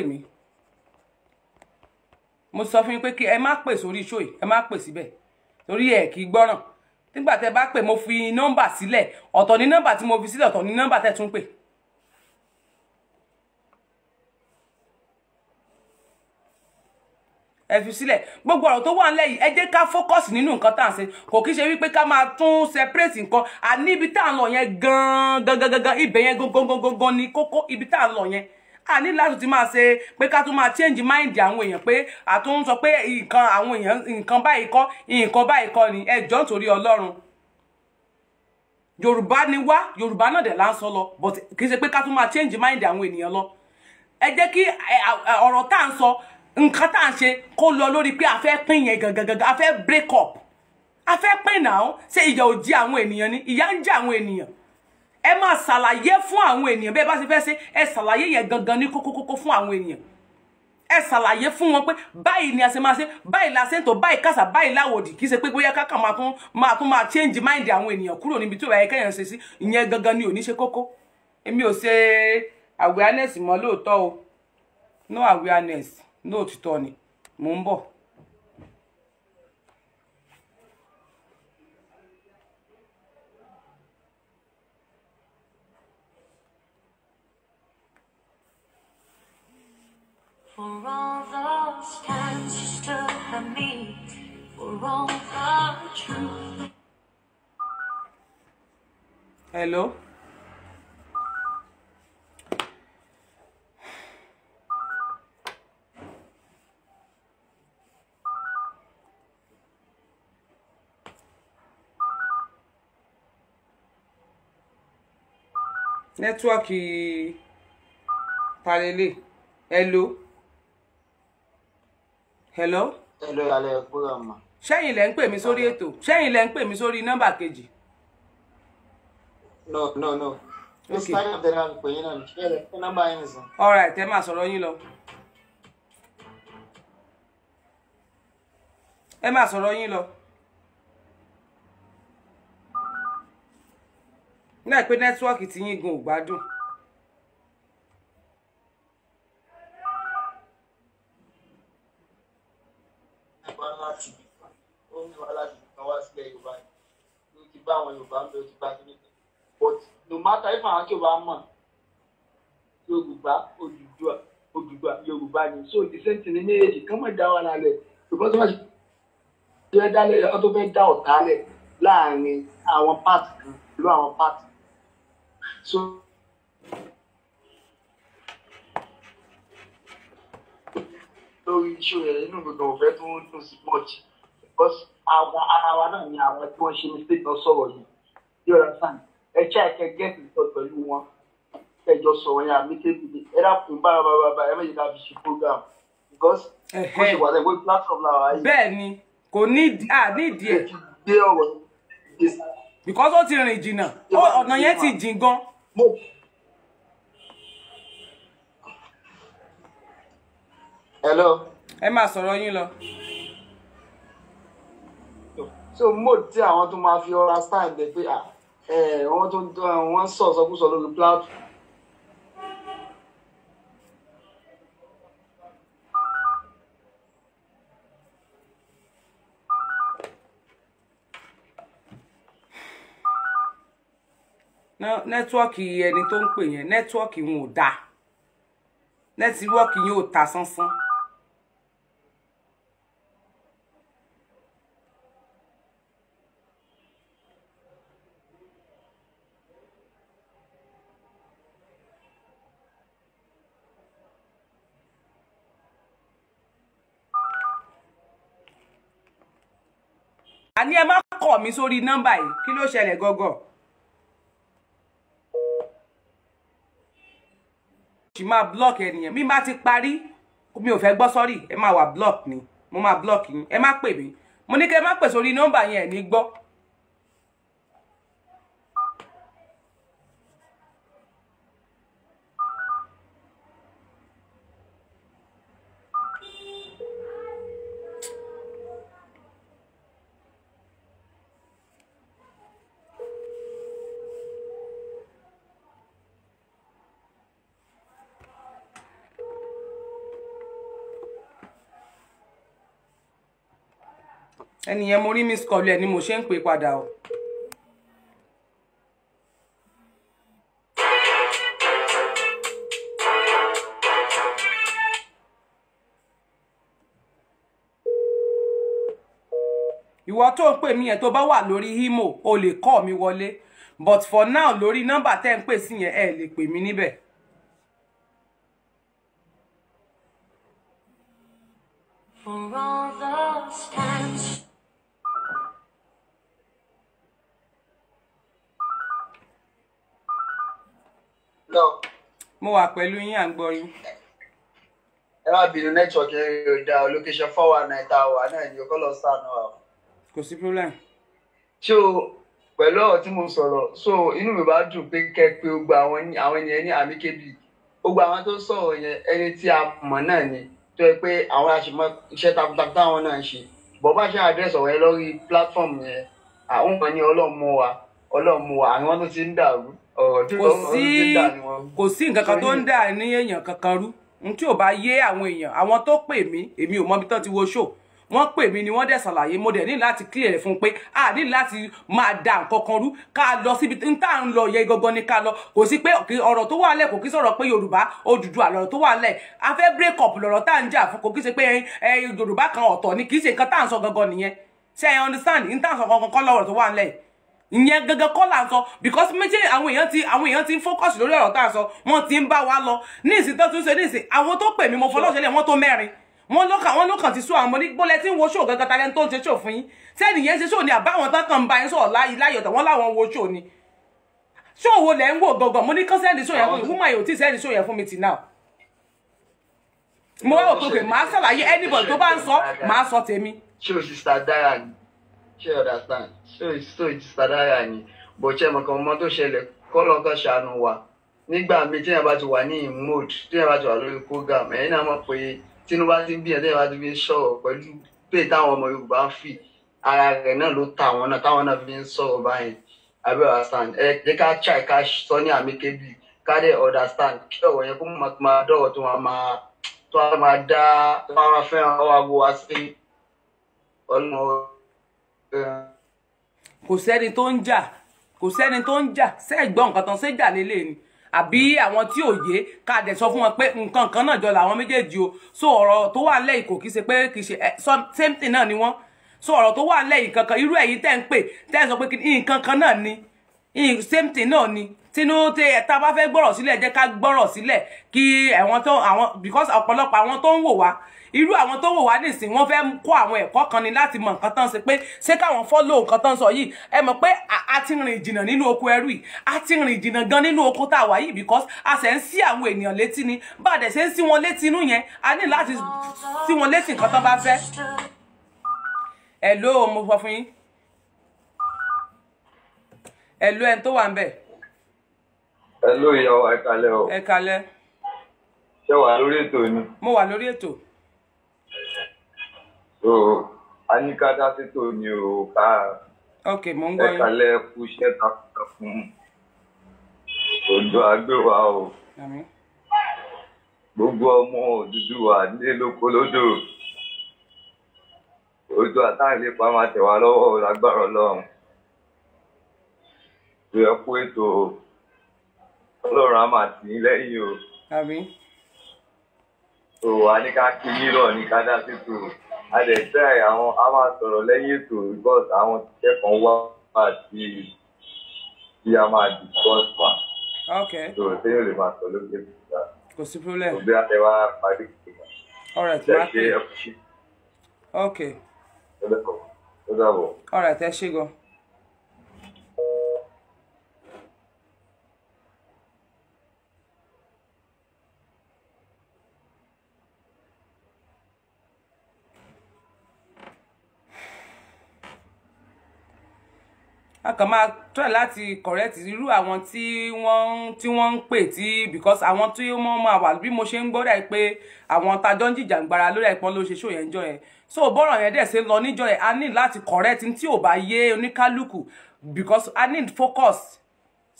[SPEAKER 1] mo sọ fún yín pé kí ẹ má pè sórí iṣó yìí ẹ má pè síbẹ̀ torí ẹ̀ kì í gbọ́ràn nígbà tẹ bá pè mo fi nọ́mbà sílẹ̀ ọ̀tọ̀ ní nọ́mbà tí mo fi sílẹ̀ ọ̀tọ̀ ní nọ́mbà tẹ̀ tún pè. ẹ fi sílẹ̀ gbogbo ọ̀rọ̀ tó wà ńlẹ̀ yìí ẹ jẹ́ ká fọ́kọ̀sì nínú nǹkan tá à ń ṣe kò kí ṣe wípé ká máa tún separate nǹkan àní ibi tá à ń lọ yẹn gan-an gan-an gan-an ibẹ̀ yẹn gangan gangan ni kókó ibi tá à ń lọ yẹn a ní láti ti máa ṣe pé ká tún máa change mind àwọn èèyàn pé àtún sọ pé nǹkan àwọn èèyàn nǹkan báyìí kọ́ nǹkan báyìí kọ́ ni ẹ jọ̀ọ́ nítorí Ọlọ́run Yorùbá ni wá Yorùbá náà dẹ̀ là ń sọ lọ but kì í ṣe pé ká tún máa change mind àwọn ènìyàn lọ ẹ jẹ́ kí ọ̀rọ̀ tá à ń sọ nǹkan tá à ń ṣe kó lọ lórí pé a fẹ́ pín yẹn gangan a fẹ́ break up a fẹ́ pín náà ṣe ìyà ò àwọn ènìyàn ni ìyà ń jẹ àwọn ènìyàn ẹ máa ṣàlàyé fún àwọn ènìyàn bẹ́ẹ̀ bá ṣe fẹ́ ṣe ẹ ṣàlàyé yẹn gangan ní kókókókó fún àwọn ènìyàn ẹ ṣàlàyé fún wọn pé báyìí ni a ṣe máa ṣe báyìí la ṣe ń tò báyìí kàṣà báyìí láwòdì kì í ṣe pé bóyá kákà máa tún máa tún máa change mind àwọn ènìyàn kúrò níbi tí ó yẹ kẹyàn ṣe sí ìyẹn gangan ni ò ní ṣe kókó èmi ò ṣe awareness mọ́ lóòótọ́ o no awareness no òtítọ́ ni mò ń bọ̀.
[SPEAKER 5] For all the times still me, for all the truth.
[SPEAKER 1] Hello? Network eh, Hello. hello. hello alẹ́ kúrò mà. sẹ́yìn lẹ́ ń pè mí sórí ètò sẹ́yìn lẹ́ ń pè mí sórí nọ́mbà kejì. no no no. ok all right ẹ máa sọ̀rọ̀ yín lọ. ẹ máa sọ̀rọ̀ yín lọ. nígbà pé nẹ́tíwọ́ọ̀kì ti yín gun ò gbádùn.
[SPEAKER 12] Yorùbá ń ti gba kí nìkan but no matter if àwọn akéwà mọ̀ Yorùbá Odùduwà Odùduwà Yorùbá ni so the same thing ní méjèèjì
[SPEAKER 8] kán mọ̀ dá wà lálẹ́ Yorùbá tó máa ṣe fẹ́ dálẹ̀ ẹ̀kọ́ tó fẹ́ dá ọ̀tá lẹ̀ láàrin àwọn part kan pẹ̀lú àwọn part so. lórí
[SPEAKER 12] iṣu rẹ̀ nínú gbogbo ọ̀fẹ́ tó ń dùn sí pọ̀jù because àwọn ara wa náà ni àwọn tí wọ́n ṣe mistake lọ sọ̀rọ̀ yìí you understand ẹ ṣe àìkẹ́ get in touch pẹ̀lú wọn ẹjọ sọ̀rọ̀ yẹn amíkébìlì ẹ dàkún bá bá bá bá ẹ méjì ká fi ṣe program because
[SPEAKER 1] kò ṣe wà lẹ́wọ́ platform náà wáyé. bẹ́ẹ̀ni kò ní à ní ìdí ẹ. gbé ọ̀rọ̀ because ó ti rìn jìnnà ọ̀nà yẹn ti jìn gan. hello.
[SPEAKER 12] ẹ máa sọ̀rọ̀ yín lọ so mo ti àwọn tó máa fi ọra style bẹ pé àwọn ah, tó wọn sọ sọkúsọ lórí pláàtù.
[SPEAKER 1] nẹ́tíwọ́ọ̀kì ẹni tó ń pè yẹn nẹ́tíwọ́ọ̀kì wọn ò dáa nẹ́tíwọ́ọ̀kì yẹn ò ta sánsán. mi sórí nọ́mbà yìí kí ló ṣẹlẹ̀ gọ́gọ́. ṣì máa block ẹnìyẹn mi bá ti parí mi ò fẹ́ gbọ́ sọ́rí ẹ máa wà block ni mo máa block yín ẹ má pè mí mo ní kẹ́ ẹ má pè sórí nọ́mbà yẹn ẹ̀ ní gbọ́. ẹni yẹn mo rí miss call ẹ ni mo ṣe ń pè padà o. ìwọ tó ń pè mí yẹn tó bá wà lórí imo o lè kọ́ mi wọlé but for now lórí nọ́mbà tẹ́ ń pè sí yẹn ẹ lè pè mí níbẹ̀.
[SPEAKER 5] For all those times.
[SPEAKER 12] mo wà pẹ̀lú yín à ń gbọ́ yín. ẹ má bínú nẹ́tíwọ̀kì yóò da o location four one nine tá a wà náà ni ọkọ lọ sànù wa. kò sí problem. ṣé o pẹ̀lú ọ̀rọ̀ tí mo sọ̀rọ̀ so inú mi bá dùn pé kẹ́ pé o gba àwọn ènìyàn ní àmíkébì o gba àwọn tó sọ̀rọ̀ yẹn ẹni tí a mọ̀ náà ni tó yẹ pé àwọn àṣemọ iṣẹ́ takuntakun táwọn náà ń ṣe bọ́bá ṣe àdírẹ́sì ọ̀rọ̀ yẹn lórí platform yẹn àwọn
[SPEAKER 1] kan ní ọlọ́mọ wa ọlọ́mọ wa àwọn tó ti ń dàrú kò sí nǹkan kan tó ń dà ní èèyàn kankan rú n tí ò bá yé àwọn èèyàn àwọn tó pè mí èmi ò mọbi tán ti wo show wọ́n pè mí ni wọ́n dẹ̀ ṣàlàyé mo dẹ̀ ní láti clear fún un pé a ní láti máa da nǹkan kan rú ká lọ síbi n tá à ń lọ yẹ gangan ni ká lọ kò sí pé ọ̀rọ̀ tó wà lẹ̀ kò kí sọ̀rọ̀ pé yorùbá Odùduwà lọ̀rọ̀ tó wà lẹ̀ a break up lọ̀rọ̀ tá à ń jà fún kò kí ṣe pé yorùbá kan ọ̀tọ̀ ni kì í ṣe nǹkan tá à ń sọ gangan nìyẹn ṣe ẹ understand n tá à ń sọ gangan kọ́ lọ̀rọ̀ tó wà lẹ̀ ìyẹn gangan kọ́ sọ because méjì àwọn èèyàn ti àwọn èèyàn ti ń focus lórí ọ̀rọ̀ tá à ń sọ wọ́n ti ń bá wa lọ ní ìsìn tó tún ṣe ní ìsìn àwọn tó pè mí mo fọlọ́ọ̀ṣẹ́lẹ̀ wọ́n tó mẹ́rin wọn lọkàn wọn lọkàn ti sún àwọn ní bọlẹ tí ń wo ṣòó gangan talẹ tó ń ṣe ṣòó fún yín sẹni yẹn ṣe ṣòó ni àbáwọn tán kàn ń ba yín sọ láyé láyé ọtọ wọn láwọn wo ṣòó ni ṣòó wo lẹ ń wò gangan mo ní kán sẹni ṣòó yẹn fún mi wúmọ yìí ò tí sẹni ṣòó yẹn fún mi tì náà mo wá òkè màá ṣàlàyé anybody tó bá ń sọ màá sọ tèmi. ṣé o sì ṣàdára ni ṣe understand e so
[SPEAKER 12] so sadaya ni bó ṣe mọ̀ kàn mọ́ tó ṣẹlẹ̀ kọ́lọ́kọ́ ṣàánú wa Nigba míì tí yẹn bá ti wà ní mood tí yẹn bá ti wà lórí program ẹ̀yin náà mọ̀ pé tinubu ti ń bí ẹ̀dẹ́yìn bá ti fi ń sọ̀rọ̀ pẹ̀lú pé táwọn ọmọ yorùbá ń ara rẹ̀ náà ló ta àwọn náà táwọn náà fi ń sọ̀rọ̀ báyìí abẹ́ understand ẹ jẹ́ ká try ká sọ ní amíkébì ká dẹ̀ understand kí ọ̀rọ̀ yẹn kó máa dọ̀rọ̀ tó máa tó máa dá tó máa fẹ́ràn
[SPEAKER 1] ọwọ́ àgbo wa sí ọlọ́run kò sẹ́ni tó ń jà kò sẹ́ni tó ń jà sẹ́gbọ́n nǹkan tán séjà lélẹ̀ ni àbí àwọn tí ò yé ká dẹ̀ sọ fún wọn pé nǹkan kan náà jọ làwọn méjèèjì o so ọ̀rọ̀ tó wà lẹ́yìn kò kí ṣe pé kì í ṣe eh, same thing náà ni wọ́n so ọ̀rọ̀ tó wà lẹ́yìn kankan irú ẹ̀yin tẹ́ ń pè tẹ́ ń sọ pé nǹkan kan náà ni same thing náà ni Tinubu tá a bá fẹ́ gbọ́rọ̀ sílẹ̀ jẹ́ ká gbọ́rọ̀ sílẹ̀ kí àwọn tó àwọn because ọ̀pọ̀lọpọ̀ àwọn tó ń wò wá irú àwọn tó wò wá nìsín wọ́n fẹ́ kó àwọn kan ni láti mọ nǹkan tán ṣe pé ṣé káwọn fọ́lọ́ nǹkan tán sọ yìí ẹ mọ̀ pé a ti rìn jìnnà nínú oko ẹrú yìí a ti rìn jìnnà gan nínú oko tá a wà because a ṣẹ̀ ń sí àwọn ènìyàn létí ni bá a dẹ̀ ṣe ń sí wọn létí inú a ní láti sí wọn létí nǹkan tán bá fẹ́. ẹ mo sọ fún yín ẹ ló ẹni tó wà
[SPEAKER 12] ẹ ló yà wá ẹ kalẹ o. ẹ kalẹ. ṣé wà lórí ètò ni.
[SPEAKER 1] mo wà lórí ètò.
[SPEAKER 12] so a ní ká dá sí tò ní o ká. ok mo ń gbọ́ yín. ẹ kalẹ kú iṣẹ́ ta fún odò agbéwà o. gbogbo ọmọ Odùduwà nílé lóko lódò ojú àtàlẹ pa máa tẹ̀ wá lọ́wọ́ lágbára Ọlọ́run. ìyẹn kú ètò o ọlọ́run á máa tì í lẹ́yìn o. àmín. o a ní ká kí yín lọ ní ká dá sípò a lè tẹ́ àwọn a máa sọ̀rọ̀ lẹ́yìn ètò because àwọn òṣìṣẹ́ kan wá àti tí a máa discuss pa. ok. so sẹ́yìn lè máa sọ lókè síta. kò sí problem. òbí àti wa parí kìkìkà.
[SPEAKER 1] all right ma ṣe é. ok. ó dàbọ̀. all right ẹ ṣé gan. a kàn máa try láti correct irú àwọn tí wọ́n tí wọ́n ń pè tí because àwọn tí wọ́n máa wà bí mo ṣe ń gbọ́dọ̀ pé àwọn tajọ́ ń jìjàngbara lórí ẹ̀pọ́n ló ṣe ṣó yẹn jọ yẹn so bọ́rọ̀ yẹn dẹ̀ ṣe lọ níjọ yẹn a ní láti correct tí ò bá yé oníkálukú because I need focus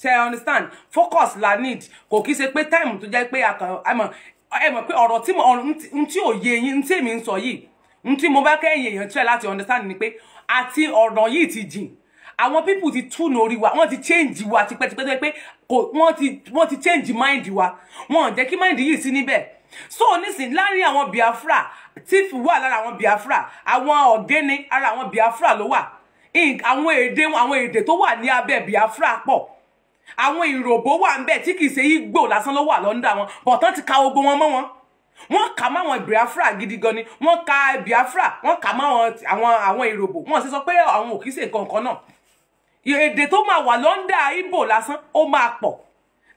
[SPEAKER 1] ṣe I understand focus la need kò kí ṣe pé time tó jẹ́ pé àkàn ẹ mọ̀ pé ọ̀rọ̀ tí mo ọ̀rọ̀ tí ò yé yín tí èmi ń sọ yìí n tí mo bá kẹ́yìn èèyàn try láti understand ni pé àti ọ̀rọ̀ yìí ti jìn àwọn people ti tún orí wa wọ́n ti change wa tipẹ́tipẹ́ tó yẹ pé wọ́n ti wọ́n ti change mind wa wọ́n jẹ́ kí mind yìí sí níbẹ̀ so nísìn láàrin àwọn Biafra tif wà lára àwọn Biafra àwọn ọ̀gẹ́ni ara àwọn Biafra ló wà àwọn èdè àwọn èdè tó wà ní abẹ́ Biafra pọ̀ àwọn ìròbó wà ń bẹ̀ tí kì í ṣe igbó lásán ló wà lọ́ndà wọn bọ̀tán ti ka ogbó wọn mọ́ wọn wọ́n kà máwọn biafra gidi gan ni wọ́n ka biafra wọ́n kà máwọn àwọn àwọn ìròbò wọ́n sì sọ pé àwọn òkìsè kankan náà èdè tó máa wà lọ́ndà Ìgbò lásán ó máa pọ̀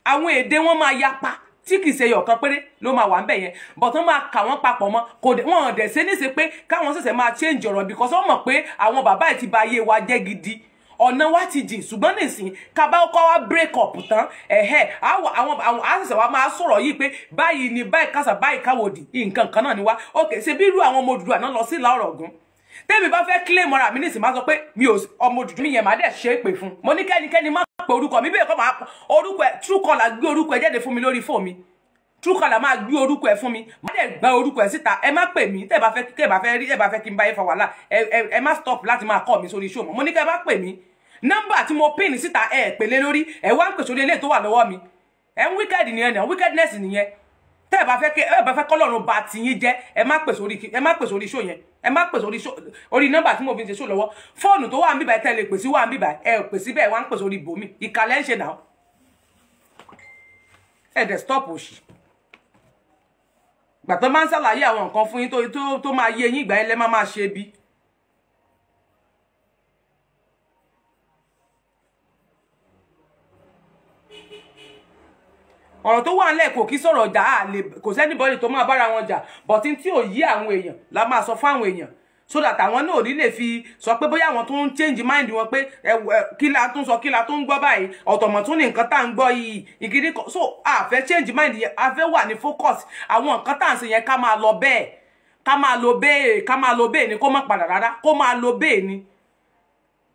[SPEAKER 1] àwọn èdè wọn máa yapa tí kìí ṣe ọ̀kan péré ló máa wà ń bẹ̀ yẹn but wọ́n máa kà wọ́n papọ̀ mọ́ kò dé wọ́n dẹ̀ ṣe níṣe pé káwọn ṣẹ̀ṣẹ̀ máa change ọ̀rọ̀ because wọ́n mọ̀ pé àwọn bàbá yìí ti ba wa jẹ́ gidi ọ̀nà wa ti jìn ṣùgbọ́n nísìnyí kaba ọkọ wa break up tán ẹ̀hẹ́ àwọn àwọn àṣẹṣẹ̀ wa máa sọ̀rọ̀ yìí pé báyìí ni báyìí kásà báyìí káwòdì nǹkan kan náà ni wá ok ṣe bí irú àwọn ọmọ Odùduwà náà lọ sí Ìlá Ọ̀ràngún tẹ́mi bá fẹ́ claim ara mi nísìnyí máa sọ pé mi ò ọmọ dúdú mi yẹn máa dẹ̀ ṣe é pè fún mo ní kẹ́nikẹ́ni má pe orúkọ mi bẹ́ẹ̀ kọ́ máa orúkọ ẹ̀ Truecaller gbé orúkọ ẹ̀ jáde fún mi lórí fóònù mi Truecaller máa gbé orúkọ ẹ̀ fún mi má dẹ̀ gba orúkọ ẹ̀ síta ẹ má pè mí tẹ́ bá fẹ́ kẹ́ bá fẹ́ rí ẹ bá fẹ́ kí n bá yẹ fa wàhálà E má stop láti máa call mi sórí show mo ní kẹ́ bá pè mí nọ́mbà tí mo pín síta ẹ pèlé lórí ẹ wá ń pèsè orí eléyìí tó wà lọ́wọ́ mi wicked ń wíkẹ́ẹ̀dì nìyẹn wickedness wíkẹ́ẹ̀dínẹ́sì nìyẹn tẹ́ ẹ̀ bá fẹ́ ẹ bá fẹ́ kọ́lọ́run ba tiyín jẹ́ ẹ má pèsè orí ẹ má pèsè orí ṣó yẹn ẹ má pèsè orí ṣó orí nọ́mbà tí mo fi ń ṣe ṣó lọ́wọ́ fóònù tó wà ń bíbà ẹ tẹ́lẹ̀ pèsè wà ń bíbà ẹ ò pèsè bẹ́ẹ̀ wà ń pèsè orí bòmí ìkàlẹ̀ ń ṣe nà ẹ dẹ̀ stop òṣì gbàtọ́ máa ń ṣàlàyé àwọn nǹkan fún yín tó máa yé yín ìgbà yẹn lẹ́ máa máa ṣe bíi ọ̀rọ̀ tó wà ńlẹ̀ kò kí sọ̀rọ̀ jà á lè kò sẹ́nìbọ́dì tó máa bára wọn jà bọ̀tí tí ò yí àwọn èèyàn la máa sọ fún àwọn èèyàn so that àwọn náà ò ní lè fi sọ pé bóyá àwọn tó ń change mind wọn pé kí la tún sọ kí la tún gbọ́ báyìí ọ̀tọ̀mọ̀ tún ní nǹkan tá ń gbọ́ yìí ìkíní kan so a fẹ́ change mind yẹn a fẹ́ wà ní focus àwọn nǹkan tá à ń ṣe yẹn ká máa lọ bẹ́ẹ̀ ká máa lo bẹ́ẹ̀ ká máa lo bẹ́ẹ̀ ni kó má padà rárá kó máa lo bẹ́ẹ̀ ni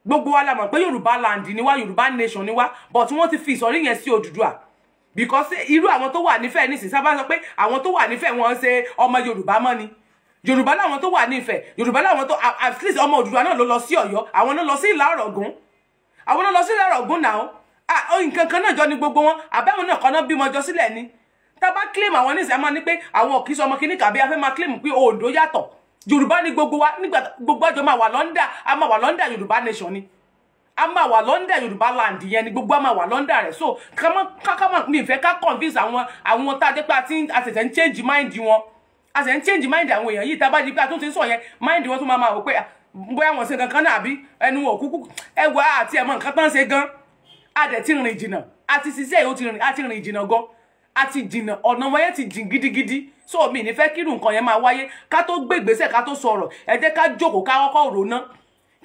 [SPEAKER 1] gbogbo wa la mọ̀ pé Yorùbá land ni wá Yorùbá nation ni wá but wọ́n ti fi ìsọ̀rí yẹn sí Odùduwà because irú àwọn tó wà nífẹ̀ẹ́ nísìnyí sábà sọ pé àwọn tó wà nífẹ̀ẹ́ wọn ṣe ọmọ yorùbá mọ́ ni yorùbá làwọn tó wà nífẹ̀ẹ́ yorùbá làwọn tó at least ọmọ òdùdúwa náà ló lọ sí ọ̀yọ́ àwọn ló lọ sí ìlà ọ̀rọ̀gún àwọn ló lọ sí ìlà ọ̀rọ̀gún náà ó nǹkan kan náà jọ ni gbogbo wọn àbẹ́wọn náà kan náà bímọ jọ sílẹ̀ ni tá bá claim àwọn nísìnyí a máa ní pé àwọn òkì sọmọ kíní kàbí afẹ́ máa claim pé òòdó yàtọ̀ yorùbá ni gbogbo wa nígbà gbogbo àjọ máa wà lọ́ndà a máa wà lọ́ndà yorùbá nation ni a máa wà lọ́ndà yorùbá land yẹn ni gbogbo a máa wà lọ́ndà rẹ̀ so kákámọ̀ mi fẹ́ ká convince àwọn àwọn tá a jẹ́ pé a ṣẹ̀ṣẹ̀ ń change mind wọn a ṣẹ̀ṣẹ̀ ń change mind àwọn èèyàn yìí tá a bá di pé a tún ti sọ yẹn mind wọn tún máa máa wò pé bóyá wọn ṣe kankan náà àbí ẹnu òkúkú ẹwà àti ẹ̀mọ́ nǹkan tán ṣe gan a dẹ̀ ti rìn jìnnà a ti ṣiṣẹ́ yìí a ti rìn jìnnà gan a ti jìnnà ọ̀nà wọn yẹn ti jìn gidigidi so mi ní fẹ́ kírun nǹkan yẹn máa wáyé ká tó gbé ká tó sọ̀rọ̀ ẹ jẹ́ ká jókòó ká kọ́kọ́ rò náà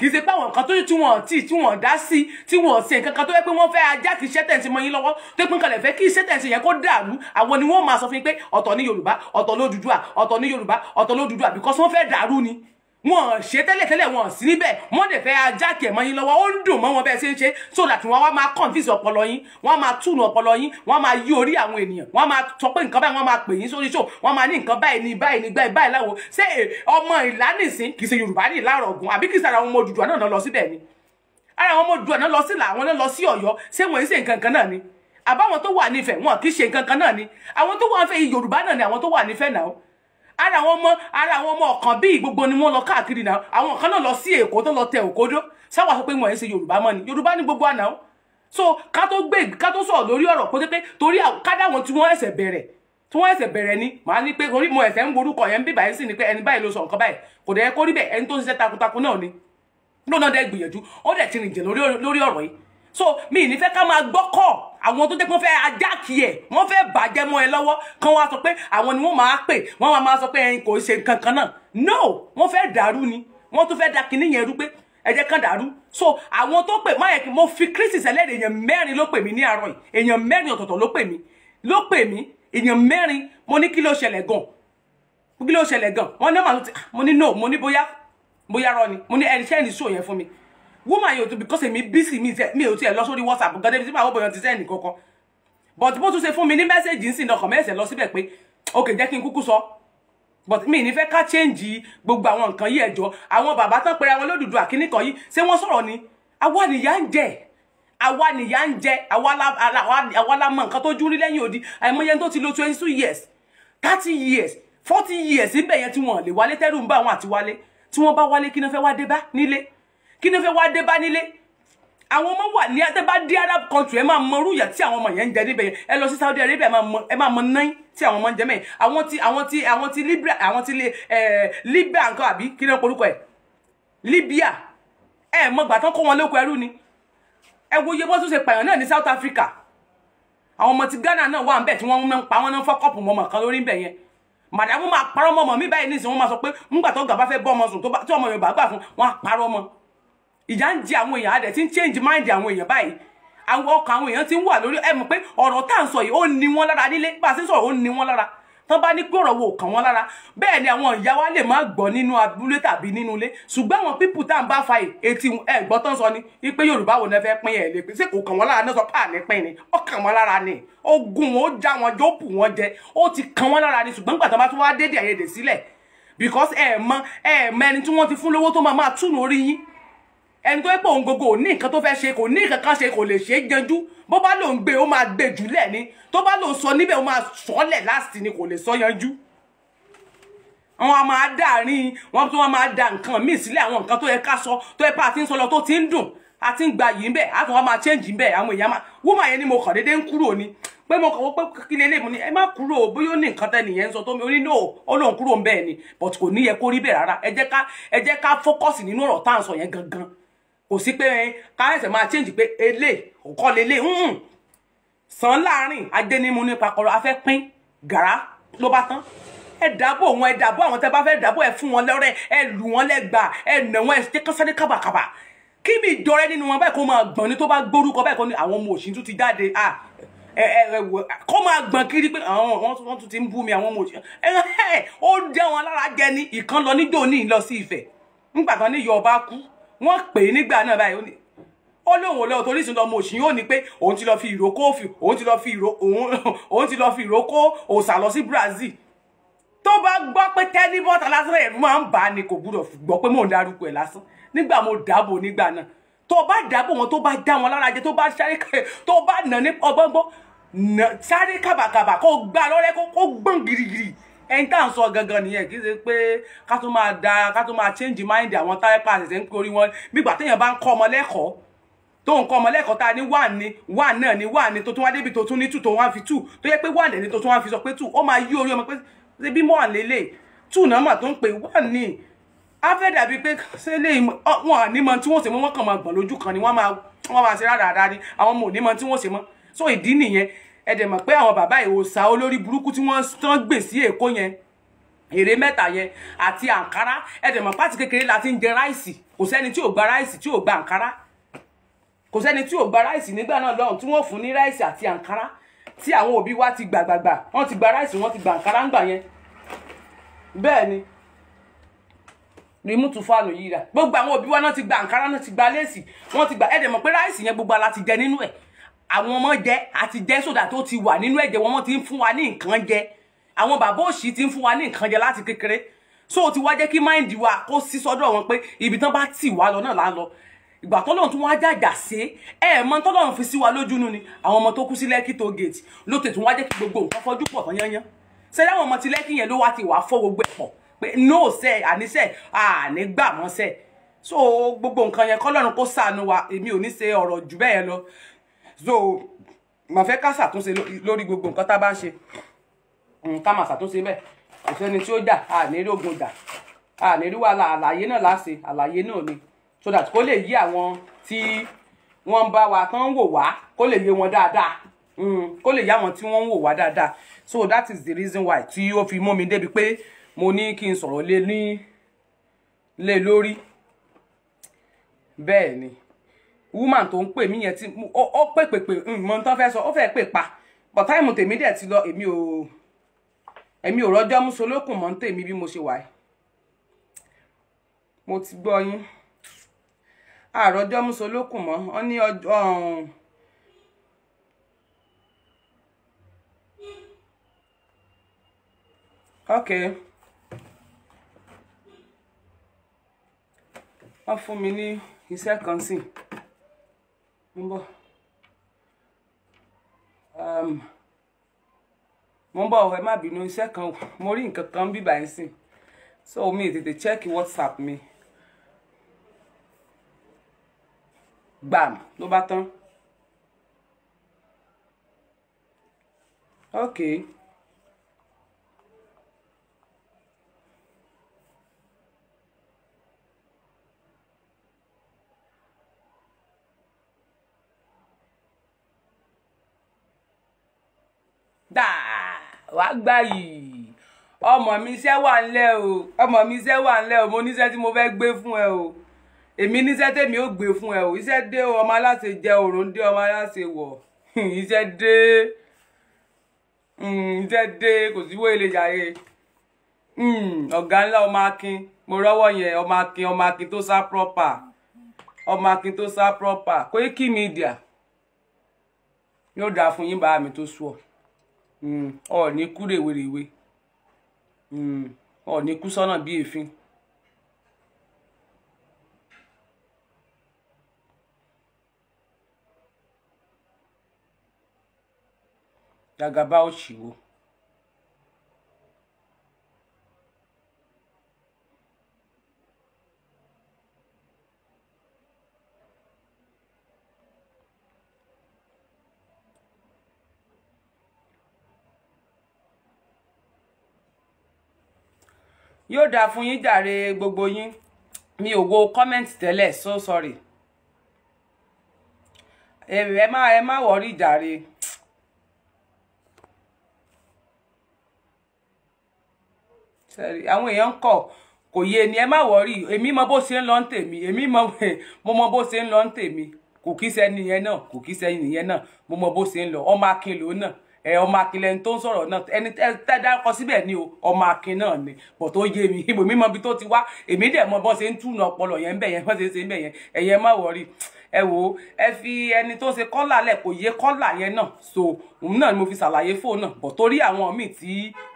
[SPEAKER 1] kì í ṣe pé àwọn nǹkan tó yẹ tí wọn tí tí wọn dá sí tí wọn ṣe nǹkan kan tó yẹ pé wọn fẹ́ ajá kì í ṣe tẹ̀sí mọ́ yín lọ́wọ́ tó pín kalẹ̀ fẹ́ kí iṣẹ́ tẹ̀sí yẹn kó dàrú àwọn ni wọ́n máa sọ fún yín pé ọ̀tọ̀ ní Yorùbá ọ̀tọ̀ lódùdúà ọ̀tọ̀ ní Yorùbá ọ̀tọ̀ lódùdúà because wọ́n fẹ́ dàrú ni wọn ṣe tẹ́lẹ̀tẹ́lẹ̀ wọn sí níbẹ̀ wọ́n lè fẹ́ ajá kẹ̀ mọ́ yín lọ́wọ́ ó ń dùn mọ́ wọn bẹ́ẹ̀ ṣe ń ṣe so that wọn wá máa confuse ọpọlọ yín wọn máa túnu ọpọlọ yín wọn máa yí orí àwọn ènìyàn wọn máa sọ pé nǹkan báyìí wọn máa pè yín sórí show wọn máa ní nǹkan báyìí ní báyìí ní báyìí báyìí láwo ṣé eh, ọmọ ìlànìsín kì í ṣe Yorùbá ní ìlàrọ̀ ọ̀gùn àbí kì í ṣe ara àwọn ọmọ Odùduwà náà lọ síbẹ̀ ni ara àwọn ọmọ Odùduwà náà lọ sí làwọn náà lọ sí Ọ̀yọ́ ṣé wọn ń ṣe nǹkan kan náà ni àbáwọn tó wà nífẹ̀ẹ́ wọn kì í ṣe nǹkan kan náà ni àwọn tó wà nífẹ̀ẹ́ Yorùbá náà ni àwọn tó wà nífẹ̀ẹ́ náà ara àwọn ọmọ ara àwọn ọmọ ọ̀kan bíi gbogbo ni wọ́n lọ káàkiri náà àwọn kan náà lọ sí èkó tó lọ tẹ òkódó sáwà sọ pé wọ́n yẹn ṣe yorùbá mọ́ ni yorùbá ní gbogbo àná so ká tó gbé ká tó sọ̀rọ̀ lórí ọ̀rọ̀ pé torí kádà wọn tí wọ́n ẹ̀sẹ̀ bẹ̀rẹ̀ tí wọ́n ẹ̀sẹ̀ bẹ̀rẹ̀ ni màá ní pé orí mo ẹ̀sẹ̀ ń gorúkọ yẹn bí báyìí sì ni pé ẹni báyìí ló sọ nǹkan báyìí kò dẹ̀ kó rí bẹ́ẹ̀ ẹni tó ń ṣiṣẹ́ takuntakun náà ni lónà dẹ̀ gbìyànjú ó dẹ̀ ti rìn jẹ̀ lórí ọ̀rọ̀ yìí so mi ní fẹ́ ká máa gbọ́kọ̀ àwọn tó jẹ́ pé wọ́n fẹ́ ajáàkì ẹ̀ wọ́n fẹ́ bàjẹ́ mọ́ ẹ lọ́wọ́ kan wá sọ pé àwọn ni wọ́n máa pè wọ́n máa sọ pé ẹ̀yin kò ṣe nǹkan kan náà no wọ́n fẹ́ dàrú ni wọ́n tún fẹ́ da kinní yẹn rú pé ẹ̀jẹ̀ kan dàrú so àwọn tó pè má yẹ kí mo fi kristi sẹ́lẹ̀ èèyàn mẹ́rin ló pè mí ní àárọ̀ yìí èèyàn mẹ́rin ọ̀tọ̀ọ̀tọ̀ ló pè mí ló pè mí èèyàn mẹ́rin mo ní kí ló ṣẹlẹ̀ gan kí ló ṣẹlẹ̀ gan wọ́n ní màá mo ní no mo ní bóyá bóyá rọ ni mo ní ẹni ṣẹ́ni sọ yẹn fún mi woman yóò tún because èmi busy mi mi ò tiẹ̀ lọ sórí whatsapp gan débi tí màá bọ̀yàn ti sẹ́ẹ̀ nìkan but bó tún ṣe fún mi ní mẹ́sẹ̀gì ńsìn ọkàn mẹ́sẹ̀ lọ síbẹ̀ pé ok jẹ́ kí n kúkú sọ but mi ní fẹ́ ká change gbogbo àwọn nǹkan yìí ẹ̀jọ́ àwọn bàbá tán pera wọn lódùdú àkíní kan yìí ṣé wọ́n sọ̀rọ̀ ni àwa nìyà ń jẹ àwa nìyà ń jẹ àwa la mọ nǹkan tó jú rí lẹ́yìn odi àìmọye tó ti lo twenty two years thirty years forty years ibẹ̀ yẹn tí wọ́n lè wálé tẹ́rù ń bá àwọn àti wálé tí wọ́n bá wálé kí ni wọ́n fẹ́ wá dé bá nílé kí ni fẹ́ wá dé bá nílé àwọn ọmọ wà ní tẹ́ bá dé arab country ẹ máa mọ irú ìyà tí àwọn ọmọ yẹn ń jẹ níbẹ̀ yẹn ẹ lọ sí saudi arabia ẹ máa mọ náírà tí àwọn ọmọ ń jẹ mẹ́yìn àwọn ti àwọn ti àwọn ti libya àwọn ti libya nǹkan àbí kí ni wọ́n porúkọ ẹ̀ libya ẹ mọ gbà tán kó wọn lóko ẹrú ni ẹ wo iye bó tún ṣe pààyàn náà ní south africa àwọn ọmọ ti ghana náà wà ń bẹ̀ tí wọ́n ń pa wọ́n náà fọ́kọ̀pù mọ́mọ́ kan lórí ń bẹ̀ yẹn màdàmú máa parọ́ mọ́mọ́ mi báyìí nísìnyí wọ́n máa sọ pé ńgbà tó gàba fẹ́ bọ́ ọmọ sùn tí ọmọ yorùbá gbà fún wọn á parọ́ mọ́ ìjà ń di àwọn èèyàn adẹ̀ tí ń change mind àwọn èèyàn báyìí àwọn ọkàn àwọn èèyàn ti ń wà lórí ẹ mọ̀ pé ọ̀rọ̀ tá à ń sọ yìí ó ní wọn lára nílé bá a ṣe sọ̀rọ̀ ó ní wọn lára tán bá ní pé ọ̀rọ̀ wo kàn wọ́n lára bẹ́ẹ̀ ni àwọn ìyá wa lè má gbọ́ nínú abúlé tàbí nínú ilé ṣùgbọ́n àwọn pípù tá à ń bá fa etí ẹ̀ gbọ́ tán sọ ni wípé yorùbá wo ni ẹ fẹ́ pín ẹ̀ lè pín sí kò kàn wọ́n lára náà sọ pé àní pín ni ó kàn wọ́n lára ni ó gùn ó já wọn jó bù wọn jẹ ó ti kàn wọ́n lára ni ṣùgbọ́n gbàtàn bá tún wá dédé àyèdè sílẹ̀ because ẹ̀ mọ ẹ̀ mọ ẹni tí wọ́n ti fún lówó tó máa máa túnú orí yín ẹni tó yẹ pé òun gbogbo ò ní nǹkan tó fẹ́ ṣe kò ní nǹkan kan ṣe kò lè ṣe é yanjú bó bá lòun gbé ó máa gbé jùlẹ̀ ni tó bá lòun sọ níbẹ̀ ó máa sọ́lẹ̀ láti ni kò lè sọ yanjú wọn a máa dáàrin wọn tó wọn máa da nǹkan míì sílẹ̀ àwọn nǹkan tó yẹ ká sọ tó yẹ pé àti ń sọ lọ tó ti ń dùn àti ń gba yìí ń bẹ̀ àti wọn máa change ń bẹ̀ àwọn èèyàn máa wúmọ̀ yẹn ni mo kàn déédéé ń kúrò ni pé mo kàn pé kí lélẹ̀ mo ní ẹ má kúrò o bóyá ó ní nǹkan tẹ́ni yẹn ń sọ tó mi ó ní no ó lóun kúrò ń bẹ́ẹ̀ ni but kò ní yẹ kó rí bẹ́ẹ̀ rárá ẹ jẹ́ ká ẹ jẹ́ ká fókọ̀sì nínú ọ̀rọ̀ tá à ń sọ yẹn gangan kò sí pé eh, káyọ̀sẹ̀ máa change pé elé òkọ́ lélẹ̀ hùn sàn láàrin adénímù nípa kọ̀rọ̀ afẹ́ pín gàrá ló bá tán ẹ dàbò wọn ẹ dàbò àwọn tẹ bá fẹ́ dàbò ẹ fún wọn lọ́rẹ́ ẹ lù wọn lẹ́gbà ẹ nà wọn ẹ ṣe kánsáré kábàkàbà kí bí ìjọrẹ́ nínú wọn báyìí kó máa gbọ̀n ní tó bá gbórúkọ báyìí kó ní àwọn ọmọ òṣì tún ti jáde à kó máa gbọ̀n kiri pé àwọn wọn tún ti ń bú mi àwọn ọmọ òṣì ó jẹ́ wọn lára jẹ ní ìkan lọ níjó ní ìlọsí ìfẹ́ nígbà kan ní Yorùbá kú wọ́n pè é nígbà náà báyìí ó lóun ò lọ torí ìsúná ọmọ òsì yóò ní pé òun ti lọ fi ìrókò òun ti lọ fi ìrókò <laughs> òun ti lọ fi ìrókò òòsà lọ sí Brazil tó bá gbọ́ pé tẹ́lí bọ́ta lásán ẹ̀rù máa ń bà á ni kò gbúdọ̀ gbọ́ pé mò ń darúkọ ẹ̀ lásán nígbà mo dáàbò nígbà náà tó bá dáàbò wọn tó bá dá wọn lára jẹ tó bá sáré tó bá nà ní ọgbọ́ngbọ́n sáré kàbàkàbà kó gbá lọ́rẹ́ kó gbọ́n girigiri ẹni tá à ń sọ gangan nìyẹn kì í ṣe pé ká tó da ká tó máa change mind àwọn táyà pa àṣẹṣẹ ń korí wọn nígbà téèyàn bá ń kọ́ ọmọ lẹ́kọ̀ọ́ tó ń kọ́ ọmọ lẹ́kọ̀ọ́ tá a ní one ni one náà ni one ni tó tún wá débi tó tún ní two to wá fi two tó yẹ pé one dẹ̀ ni tó tún wá fi sọ pé ma. ó máa yí orí ọmọ pé ṣe bí mọ́ àlélẹ̀ two náà mà tó ń pè one ni afẹ́ dàbí pé sẹ́lẹ̀ wọn ànímọ̀ tí wọ́n ṣe mọ́ wọ́n kàn máa gbọ̀n lójú kan ni wọ́n máa ṣe rárá rárá ni àwọn ọmọ ònímọ̀ tí wọ́n ṣe mọ́ so ìdí nìyẹn ẹ dẹ̀ mọ̀ pé àwọn bàbá ìwòsàn olórí burúkú tí wọ́n tán gbè sí èkó yẹn èrè mẹ́ta yẹn àti àǹkárá ẹ dẹ̀ mọ̀ pàtì kékeré la ti ń jẹ ráìsì kò sẹ́ni tí ò gba ráìsì tí ò gba àǹkárá kò sẹ́ni tí ò gba ráìsì nígbà náà lọ́hùn tí wọ́n fún ní ráìsì àti àǹkárá tí àwọn òbí wa ti gbàgbàgbà wọ́n ti gba ráìsì wọ́n ti gba àǹkárá ńgbà yẹn bẹ́ẹ̀ ni rìmútù fáànù yìí rà gbogbo àwọn òbí wa náà ti gba àǹkárá náà ti gba léèsì wọ́n ti gba ẹ̀dẹ̀ mọ̀ pé ráìsì yẹn gbogbo ala ti jẹ nínú ẹ̀ àwọn ọmọ jẹ àti jẹ sódà tó ti wà nínú ẹ̀jẹ̀ wọn ti ń fún wa ní nǹkan jẹ àwọn bàbá òṣì ti ń fún wa ní nǹkan jẹ láti kékeré so ti wá jẹ́ kí máìndì wa kó sí sọ́dọ̀ wọn pé ibi tán bá tì wá lọ náà lá lọ ìgbà tọ́lọ́run tún wá jàjà sí ẹ ẹ mọ tọ́lọ́run fi sí wa lójú nu ni àwọn ọmọ tó kú sí lẹ́kì tó gèètì ló tètè wá jẹ́ kí gbogbo nǹkan fojú pọ̀ tán yányán sẹ́yìn àwọn ọmọ ti lẹ́kì yẹn ló wá ti wá fọ́ gbogbo ẹ̀ pọ̀ pé no sẹ́ àníṣe àní gbà mọ́ sẹ́ so gbogbo nǹkan yẹn kọ́lọ́run kó ṣàánú wa èmi ò ní ṣe ọ̀rọ̀ jù bẹ́ẹ̀ lọ so ma fẹ́ ká ṣàtúnṣe lórí gbogbo nǹkan tá a bá ń ṣe hmm, ká máa ṣàtúnṣe bẹ́ẹ̀ kò sẹ́ni tí ó jà a ní rí ogun a ní rí wàhálà àlàyé náà láṣe àlàyé náà ni so that kó lè yí àwọn tí wọ́n ń wa tán ń wò wá kó lè yé wọn dáadáa hmm, kó lè yá àwọn tí wọ́n ń wò wá so that is the reason why tí ó fi mú mi débi pé mo ní kí n sọ̀rọ̀ lé ní lé lórí bẹ́ẹ̀ woman tó ń pè mí yẹn tí ó pè pè pè mọ mm, tó fẹ́ sọ ó fẹ́ pè pa but táìmù tèmi dẹ̀ ti lọ èmi ò èmi ò rọjọ́ mú solókùn mọ́ tèmi bí mo ṣe wà mo ti gbọ́ yín àròjọ́ mú solókùn mọ́ ọ ní ọjọ́ ọ̀hún. okay wọ́n fún mi ní iṣẹ́ kan sí i mo Um, bọ̀ ẹ má bínú iṣẹ́ kan mo rí nǹkan kan bíbà ẹ̀ sìn so mi tètè chẹ́ẹ̀kì whatsapp me, bam. No button. okay. wàá gbà yìí ọmọ mi iṣẹ́ wà ńlẹ̀ o ọmọ mi iṣẹ́ wà ńlẹ̀ o mo níṣẹ́ tí mo fẹ́ gbé fún ẹ o èmi níṣẹ́ tèmi ó gbé fún ẹ o iṣẹ́ dé o ọmọ aláṣẹ jẹ òrùn dé ọmọ aláṣẹ wọ̀ hmm, iṣẹ́ dé hmm, iṣẹ́ dé kò sí wọ́n èlé yàrá ọ̀gá ńlá ọmọ akin mo rọ́wọ́ yẹn ọmọ akin ọmọ akin tó sá proper ọmọ akin tó sá proper Koiki Media yóò dáa fún yín bá mi tó sùọ́. Mm, ọ ọ̀ọ̀ni kú rèwerèwe mm, ọ̀ọ̀ni kú sọ́nà bí èéfín. gàgàbá o. yóò dáa fún yín jàre gbogbo yín mi ò wo comment tẹ́lẹ̀ so sorry ẹ má ẹ má wọrí jàre. àwọn èèyàn ń kọ kò yé ni ẹ má wọrí èmi mọ bó ṣe ń lọ ń tèmi èmi mọ <laughs> mo mọ bó ṣe ń lọ ń tèmi kò kí sẹ́ni yẹn náà kò kí sẹ́ni yẹn náà mo mọ bó ṣe ń lọ ọmọ akínlò náà ẹ ọmọ akin lẹni tó ń sọ̀rọ̀ náà ẹni tẹ́ dárúkọ síbẹ̀ ni o ọmọ akin náà ni bọ̀ tó yé mi ìbò mímọ ibi tó ti wá èmi dẹ̀ mọ bọ́ ṣe ń túnà ọpọlọ yẹn bẹ̀ yẹn bọ́ ṣe ń ṣe bẹ̀ yẹn ẹ̀yẹ má wọrí ẹ wò ó ẹ fi ẹni tó ṣe kọ́là lẹ̀ kò yé kọ́là yẹn náà so òun náà ni mo fi ṣàlàyé fóun náà bọ̀ torí àwọn míì tí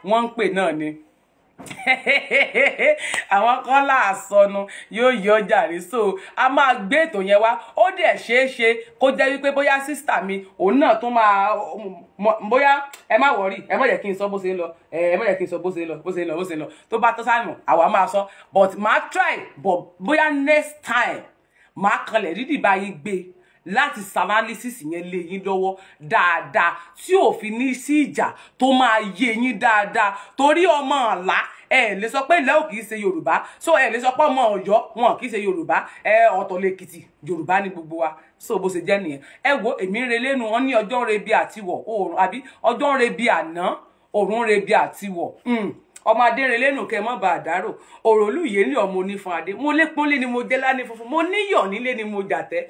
[SPEAKER 1] wọ́n ń pè náà ni <laughs> àwọn kan láàsọnu yóò yọ jàre so a máa gbé ètò yẹn wá ó dẹ̀ ṣeé ṣe kó jẹ́ wípé bóyá sísítà mi òun náà tún máa bóyá ẹ má wọrí ẹ má jẹ́ kí n sọ bó ṣe ń lọ ẹ má jẹ́ kí n sọ bó ṣe ń lọ bó ṣe ń lọ bó ṣe ń lọ tó bá tó sáyẹn àwa máa sọ but máa try but bóyá next time máa kanlẹ̀ dídì báyìí gbé láti sanalysis yẹn lé yín lọ́wọ́ dáadáa tí ò fi ní sí ìjà tó máa yé yín dáadáa torí ọmọ ọ̀la ẹ lè sọ pé ilẹ̀ kì í ṣe yorùbá so ẹ lè sọ pé ọmọ ọ̀yọ́ wọn kì í ṣe yorùbá ẹ ọ̀tọ̀ lèkìtì yorùbá ní gbogbo wa so bó ṣe jẹ́ nìyẹn ẹ wo èmi ń relẹ́nu wọn ní ọjọ́ rebi àtiwọ̀ oòrùn àbí ọjọ́ rebi àná oòrùn rebi àtiwọ̀ hmm ọmọ adérinlénù kẹ mọ́ bá àdárò òròlù yìí ní ọmọ onífọn adé mo lépọ́nlé ni mo délá ní funfun mo níyọ̀ nílé ni mo jàtẹ́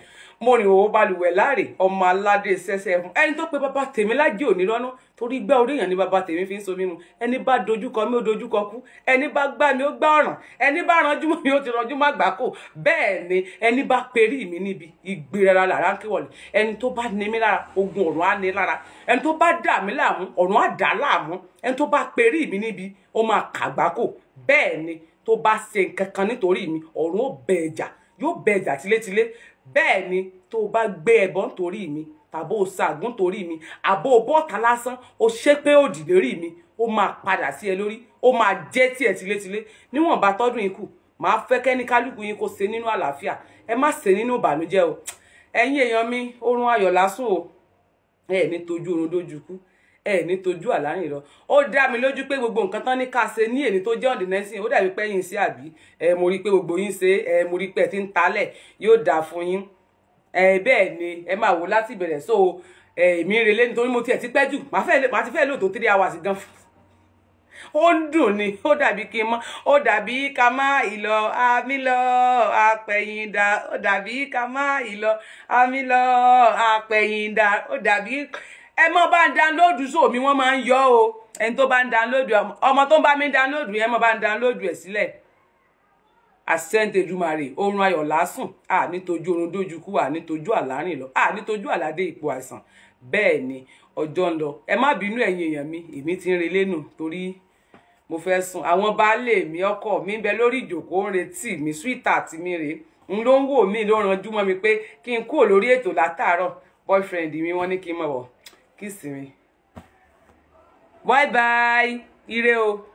[SPEAKER 1] mo rìn òwò balùwẹ̀ láàrè ọmọ aládé sẹ́sẹ́ fún ẹni tó pe bàbá tèmi lájẹ́ òní lọ́nà torí gbá orí èèyàn ni bàbá tèmi fi ń so mímu ẹni bá dojúkọ mi ó dojúkọ kú ẹni bá gbá mi ó gbá ọ̀ràn ẹni bá ranjú mọ́ mi ó ti ranjú má gbà kó bẹ́ẹ̀ ni ẹni bá perí mi níbi ìgbéra lára ń kíwọ̀lì ẹni tó bá ní mi lára ogun ọ̀run á ní lára ẹni tó bá dà mí láàmú ọ̀run á dà láàmú ẹni tó bá perí mi níbi ó máa kàgbákò bẹ́ẹ̀ ni tó bá ṣe nǹkan kan nítorí mi ọ̀run ó bẹ ẹ̀jà yóò bẹ ẹ̀jà tilétilé bẹ́ẹ̀ ni tó bá gbé ẹbọ nítorí mi tàbó ṣàgùn torí mi àbó bọ́ọ̀tà lásán ó ṣe pé ó dìde rí mi ó máa padà sí ẹ lórí ó máa jẹ́ tiẹ̀ tilétilé níwọ̀nba tọ́dún yìí kù màá fẹ́ kẹ́ni kálukú yín kó ṣe nínú àlàáfíà ẹ má ṣe nínú ìbànújẹ́ o ẹ̀yin èèyàn mi oorun ayọ̀ lásùn o ẹ̀ ní tojú oorun dójú kú ẹ ní tojú àlárìn lọ ó dá mi lójú pé gbogbo nǹkan tán ní ká ṣe ní èyí tó jẹ́ ọ̀dẹ̀ nẹ́sìn ó dàbí pé yín sí àbí ẹ mo rí i pé gbogbo yín ṣe ẹ mo rí i pé ẹ ti ń talẹ̀ yóò dáa fún yín ẹ bẹ́ẹ̀ ni ẹ máa wò láti ìbẹ̀rẹ̀ so èmi ń relé nítorí mo tiẹ̀ ti pẹ́ jù màá ti fẹ́ lò tó three hours gan ó ń dùn ni ó dàbí kí n mọ ó dàbí ká má ìlọ àmìlọ àpẹyìndà ó dàbí ká má ìlọ àmìlọ àpẹyìndà ó dàbí ẹ mọ bá ń dánlóòdù sóò mi wọ́n máa ń yọ o ẹni tó bá ń dánlóòdù ọmọ tó ń bá mi dánlóòdù yẹn mọ bá ń dánlóòdù ẹ̀ sílẹ̀ àṣẹ́ǹtẹ̀dùmarè oorun ayọ̀ lásùn à nítojú oorun dójúkú à nítojú àlárìn lọ à nítojú àládé ipò àìsàn bẹ́ẹ̀ ni ọjọ́ ń lọ ẹ má bínú ẹ̀yin èèyàn mi èmi ti ń relé nù torí mo fẹ́ sùn àwọn baálé mi ọkọ mi ń bẹ lórí ìjòkó ń retí mi sweeter àti mi rèé n ló ń wò mí ló ranjú mọ́ mi pé kí n kúrò lórí ètò látàárọ̀ boyfriend mi wọ́n ní kí n mọ̀ wọ̀ kiss mi bye bye ire o.